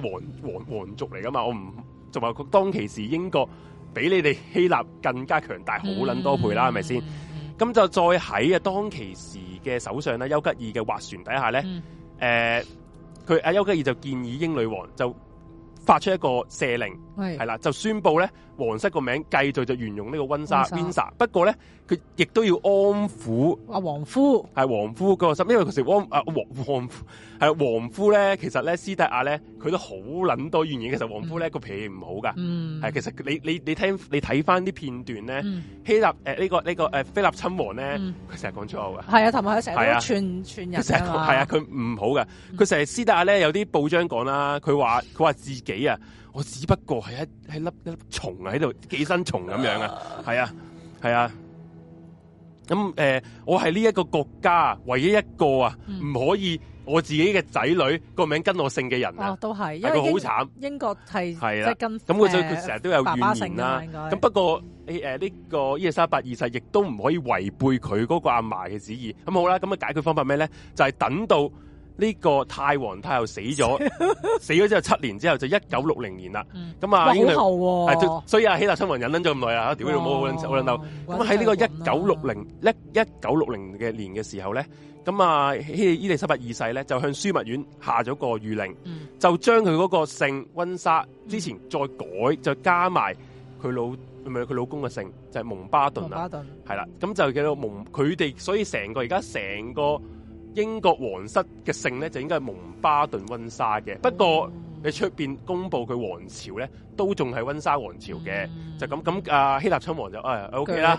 皇皇皇族嚟噶嘛。我唔就話佢當其時英國比你哋希臘更加強大好撚多倍啦，係咪先？咁就再喺啊，當其時嘅首相咧，丘吉爾嘅滑船底下咧，誒、嗯呃，佢阿丘吉爾就建議英女皇就發出一個赦令，係啦是的，就宣佈咧。皇室個名繼續就沿用呢個溫莎、啊，不過咧佢亦都要安撫阿、啊、王夫，係王夫個心，因為佢成日阿王王夫、啊、王夫咧，其實咧斯德亞咧佢都好捻多怨言，其實王夫咧個脾氣唔好噶，係、嗯、其實你你你聽你睇翻啲片段咧，嗯、希臘誒呢個呢、這個誒、呃、菲臘親王咧，佢成日講粗口噶，係啊，同埋佢成日串串人噶，係啊，佢唔好噶，佢成日斯德亞咧有啲報章講啦，佢話佢話自己啊。我只不過係一係粒一粒蟲啊，喺度寄生蟲咁樣啊，係啊係啊。咁誒、啊嗯嗯嗯呃，我係呢一個國家唯一一個啊，唔可以我自己嘅仔女個名跟我姓嘅人啊，哦、都係，佢好慘。英國係係啦，咁所以佢成日都有怨言啦、啊。咁不過誒誒呢個一係三百二世亦都唔可以違背佢嗰個阿嫲嘅旨意。咁、嗯、好啦，咁、嗰個、解決方法咩咧？就係、是、等到。呢個太皇太后死咗，死咗之後七年之後就一九六零年啦。咁啊，所以啊，希臘親王忍忍咗咁耐啊，屌你老母！我我諗咁喺呢個一九六零一一九六零嘅年嘅時候咧，咁啊，伊利、伊利沙伯二世咧就向樞密院下咗個御令，就將佢嗰個姓溫莎之前再改，就加埋佢老唔係佢老公嘅姓，就係蒙巴頓啦。巴頓係啦，咁就叫做蒙佢哋，所以成個而家成個。英國皇室嘅姓咧就應該係蒙巴頓溫莎嘅，不過你出邊公佈佢皇朝咧都仲係溫莎皇朝嘅，嗯、就咁咁啊希臘親王就啊 O K 啦，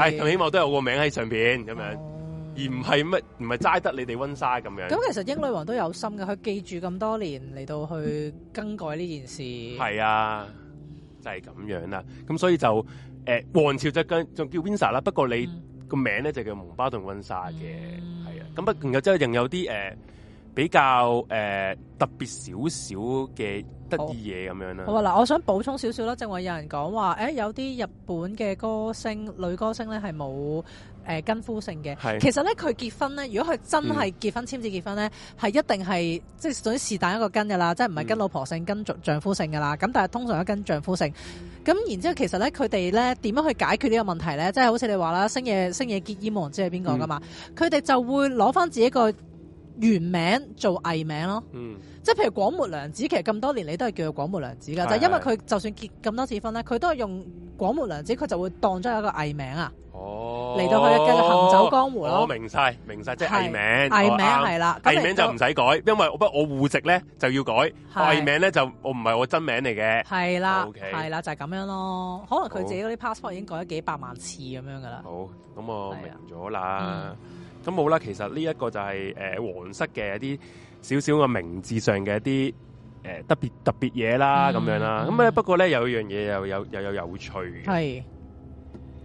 唉，最起碼都有個名喺上邊咁樣，嗯、而唔係乜唔係齋得你哋溫莎咁樣。咁、嗯、其實英女王都有心嘅，佢記住咁多年嚟到去更改呢件事。係啊，就係、是、咁樣啦。咁所以就誒、呃、皇朝就更仲叫溫莎啦，不過你，嗯個名咧就叫蒙巴頓溫莎嘅，係啊、嗯，咁啊，然後即係仲有啲誒、呃、比較誒、呃、特別少少嘅得意嘢咁樣啦。好啊，嗱，我想補充少少啦，正話有人講話，誒、欸、有啲日本嘅歌星女歌星咧係冇。誒、呃、跟夫姓嘅，是其實咧佢結婚咧，如果佢真係結婚、嗯、簽字結婚咧，係一定係即係總之是但一個跟嘅啦，即係唔係跟老婆姓，嗯、跟丈夫姓嘅啦。咁但係通常都跟丈夫姓。咁然之後其實咧，佢哋咧點樣去解決呢個問題咧？即係好似你話啦，星野星野結衣冇人知係邊個噶嘛？佢哋、嗯、就會攞翻自己個原名做藝名咯。嗯即係譬如廣末涼子，其實咁多年你都係叫做廣末涼子嘅，就係因為佢就算結咁多次婚咧，佢都係用廣末涼子，佢就會當咗一個藝名啊。哦，嚟到佢嘅行走江湖咯。我明晒，明晒，即係藝名。藝名係啦，藝名就唔使改，因為我不過我戶籍咧就要改。藝名咧就我唔係我真名嚟嘅。係啦，係啦，就係咁樣咯。可能佢自己嗰啲 passport 已經改咗幾百萬次咁樣噶啦。好，咁啊，明咗啦。咁冇啦。其實呢一個就係誒皇室嘅一啲。少少嘅名字上嘅一啲誒、呃、特別特別嘢啦咁、嗯、樣啦，咁咧、嗯、不過咧有一樣嘢又有又有有，有有趣嘅，係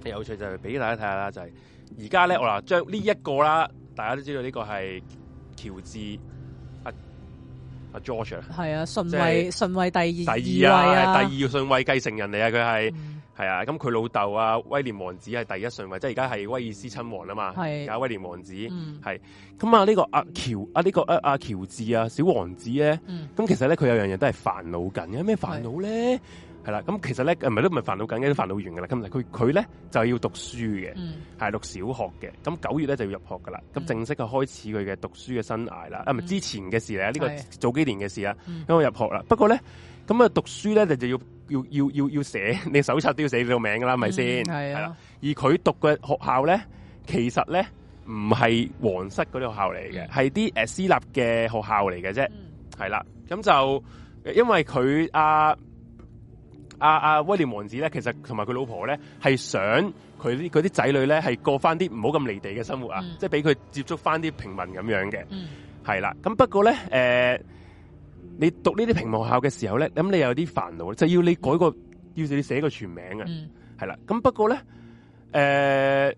是有趣就俾大家睇下、嗯、啦，就係而家咧我嗱將呢一個啦，大家都知道呢個係喬治阿阿 George，係啊，順、啊啊、位順位第二位、啊、第二啊，第二順位繼承人嚟啊，佢係。嗯係啊，咁佢老豆啊，威廉王子係第一順位，即係而家係威爾斯親王啦嘛，係啊是，威廉王子，係咁、嗯、啊，呢個阿喬啊，呢、這個阿阿喬治啊，小王子咧、啊，咁、嗯、其實咧佢有樣嘢都係煩惱緊嘅，有咩煩惱咧？係啦是，咁、啊、其實咧，唔係都唔係煩惱緊嘅，都煩惱完噶啦，咁佢佢咧就要讀書嘅，係、嗯啊、讀小學嘅，咁九月咧就要入學噶啦，咁正式就開始佢嘅讀書嘅生涯啦，嗯、啊唔係之前嘅事呢，呢、嗯、個早幾年嘅事啊咁是、嗯、入學啦，不過咧咁啊讀書咧就就要。要要要寫要寫你手冊都要寫你個名噶啦，係咪先？係啊的。係的而佢讀嘅學校咧，其實咧唔係皇室嗰啲學校嚟嘅，係啲誒私立嘅學校嚟嘅啫。係啦、嗯，咁就因為佢阿阿阿威廉王子咧，其實同埋佢老婆咧係想佢啲佢啲仔女咧係過返啲唔好咁離地嘅生活啊，嗯、即係俾佢接觸返啲平民咁樣嘅。係啦、嗯，咁不過咧誒。呃你讀呢啲屏幕學校嘅時候咧，咁你有啲煩惱，就要你改個，嗯、要你寫個全名啊，係啦、嗯。咁不過咧，誒、呃，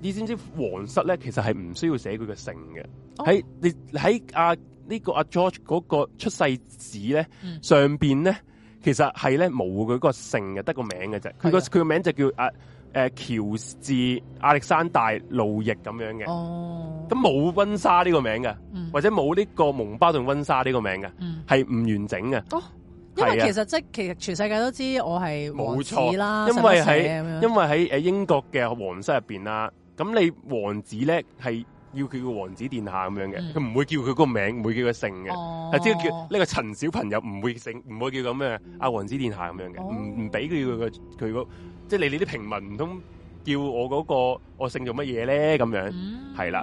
你知唔知皇室咧其實係唔需要寫佢嘅姓嘅？喺你喺阿呢個阿、啊、George 嗰個出世紙咧，嗯、上邊咧其實係咧冇佢個姓嘅，得個名嘅啫。佢個佢個名就叫阿。誒喬治亞歷山大路易咁樣嘅，咁冇溫莎呢個名嘅，mm. 或者冇呢個蒙巴頓溫莎呢個名嘅，係唔、mm. 完整嘅。Oh. 啊、因為其實即係其實全世界都知我係王子啦，冇錯，因為喺因為喺英國嘅皇室入邊啦，咁你王子叻係。要佢個王子殿下咁樣嘅，佢唔會叫佢個名，唔會叫佢姓嘅。啊，即係叫呢個陳小朋友，唔會姓，唔會叫咁嘅阿王子殿下咁樣嘅，唔唔俾佢叫個佢即係你你啲平民唔通叫我嗰個我姓做乜嘢咧？咁樣係啦。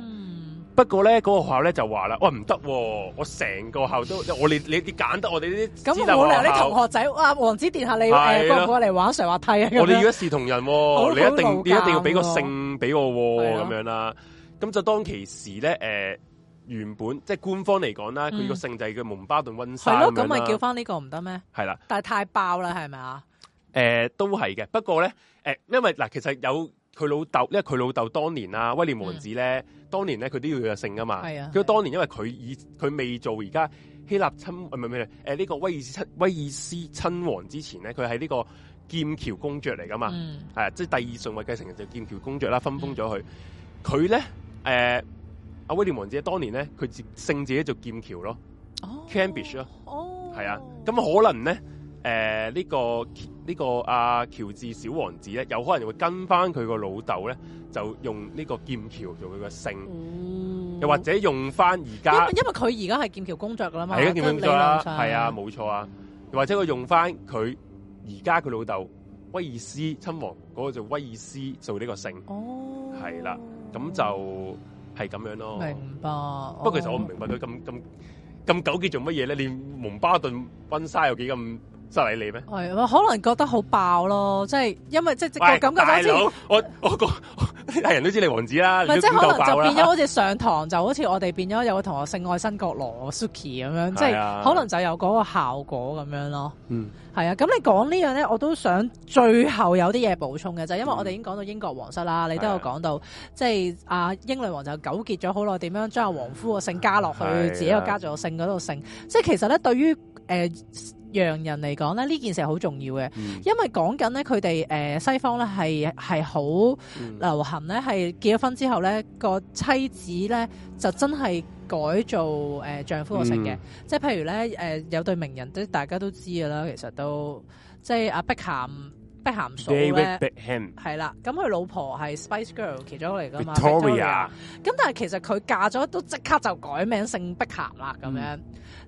不過咧嗰個學校咧就話啦，哇唔得，我成個校都我哋，你你揀得我哋啲咁冇留啲同學仔，哇王子殿下你過過嚟玩吓滑梯啊！我哋要一視同仁，你一定你一定要俾個姓俾我咁樣啦。咁就當其時咧，誒、呃，原本即係官方嚟講、嗯、啦，佢個姓就係叫蒙巴頓溫莎。係咯，咁咪叫翻呢個唔得咩？係啦，但係太爆啦，係咪啊？誒、呃，都係嘅。不過咧，誒，因為嗱，其實有佢老豆，因為佢老豆當年啊，威廉王子咧，嗯、當年咧佢都要有個姓噶嘛。係啊。佢、啊、當年因為佢以佢未做而家希臘親唔係誒，呢、呃這個威爾斯親威爾斯親王之前咧，佢係呢個劍橋公爵嚟噶嘛？嗯啊、即係第二順位繼承人就劍橋公爵啦，分封咗佢。佢咧、嗯。誒，阿威廉王子當年咧，佢字姓自己做劍橋咯，Cambridge 咯，係、oh, oh. 啊，咁、嗯、可能咧，誒、呃、呢、這個呢、這個阿喬、啊、治小王子咧，有可能會跟翻佢個老豆咧，就用呢個劍橋做佢個姓，oh. 又或者用翻而家，因為因為佢而家系劍橋工作噶啦嘛，係劍橋工作啦，係啊，冇錯啊，又或者佢用翻佢而家佢老豆威爾斯親王嗰個叫威爾做威爾斯做呢個姓，係啦、oh. 啊。咁就係咁樣咯。明白。不過其實我唔明白佢咁咁咁糾結做乜嘢咧？你蒙巴頓温莎有幾咁？就係你咩？係，可能覺得好爆咯，即係因為即係直覺感覺就好似我我覺啲人都知你王子啦，唔係即係可能就變咗好似上堂就好似我哋變咗有個同學姓愛新覺羅 Suki 咁樣，是啊、即係可能就有嗰個效果咁樣咯。嗯，係啊，咁你講呢樣咧，我都想最後有啲嘢補充嘅，就係、因為我哋已經講到英國皇室啦，嗯、你都有講到是、啊、即係阿、啊、英女王就糾結咗好耐點樣將阿皇夫個姓加落去是、啊、自己個家族個姓嗰度姓，即係其實咧對於誒。呃洋人嚟講咧，呢件事係好重要嘅，嗯、因為講緊咧，佢哋誒西方咧係係好流行咧，係、嗯、結咗婚之後咧個妻子咧就真係改做誒、呃、丈夫嘅姓嘅，嗯、即係譬如咧誒、呃、有對名人都大家都知噶啦，其實都即係、啊、阿碧咸碧咸嫂咧，係啦，咁佢老婆係 Spice Girl 其中嚟噶嘛，Victoria，咁但係其實佢嫁咗都即刻就改名姓，姓碧咸啦咁樣。嗯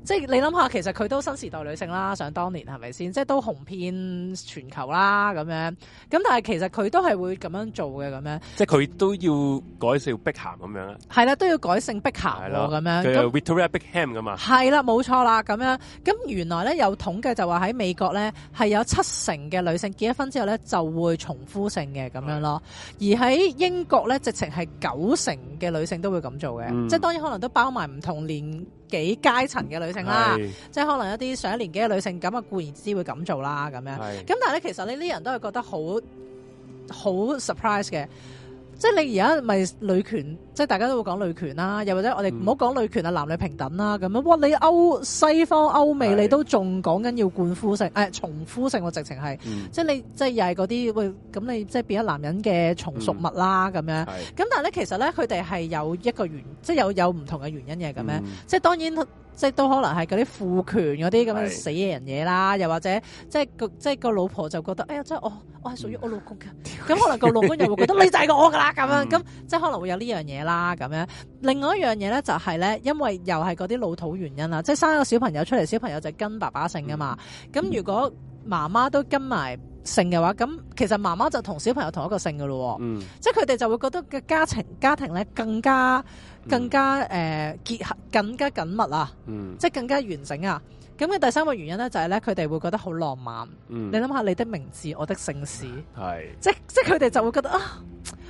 即係你諗下，其實佢都新時代女性啦，想當年係咪先？即係都紅遍全球啦咁樣。咁但係其實佢都係會咁樣做嘅咁樣。即係佢都要改姓碧鹹咁樣。係啦，都要改姓碧鹹喎咁樣。佢係 Victoria Beckham 咁嘛？係啦，冇錯啦咁樣。咁原來咧有統計就話喺美國咧係有七成嘅女性結咗婚之後咧就會重夫姓嘅咁樣咯。對。而喺英國咧直情係九成嘅女性都會咁做嘅。嗯、即係當然可能都包埋唔同年。幾階層嘅女性啦，是的 即係可能一啲上一年紀嘅女性咁啊，固然之會咁做啦，咁樣。咁是的 但係咧，其實咧呢啲人都係覺得好好 surprise 嘅，即係你而家咪女權。即係大家都會講女權啦，又或者我哋唔好講女權啊，男女平等啦，咁樣哇！你歐西方歐美，你都仲講緊要冠夫姓誒、哎，從夫姓我直情係，即係、嗯、你即係又係嗰啲喂，咁你即係變咗男人嘅從屬物啦，咁樣。咁但係咧，其實咧佢哋係有一個原，即係有有唔同嘅原因嘅咁樣。嗯、即係當然，即係都可能係嗰啲父權嗰啲咁樣死嘅人嘢啦，又或者即係個即係個老婆就覺得，哎呀，即係我我係屬於我老公嘅，咁 可能個老公又會覺得你就係我噶啦，咁樣咁、嗯、即係可能會有呢樣嘢。啦咁樣，另外一樣嘢咧就係咧，因為又係嗰啲老土原因啦，即係生一個小朋友出嚟，小朋友就是跟爸爸姓噶嘛。咁、嗯、如果媽媽都跟埋姓嘅話，咁其實媽媽就同小朋友同一個姓噶咯。嗯，即係佢哋就會覺得個家，家庭家庭咧更加更加誒、嗯呃、結合更加緊密啊。嗯、即係更加完整啊。咁嘅第三個原因咧就係咧，佢哋會覺得好浪漫。嗯、你諗下你的名字，我的姓氏，係是，即即係佢哋就會覺得啊。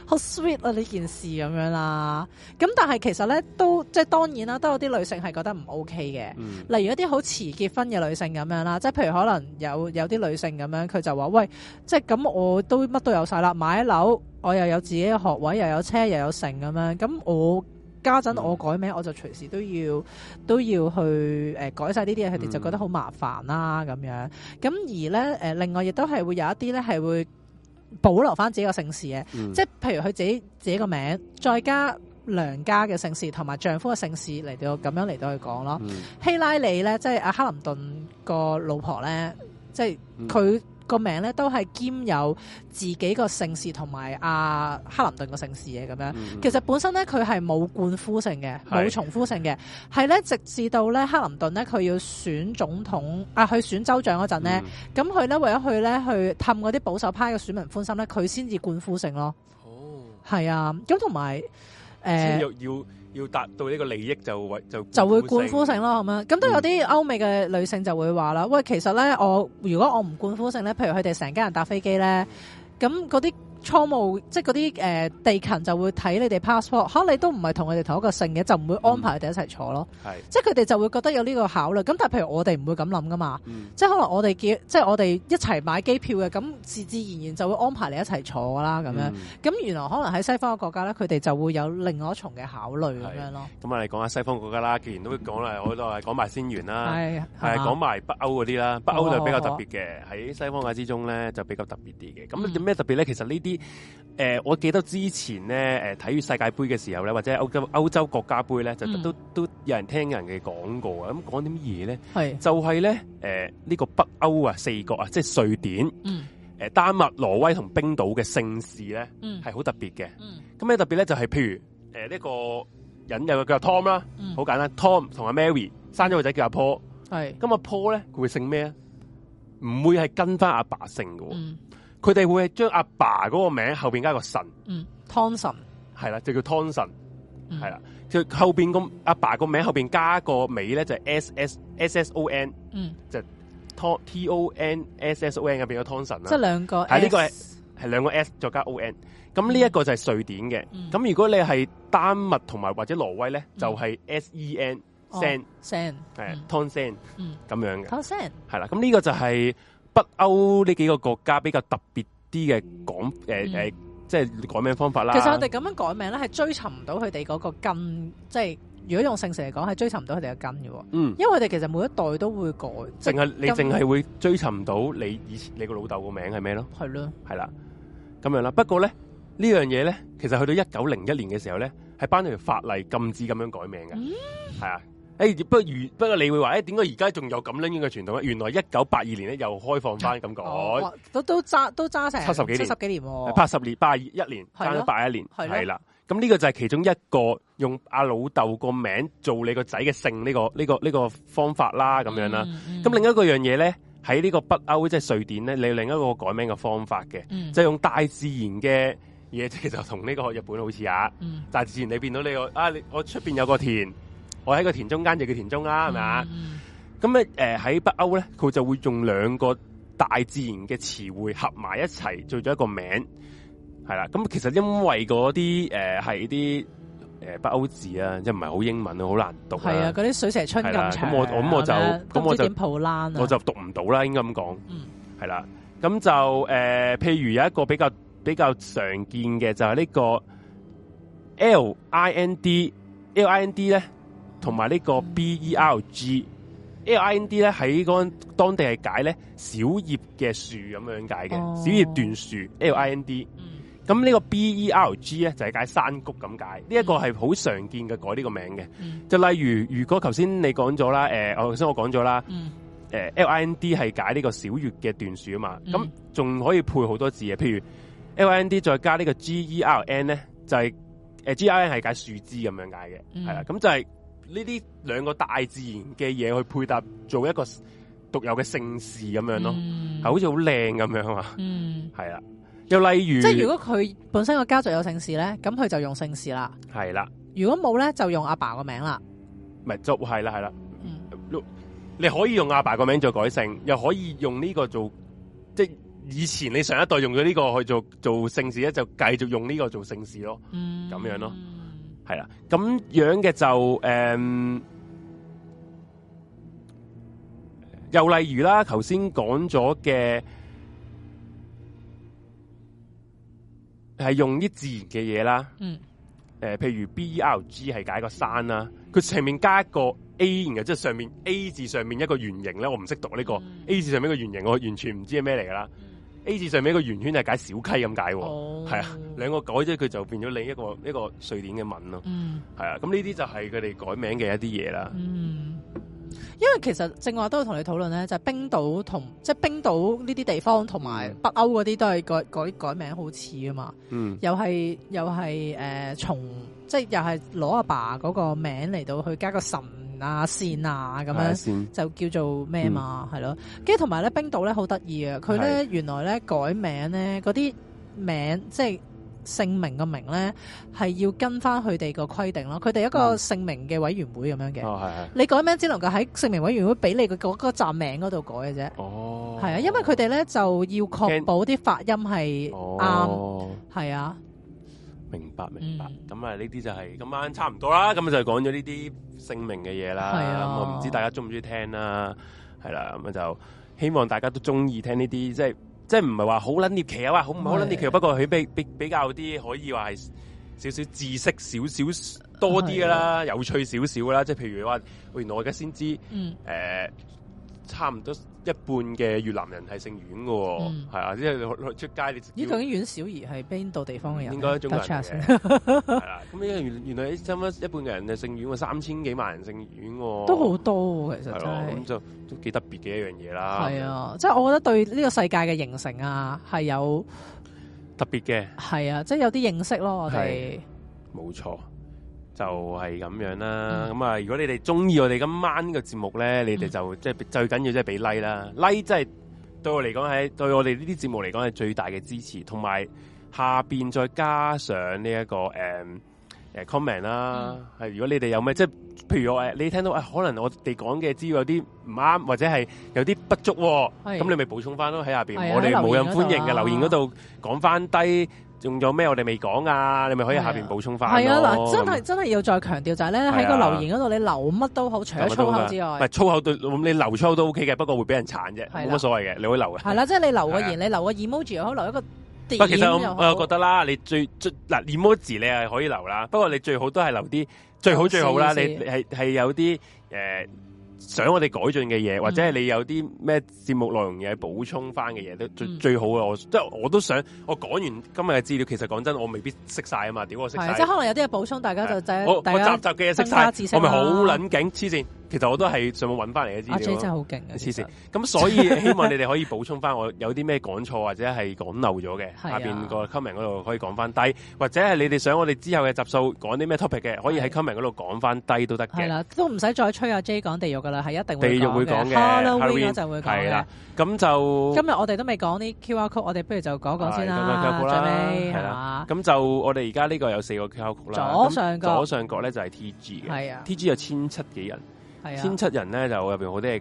好 sweet 啊！呢件事咁樣啦，咁但係其實咧都即係當然啦，都有啲女性係覺得唔 OK 嘅。嗯、例如一啲好遲結婚嘅女性咁樣啦，即係譬如可能有有啲女性咁樣，佢就話喂，即係咁我都乜都有晒啦，買一樓，我又有自己嘅學位，又有車，又有剩咁樣。咁我家陣我改名，嗯、我就隨時都要都要去誒、呃、改晒呢啲嘢，佢哋就覺得好麻煩啦咁樣。咁而咧誒、呃，另外亦都係會有一啲咧係會。保留翻自己個姓氏嘅，即係、嗯、譬如佢自己自己個名，再加娘家嘅姓氏同埋丈夫嘅姓氏嚟到咁樣嚟到去講咯。嗯、希拉里咧，即係阿克林頓個老婆咧，即係佢、嗯。個名咧都係兼有自己個姓氏同埋阿克林頓個姓氏嘅咁樣。其實本身咧佢係冇冠夫姓嘅，冇是的 重夫姓嘅。係咧直至到咧克林頓咧佢要選總統啊，去選州長嗰陣咧，咁佢咧為咗去咧去氹嗰啲保守派嘅選民歡心咧，佢先至冠夫姓咯。哦，係啊，咁同埋誒。呃，要要要達到呢個利益就就就會冠夫姓咯。咁咁都有啲歐美嘅女性就會話啦，嗯、喂，其實咧我如果我唔冠夫姓咧，譬如佢哋成家人搭飛機咧，咁嗰啲。倉務即係嗰啲誒地勤就會睇你哋 passport，嚇你都唔係同佢哋同一個姓嘅，就唔會安排佢哋一齊坐咯。嗯、是即係佢哋就會覺得有呢個考慮。咁但係譬如我哋唔會咁諗噶嘛。嗯、即係可能我哋即係我哋一齊買機票嘅，咁自自然然就會安排你一齊坐啦。咁樣咁、嗯、原來可能喺西方嘅國家咧，佢哋就會有另外一重嘅考慮咁樣咯。咁我哋講下西方國家啦。既然都會講啦，我都係講埋先元啦，係、哎、呀講埋北歐嗰啲啦。北歐就比較特別嘅喺西方嘅之中咧，就比較特別啲嘅。咁有咩特別咧？其實呢啲誒、呃，我記得之前咧，誒睇完世界杯嘅時候咧，或者歐洲歐洲國家杯咧，嗯、就都都有人聽人嘅講過。咁講啲乜嘢咧？係是 就係咧，誒、呃、呢、這個北歐啊，四國啊，即係瑞典、誒、嗯呃、丹麥、挪威同冰島嘅姓氏咧，係好、嗯、特別嘅。咁咩、嗯、特別咧？就係、是、譬如誒呢、呃這個人有個叫 Tom 啦、啊，好、嗯、簡單，Tom 同阿 Mary 生咗個仔叫阿 Paul，係咁阿 Paul 咧佢會姓咩？唔會係跟翻阿爸,爸姓嘅。嗯佢哋會將阿爸嗰個名後面加個神，嗯，湯神係啦，就叫 t h o s 湯神，係啦，就後面咁阿爸個名後面加個尾呢，就係 s s s s o n，嗯，就 t t o n s s o n 入邊個 t h o 湯神啦，即兩個，係呢個係兩個 s 再加 o n，咁呢一個就係瑞典嘅，咁如果你係丹麥同埋或者挪威呢，就係 s e n sen sen，係 ton sen，咁樣嘅，ton sen，係啦，咁呢個就係。北歐呢幾個國家比較特別啲嘅改誒誒，呃嗯、即係改名方法啦。其實我哋咁樣改名咧，係追尋唔到佢哋嗰個根，即係如果用姓氏嚟講，係追尋唔到佢哋嘅根嘅。嗯、因為佢哋其實每一代都會改，淨係你淨係會追尋唔到你以前你個老豆個名係咩咯？係咯了，係啦，咁樣啦。不過咧呢這樣嘢咧，其實去到一九零一年嘅時候咧，係頒咗條法例禁止咁樣改名嘅，係、嗯、啊。誒，不過如不過你會話誒，點解而家仲有咁樣樣嘅傳統咧？原來一九八二年咧又開放翻咁講，都都揸都揸成七十幾年，七十幾年，八十年，八一年，爭咗八一年，係啦。咁呢個就係其中一個用阿老豆個名做你個仔嘅姓呢個呢個呢個方法啦，咁樣啦。咁另一個樣嘢咧，喺呢個北歐即係瑞典咧，你另一個改名嘅方法嘅，就用大自然嘅嘢，其實同呢個日本好似啊。大自然，你變到你個啊，我出邊有個田。我喺個田中間就叫，是，田中啦，係咪啊？咁咧，嗯，誒喺，呃，北歐咧，佢就會用兩個大自然嘅詞彙合埋一齊做咗一個名，係啦。咁其實因為嗰啲誒係啲誒北歐字啊，即唔係好英文，啊。好難讀。係啊，嗰啲水蛇春咁長，啊。咁我咁我，我就咁，啊，我就，啊，我就讀唔到啦。應該咁講，係啦，嗯。咁就誒，呃，譬如有一個比較比較常見嘅就係呢個 LIND，LIND 咧。同埋呢個 B E、R G，嗯嗯、L G L I N D 咧，喺嗰當地係解咧小葉嘅樹咁樣解嘅、哦、小葉椴樹 L I N D、嗯。咁呢個 B E R G 咧就係、是、解山谷咁解。呢一、嗯、個係好常見嘅改呢個名嘅。嗯、就例如如果頭先你講咗啦，誒、呃、我頭先我講咗啦，誒、嗯呃、L I N D 係解呢個小葉嘅椴樹啊嘛。咁仲、嗯、可以配好多字嘅，譬如 L I N D 再加呢個 G E R N 咧，就係、是、誒、呃、G I、e、N 係解樹枝咁樣解嘅，係啦、嗯，咁就係、是。呢啲兩個大自然嘅嘢，去配搭做一個獨有嘅姓氏咁樣咯，係、嗯、好似好靚咁樣啊，係啦、嗯。 又例如，即係如果佢本身個家族有姓氏咧，咁佢就用姓氏啦。係啦了。如果冇咧，就用阿爸個名啦。咪就係啦，係啦。嗯、你可以用阿爸個名做改姓，又可以用呢個做，即係以前你上一代用咗呢個去做做姓氏咧，就繼續用呢個做姓氏咯。嗯，咁樣咯。係啦，咁樣嘅就誒、嗯，又例如啦，頭先講咗嘅係用啲自然嘅嘢啦，嗯，誒、呃，譬如 BRG 係解個山啦，佢上面加一個 A，然後即係上面 A 字上面一個圓形咧，我唔識讀呢、這個、嗯、A 字上面一個圓形，我完全唔知係咩嚟噶啦。A 字上面一個圓圈係解小溪咁解，係啊，兩個改咗佢就變咗另一個一個瑞典嘅文咯，係啊，咁呢啲就係佢哋改名嘅一啲嘢啦。嗯，因為其實正話都有同你討論咧，就係、係、冰島同即係冰島呢啲地方同埋北歐嗰啲都係改改改名好似啊嘛，嗯又係，又係、呃、又係誒，從即係又係攞阿爸嗰個名嚟到去加個神。啊，線啊，咁樣、啊、就叫做咩嘛，係咯、嗯。跟住同埋咧，冰島咧好得意啊。佢咧的原來咧改名咧，嗰啲名即係姓名嘅名咧，係要跟翻佢哋個規定咯。佢哋一個姓名嘅委員會咁樣嘅、嗯。哦，係係。你改名只能夠喺姓名委員會俾你個嗰個站名嗰度改嘅啫。哦，係啊，因為佢哋咧就要確保啲發音係啱，係啊、哦。係。明白明白，咁啊呢啲就係今晚差唔多啦，咁就講咗呢啲姓名嘅嘢啦。咁、啊嗯、我唔知大家中唔中意聽啦、啊，係啦，咁就希望大家都中意聽呢啲，即係即係唔係話好撚獵奇啊嘛，好唔好撚獵奇、啊？不過佢比比比較啲可以話係少少知識少少多啲噶啦，的有趣少少啦，即係譬如話喂我而家先知誒。嗯呃差唔多一半嘅越南人係姓阮嘅，係啊、嗯，即係出街你咦？究竟阮小儀係邊度地方嘅人？應該係中國人嘅。咁因為原原來差唔多一半嘅人係姓阮，三千幾萬人姓阮，都好多其實咁就都、是、幾特別嘅一樣嘢啦。係啊，即、就、係、是、我覺得對呢個世界嘅形成啊，係、就是、有特別嘅。係啊，即係有啲認識咯，的我哋冇錯。就係咁樣啦，咁啊、嗯！如果你哋中意我哋今晚呢個節目咧，嗯、你哋就即係最緊要即係俾 like 啦，like 即係對我嚟講係對我哋呢啲節目嚟講係最大嘅支持，同埋下邊再加上呢、這、一個誒誒、um, uh, comment 啦。係、嗯、如果你哋有咩即係譬如我誒，你聽到誒、啊、可能我哋講嘅資料有啲唔啱，或者係有啲不足、喔，咁的你咪補充翻咯喺下邊，的我哋冇人歡迎嘅留言嗰度講翻低。仲有咩我哋未講啊？你咪可以下邊補充翻。係啊，嗱、啊，真係真係要再強調就係咧，喺個留言嗰度你留乜都好，除咗粗口之外，唔係粗口，你留粗口都 O K 嘅，不過會俾人鏟啫，冇乜、啊、所謂嘅，你可以留嘅。係啦，即係你留個言，你留個 emoji，可留一個點又好。其實我又覺得啦，你最最嗱 emoji 你係可以留啦，不過你最好都係留啲最好最好啦是是，你係係有啲誒。呃想我哋改進嘅嘢，或者係你有啲咩節目內容嘢補充翻嘅嘢都最、嗯、最好嘅。我即係、就是、我都想，我講完今日嘅資料，其實講真，我未必識晒啊嘛。屌我識晒？即係可能有啲嘢補充，大家就就第的家我集集嘅嘢識晒，我咪好撚勁黐線。其實我都係上網揾翻嚟嘅資料。阿 J 真係好勁，黐線。咁所以希望你哋可以補充翻，我有啲咩講錯或者係講漏咗嘅，下面個 comment 嗰度可以講翻低，或者係你哋想我哋之後嘅集數講啲咩 topic 嘅，可以喺 comment 嗰度講翻低都得嘅。係啦，都唔使再吹阿 J 講地獄㗎啦，係一定會講嘅。地獄會講嘅，h a l l o w e e 就會講啦，咁就今日我哋都未講啲 QR 曲，我哋不如就講講先啦，咁就我哋而家呢個有四個 QR 曲啦，d 上角左上角咧就係 TG 啊，TG 有千七幾人。千七人咧就入邊好多嘢，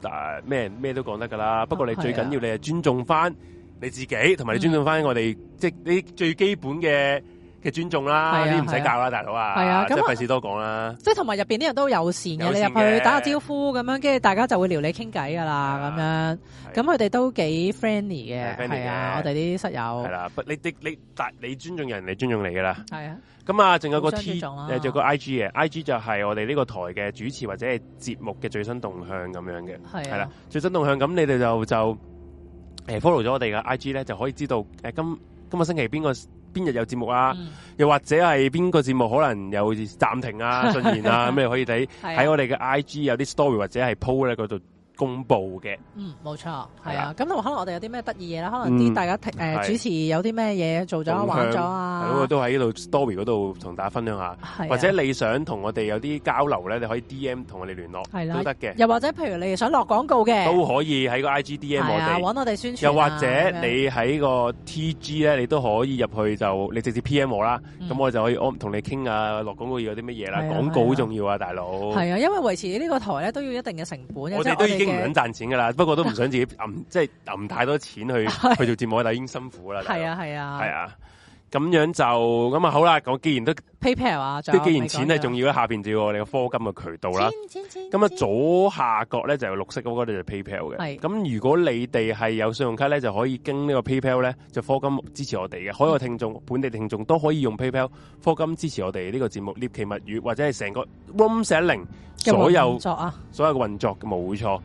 但咩咩都講得噶啦。不過你最緊要是你係尊重翻你自己，同埋你尊重翻我哋，嗯、即係啲最基本嘅。嘅尊重啦，啲唔使教啦，大佬啊，係啊，咁費事多講啦。即係同埋入邊啲人都友善嘅，你入去打個招呼咁樣，跟住大家就會撩你傾偈噶啦，咁樣。咁佢哋都幾 friendly 嘅，係啊，我哋啲室友係啦。你你你，尊重人，你尊重你噶啦。係啊。咁啊，仲有個 T，仲有個 IG 嘅，IG 就係我哋呢個台嘅主持或者係節目嘅最新動向咁樣嘅。係啦，最新動向，咁你哋就就誒 follow 咗我哋嘅 IG 咧，就可以知道誒今今個星期邊個邊日有節目啊？嗯、又或者係邊個節目可能有暫停啊、順延 啊，咁你可以睇喺我哋嘅 I G 有啲 story 或者係 post 咧度。公布嘅，嗯，冇錯，係啊，咁可能我哋有啲咩得意嘢啦，可能啲大家誒主持有啲咩嘢做咗玩咗啊，咁我都喺度 story 嗰度同大家分享下，或者你想同我哋有啲交流咧，你可以 D M 同我哋聯絡，係啦，都得嘅。又或者譬如你想落廣告嘅，都可以喺個 I G D M 我哋搵我哋宣傳。又或者你喺個 T G 咧，你都可以入去就你直接 P M 我啦，咁我就可以我同你傾呀。落廣告要有啲乜嘢啦，廣告好重要啊，大佬。係啊，因為維持呢個台咧都要一定嘅成本，我哋都已經。唔想賺錢噶啦，不過都唔想自己即係揞太多錢去去做節目，但已經辛苦啦。係啊，係啊，係啊，咁樣就咁啊，好啦，講既然都 PayPal 啊，即既然錢係重要嘅，下面就要我哋個科金嘅渠道啦。咁啊，左下角咧就有綠色嗰個，就 PayPal 嘅。咁如果你哋係有信用卡咧，就可以經呢個 PayPal 咧，就科金支持我哋嘅。海外聽眾，本地聽眾都可以用 PayPal 科金支持我哋呢個節目《獵奇物語》，或者係成個 Room 410所有所有嘅運作，冇錯。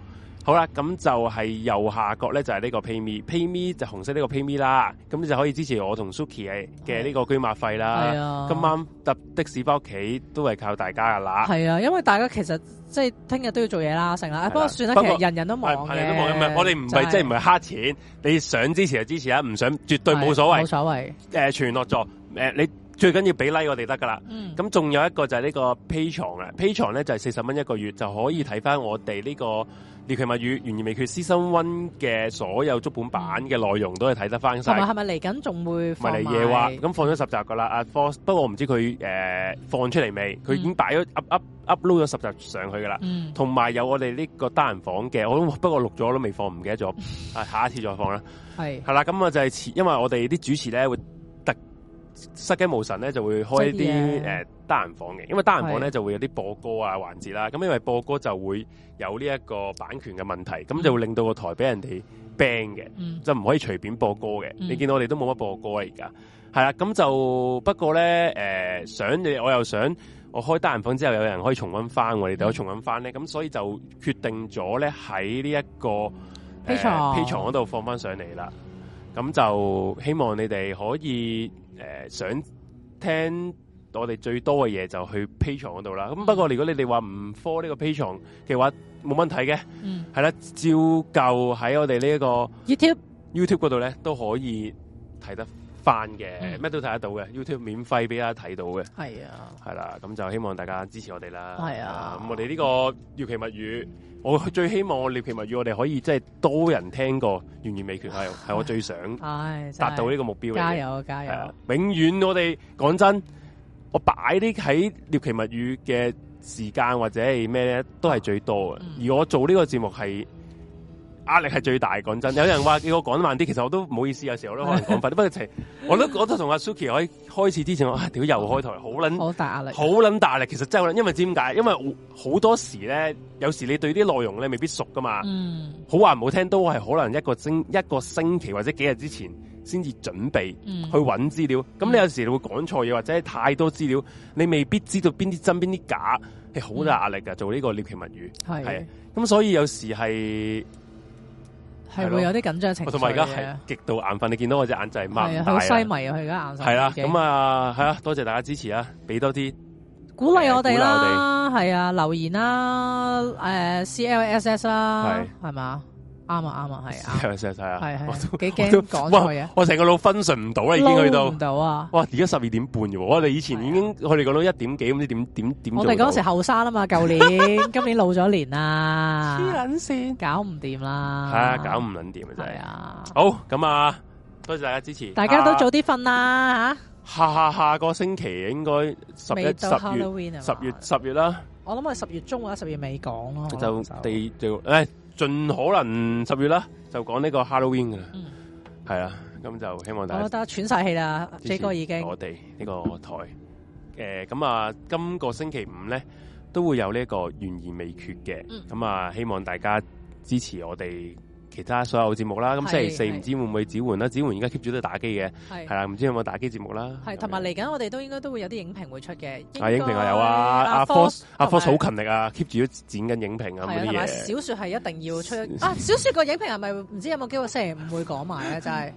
好啦，咁就係右下角咧，就係、是、呢個 Me, PayMe，PayMe 就紅色呢個 PayMe 啦。咁你就可以支持我同 Suki 嘅呢個居馬費啦。啊、今晚搭的士翻屋企都係靠大家噶啦。係啊，因為大家其實即係聽日都要做嘢啦，成啦。啊、不過算啦，括其實人人都忙，係、啊、人人都忙我哋唔係即係唔係黑錢。你想支持就支持啊，唔想絕對冇所謂，冇所謂。誒，全落座。誒、呃，你最緊要俾 like 我哋得噶啦。咁仲、嗯、有一個就係呢個 Patreon 啊，Patreon 咧就係四十蚊一個月就可以睇翻我哋呢、這個。《獵奇物語》懸疑未決，Season 1嘅所有足本版嘅內容都係睇得返晒，同埋係咪嚟緊仲會放埋夜話？咁放咗十集㗎啦，啊，放不過我唔知佢誒、呃、放出嚟未？佢已經擺咗 up up upload 咗十集上去㗎啦，同埋、嗯、有我哋呢個單人房嘅，我都不過錄咗都未放，唔記得咗，啊，下一次再放啦。係係啦，咁啊就係、是、因為我哋啲主持咧會。失驚無神咧，就會開啲誒些、呃、單人房嘅，因為單人房咧就會有啲播歌啊環節啦。咁是的 因為播歌就會有呢一個版權嘅問題，咁是的 就會令到個台俾人哋 ban 嘅，嗯、就唔可以隨便播歌嘅。嗯、你見到我哋都冇乜播歌啊，而家係啦。咁就不過咧，誒、呃、想你，我又想我開單人房之後，有人可以重温翻，我哋就可以重温翻咧。咁所以就決定咗咧喺呢一個 Patreon 嗰度放翻上嚟啦。咁就希望你哋可以。誒、呃，想聽我哋最多嘅嘢，就去 Patreon 嗰度啦。咁不過如果你哋話唔課呢個 Patreon 嘅話，冇問題嘅。嗯，係啦，照舊喺我哋、這個、YouTube? 呢一個 YouTube YouTube 嗰度咧都可以睇得。翻嘅，咩、嗯、都睇得到嘅，YouTube 免費俾大家睇到嘅，係啊，係啦，咁就希望大家支持我哋啦，係啊，咁、啊、我哋呢個獵奇物語，嗯、我最希望我獵奇物語我哋可以即係多人聽過，完完美全係係、啊、我最想達到呢個目標嘅、哎，加油加油，永遠我哋講真，我擺啲喺獵奇物語嘅時間或者係咩咧，都係最多嘅，嗯、而我做呢個節目係。壓力係最大的，講真，有人話叫我講慢啲，其實我都唔好意思，有時候我都可能講快啲。是的 不過、就是，我都覺得，同阿 Suki 開始之前， 我啊屌又開台，好撚好大壓力，好撚大壓力。其實真係，因為知點解？因為好多時咧，有時你對啲內容你未必熟噶嘛。嗯，好話唔好聽，都係可能一個星一個星期或者幾日之前先至準備，去揾資料。咁、嗯、你有時你會講錯嘢，或者太多資料，你未必知道邊啲真邊啲假，係好大壓力噶。嗯、做呢個獵奇物語係，咁的的、嗯、所以有時係。係會有啲緊張情緒，同埋而家係極度眼瞓。你見到我隻眼仔係擘大，好西迷啊！佢而家眼瞓。係啦，咁啊，啊。多謝大家支持啊，俾多啲鼓勵我哋啦，係啊、呃，留言啦，誒、呃、CLSS 啦，係係嘛。啱啊，啱啊，係啊，係啊，係啊，係係，我都幾驚講嘢，我成個腦 function 唔到啦，已經去到唔到啊！哇，而家十二點半嘅，我哋以前已經，我哋講到一點幾，唔知點點點。我哋嗰時後生啦嘛，舊年今年老咗年啦，黐撚線，搞唔掂啦，係啊，搞唔撚掂啊真係。好，咁啊，多謝大家支持，大家都早啲瞓啦吓。下下下個星期應該十一十月十月十月啦，我諗我十月中或者十月尾講咯，就地就誒。盡可能十月啦，就講呢個 Halloween 噶啦，係、嗯、啊，咁就希望大家我覺得喘晒氣啦，呢個已經我哋呢個台，誒、嗯嗯，咁、呃、啊，今、這個星期五咧都會有呢個懸疑未決嘅，咁啊，希望大家支持我哋。其他所有節目啦，咁星期四唔知會唔會指煥啦？指煥而家 keep 住都打機嘅，係啦，唔知有冇打機節目啦。係同埋嚟緊，我哋都應該都會有啲影評會出嘅。影評啊，有啊，阿阿阿 Fox 好勤力啊，keep 住都剪緊影評啊，嗰啲嘢。小說係一定要出啊！小說個影評係咪唔知有冇機會星期五會講埋啊？真係，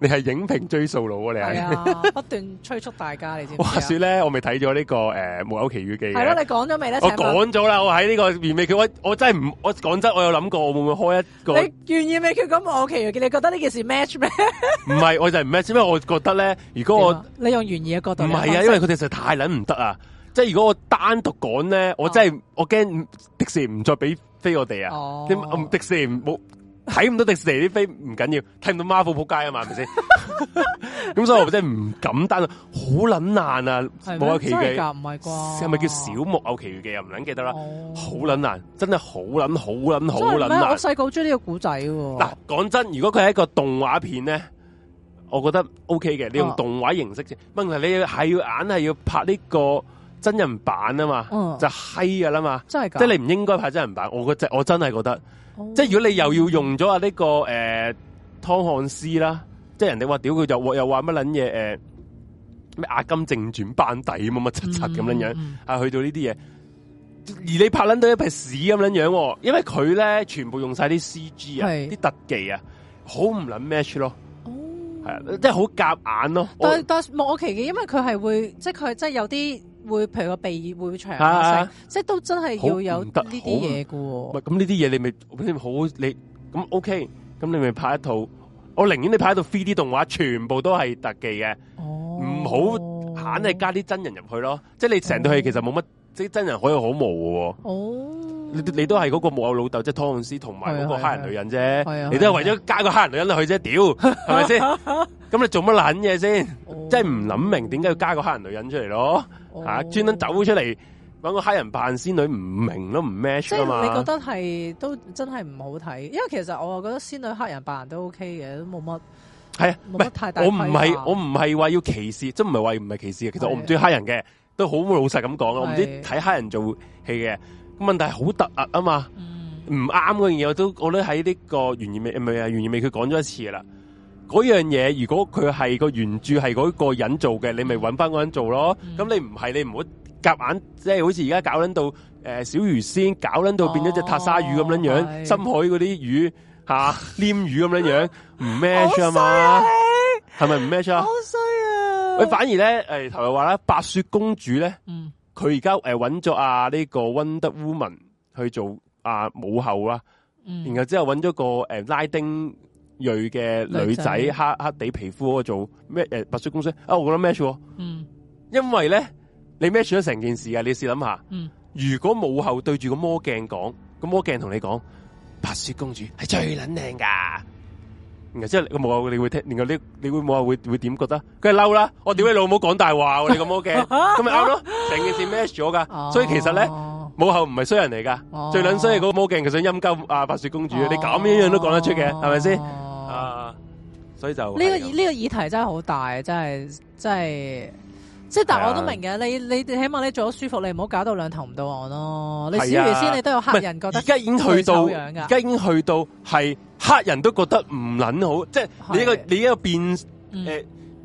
你係影評追數佬啊！你係不斷催促大家，你知唔知啊？話說咧，我咪睇咗呢個誒《木偶奇遇記》係咯？你講咗未咧？我講咗啦，我喺呢個完美我真係唔，我講真，我有諗過我會唔會。我一個，你懸疑未決咁我奇嘅，你覺得呢件事 match 咩？唔 係，我就唔 match，因為我覺得咧，如果我你用懸疑嘅角度、啊，唔係啊，因為佢哋實在太捻唔得啊！即係如果我單獨講咧，我真係我驚迪士尼唔再俾飛我哋啊！點？迪士尼唔冇。睇唔到迪士尼啲飛唔緊要，睇唔到 Marvel 仆街啊嘛，係咪先？咁所以我真係唔敢單啊，好撚 難，難啊！木偶奇遇記唔係啩？係咪叫小木偶奇遇記又唔撚記得啦，好撚、oh. 難，難，真係好撚好撚好撚難！難難我細個好中意呢個古仔喎。嗱，講真，如果佢係一個動畫片咧，我覺得 OK 嘅，你用動畫形式啫，問題、oh. 你要係要硬係要拍呢、這個真人版啊嘛，嗯、就閪噶啦嘛，真係㗎，即係你唔應該拍真人版，我覺得我真係覺得，哦、即係如果你又要用咗啊呢個誒湯漢斯啦，即係人哋話屌佢就又話乜捻嘢誒咩阿金正傳班底乜乜七七咁樣樣、嗯、啊去到呢啲嘢，而你拍捻到一匹屎咁樣樣，因為佢咧全部用晒啲 C G 啊，啲是特技啊，好唔捻 match 咯，係、哦、即係好夾硬咯。但我但，但莫我奇嘅，因為佢係會即係佢即係有啲。會譬如個鼻會長細，啊啊即係都真係要有呢啲嘢嘅。唔係咁呢啲嘢，你咪好、OK，你咁 OK，咁你咪拍一套。我寧願你拍一套 three d 動畫，全部都係特技嘅，唔好硬係加啲真人入去咯。即係你成套戲其實冇乜。即係真人可有可無喎、oh,，你都係嗰個木偶老豆，即係湯漢斯同埋嗰個黑人女人啫，啊啊啊、你都係為咗加個黑人女人落去啫，屌係咪先？咁你做乜撚嘢先？即係唔諗明點解要加個黑人女人出嚟咯。嚇，專登、oh, 走出嚟揾個黑人扮仙女，唔明囉，唔 match 啊嘛！你覺得係都真係唔好睇，因為其實我覺得仙女黑人扮人都 OK 嘅，都冇乜係啊，太大我唔係我唔係話要歧視，即唔係話唔係歧視，其實我唔中意黑人嘅。都好老實咁講啊。我唔知睇黑人做戲嘅，咁問題好突兀啊嘛，唔啱嗰樣嘢都，我都喺呢、這個原原味，原係啊，原原味佢講咗一次啦。嗰樣嘢如果佢係個原著係嗰個人做嘅，你咪搵翻嗰人做咯。咁、嗯、你唔係，你唔、就是、好夾硬，即係好似而家搞捻到誒小魚仙，搞捻到變咗隻撻沙魚咁樣樣，哦、深海嗰啲魚吓、啊、 黏魚咁樣樣，唔 match 啊嘛，係咪唔 match？佢反而咧，誒，頭嚟話啦，白雪公主咧，佢而家誒揾咗啊呢、這個 Wonder Woman 去做啊母后啦，嗯、然後之後揾咗個誒、呃、拉丁裔嘅女仔，女孩黑黑哋皮膚嗰個做咩？誒，白雪公主啊，我覺得 match，嗯，因為咧，你 match 咗成件事啊，你試諗下，嗯，如果母后對住個魔鏡講，個魔鏡同你講，白雪公主係最撚靚噶。然後即係個母后你會聽，然後你你會母后會會點覺得？佢係嬲啦，我屌你老母講大話喎！你個魔鏡，咁咪啱咯，成件事 match 咗噶。所以其實咧，母后唔係衰人嚟噶，最撚衰係嗰個魔鏡，佢想陰鳩啊白雪公主，你咁樣樣都講得出嘅，係咪先？啊，所以就呢個呢個議題真係好大，真係真係。即係，但我都明嘅。你你起碼你做咗舒服，你唔好搞到兩頭唔到岸咯。啊、你小魚先，你都有黑人覺得而家已經去到，而家已經去到係黑人都覺得唔撚好。啊、即係你一個你一個變誒，呢、嗯呃、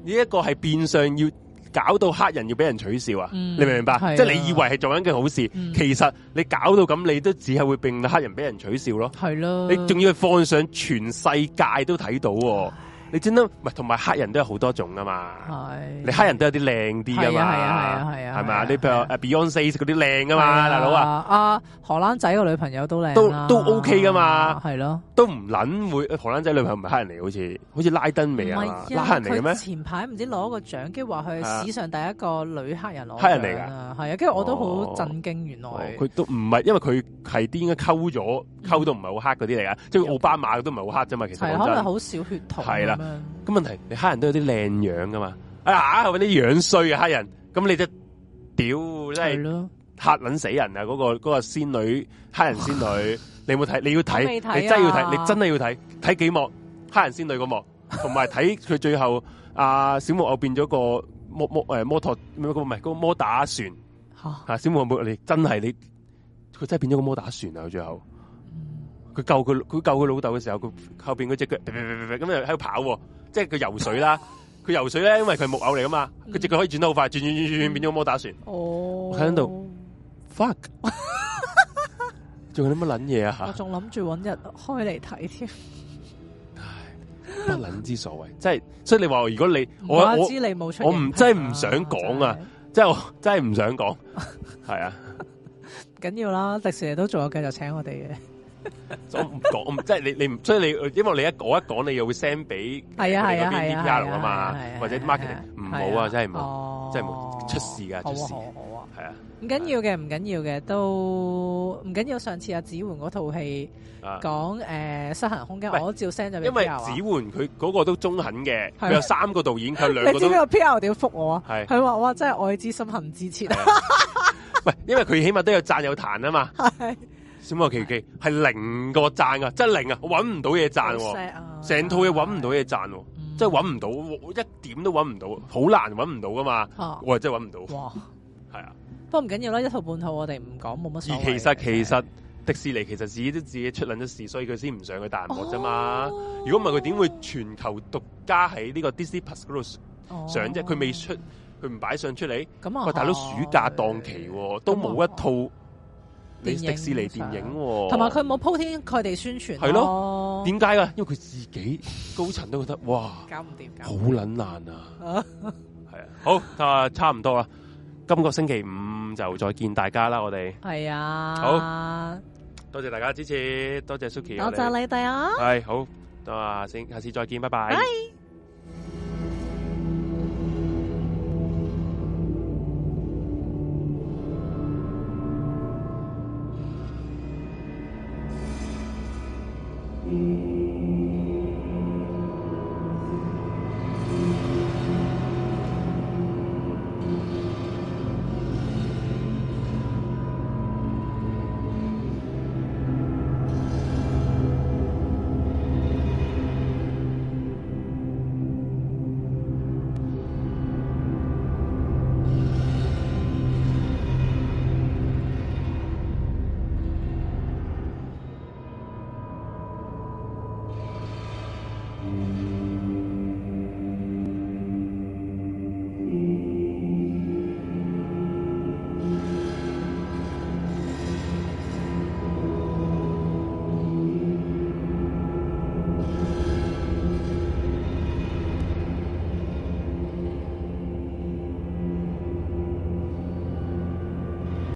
一個係變相要搞到黑人要俾人取笑、嗯、啊！你明唔明白？即係你以為係做緊一件好事，嗯、其實你搞到咁，你都只係會俾黑人俾人取笑咯。係咯、啊，你仲要去放上全世界都睇到、哦。你真係，唔係同埋黑人都有好多種噶嘛。係，你黑人都有啲靚啲噶嘛。係啊係啊係啊係咪啊？你譬如 Beyoncé 嗰啲靚噶嘛，大佬啊。阿荷蘭仔個女朋友都靚，都都 OK 噶嘛。係咯，都唔撚會荷蘭仔女朋友唔係黑人嚟，好似好似拉登未啊嘛。拉人嚟嘅咩？前排唔知攞個獎，跟住話佢史上第一個女黑人攞獎啊。係啊，跟住我都好震驚，原來佢都唔係，因為佢係啲應該溝咗溝到唔係好黑嗰啲嚟啊。即係奧巴馬都唔係好黑啫嘛。其實可能好少血統。係啦。咁問題，你黑人都有啲靚樣噶嘛？啊，吓、啊，啲樣衰啊，黑人，咁你真屌，真係嚇撚死人啊！嗰、嗰個嗰、嗰個仙女黑人仙女，你有冇睇？你要睇，你真係要睇，你真係要睇睇幾幕黑人仙女嗰幕，同埋睇佢最後、啊、小木偶變咗個摩誒、哎、摩托咩唔係嗰個摩打船吓、啊啊，小木偶你真係你佢真係變咗個摩打船啊！最後。.佢救佢佢救佢老豆嘅時候，佢後邊嗰隻腳咁又喺度跑，即係佢游水啦。佢 游水咧，因為佢木偶嚟噶嘛，佢隻腳可以轉得好快，轉轉轉轉轉變咗摩打船。哦，睇到，喺度 fuck，仲有啲乜撚嘢啊吓？我仲諗住搵日開嚟睇添。不撚之所謂，即係所以你話如果你，你出我我唔真係唔想講的啊，即係真係唔想講，係啊，緊要啦，迪士尼都仲有繼續請我哋嘅。我唔講，即係你你唔，所以你，因為你一講一講，你又會 send 俾係啊係啊啊嘛，或者 marketing 唔好啊，真係唔好，真冇出事噶出事，係啊，唔緊要嘅，唔緊要嘅，都唔緊要。上次阿子媛嗰套戲講誒失衡空間，我照 send 咗，因為子媛佢嗰個都中肯嘅，佢有三個導演，佢兩個都 PR 點復我啊？佢話哇，真係愛之深恨之切，喂，因為佢起碼都有讚有彈啊嘛。《小魔奇》機係零個讚啊，真係零啊！我搵唔到嘢讚，成套嘢搵唔到嘢讚，即係搵唔到，一點都搵唔到，好難搵唔到噶嘛！我係真係搵唔到。哇，係啊，不過唔緊要啦，一套半套我哋唔講，冇乜所謂。而其實其實迪士尼其實自己都自己出捻咗事，所以佢先唔上佢彈幕啫嘛。如果唔係佢點會全球獨家喺呢個 Disney Plus 度上啫？佢未出，佢唔擺上出嚟。咁啊，大佬暑假檔期都冇一套。迪士尼電影喎、啊，同埋佢冇鋪天蓋地宣傳、啊，係咯，點解㗎？因為佢自己高層都覺得哇，搞唔掂，好撚難啊！係啊， 好啊，差唔多啦，今個星期五就再見大家啦，我哋係啊，好多謝大家支持，多謝 Suki，多謝你哋啊，係好啊，下下次再見，拜拜。